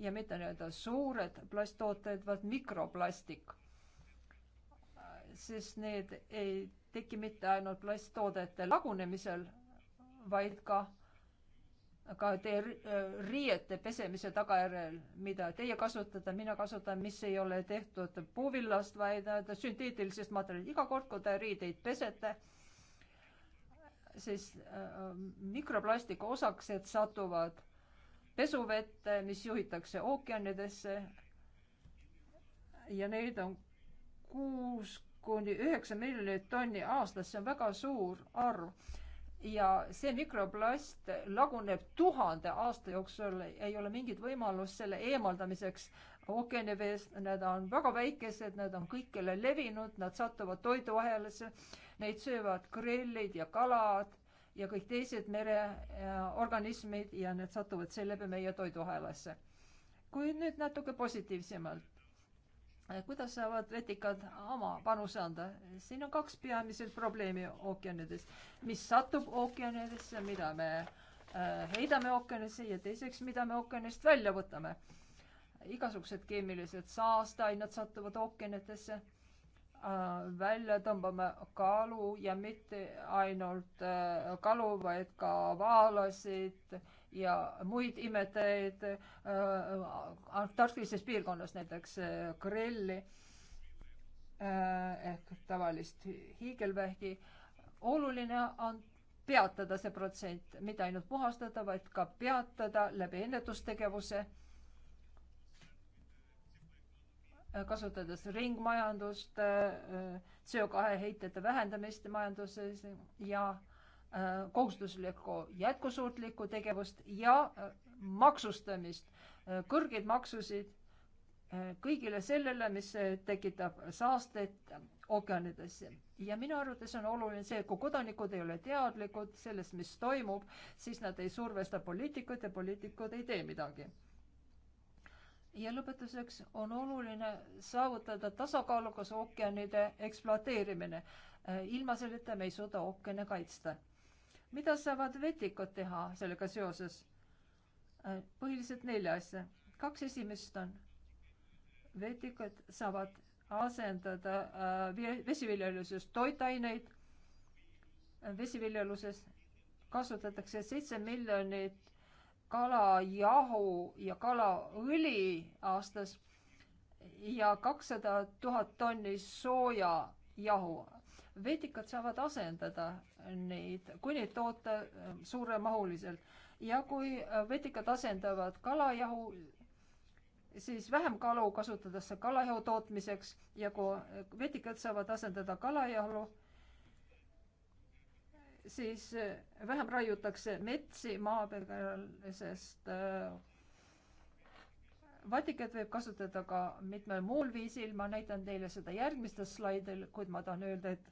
ja mitte nii-öelda suured plasttooted, vaid mikroplastik. sest need ei teki mitte ainult plasttoodete lagunemisel, vaid ka ka teie riiete pesemise tagajärjel, mida teie kasutate, mina kasutan, mis ei ole tehtud puuvillast, vaid sünteetilisest materjalist. iga kord, kui te riideid pesete äh,, siis äh, mikroplastiku osakesed satuvad pesuvette, mis juhitakse ookeanidesse ja neid on kuus kuni üheksa miljonit tonni aastas, see on väga suur arv. ja see mikroplast laguneb tuhande aasta jooksul, ei ole mingit võimalust selle eemaldamiseks ookeaniveest, need on väga väikesed, need on kõikjale levinud, nad satuvad toiduahelasse Neid söövad grillid ja kalad ja kõik teised mereorganismid ja need satuvad seeläbi meie toiduahelasse. kui nüüd natuke positiivsemalt, kuidas saavad vetikad oma panuse anda? siin on kaks peamiselt probleemi ookeanides, mis satub ookeanidesse, mida me äh, heidame ookeanisse ja teiseks, mida me ookeanist välja võtame. igasugused keemilised saasteained satuvad ookeanidesse Äh, välja tõmbame kalu ja mitte ainult äh, kalu, vaid ka vaalasid ja muid imetajaid äh, antarktilises piirkonnas, näiteks grelli ehk tavalist hiigelvähki. oluline on peatada see protsent, mitte ainult puhastada, vaid ka peatada läbi ennetustegevuse kasutades ringmajandust, CO2 heitete vähendamist majanduses ja äh, kohustuslikku jätkusuutlikku tegevust ja äh, maksustamist, äh, kõrgeid maksusid kõigile sellele, mis tekitab saastet ookeanidesse. ja minu arvates on oluline see, et kui kodanikud ei ole teadlikud sellest, mis toimub, siis nad ei survesta poliitikuid ja poliitikud ei tee midagi ja lõpetuseks on oluline saavutada tasakaalukas ookeanide ekspluateerimine. Äh, ilma selleta me ei suuda ookeane kaitsta. mida saavad vetikud teha sellega seoses? Äh, põhiliselt nelja asja. kaks esimest on, vetikud saavad asendada äh, vesiviljeluses toitaineid. vesiviljeluses kasutatakse seitse miljonit kalajahu ja kalaõli aastas ja kakssada tuhat tonni soojajahu. vetikad saavad asendada neid, kui neid toota äh, suuremahuliselt ja kui äh, vetikad asendavad kalajahu, siis vähem kalu kasutatakse kalajahu tootmiseks ja kui äh, vetikad saavad asendada kalajahu, siis äh, vähem raiutakse metsi maa peal, sest äh, vatikat võib kasutada ka mitmel muul viisil, ma näitan teile seda järgmistel slaidil, kuid ma tahan öelda, et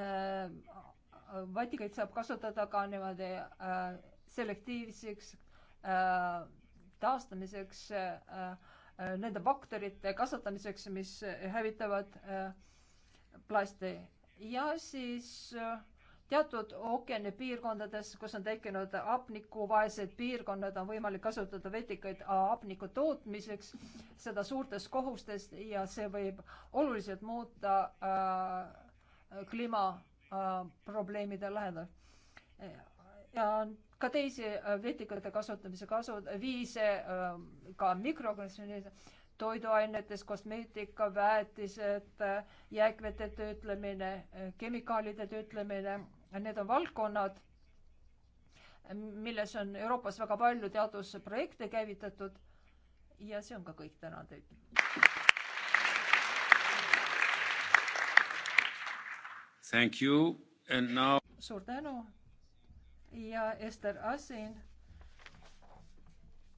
äh, vatikaid saab kasutada ka niimoodi selektiivseks taastamiseks, nende bakterite kasvatamiseks, mis hävitavad plasti ja siis äh, teatud ookeanipiirkondades, kus on tekkinud hapnikuvaesed piirkonnad, on võimalik kasutada vetikaid äh, hapniku tootmiseks, seda suurtes kohustes ja see võib oluliselt muuta äh, kliimaprobleemide äh, lähedal. ja on ka teisi äh, vetikate kasutamise kasud, viise äh, ka mikroorganismidele toiduainetes, kosmeetika, väetised, jääkmete töötlemine, kemikaalide töötlemine, need on valdkonnad, milles on Euroopas väga palju teadusprojekte käivitatud. ja see on ka kõik, tänan teid. Thank you and now. suur tänu ja Ester Asin,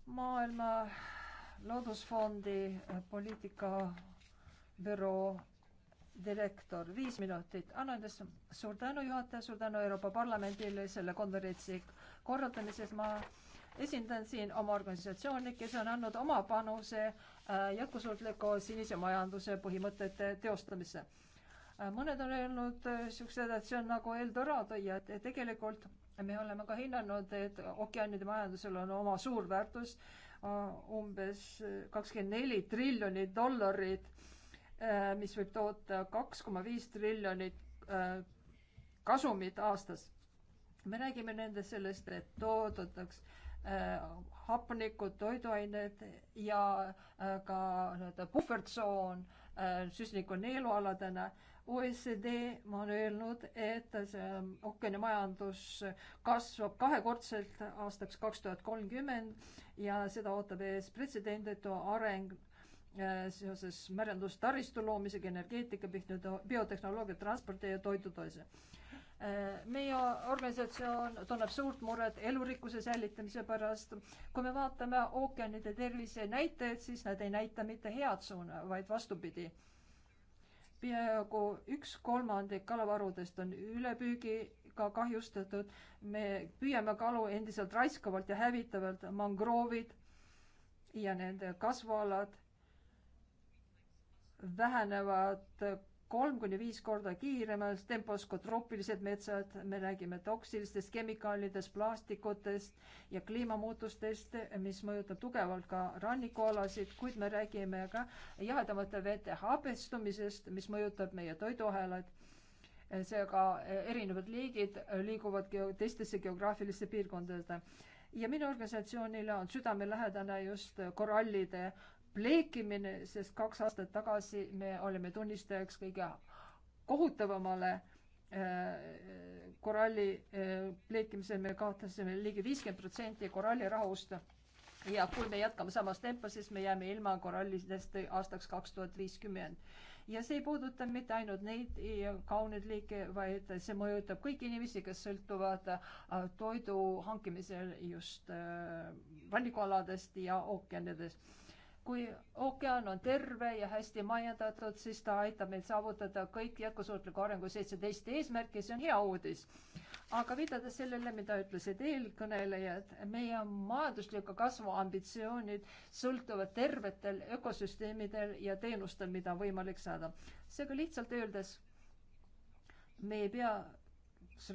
maailma Loodusfondi eh, poliitika büroo direktor, viis minutit. annan teile suur tänu, juhataja, suur tänu Euroopa Parlamendile selle konverentsi korraldamises. ma esindan siin oma organisatsiooni, kes on andnud oma panuse eh, jätkusuutliku sinise majanduse põhimõtete teostamisse. Eh, mõned on öelnud niisugused, et see on nagu Eldorado ja tegelikult me oleme ka hinnanud, et ookeanide majandusel on oma suur väärtus Äh, umbes äh, kakskümmend neli triljonit dollarit, äh, mis võib toota kaks koma viis triljonit kasumit aastas. me räägime nende sellest, et toodetakse hapnikud, toiduained ja ka nii-öelda puhvertsoon süsniku neelualadena OECD on öelnud, et see ähm, ookeani majandus kasvab kahekordselt aastaks kaks tuhat kolmkümmend ja seda ootab ees pretsedenditu areng äh, seoses merendustaristu loomisega, energeetika, biotehnoloogia, transpordi ja toidutoise. Äh, meie organisatsioon tunneb suurt muret elurikkuse säilitamise pärast. kui me vaatame ookeanide tervisenäitajaid, siis nad ei näita mitte head suuna, vaid vastupidi peaaegu üks kolmandik kalavarudest on ülepüügiga kahjustatud. me püüame kalu endiselt raiskavalt ja hävitavalt, mangroovid ja nende kasvualad vähenevad kolm kuni viis korda kiiremas tempos kui troopilised metsad, me räägime toksilistest kemikaalidest, plastikutest ja kliimamuutustest, mis mõjutab tugevalt ka rannikualasid, kuid me räägime ka jahedamate vete habestumisest, mis mõjutab meie toiduahelad. seega erinevad liigid liiguvad geo-, teistesse geograafilisse piirkondadesse ja minu organisatsioonile on südamelähedane just korallide pleekimine, sest kaks aastat tagasi me olime tunnistajaks kõige kohutavamale äh, koralli äh, pleekimisele, me kaotasime ligi viiskümmend protsenti korallirahust. ja kui me jätkame samas tempos, siis me jääme ilma korallidest aastaks kaks tuhat viiskümmend ja see ei puuduta mitte ainult neid kauneid liike, vaid see mõjutab kõiki inimesi, kes sõltuvad äh, toidu hankimisel just äh, rannikualadest ja ookeanidest kui ookean on terve ja hästi majandatud, siis ta aitab meil saavutada kõik jätkusuutliku arengu seitseteist eesmärki, see on hea uudis. aga viidates sellele, mida ütlesid eelkõnelejad, meie majandusliku kasvu ambitsioonid sõltuvad tervetel ökosüsteemidel ja teenustel, mida on võimalik saada. seega lihtsalt öeldes, me ei pea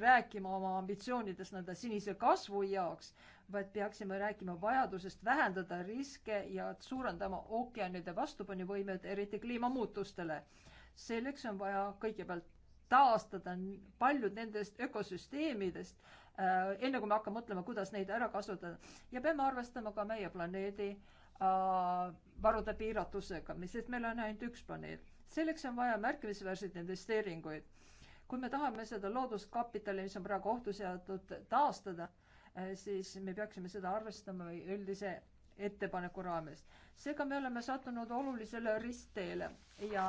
rääkima oma ambitsioonidest nõnda sinise kasvu jaoks vaid peaksime rääkima vajadusest vähendada riske ja suurendama ookeanide vastupanuvõimet, eriti kliimamuutustele. selleks on vaja kõigepealt taastada paljud nendest ökosüsteemidest, äh, enne kui me hakkame mõtlema, kuidas neid ära kasutada. ja peame arvestama ka meie planeedi äh, varude piiratusega, sest meil on ainult üks planeet. selleks on vaja märkimisväärseid investeeringuid. kui me tahame seda looduskapitali, mis on praegu ohtu seatud, taastada, Äh, siis me peaksime seda arvestama üldise ettepaneku raames. seega me oleme sattunud olulisele ristteele ja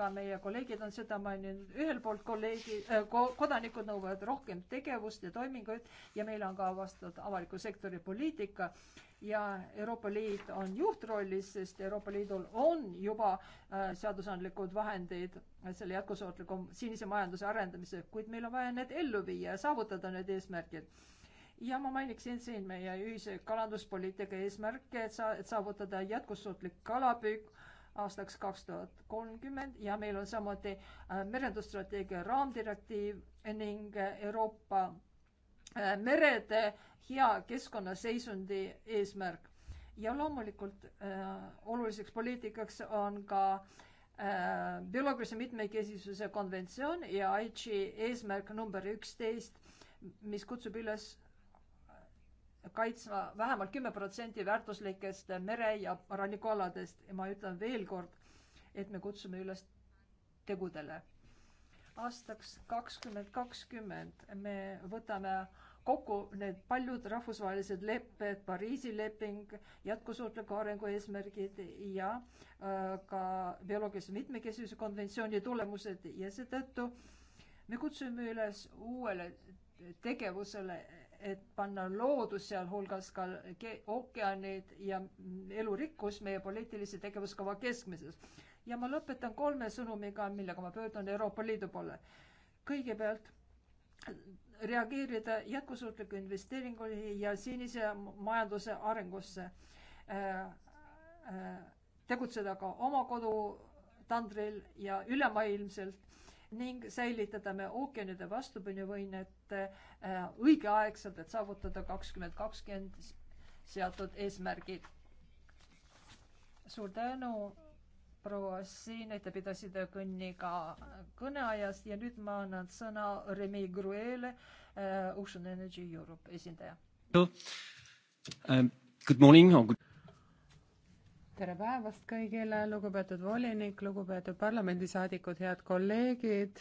ka meie kolleegid on seda maininud. ühelt poolt kolleegid äh,, kodanikud nõuavad rohkem tegevust ja toiminguid ja meil on ka vastav avaliku sektori poliitika ja Euroopa Liit on juhtrollis, sest Euroopa Liidul on juba äh, seadusandlikud vahendid selle jätkusuutliku sinise majanduse arendamiseks, kuid meil on vaja need ellu viia ja saavutada need eesmärgid ja ma mainiksin siin meie ühise kalanduspoliitika eesmärke, et sa, et saavutada jätkusuutlik kalapüük aastaks kaks tuhat kolmkümmend ja meil on samuti äh, merendusstrateegia raamdirektiiv ning Euroopa äh, merede hea keskkonnaseisundi eesmärk. ja loomulikult äh, oluliseks poliitikaks on ka äh, bioloogilise mitmekesisuse konventsioon ja Aichi eesmärk number üksteist, mis kutsub üles kaitsma vähemalt kümme protsenti väärtuslikest mere- ja rannikualadest ja ma ütlen veel kord, et me kutsume üles tegudele. aastaks kakskümmend kakskümmend me võtame kokku need paljud rahvusvahelised lepped, Pariisi leping, jätkusuutliku arengu eesmärgid ja äh, ka bioloogilise mitmekesisuse konventsiooni tulemused ja seetõttu me kutsume üles uuele tegevusele et panna loodus, sealhulgas ka ookeanid ja elurikkus meie poliitilise tegevuskava keskmises. ja ma lõpetan kolme sõnumiga, millega ma pöördun Euroopa Liidu poole. kõigepealt reageerida jätkusuutliku investeeringuni ja sinise majanduse arengusse äh,. Äh, tegutseda ka oma kodutandril ja ülemaailmselt ning säilitada me ookeanide vastupanuvõimet äh, õigeaegselt, et saavutada kakskümmend kakskümmend seatud eesmärgid. suur tänu, proua Siin, et te pidasite kõnni ka kõneajast ja nüüd ma annan sõna Remi Gruele, äh, Ocean Energy Europe esindaja. Um, good morning or good tere päevast kõigile, lugupeetud volinik, lugupeetud parlamendisaadikud, head kolleegid.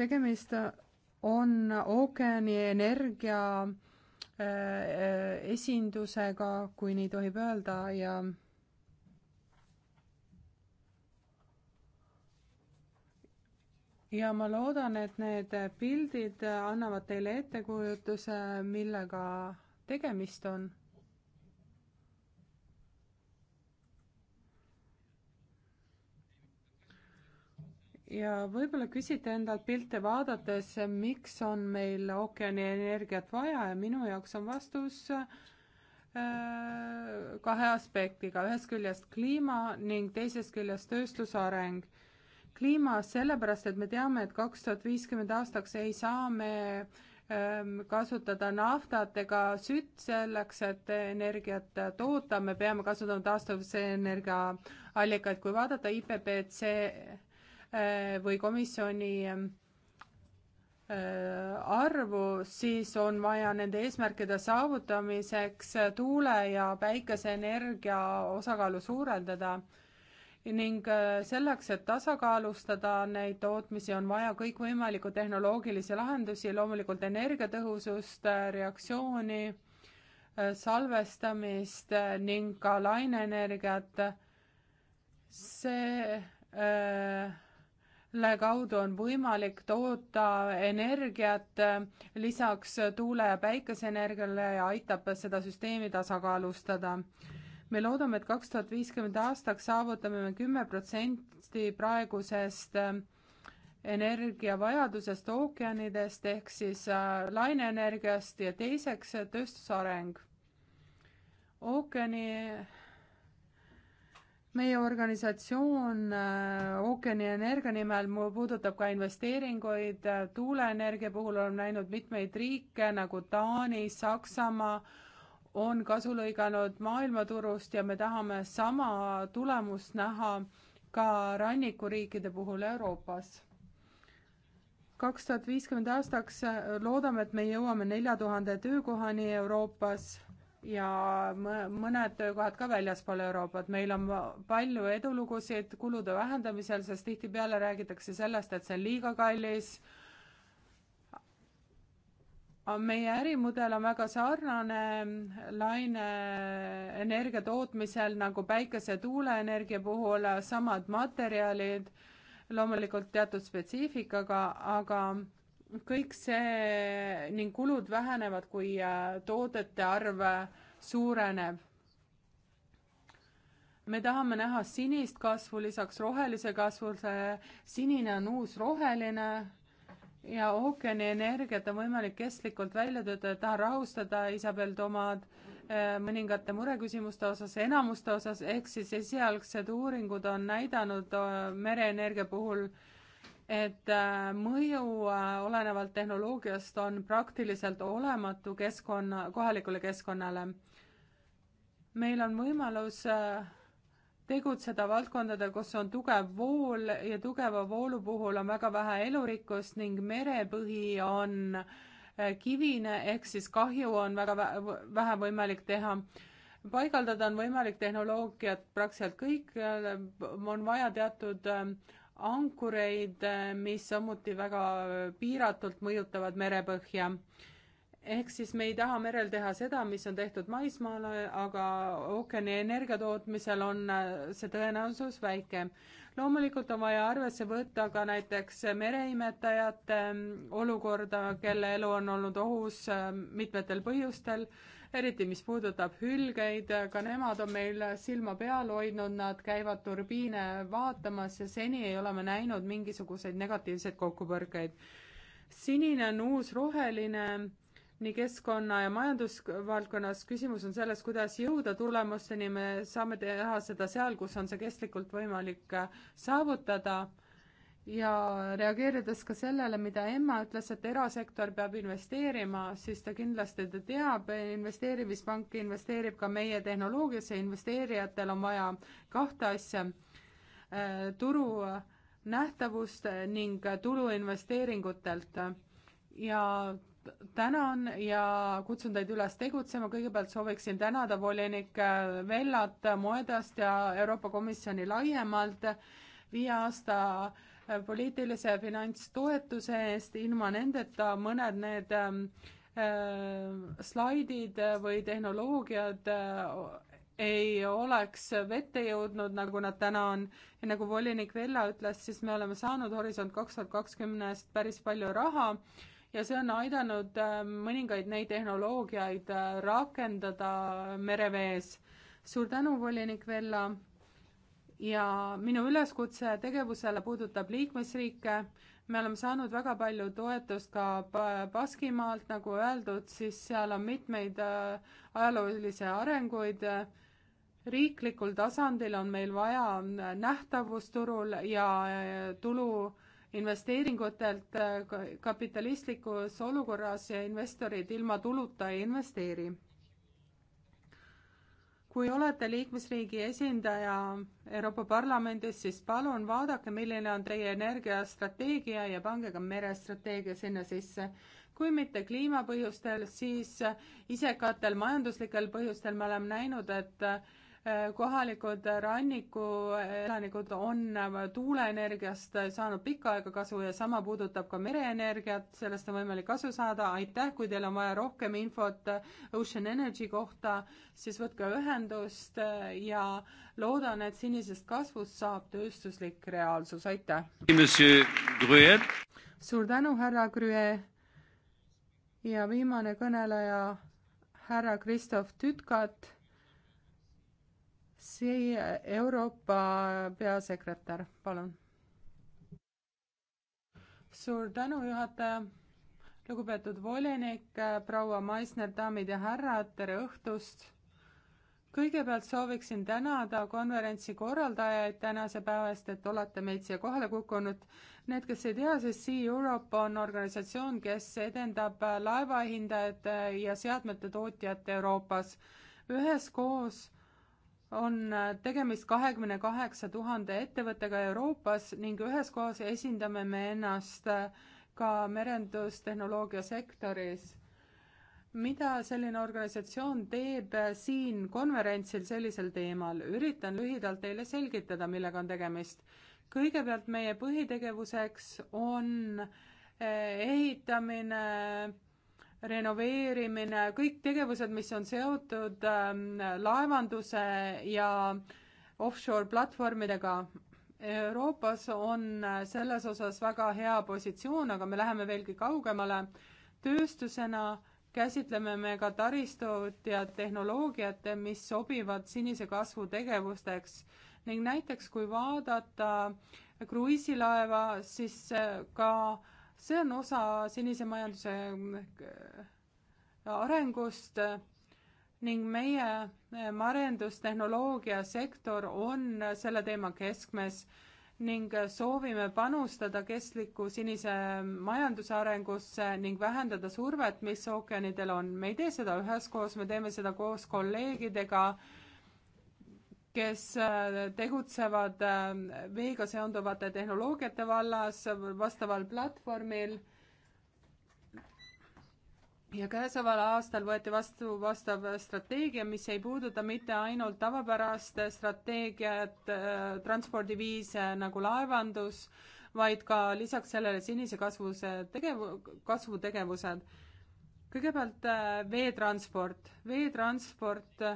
tegemist on ookeani energia äh, äh, esindusega, kui nii tohib öelda ja ja ma loodan, et need pildid annavad teile ettekujutuse, millega tegemist on ja võib-olla küsite endalt pilte vaadates, miks on meil ookeanienergiat vaja ja minu jaoks on vastus äh, kahe aspektiga, ühest küljest kliima ning teisest küljest tööstuse areng. kliima sellepärast, et me teame, et kaks tuhat viiskümmend aastaks ei saa me äh, kasutada naftat ega sütt selleks, et energiat toota, me peame kasutama taastuvuse energiaallikaid, kui vaadata IPBC Äh, või komisjoni äh, arvu, siis on vaja nende eesmärkide saavutamiseks tuule- ja päikeseenergia osakaalu suurendada ning äh, selleks, et tasakaalustada neid tootmisi, on vaja kõikvõimalikku tehnoloogilisi lahendusi, loomulikult energiatõhusust, reaktsiooni, salvestamist ning ka laineenergiat. see öö, mille kaudu on võimalik toota energiat äh, lisaks tuule- ja päikeseenergiale ja aitab seda süsteemi tasakaalustada. me loodame, et kaks tuhat viiskümmend aastaks saavutame me kümme protsenti praegusest äh, energiavajadusest ookeanidest ehk siis äh, laineenergiast ja teiseks tööstusareng. ookeani meie organisatsioon äh, ookeani energia nimel puudutab ka investeeringuid, äh, tuuleenergia puhul oleme näinud mitmeid riike nagu Taani, Saksamaa, on kasu lõiganud maailmaturust ja me tahame sama tulemust näha ka rannikuriikide puhul Euroopas. kaks tuhat viiskümmend aastaks äh, loodame, et me jõuame nelja tuhande töökohani Euroopas ja mõned töökohad ka väljaspool Euroopat. meil on palju edulugusid kulude vähendamisel, sest tihtipeale räägitakse sellest, et see on liiga kallis. meie ärimudel on väga sarnane laine energia tootmisel nagu päikese, tuuleenergia puhul, samad materjalid, loomulikult teatud spetsiifikaga, aga kõik see ning kulud vähenevad, kui äh, toodete arv äh, suureneb. me tahame näha sinist kasvu lisaks rohelise kasvu, see sinine on uus roheline ja ookeanienergiat on võimalik kestlikult välja töötada, tahan rahustada Isabel Tomad äh, mõningate mureküsimuste osas, enamuste osas, ehk siis esialgsed uuringud on näidanud mereenergia puhul äh, et äh, mõju äh, olenevalt tehnoloogiast on praktiliselt olematu keskkonna, kohalikule keskkonnale. meil on võimalus äh, tegutseda valdkondade, kus on tugev vool ja tugeva voolu puhul on väga vähe elurikkust ning merepõhi on kivine, ehk siis kahju on väga vähe võimalik teha paigaldada on võimalik tehnoloogiat praktiliselt kõik, on vaja teatud äh, ankureid, mis samuti väga piiratult mõjutavad merepõhja. ehk siis me ei taha merel teha seda, mis on tehtud maismaale, aga ookeani energia tootmisel on see tõenäosus väike. loomulikult on vaja arvesse võtta ka näiteks mereimetajate olukorda, kelle elu on olnud ohus mitmetel põhjustel eriti mis puudutab hülgeid, ka nemad on meil silma peal hoidnud, nad käivad turbiine vaatamas ja seni ei ole me näinud mingisuguseid negatiivseid kokkupõrkeid. sinine on uus roheline nii keskkonna ja majandusvaldkonnas, küsimus on selles, kuidas jõuda tulemusteni, me saame teha seda seal, kus on see kestlikult võimalik saavutada ja reageerides ka sellele, mida Emma ütles, et erasektor peab investeerima, siis ta kindlasti ta teab, investeerimispank investeerib ka meie tehnoloogiasse, investeerijatel on vaja kahte asja, äh, turu nähtavust ning tulu investeeringutelt. ja tänan ja kutsun teid üles tegutsema, kõigepealt sooviksin tänada volinik äh, Vellat Moedast ja Euroopa Komisjoni laiemalt viie aasta äh, poliitilise finantstoetuse eest, ilma nendeta mõned need ähm, äh, slaidid või tehnoloogiad äh, ei oleks vette jõudnud, nagu nad täna on. ja nagu volinik Vella ütles, siis me oleme saanud Horisont kaks tuhat kakskümnest päris palju raha ja see on aidanud ähm, mõningaid neid tehnoloogiaid äh, rakendada merevees. suur tänu, volinik Vella ja minu üleskutse tegevusele puudutab liikmesriike. me oleme saanud väga palju toetust ka Baskimaalt, nagu öeldud, siis seal on mitmeid äh, ajaloolisi arenguid. riiklikul tasandil on meil vaja äh, nähtavust turul ja äh, tulu investeeringutelt kapitalistlikus olukorras ja investorid ilma tuluta ei investeeri kui olete liikmesriigi esindaja Euroopa Parlamendis, siis palun vaadake, milline on teie energiastrateegia ja pange ka merestrateegia sinna sisse. kui mitte kliimapõhjustel, siis isekatel majanduslikel põhjustel me oleme näinud, et kohalikud rannikuelanikud on tuuleenergiast saanud pikka aega kasu ja sama puudutab ka mereenergiat, sellest on võimalik kasu saada, aitäh, kui teil on vaja rohkem infot Ocean Energy kohta, siis võtke ühendust ja loodan, et sinisest kasvust saab tööstuslik reaalsus, aitäh! suur tänu, härra Grüe! ja viimane kõneleja, härra Kristof Tütkat Natsi Euroopa peasekretär, palun. suur tänu, juhataja. lugupeetud volinik, proua Maisner, daamid ja härrad, tere õhtust kõigepealt sooviksin tänada konverentsi korraldajaid tänase päeva eest, et olete meid siia kohale kukkunud. Need, kes ei tea, siis Sea Europe on organisatsioon, kes edendab laevahindajate ja seadmete tootjate Euroopas. üheskoos on äh, tegemist kahekümne kaheksa tuhande ettevõttega Euroopas ning üheskoos esindame me ennast äh, ka merendustehnoloogia sektoris. mida selline organisatsioon teeb äh, siin konverentsil sellisel teemal? üritan lühidalt teile selgitada, millega on tegemist. kõigepealt meie põhitegevuseks on ehitamine renoveerimine, kõik tegevused, mis on seotud ähm, laevanduse ja offshore platvormidega. Euroopas on äh, selles osas väga hea positsioon, aga me läheme veelgi kaugemale. tööstusena käsitleme me ka taristut ja tehnoloogiat, mis sobivad sinise kasvu tegevusteks ning näiteks kui vaadata kruiisilaeva, siis äh, ka äh, see on osa sinise majanduse äh, arengust ning meie äh, arendustehnoloogia sektor on selle teema keskmes ning soovime panustada kestliku sinise majanduse arengusse ning vähendada survet, mis ookeanidel on. me ei tee seda üheskoos, me teeme seda koos kolleegidega kes äh, tegutsevad äh, veega seonduvate tehnoloogiate vallas vastaval platvormil. ja käesoleval aastal võeti vastu vastav strateegia, mis ei puuduta mitte ainult tavapärast strateegiat, äh, transpordiviise nagu laevandus, vaid ka lisaks sellele sinise kasvuse tegev-, kasvutegevused. kõigepealt veetransport, veetransport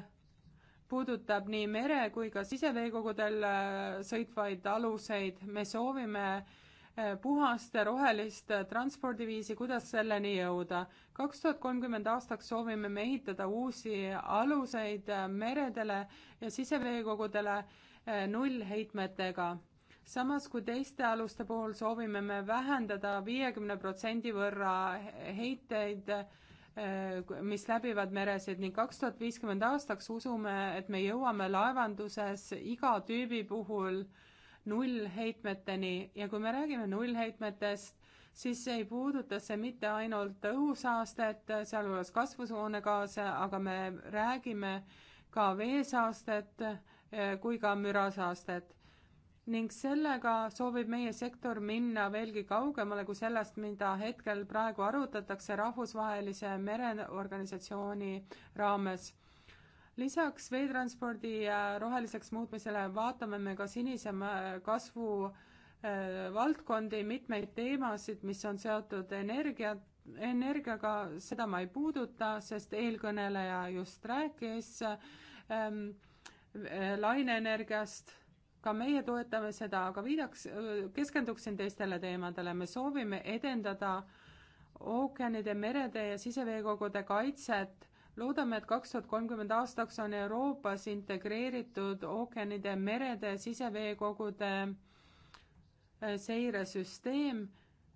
puudutab nii mere kui ka siseveekogudel äh, sõitvaid aluseid, me soovime äh, puhast ja rohelist äh, transpordiviisi, kuidas selleni jõuda. kaks tuhat kolmkümmend aastaks soovime me ehitada uusi aluseid meredele ja siseveekogudele nullheitmetega. samas kui teiste aluste puhul soovime me vähendada viiekümne protsendi võrra heiteid Äh, mis läbivad meresid ning kaks tuhat viiskümmend aastaks usume, et me jõuame laevanduses iga tüübi puhul nullheitmeteni ja kui me räägime nullheitmetest, siis ei puuduta see mitte ainult õhusaastet, sealhulgas kasvuhoonegaase, aga me räägime ka veesaastet äh, kui ka mürasaastet ning sellega soovib meie sektor minna veelgi kaugemale kui sellest, mida hetkel praegu arutatakse rahvusvahelise mereorganisatsiooni raames. lisaks veetranspordi äh, roheliseks muutmisele vaatame me ka sinise kasvu äh, valdkondi, mitmeid teemasid, mis on seotud energia, energiaga, seda ma ei puuduta, sest eelkõneleja just rääkis ähm, äh, lainenergiast ka meie toetame seda, aga viidaks, keskenduksin teistele teemadele, me soovime edendada ookeanide, merede ja siseveekogude kaitset. loodame, et kaks tuhat kolmkümmend aastaks on Euroopas integreeritud ookeanide, merede, siseveekogude äh, seiresüsteem,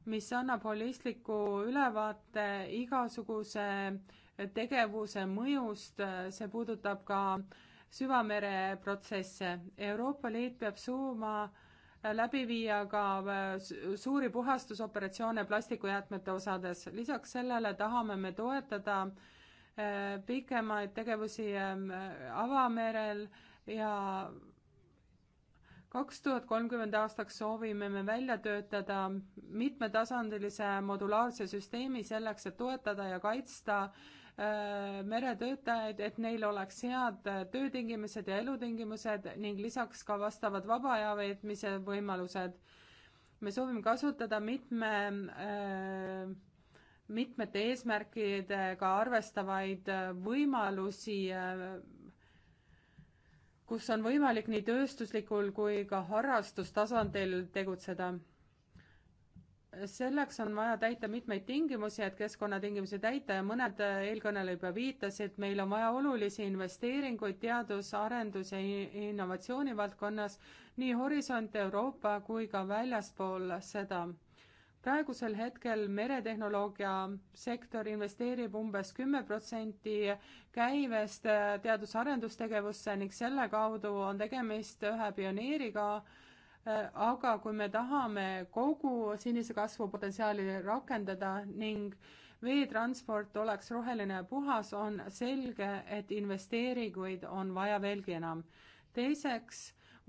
mis annab holistliku ülevaate igasuguse tegevuse mõjust, see puudutab ka äh, süvamere protsesse. Euroopa Liit peab suuma äh, läbi viia ka äh, suuri puhastusoperatsioone plastikujäätmete osades. lisaks sellele tahame me toetada äh, pikemaid tegevusi ähm, avamerel ja kaks tuhat kolmkümmend aastaks soovime me välja töötada mitmetasandilise modulaarse süsteemi selleks, et toetada ja kaitsta Äh, meretöötajaid, et neil oleks head äh, töötingimused ja elutingimused ning lisaks ka vastavad vaba aja veetmise võimalused. me soovime kasutada mitme äh, mitmete eesmärkidega arvestavaid äh, võimalusi, kus on võimalik nii tööstuslikul kui ka harrastustasandil tegutseda selleks on vaja täita mitmeid tingimusi, et keskkonnatingimusi täita ja mõned eelkõnelejad juba viitasid, meil on vaja olulisi investeeringuid teadus, arendus ja innovatsiooni valdkonnas nii Horisont Euroopa kui ka väljaspool seda. praegusel hetkel meretehnoloogia sektor investeerib umbes kümme protsenti käivest teadus-arendustegevusse ning selle kaudu on tegemist ühe pioneeriga äh, aga kui me tahame kogu sinise kasvu potentsiaali rakendada ning veetransport oleks roheline ja puhas, on selge, et investeeringuid on vaja veelgi enam. teiseks,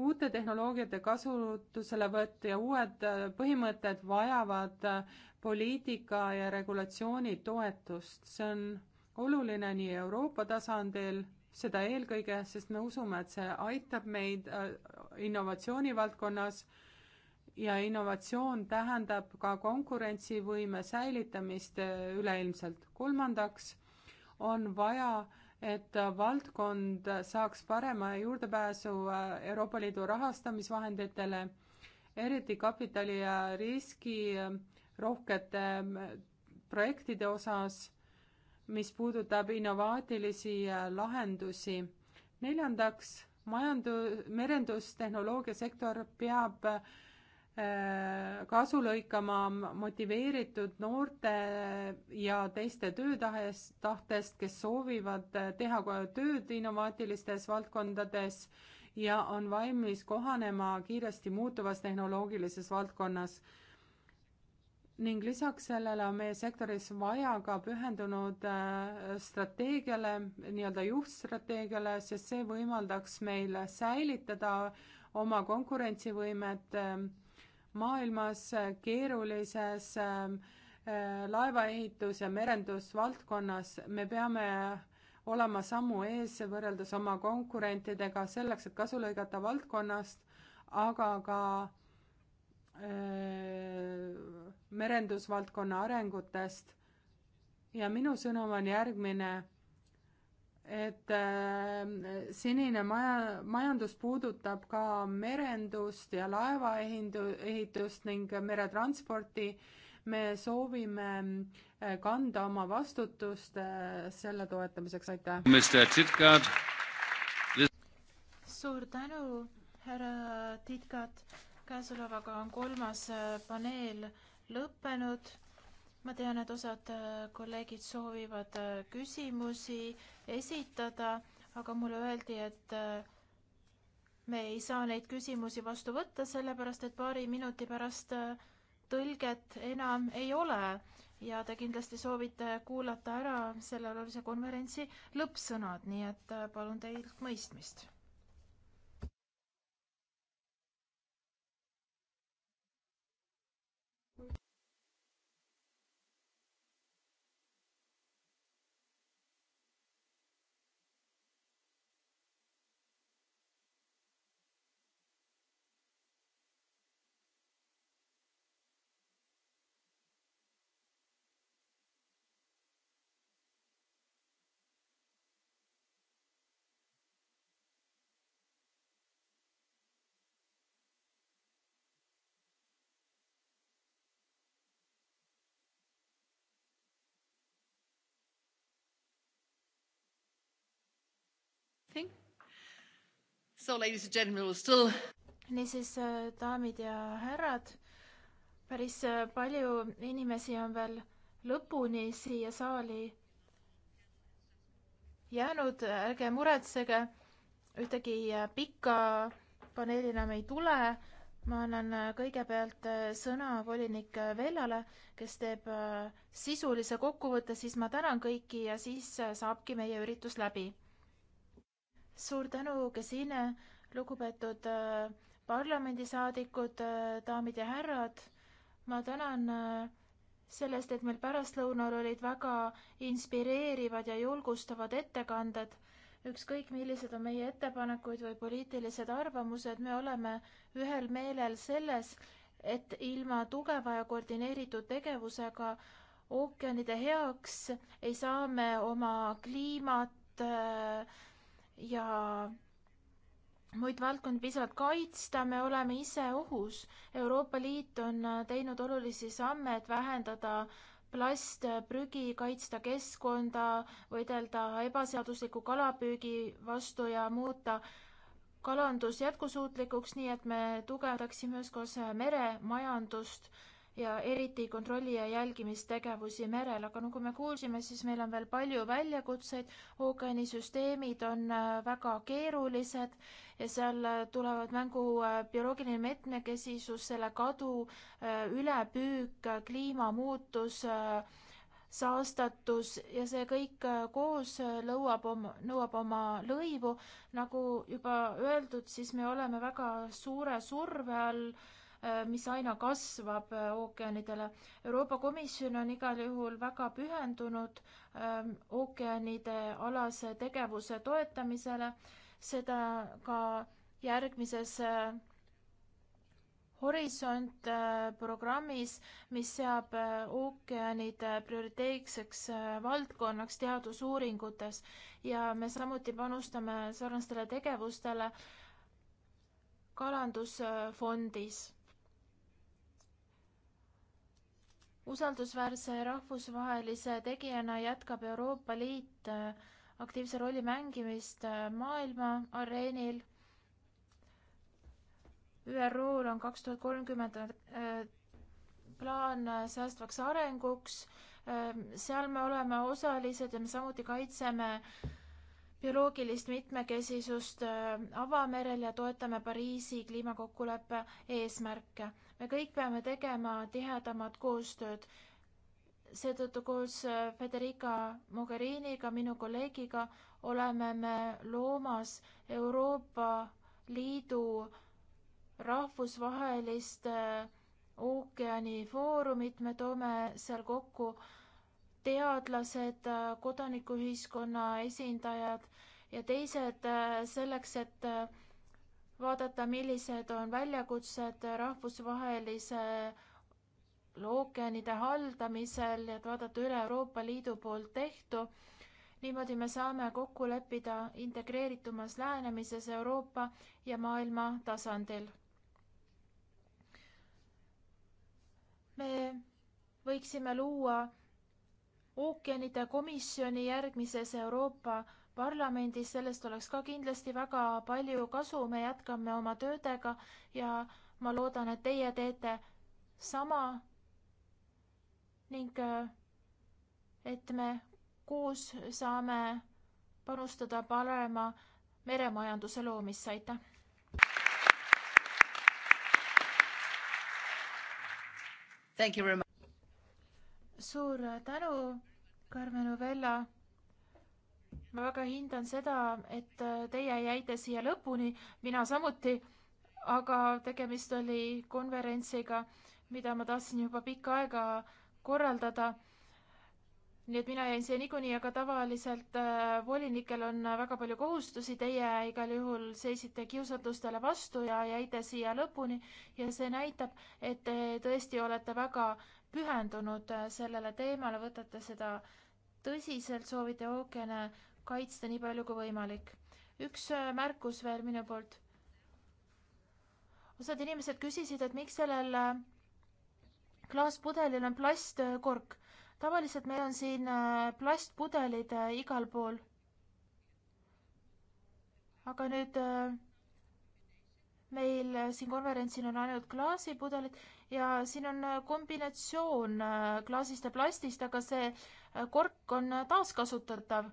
uute tehnoloogiate kasutuselevõtt ja uued põhimõtted vajavad poliitika ja regulatsiooni toetust, see on oluline nii Euroopa tasandil seda eelkõige, sest me usume, et see aitab meid äh, innovatsioonivaldkonnas ja innovatsioon tähendab ka konkurentsivõime säilitamist äh, üleilmselt. kolmandaks on vaja, et valdkond saaks parema juurdepääsu äh, Euroopa Liidu rahastamisvahenditele, eriti kapitali ja riski rohkete projektide osas mis puudutab innovaatilisi äh, lahendusi. neljandaks, majandu-, merendustehnoloogiasektor peab äh, kasu lõikama motiveeritud noorte äh, ja teiste töötahest, tahtest, kes soovivad teha tööd innovaatilistes valdkondades ja on valmis kohanema kiiresti muutuvas tehnoloogilises valdkonnas ning lisaks sellele on meie sektoris vaja ka pühendunud äh, strateegiale, nii-öelda juhtstrateegiale, sest see võimaldaks meil säilitada oma konkurentsivõimet äh, maailmas äh, keerulises laevaehitus- ja merendusvaldkonnas. me peame olema sammu ees võrreldes oma konkurentidega selleks, et kasu lõigata valdkonnast, aga ka öö, merendusvaldkonna arengutest ja minu sõnum on järgmine, et äh, senine maja, majandus puudutab ka merendust ja laevaehindu-, ehitust ning meretransporti, me soovime äh, kanda oma vastutust äh, selle toetamiseks, aitäh! suur tänu, härra Titkat, käesolevaga on kolmas paneel lõppenud. ma tean, et osad äh, kolleegid soovivad äh, küsimusi esitada, aga mulle öeldi, et äh, me ei saa neid küsimusi vastu võtta, sellepärast et paari minuti pärast tõlget enam ei ole ja te kindlasti soovite kuulata ära selle olulise konverentsi lõppsõnad, nii et palun teilt mõistmist anything. So ladies and gentlemen, we'll still. niisiis, äh, daamid ja härrad, päris äh, palju inimesi on veel lõpuni siia saali jäänud, ärge muretsege, ühtegi äh, pikka paneeli enam ei tule. ma annan kõigepealt sõna volinik Vellale, kes teeb sisulise kokkuvõtte, siis ma tänan kõiki ja siis saabki meie üritus läbi suur tänu, Kesine, lugupeetud äh, parlamendisaadikud, äh, daamid ja härrad. ma tänan äh, sellest, et meil pärastlõunal olid väga inspireerivad ja julgustavad ettekanded. ükskõik, millised on meie ettepanekuid või poliitilised arvamused, me oleme ühel meelel selles, et ilma tugeva ja koordineeritud tegevusega ookeanide heaks ei saa me oma kliimat äh, ja muid valdkondi piisavalt kaitsta, me oleme ise ohus. Euroopa Liit on teinud olulisi samme, et vähendada plastprügi, kaitsta keskkonda, võidelda ebaseadusliku kalapüügi vastu ja muuta kalandus jätkusuutlikuks, nii et me tugevdaksime üheskoos meremajandust ja eriti kontrolli- ja jälgimistegevusi merel, aga nagu me kuulsime, siis meil on veel palju väljakutseid, ookeanisüsteemid on äh, väga keerulised ja seal äh, tulevad mängu äh, bioloogiline mitmekesisus, selle kadu, ülepüük, kliimamuutus, saastatus ja see kõik koos lõuab oma, nõuab oma lõivu. nagu juba öeldud, siis me oleme väga suure surve all Äh, mis aina kasvab äh, ookeanidele. Euroopa Komisjon on igal juhul väga pühendunud ähm, ookeanide alase tegevuse toetamisele, seda ka järgmises äh, Horisont programmis, mis seab ookeanid prioriteetseks valdkonnaks teadusuuringutes ja me samuti panustame sarnastele tegevustele kalandusfondis usaldusväärse rahvusvahelise tegijana jätkab Euroopa Liit äh, aktiivse rolli mängimist äh, maailma areenil. ÜRO-l on kaks tuhat kolmkümmend äh, plaan säästvaks arenguks. seal me oleme osalised ja me samuti kaitseme bioloogilist mitmekesisust äh, avamerel ja toetame Pariisi kliimakokkuleppe eesmärke. me kõik peame tegema tihedamat koostööd. seetõttu koos äh, Federica Mogheriniga, minu kolleegiga, oleme me loomas Euroopa Liidu rahvusvahelist äh, ookeanifoorumit, me toome seal kokku äh, teadlased, kodanikuühiskonna esindajad ja teised äh, selleks, et äh, vaadata, millised on väljakutsed rahvusvahelise ookeanide haldamisel ja et vaadata üle Euroopa Liidu poolt tehtu. niimoodi me saame kokku leppida integreeritumas lähenemises Euroopa ja maailma tasandil. me võiksime luua ookeanide komisjoni järgmises Euroopa Parlamendis, sellest oleks ka kindlasti väga palju kasu, me jätkame oma töödega ja ma loodan, et teie teete sama ning äh, et me koos saame panustada parema meremajanduse loomisse, aitäh! Thank you very much suur tänu, Carmen Uvella. ma väga hindan seda, et teie jäite siia lõpuni, mina samuti, aga tegemist oli konverentsiga, mida ma tahtsin juba pikka aega korraldada. nii et mina jäin siia niikuinii, aga tavaliselt äh, volinikel on väga palju kohustusi, teie igal juhul seisite kiusatustele vastu ja jäite siia lõpuni ja see näitab, et te tõesti olete väga äh, pühendunud äh, sellele teemale, võtate seda tõsiselt, soovite ookeane kaitsta nii palju kui võimalik. üks äh, märkus veel minu poolt. osad inimesed küsisid, et miks sellel äh, klaaspudelil on plastkork. tavaliselt meil on siin plastpudelid igal pool. aga nüüd meil siin konverentsil on ainult klaasipudelid ja siin on äh, kombinatsioon äh, klaasist ja plastist, aga see äh, kork on taaskasutatav,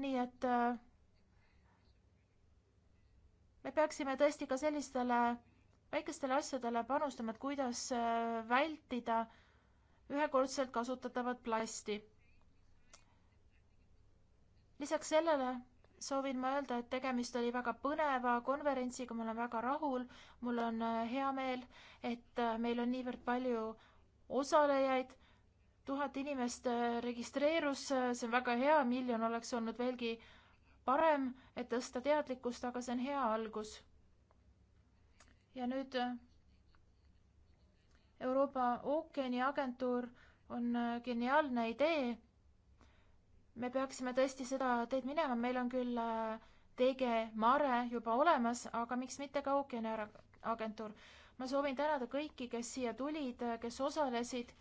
nii et me peaksime tõesti ka sellistele väikestele asjadele panustama, et kuidas vältida ühekordselt kasutatavat plasti. lisaks sellele soovin ma öelda, et tegemist oli väga põneva konverentsiga, ma olen väga rahul, mul on äh, hea meel, et äh, meil on niivõrd palju osalejaid, tuhat inimest äh, registreerus, see on väga hea, miljon oleks olnud veelgi parem, et tõsta teadlikkust, aga see on hea algus. ja nüüd Euroopa ookeaniagentuur on geniaalne idee me peaksime tõesti seda teed minema, meil on küll äh, TG Mare juba olemas, aga miks mitte ka ookeaniagentuur. ma soovin tänada kõiki, kes siia tulid, äh, kes osalesid,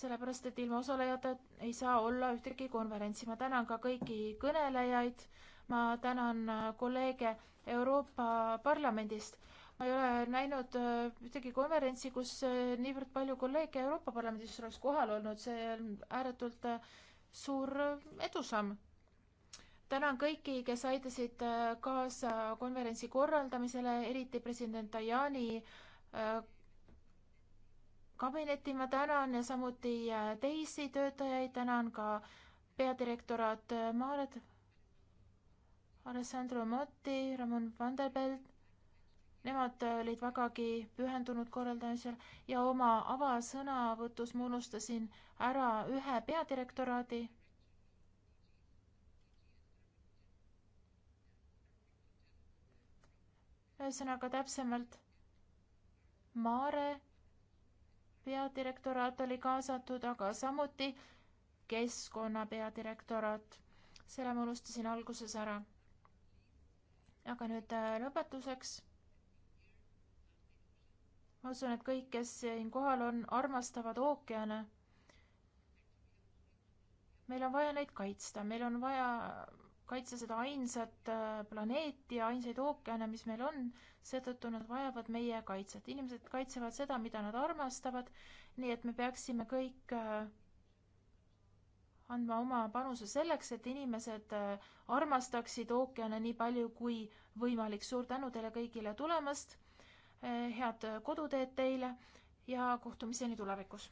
sellepärast et ilma osalejata ei saa olla ühtegi konverentsi. ma tänan ka kõiki kõnelejaid, ma tänan äh, kolleege Euroopa Parlamendist ma ei ole näinud ühtegi konverentsi, kus niivõrd palju kolleege Euroopa Parlamendis oleks kohal olnud, see on ääretult suur edusamm. tänan kõiki, kes aitasid äh, kaasa konverentsi korraldamisele, eriti president Tajani äh, kabineti ma tänan ja samuti äh, teisi töötajaid, tänan ka peadirektoraat Maaret, Alessandro Motti, Ramon Vanderbelt, Nemad äh, olid vägagi pühendunud korraldamisel ja oma avasõnavõtus ma unustasin ära ühe peadirektoraadi. ühesõnaga täpsemalt Maare peadirektoraat oli kaasatud, aga samuti keskkonna peadirektoraat. selle ma unustasin alguses ära. aga nüüd äh, lõpetuseks ma usun, et kõik, kes siin kohal on, armastavad ookeane. meil on vaja neid kaitsta, meil on vaja kaitsta seda ainsat äh, planeeti ja ainsaid ookeane, mis meil on, seetõttu nad vajavad meie kaitset. inimesed kaitsevad seda, mida nad armastavad, nii et me peaksime kõik äh, andma oma panuse selleks, et inimesed äh, armastaksid ookeane nii palju kui võimalik. suur tänu teile kõigile tulemast Eh, head koduteed teile ja kohtumiseni tulevikus!